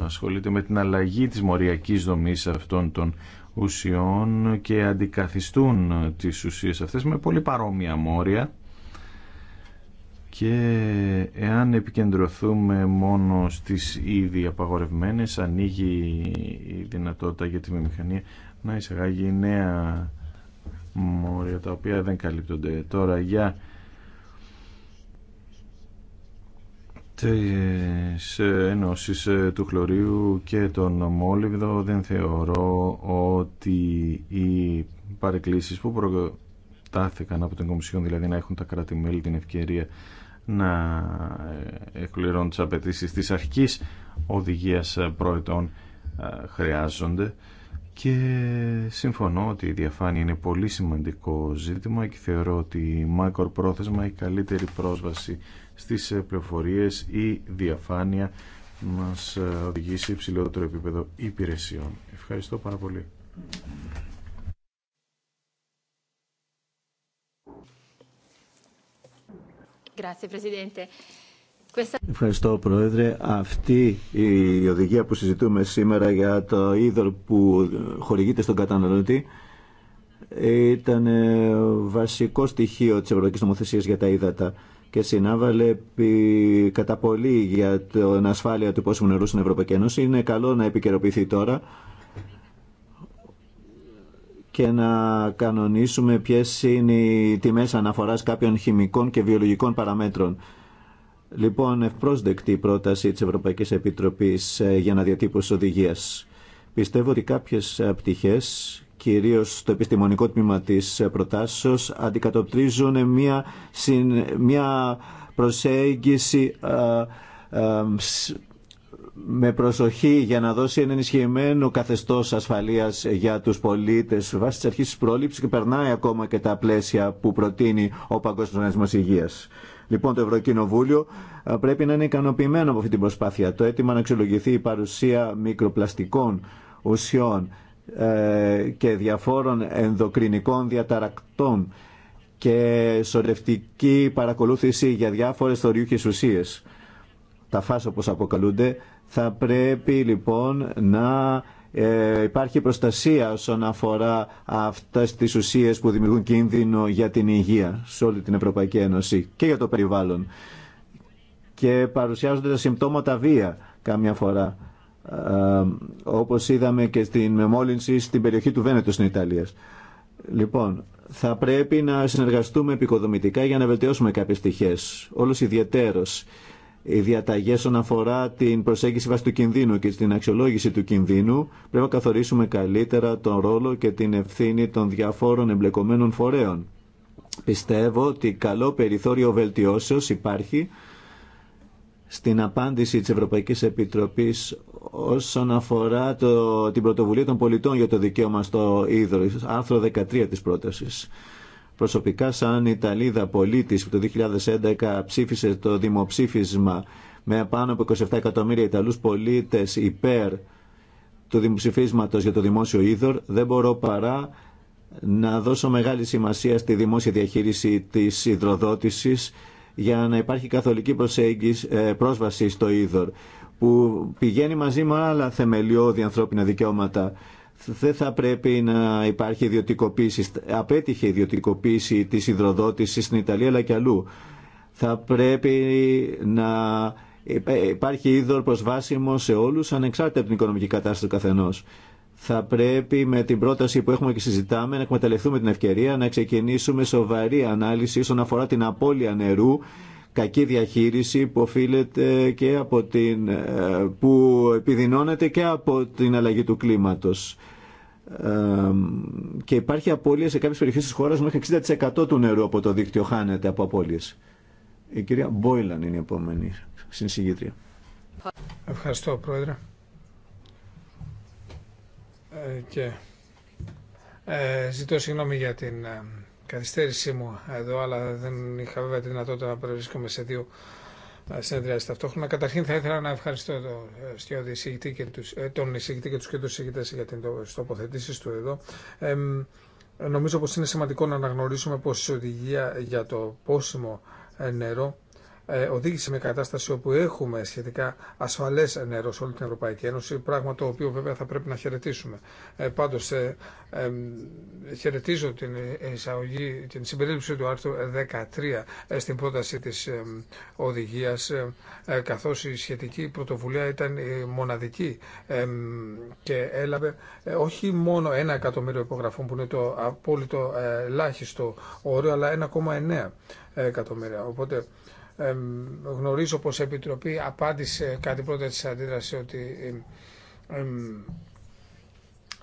ασχολείται με την αλλαγή της μοριακής δομής αυτών των ουσιών και αντικαθιστούν τις ουσίες αυτές με πολύ παρόμοια μόρια και εάν επικεντρωθούμε μόνο στις ήδη απαγορευμένες ανοίγει η δυνατότητα για τη βιομηχανία να εισαγάγει νέα μόρια τα οποία δεν καλύπτονται τώρα για τις ενώσεις του χλωρίου και τον μόλιβδο δεν θεωρώ ότι οι παρεκκλήσεις που προτάθηκαν από την Κομισιόν δηλαδή να έχουν τα κράτη-μέλη την ευκαιρία να ε, εκπληρώνουν τις απαιτήσεις της αρχικής οδηγίας ε, προετών ε, χρειάζονται και συμφωνώ ότι η διαφάνεια είναι πολύ σημαντικό ζήτημα και θεωρώ ότι μακροπρόθεσμα η καλύτερη πρόσβαση στις πληροφορίες ή διαφάνεια μας οδηγεί σε υψηλότερο επίπεδο υπηρεσιών. Ευχαριστώ πάρα πολύ. Ευχαριστώ Πρόεδρε. Αυτή η οδηγία που συζητούμε σήμερα για το είδωρ που χορηγείται στον καταναλωτή ήταν ε, βασικό στοιχείο της Ευρωπαϊκής Νομοθεσίας για τα ύδατα και συνάβαλε κατά πολύ για την ασφάλεια του πόσου νερού στην Ευρωπαϊκή Ένωση. Είναι καλό να επικαιροποιηθεί τώρα και να κανονίσουμε ποιε είναι οι τιμέ αναφορά κάποιων χημικών και βιολογικών παραμέτρων. Λοιπόν, ευπρόσδεκτη η πρόταση τη Ευρωπαϊκή Επίτροπή ε, για να διατύπωση οδηγίας. Πιστεύω ότι κάποιε πτυχέ, κυρίω στο επιστημονικό τμήμα τη ε, προτάσεω, αντικατοπτρίζουν μια, συν, μια προσέγγιση ε, με προσοχή για να δώσει ένα ενισχυμένο καθεστώς ασφαλεία για του πολίτε βάσει τη αρχή τη πρόληψη και περνάει ακόμα και τα πλαίσια που προτείνει ο Παγκόσμιο Οργανισμό Υγεία. Λοιπόν, το Ευρωκοινοβούλιο ε, πρέπει να είναι ικανοποιημένο από αυτή την προσπάθεια. Το αίτημα να αξιολογηθεί η παρουσία μικροπλαστικών ουσιών ε, και διαφόρων ενδοκρινικών διαταρακτών και σορευτική παρακολούθηση για διάφορες θωριούχες ουσίες. Τα φάσο όπως αποκαλούνται θα πρέπει λοιπόν να ε, υπάρχει προστασία όσον αφορά αυτές τις ουσίες που δημιουργούν κίνδυνο για την υγεία σε όλη την Ευρωπαϊκή Ένωση και για το περιβάλλον. Και παρουσιάζονται τα συμπτώματα βία κάμια φορά. Ε, όπως είδαμε και στην μεμόλυνση στην περιοχή του Βένετου στην Ιταλία. Λοιπόν, θα πρέπει να συνεργαστούμε επικοδομητικά για να βελτιώσουμε κάποιες στοιχές, όλος ιδιαίτερος οι διαταγέ όσον αφορά την προσέγγιση βαστού του κινδύνου και την αξιολόγηση του κινδύνου, πρέπει να καθορίσουμε καλύτερα τον ρόλο και την ευθύνη των διαφόρων εμπλεκομένων φορέων. Πιστεύω ότι καλό περιθώριο βελτιώσεως υπάρχει στην απάντηση της Ευρωπαϊκής Επιτροπής όσον αφορά το, την πρωτοβουλία των πολιτών για το δικαίωμα στο ίδρυμα, άρθρο 13 της πρότασης. Προσωπικά σαν Ιταλίδα πολίτης που το 2011 ψήφισε το δημοψήφισμα με πάνω από 27 εκατομμύρια Ιταλούς πολίτες υπέρ του δημοψηφίσματος για το δημόσιο είδωρ, δεν μπορώ παρά να δώσω μεγάλη σημασία στη δημόσια διαχείριση της υδροδότησης για να υπάρχει καθολική ε, πρόσβαση στο είδωρ που πηγαίνει μαζί με άλλα θεμελιώδη ανθρώπινα δικαιώματα δεν θα πρέπει να υπάρχει ιδιωτικοποίηση. Απέτυχε ιδιωτικοποίηση της υδροδότησης στην Ιταλία αλλά και αλλού. Θα πρέπει να υπάρχει είδωρ προσβάσιμο σε όλους ανεξάρτητα από την οικονομική κατάσταση του καθενός. Θα πρέπει με την πρόταση που έχουμε και συζητάμε να εκμεταλλευτούμε την ευκαιρία να ξεκινήσουμε σοβαρή ανάλυση όσον αφορά την απώλεια νερού κακή διαχείριση που οφείλεται και από την, ε, που επιδεινώνεται και από την αλλαγή του κλίματος. και υπάρχει απώλεια σε κάποιες περιοχές της χώρας μέχρι 60% του νερού από το δίκτυο χάνεται από απώλειες. Η κυρία Μπόιλαν είναι η επόμενη συνσηγήτρια. Ευχαριστώ Πρόεδρε. Ε, και ε, ζητώ συγγνώμη για την ε, καθυστέρησή μου εδώ, αλλά δεν είχα βέβαια τη δυνατότητα να περιορισκόμαι σε δύο ε, συνεδρία ταυτόχρονα. Καταρχήν θα ήθελα να ευχαριστώ τον ε, εισηγητή και τους, ε, τον εισηγητή και τους και εισηγητές για την τοποθετήσεις του εδώ. νομίζω πως είναι σημαντικό να αναγνωρίσουμε πως η οδηγία για το πόσιμο νερό ε, οδήγησε με κατάσταση όπου έχουμε σχετικά ασφαλέ νερό σε όλη την Ευρωπαϊκή Ένωση, πράγμα το οποίο βέβαια θα πρέπει να χαιρετήσουμε. Ε, Πάντω, ε, χαιρετίζω την εισαγωγή, την συμπερίληψη του άρθρου 13 στην πρόταση τη οδηγία, καθώ η σχετική πρωτοβουλία ήταν η μοναδική και έλαβε όχι μόνο ένα εκατομμύριο υπογραφών που είναι το απόλυτο ελάχιστο όριο, αλλά 1,9 εκατομμύρια. Οπότε γνωρίζω πως η Επιτροπή απάντησε κάτι πρώτα της αντίδραση ότι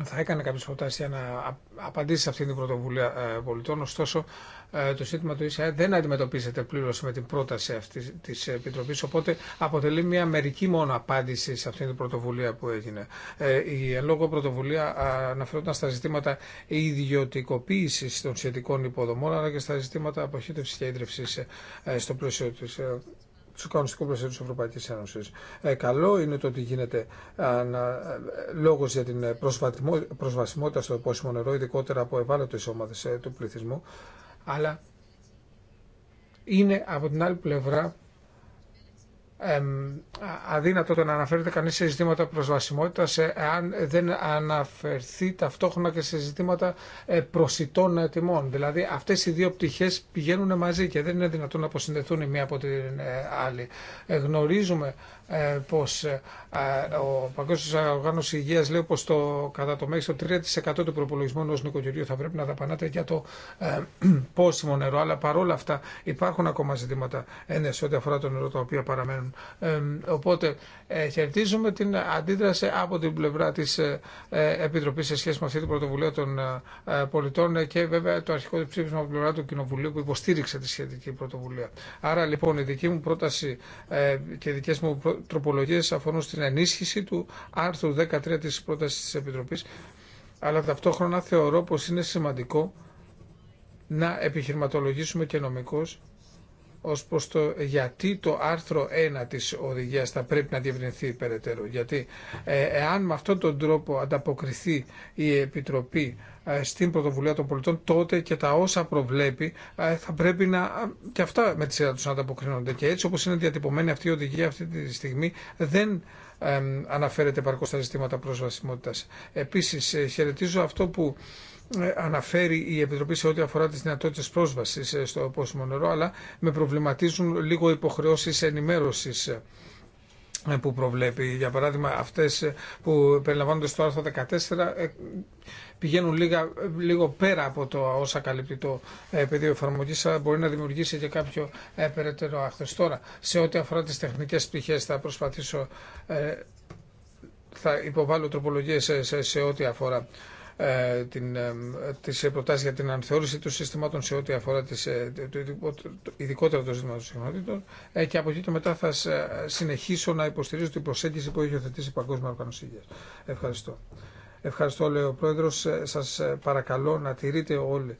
θα έκανε κάποιε προτάσει για να απαντήσει σε αυτήν την πρωτοβουλία ε, πολιτών. Ωστόσο, ε, το σύστημα του ΙΣΑΕ δεν αντιμετωπίζεται πλήρω με την πρόταση αυτή τη Επιτροπή. Οπότε, αποτελεί μια μερική μόνο απάντηση σε αυτήν την πρωτοβουλία που έγινε. Ε, η εν λόγω πρωτοβουλία αναφερόταν στα ζητήματα ιδιωτικοποίηση των σχετικών υποδομών, αλλά και στα ζητήματα αποχέτευση και ίδρυυση στο πλαίσιο τη του κανονιστικού πλαισίου τη Ευρωπαϊκή Ένωση. Ε, καλό είναι το ότι γίνεται ε, ε, λόγο για την προσβασιμότητα στο πόσιμο νερό, ειδικότερα από ευάλωτε ομάδε του πληθυσμού. Αλλά είναι από την άλλη πλευρά αδύνατο το να αναφέρεται κανείς σε ζητήματα προσβασιμότητας αν ε, δεν αναφερθεί ταυτόχρονα και σε ζητήματα ε, προσιτών τιμών. Δηλαδή αυτές οι δύο πτυχές πηγαίνουν μαζί και δεν είναι δυνατόν να αποσυνδεθούν η μία από την ε, άλλη. Γνωρίζουμε ε, πως ε, ε, ο Παγκόσμιος Οργάνωση Υγείας λέει πως το, κατά το μέγιστο 3% του προπολογισμού ενός νοικοκυριού θα πρέπει να δαπανάτε για το ε, πόσιμο νερό. Αλλά παρόλα αυτά υπάρχουν ακόμα ζητήματα ένες ό,τι αφορά το νερό τα οποία παραμένουν. Ε, οπότε ε, χαιρετίζουμε την αντίδραση από την πλευρά της ε, Επιτροπής σε σχέση με αυτή την πρωτοβουλία των πολιτών και βέβαια το αρχικό ψήφισμα από την πλευρά του Κοινοβουλίου που υποστήριξε τη σχετική πρωτοβουλία. Άρα λοιπόν η δική μου πρόταση και οι μου τροπολογίες αφορούν στην ενίσχυση του άρθρου 13 της πρότασης της Επιτροπής, αλλά ταυτόχρονα θεωρώ πως είναι σημαντικό να επιχειρηματολογήσουμε και νομικώς ως προς το γιατί το άρθρο 1 της οδηγίας θα πρέπει να διευρυνθεί περαιτέρω. Γιατί ε, εάν με αυτόν τον τρόπο ανταποκριθεί η Επιτροπή ε, στην πρωτοβουλία των πολιτών, τότε και τα όσα προβλέπει ε, θα πρέπει να και αυτά με τη σειρά τους να ανταποκρίνονται. Και έτσι όπως είναι διατυπωμένη αυτή η οδηγία αυτή τη στιγμή δεν αναφέρεται παρκώς στα ζητήματα πρόσβασιμότητας. Επίσης χαιρετίζω αυτό που ε, αναφέρει η Επιτροπή σε ό,τι αφορά τις δυνατότητες πρόσβασης ε, στο πόσιμο νερό, αλλά με προβληματίζουν λίγο υποχρεώσεις ενημέρωσης ε, που προβλέπει. Για παράδειγμα, αυτές που περιλαμβάνονται στο άρθρο 14 πηγαίνουν λίγο πέρα από το όσα καλύπτει το πεδίο εφαρμογή, αλλά μπορεί να δημιουργήσει και κάποιο περαιτέρω άχθο. Τώρα, σε ό,τι αφορά τι τεχνικέ πτυχέ, θα προσπαθήσω. θα υποβάλω τροπολογίε σε, σε ό,τι αφορά ε, την, ε, τις προτάσεις για την ανθεώρηση του συστημάτων σε ό,τι αφορά τις, ε, το, ειδικότερα το ζήτημα των συγχρονότητων και από εκεί και μετά θα συνεχίσω να υποστηρίζω την προσέγγιση που έχει οθετήσει η Παγκόσμια Οργάνωση Ευχαριστώ. Ευχαριστώ, λέει ο Πρόεδρος. Σας παρακαλώ να τηρείτε όλοι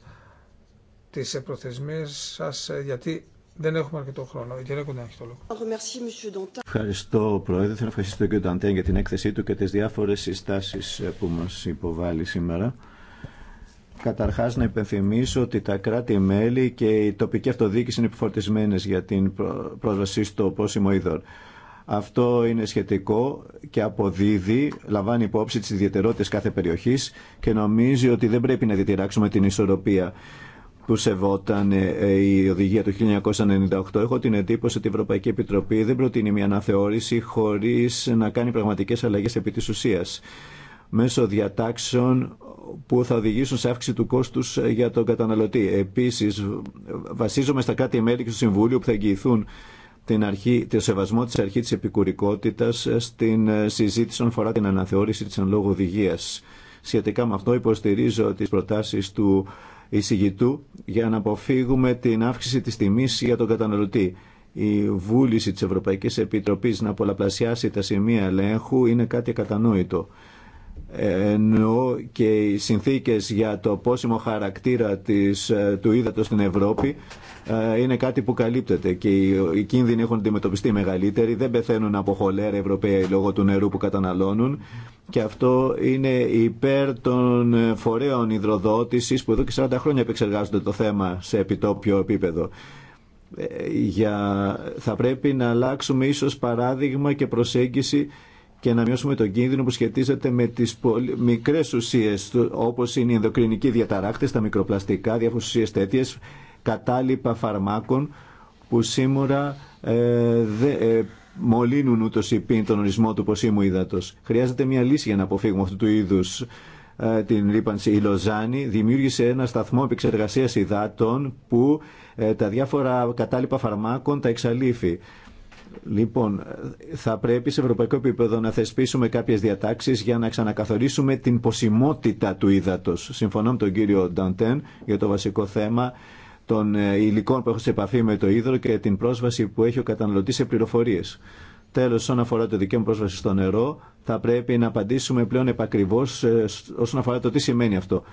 τις προθεσμίες σας γιατί δεν έχουμε αρκετό χρόνο. Η κυρία Κοντέν έχει το λόγο. Ευχαριστώ, Πρόεδρε. Θέλω να ευχαριστήσω τον κύριο Νταντέν για την έκθεσή του και τι διάφορε συστάσει ε, που μα υποβάλλει σήμερα. Καταρχά, να υπενθυμίσω ότι τα κράτη-μέλη και η τοπική αυτοδιοίκηση είναι επιφορτισμένε για την πρόσβαση στο πόσιμο είδωρ. Αυτό είναι σχετικό και αποδίδει, λαμβάνει υπόψη τι ιδιαιτερότητε κάθε περιοχή και νομίζει ότι δεν πρέπει να διτηράξουμε την ισορροπία που σεβόταν ε, ε, η οδηγία του 1998. Έχω την εντύπωση ότι η Ευρωπαϊκή Επιτροπή δεν προτείνει μια αναθεώρηση χωρίς να κάνει πραγματικές αλλαγές επί της ουσίας μέσω διατάξεων που θα οδηγήσουν σε αύξηση του κόστους ε, για τον καταναλωτή. Επίσης, βασίζομαι στα κάτι μέλη και στο Συμβούλιο που θα εγγυηθούν την αρχή, το σεβασμό της αρχής της επικουρικότητας στην συζήτηση φορά αφορά την αναθεώρηση της εν λόγω οδηγίας. Σχετικά με αυτό υποστηρίζω τις προτάσεις του εισηγητού για να αποφύγουμε την αύξηση της τιμής για τον καταναλωτή. Η βούληση της Ευρωπαϊκής Επιτροπής να πολλαπλασιάσει τα σημεία ελέγχου είναι κάτι κατανόητο. Εννοώ και οι συνθήκες για το πόσιμο χαρακτήρα της, ε, του ύδατος στην Ευρώπη ε, είναι κάτι που καλύπτεται και οι κίνδυνοι έχουν αντιμετωπιστεί μεγαλύτεροι. Δεν πεθαίνουν από χολέρα Ευρωπαίοι λόγω του νερού που καταναλώνουν. Και αυτό είναι υπέρ των φορέων υδροδότησης που εδώ και 40 χρόνια επεξεργάζονται το θέμα σε επιτόπιο επίπεδο ε, για, θα πρέπει να αλλάξουμε ίσως παράδειγμα και προσέγγιση και να μειώσουμε τον κίνδυνο που σχετίζεται με τις πολυ... μικρές ουσίες όπως είναι οι ενδοκρινικοί διαταράκτες, τα μικροπλαστικά, διάφορες ουσίες κατάλοιπα φαρμάκων που σήμερα ε, δε, ε, μολύνουν ούτω ή πίν τον ορισμό του ποσίμου ύδατο. Χρειάζεται μια λύση για να αποφύγουμε αυτού του είδους ε, την ρήπανση. Η Λοζάνη δημιούργησε ένα σταθμό επεξεργασία υδάτων που ε, τα διάφορα κατάλοιπα φαρμάκων τα εξαλείφει. Λοιπόν, θα πρέπει σε ευρωπαϊκό επίπεδο να θεσπίσουμε κάποιες διατάξεις για να ξανακαθορίσουμε την ποσιμότητα του ύδατος. Συμφωνώ με τον κύριο Νταντέν για το βασικό θέμα των ε, υλικών που έχω σε επαφή με το ίδρο και την πρόσβαση που έχει ο καταναλωτή σε πληροφορίε. Τέλο, όσον αφορά το δικαίωμα πρόσβαση στο νερό, θα πρέπει να απαντήσουμε πλέον επακριβώ ε, όσον αφορά το τι σημαίνει αυτό.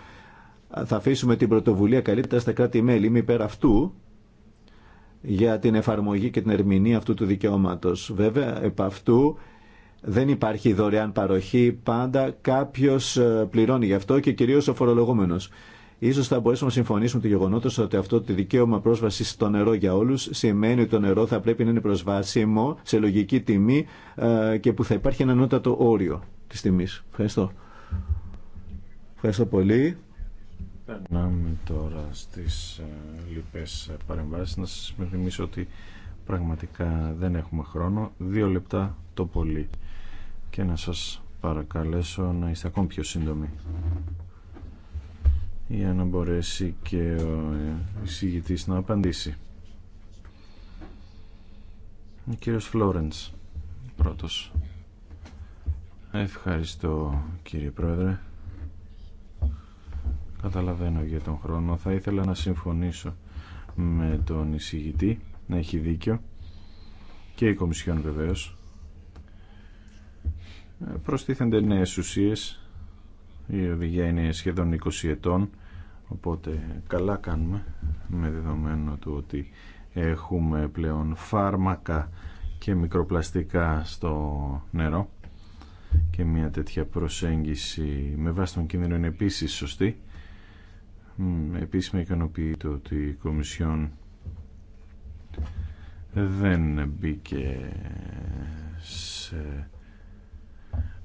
Θα αφήσουμε την πρωτοβουλία καλύτερα στα κράτη-μέλη. μη πέρα αυτού για την εφαρμογή και την ερμηνεία αυτού του δικαιώματο. Βέβαια, επ' αυτού δεν υπάρχει δωρεάν παροχή. Πάντα κάποιο ε, πληρώνει γι' αυτό και κυρίω ο φορολογούμενο. Ίσως θα μπορέσουμε να συμφωνήσουμε το γεγονότος ότι αυτό το δικαίωμα πρόσβαση στο νερό για όλους σημαίνει ότι το νερό θα πρέπει να είναι προσβάσιμο σε λογική τιμή ε, και που θα υπάρχει ένα νότατο όριο της τιμής. Ευχαριστώ. Ευχαριστώ πολύ. Περνάμε τώρα στις ε, λοιπές παρεμβάσεις. Να σας θυμίσω ότι πραγματικά δεν έχουμε χρόνο. Δύο λεπτά το πολύ. Και να σας παρακαλέσω να είστε ακόμη πιο σύντομοι για να μπορέσει και ο ε, εισηγητής να απαντήσει. Ο κύριος Φλόρεντς, πρώτος. Ευχαριστώ κύριε Πρόεδρε. Καταλαβαίνω για τον χρόνο. Θα ήθελα να συμφωνήσω με τον εισηγητή, να έχει δίκιο και η Κομισιόν βεβαίως. Ε, προστίθενται νέες ουσίες η οδηγία είναι σχεδόν 20 ετών, οπότε καλά κάνουμε με δεδομένο του ότι έχουμε πλέον φάρμακα και μικροπλαστικά στο νερό και μια τέτοια προσέγγιση με βάση τον κίνδυνο είναι επίσης σωστή. Επίσης με ικανοποιεί το ότι η Κομισιόν δεν μπήκε σε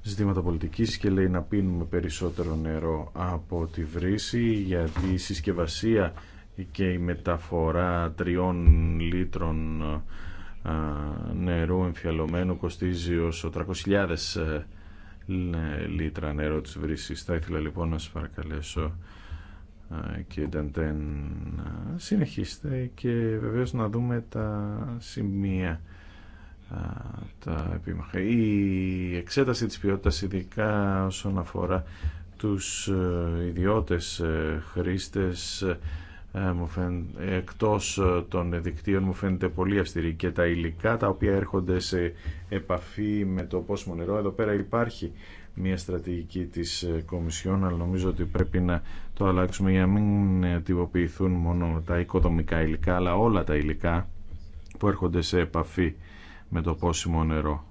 ζητήματα πολιτικής και λέει να πίνουμε περισσότερο νερό από τη βρύση γιατί η συσκευασία και η μεταφορά τριών λίτρων νερού εμφιαλωμένου κοστίζει όσο 300.000 ε, λίτρα νερό της βρύσης. Θα ήθελα λοιπόν να σας παρακαλέσω και να συνεχίσετε και βεβαίως να δούμε τα σημεία τα επίμαχα. Η εξέταση της ποιότητας ειδικά όσον αφορά τους ε, ιδιώτες ε, χρήστες ε, εκτός των δικτύων μου φαίνεται πολύ αυστηρή και τα υλικά τα οποία έρχονται σε επαφή με το πόσιμο νερό. Εδώ πέρα υπάρχει μια στρατηγική της Κομισιόν αλλά νομίζω ότι πρέπει να το αλλάξουμε για να μην τυποποιηθούν μόνο τα οικοδομικά υλικά αλλά όλα τα υλικά που έρχονται σε επαφή με το πόσιμο νερό.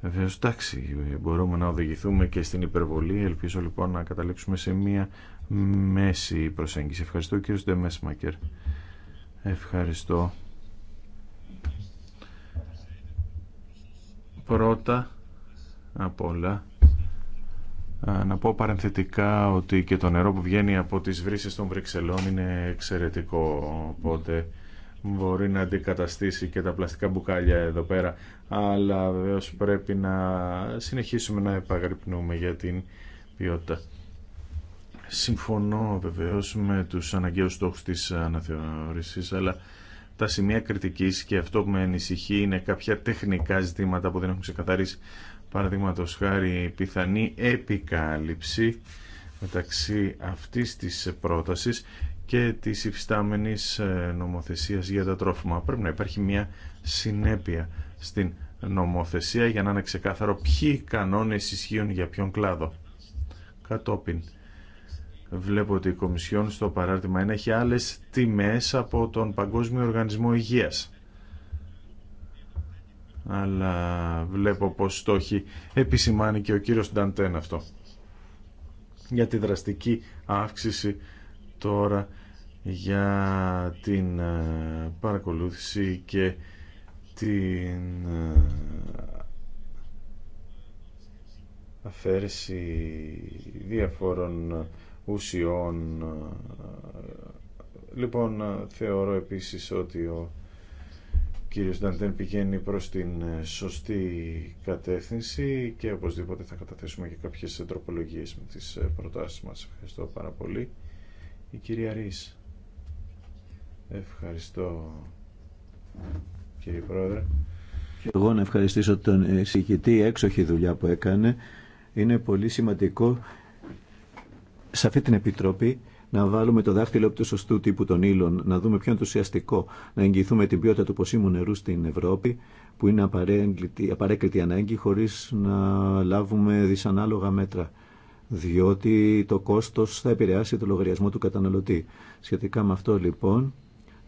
Βεβαίω, εντάξει, μπορούμε να οδηγηθούμε και στην υπερβολή. Ελπίζω λοιπόν να καταλήξουμε σε μία μέση προσέγγιση. Ευχαριστώ κύριο Ντεμέσμακερ. Ευχαριστώ. Πρώτα απ' όλα να πω παρενθετικά ότι και το νερό που βγαίνει από τις βρύσες των Βρυξελών είναι εξαιρετικό οπότε μπορεί να αντικαταστήσει και τα πλαστικά μπουκάλια εδώ πέρα αλλά βεβαίως πρέπει να συνεχίσουμε να επαγρυπνούμε για την ποιότητα. Συμφωνώ βεβαίως με τους αναγκαίους στόχους της αναθεωρησής αλλά τα σημεία κριτικής και αυτό που με ανησυχεί είναι κάποια τεχνικά ζητήματα που δεν έχουν ξεκαθαρίσει παραδείγματο χάρη πιθανή επικάλυψη μεταξύ αυτής της πρότασης και της υφιστάμενης ε, νομοθεσίας για τα τρόφιμα. Πρέπει να υπάρχει μια συνέπεια στην νομοθεσία για να είναι ξεκάθαρο ποιοι κανόνες ισχύουν για ποιον κλάδο. Κατόπιν, βλέπω ότι η Κομισιόν στο παράρτημα 1 έχει άλλες τιμές από τον Παγκόσμιο Οργανισμό Υγείας. Αλλά βλέπω πως το έχει επισημάνει και ο κύριος Νταντέν αυτό για τη δραστική αύξηση τώρα για την ε, παρακολούθηση και την ε, αφαίρεση διαφόρων ουσιών. Λοιπόν, ε, θεωρώ επίσης ότι ο κύριος Νταντέν πηγαίνει προς την σωστή κατεύθυνση και οπωσδήποτε θα καταθέσουμε και κάποιες τροπολογίες με τις προτάσεις μας. Ευχαριστώ πάρα πολύ. Η κυρία Ρης. Ευχαριστώ κύριε Πρόεδρε. εγώ να ευχαριστήσω τον συγκητή έξοχη δουλειά που έκανε. Είναι πολύ σημαντικό σε αυτή την επιτροπή να βάλουμε το δάχτυλο από του σωστού τύπου των ύλων, να δούμε πιο ενθουσιαστικό, να εγγυηθούμε την ποιότητα του ποσίμου νερού στην Ευρώπη, που είναι απαραίτητη ανάγκη, χωρί να λάβουμε δυσανάλογα μέτρα. Διότι το κόστο θα επηρεάσει το λογαριασμό του καταναλωτή. Σχετικά με αυτό, λοιπόν,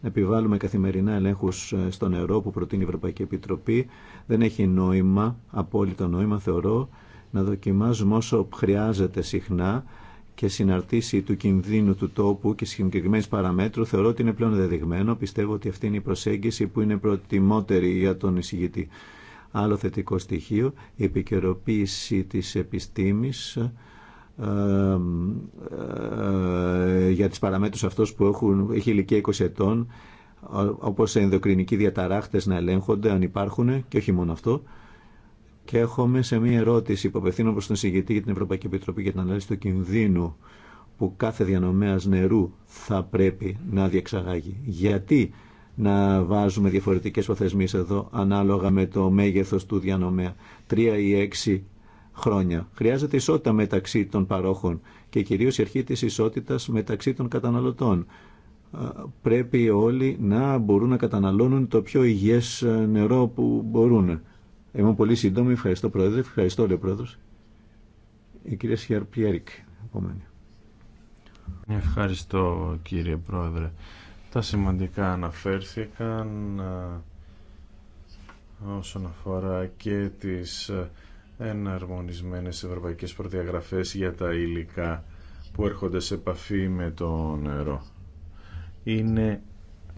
επιβάλλουμε καθημερινά ελέγχους ε, στο νερό που προτείνει η Ευρωπαϊκή Επιτροπή. Δεν έχει νόημα, απόλυτο νόημα θεωρώ, να δοκιμάζουμε όσο χρειάζεται συχνά και συναρτήσει του κινδύνου του τόπου και συγκεκριμένη παραμέτρου θεωρώ ότι είναι πλέον δεδειγμένο. Πιστεύω ότι αυτή είναι η προσέγγιση που είναι προτιμότερη για τον εισηγητή. Άλλο θετικό στοιχείο, η επικαιροποίηση της επιστήμης ε, ε, για τις παραμέτρους αυτούς που έχουν, έχει ηλικία 20 ετών όπως ενδοκρινικοί διαταράχτες να ελέγχονται αν υπάρχουν και όχι μόνο αυτό και έχουμε σε μία ερώτηση που απευθύνω προς τον συγγετή για την Ευρωπαϊκή Επιτροπή για την ανάλυση του κινδύνου που κάθε διανομέας νερού θα πρέπει να διεξαγάγει. Γιατί να βάζουμε διαφορετικές προθεσμίες εδώ ανάλογα με το μέγεθος του διανομέα. 3 ή έξι χρόνια. Χρειάζεται ισότητα μεταξύ των παρόχων και κυρίως η αρχή της ισότητας μεταξύ των καταναλωτών. Πρέπει όλοι να μπορούν να καταναλώνουν το πιο υγιές ε, νερό που μπορούν. Είμαι πολύ σύντομη. Ευχαριστώ, Πρόεδρε. Ευχαριστώ, λέει Πρόεδρος. Η κυρία Σιαρπιέρικ, επόμενη. Ευχαριστώ, κύριε Πρόεδρε. Τα σημαντικά αναφέρθηκαν ε, όσον αφορά και τις ε, εναρμονισμένες ευρωπαϊκές προδιαγραφές για τα υλικά που έρχονται σε επαφή με το νερό. Είναι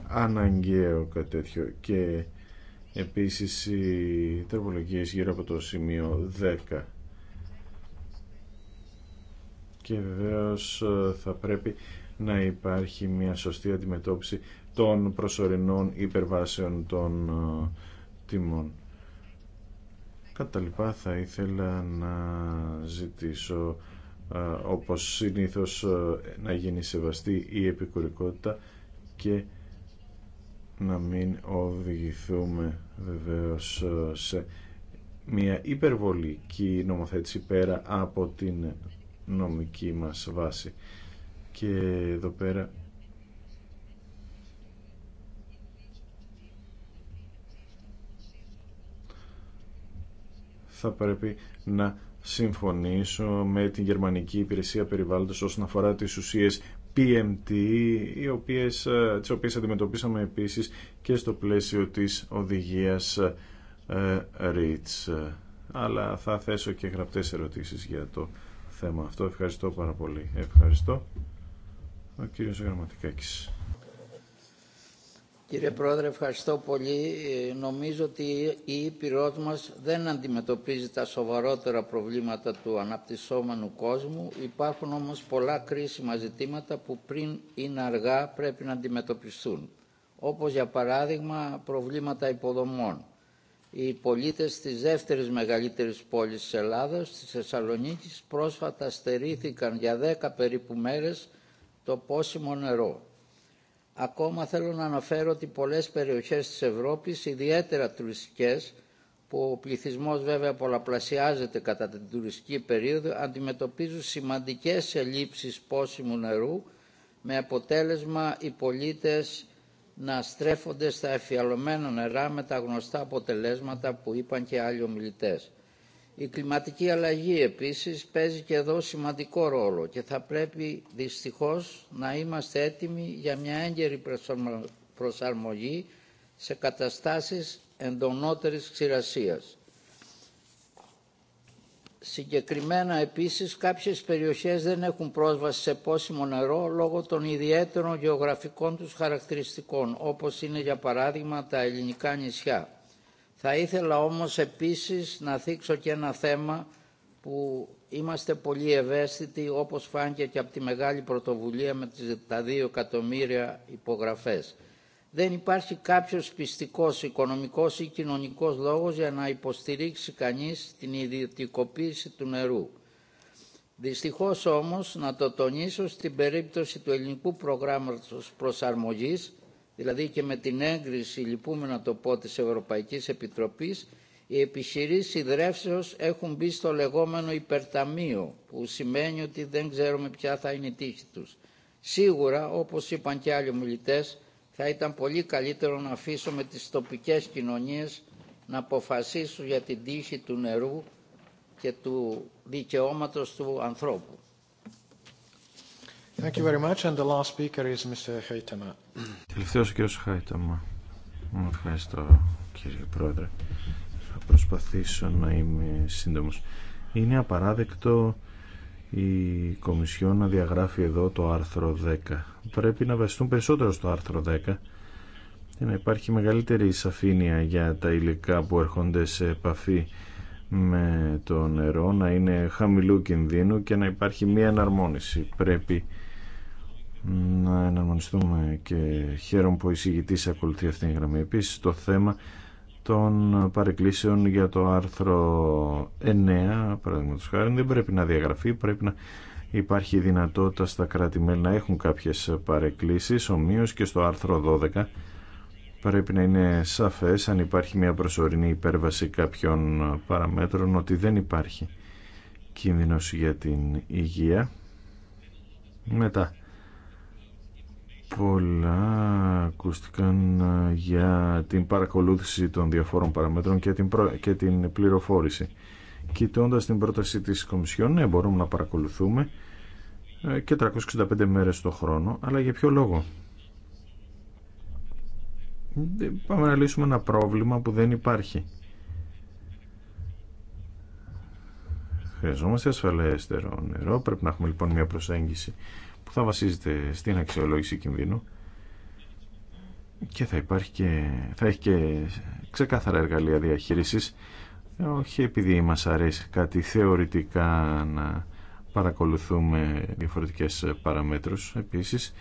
αναγκαίο κάτι τέτοιο και επίσης οι τερμολογίες γύρω από το σημείο 10 και βεβαίω ε, θα πρέπει να υπάρχει μια σωστή αντιμετώπιση των προσωρινών υπερβάσεων των ε, τιμών. Κατά λοιπά θα ήθελα να ζητήσω όπως συνήθως να γίνει σεβαστή η επικουρικότητα και να μην οδηγηθούμε βεβαίως σε μια υπερβολική νομοθέτηση πέρα από την νομική μας βάση. Και εδώ πέρα θα πρέπει να συμφωνήσω με την Γερμανική Υπηρεσία Περιβάλλοντος όσον αφορά τις ουσίες PMT, οι οποίες, ε, τις οποίες αντιμετωπίσαμε επίσης και στο πλαίσιο της οδηγίας REACH. Ε, Αλλά θα θέσω και γραπτές ερωτήσεις για το θέμα αυτό. Ευχαριστώ πάρα πολύ. Ευχαριστώ. Ο κύριος Γραμματικάκης. Κύριε Πρόεδρε, ευχαριστώ πολύ. Ε, νομίζω ότι η Ήπειρός μας δεν αντιμετωπίζει τα σοβαρότερα προβλήματα του αναπτυσσόμενου κόσμου. Υπάρχουν όμως πολλά κρίσιμα ζητήματα που πριν είναι αργά πρέπει να αντιμετωπιστούν. Όπως για παράδειγμα προβλήματα υποδομών. Οι πολίτες της δεύτερης μεγαλύτερης πόλης της Ελλάδας, της Θεσσαλονίκης, πρόσφατα στερήθηκαν για 10 περίπου μέρες το πόσιμο νερό. Ακόμα θέλω να αναφέρω ότι πολλές περιοχές της Ευρώπης, ιδιαίτερα τουριστικές, που ο πληθυσμός βέβαια πολλαπλασιάζεται κατά την τουριστική περίοδο, αντιμετωπίζουν σημαντικές ελλείψεις πόσιμου νερού, με αποτέλεσμα οι πολίτες να στρέφονται στα εφιαλωμένα νερά με τα γνωστά αποτελέσματα που είπαν και άλλοι ομιλητές. Η κλιματική αλλαγή επίσης παίζει και εδώ σημαντικό ρόλο και θα πρέπει δυστυχώς να είμαστε έτοιμοι για μια έγκαιρη προσαρμογή σε καταστάσεις εντονότερης ξηρασίας. Συγκεκριμένα επίσης κάποιες περιοχές δεν έχουν πρόσβαση σε πόσιμο νερό λόγω των ιδιαίτερων γεωγραφικών τους χαρακτηριστικών όπως είναι για παράδειγμα τα ελληνικά νησιά. Θα ήθελα όμως επίσης να θίξω και ένα θέμα που είμαστε πολύ ευαίσθητοι όπως φάνηκε και από τη μεγάλη πρωτοβουλία με τα δύο εκατομμύρια υπογραφές. Δεν υπάρχει κάποιος πιστικός, οικονομικός ή κοινωνικός λόγος για να υποστηρίξει κανείς την ιδιωτικοποίηση του νερού. Δυστυχώς όμως, να το τονίσω, στην περίπτωση του ελληνικού προγράμματος προσαρμογής δηλαδή και με την έγκριση, λυπούμε να το πω, της Ευρωπαϊκής Επιτροπής, οι επιχειρήσεις ιδρεύσεως έχουν μπει στο λεγόμενο υπερταμείο, που σημαίνει ότι δεν ξέρουμε ποια θα είναι η τύχη τους. Σίγουρα, όπως είπαν και άλλοι ομιλητέ, θα ήταν πολύ καλύτερο να αφήσουμε τις τοπικές κοινωνίες να αποφασίσουν για την τύχη του νερού και του δικαιώματος του ανθρώπου. Thank you very much. And the last speaker is Mr. Haitama. Τελευταίος ο κύριος Χαϊταμα. Ευχαριστώ κύριε Πρόεδρε. Θα προσπαθήσω να είμαι σύντομος. Είναι απαράδεκτο η Κομισιό να διαγράφει εδώ το άρθρο 10. Πρέπει να βασιστούν περισσότερο στο άρθρο 10 και να υπάρχει μεγαλύτερη σαφήνεια για τα υλικά που έρχονται σε επαφή με το νερό, να είναι χαμηλού κινδύνου και να υπάρχει μία εναρμόνιση. Πρέπει να εναρμονιστούμε και χαίρομαι που ο εισηγητής ακολουθεί αυτήν την γραμμή. Επίση το θέμα των παρεκκλήσεων για το άρθρο 9, παραδείγματο χάρη, δεν πρέπει να διαγραφεί, πρέπει να υπάρχει δυνατότητα στα κράτη-μέλη να έχουν κάποιε παρεκκλήσει. Ομοίω και στο άρθρο 12 πρέπει να είναι σαφές αν υπάρχει μια προσωρινή υπέρβαση κάποιων παραμέτρων ότι δεν υπάρχει κίνδυνος για την υγεία. Μετά, πολλά ακούστηκαν ε, για την παρακολούθηση των διαφόρων παραμέτρων και την, προ... και την πληροφόρηση. Κοιτώντα την πρόταση της Κομισιόν, ναι, μπορούμε να παρακολουθούμε ε, και 365 μέρες το χρόνο, αλλά για ποιο λόγο. Ε, πάμε να λύσουμε ένα πρόβλημα που δεν υπάρχει. Χρειαζόμαστε ασφαλέστερο νερό, πρέπει να έχουμε λοιπόν μια προσέγγιση που θα βασίζεται στην αξιολόγηση κινδύνου και θα, υπάρχει και, θα έχει και ξεκάθαρα εργαλεία διαχείρισης όχι επειδή μας αρέσει κάτι θεωρητικά να παρακολουθούμε διαφορετικές παραμέτρους επίσης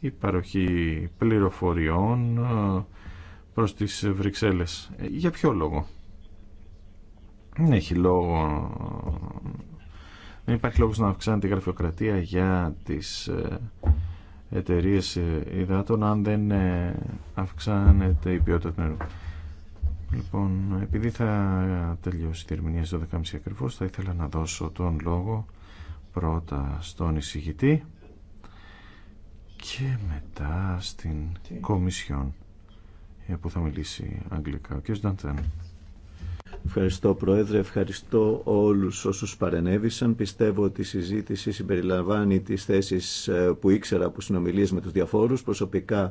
η παροχή πληροφοριών ε, προς τις Βρυξέλλες ε, για ποιο λόγο ναι, έχει λόγο δεν υπάρχει λόγος να αυξάνεται η γραφειοκρατία για τις ε, εταιρείε ε, υδάτων αν δεν ε, αυξάνεται η ποιότητα του νερού. Λοιπόν, επειδή θα τελειώσει η ερμηνεία στο 12.30 ακριβώς, θα ήθελα να δώσω τον λόγο πρώτα στον εισηγητή και μετά στην Κομισιόν που θα μιλήσει αγγλικά. Ο κ. Νταντέν. Ευχαριστώ Πρόεδρε, ευχαριστώ όλους όσους παρενέβησαν. Πιστεύω ότι η συζήτηση συμπεριλαμβάνει τις θέσεις ε, που ήξερα από συνομιλίες με τους διαφόρους. Προσωπικά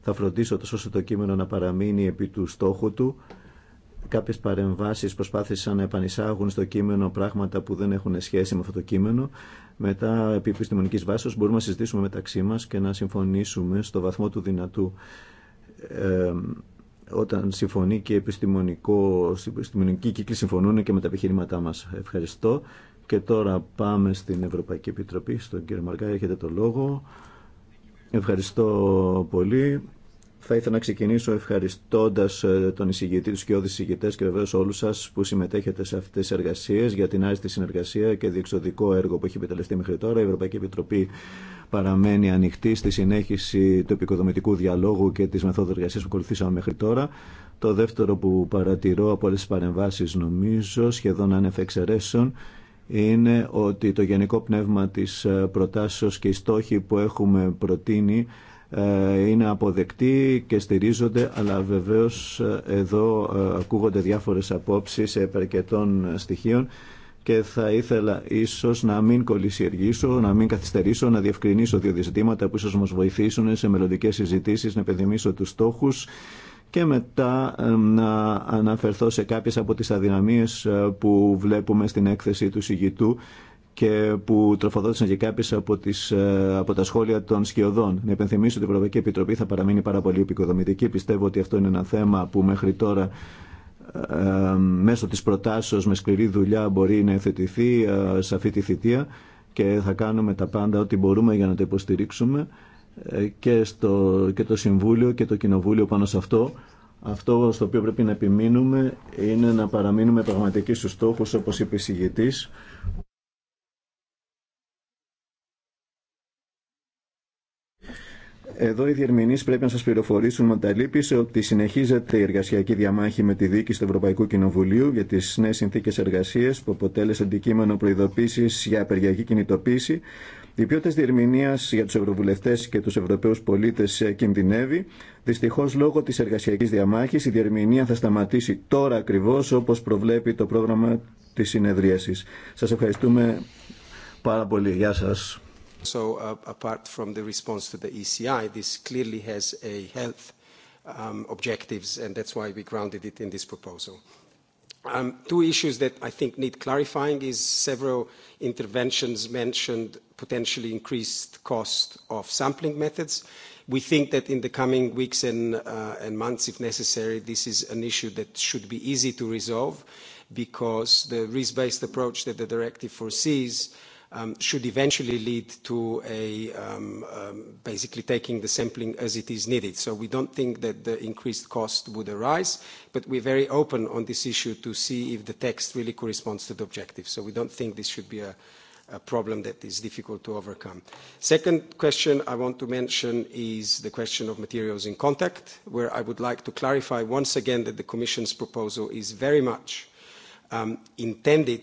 θα φροντίσω τόσο σώσο το κείμενο να παραμείνει επί του στόχου του. Κάποιες παρεμβάσεις προσπάθησαν να επανεισάγουν στο κείμενο πράγματα που δεν έχουν σχέση με αυτό το κείμενο. Μετά, επί επιστημονικής βάσης, μπορούμε να συζητήσουμε μεταξύ μας και να συμφωνήσουμε στο βαθμό του δυνατού. Ε, όταν συμφωνεί και επιστημονικό, επιστημονική κύκλοι συμφωνούν και με τα επιχειρήματά μας. Ευχαριστώ. Και τώρα πάμε στην Ευρωπαϊκή Επιτροπή, στον κύριο Μαργκά, έχετε το λόγο. Ευχαριστώ πολύ. Θα ήθελα να ξεκινήσω ευχαριστώντα ε, τον εισηγητή, του και εισηγητέ και βεβαίω όλου σα που συμμετέχετε σε αυτέ τι εργασίε για την άριστη συνεργασία και διεξοδικό έργο που έχει επιτελεστεί μέχρι τώρα. Η Ευρωπαϊκή Επιτροπή παραμένει ανοιχτή στη συνέχιση του επικοδομητικού διαλόγου και της μεθόδου εργασία που ακολουθήσαμε μέχρι τώρα. Το δεύτερο που παρατηρώ από όλες τις παρεμβάσεις νομίζω σχεδόν ανεφεξαιρέσεων είναι ότι το γενικό πνεύμα της ε, προτάσεως και οι στόχοι που έχουμε προτείνει ε, είναι αποδεκτοί και στηρίζονται, αλλά βεβαίως ε, εδώ ακούγονται διάφορες απόψεις επαρκετών στοιχείων και θα ήθελα ίσω να μην κολλησιεργήσω, να μην καθυστερήσω, να διευκρινίσω δύο ζητήματα που ίσως μα βοηθήσουν σε μελλοντικέ συζητήσει, να επενδυμίσω του στόχου και μετά ε, να αναφερθώ σε κάποιε από τι αδυναμίες ε, που βλέπουμε στην έκθεση του συγητού και που τροφοδότησαν και κάποιε από, ε, από τα σχόλια των σκιωδών. Να υπενθυμίσω ότι η Ευρωπαϊκή Επιτροπή θα παραμείνει πάρα πολύ επικοδομητική. Πιστεύω ότι αυτό είναι ένα θέμα που μέχρι τώρα μέσω της προτάσεως με σκληρή δουλειά μπορεί να εθετηθεί ε, σε αυτή τη θητεία και θα κάνουμε τα πάντα ό,τι μπορούμε για να το υποστηρίξουμε ε, και, στο, και το Συμβούλιο και το Κοινοβούλιο πάνω σε αυτό. Αυτό στο οποίο πρέπει να επιμείνουμε είναι να παραμείνουμε πραγματικοί στους στόχους όπως είπε η Εδώ οι διερμηνεί πρέπει να σα πληροφορήσουν με τα λύπηση ότι συνεχίζεται η εργασιακή διαμάχη με τη δίκη του Ευρωπαϊκού Κοινοβουλίου για τι νέε συνθήκε εργασίας που αποτέλεσε αντικείμενο προειδοποίηση για απεργιακή κινητοποίηση. Η ποιότητα διερμηνία για του Ευρωβουλευτέ και του Ευρωπαίου πολίτε κινδυνεύει. Δυστυχώ, λόγω τη εργασιακή διαμάχη, η διερμηνία θα σταματήσει τώρα ακριβώ όπω προβλέπει το πρόγραμμα τη συνεδρίαση. Σα ευχαριστούμε πάρα πολύ. Γεια σα. So apart from the response to the ECI, this clearly has a health objectives, and that's why we grounded it in this proposal. Two issues that I think need clarifying is several interventions mentioned potentially increased cost of sampling methods. We think that in the coming weeks and months, if necessary, this is an issue that should be easy to resolve because the risk-based approach that the directive foresees should eventually lead to a basically taking the sampling as it is needed. So we don't think that the increased cost would arise, but we're very open on this issue to see if the text really corresponds to the objective. So we don't think this should be a problem that is difficult to overcome. Second question I want to mention is the question of materials in contact, where I would like to clarify once again that the Commission's proposal is very much intended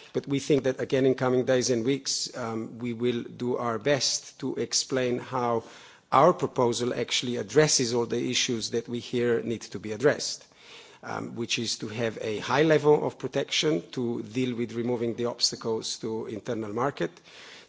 But we think that, again, in coming days and weeks, we will do our best to explain how our proposal actually addresses all the issues that we hear need to be addressed, which is to have a high level of protection to deal with removing the obstacles to internal market,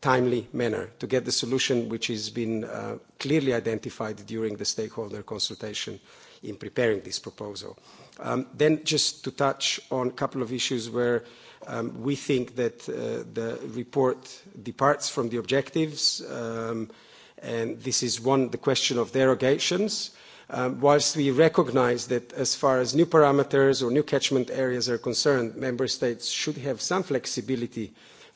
timely manner to get the solution which has been clearly identified during the stakeholder consultation in preparing this proposal. Then just to touch on a couple of issues where we think that the report departs from the objectives, um and this is one, the question of derogations. Um Whilst we recognize that as far as new parameters or new catchment areas are concerned, member states should have some flexibility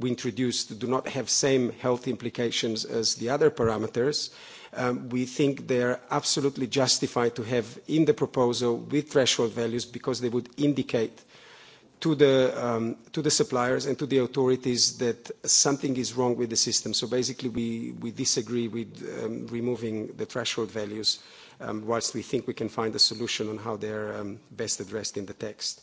we introduced do not have same health implications as the other parameters. We think they are absolutely justified to have in the proposal with threshold values because they would indicate to the suppliers and to the authorities that something is wrong with the system. So basically we disagree with removing the threshold values whilst we think we can find a solution on how they are best addressed in the text.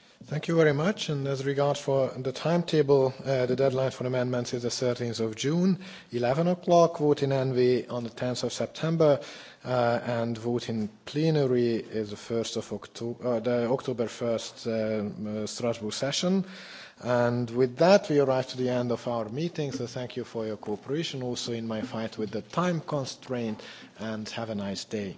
Thank you very much. And as regards for the timetable, the deadline for amendments is the 13th of June, 11 o'clock, vote in envy on the 10th of September, and vote in plenary is the 1st of October, the October 1st Strasbourg session. And with that, we arrive to the end of our meeting, so thank you for your cooperation also in my fight with the time constraint, and have a nice day.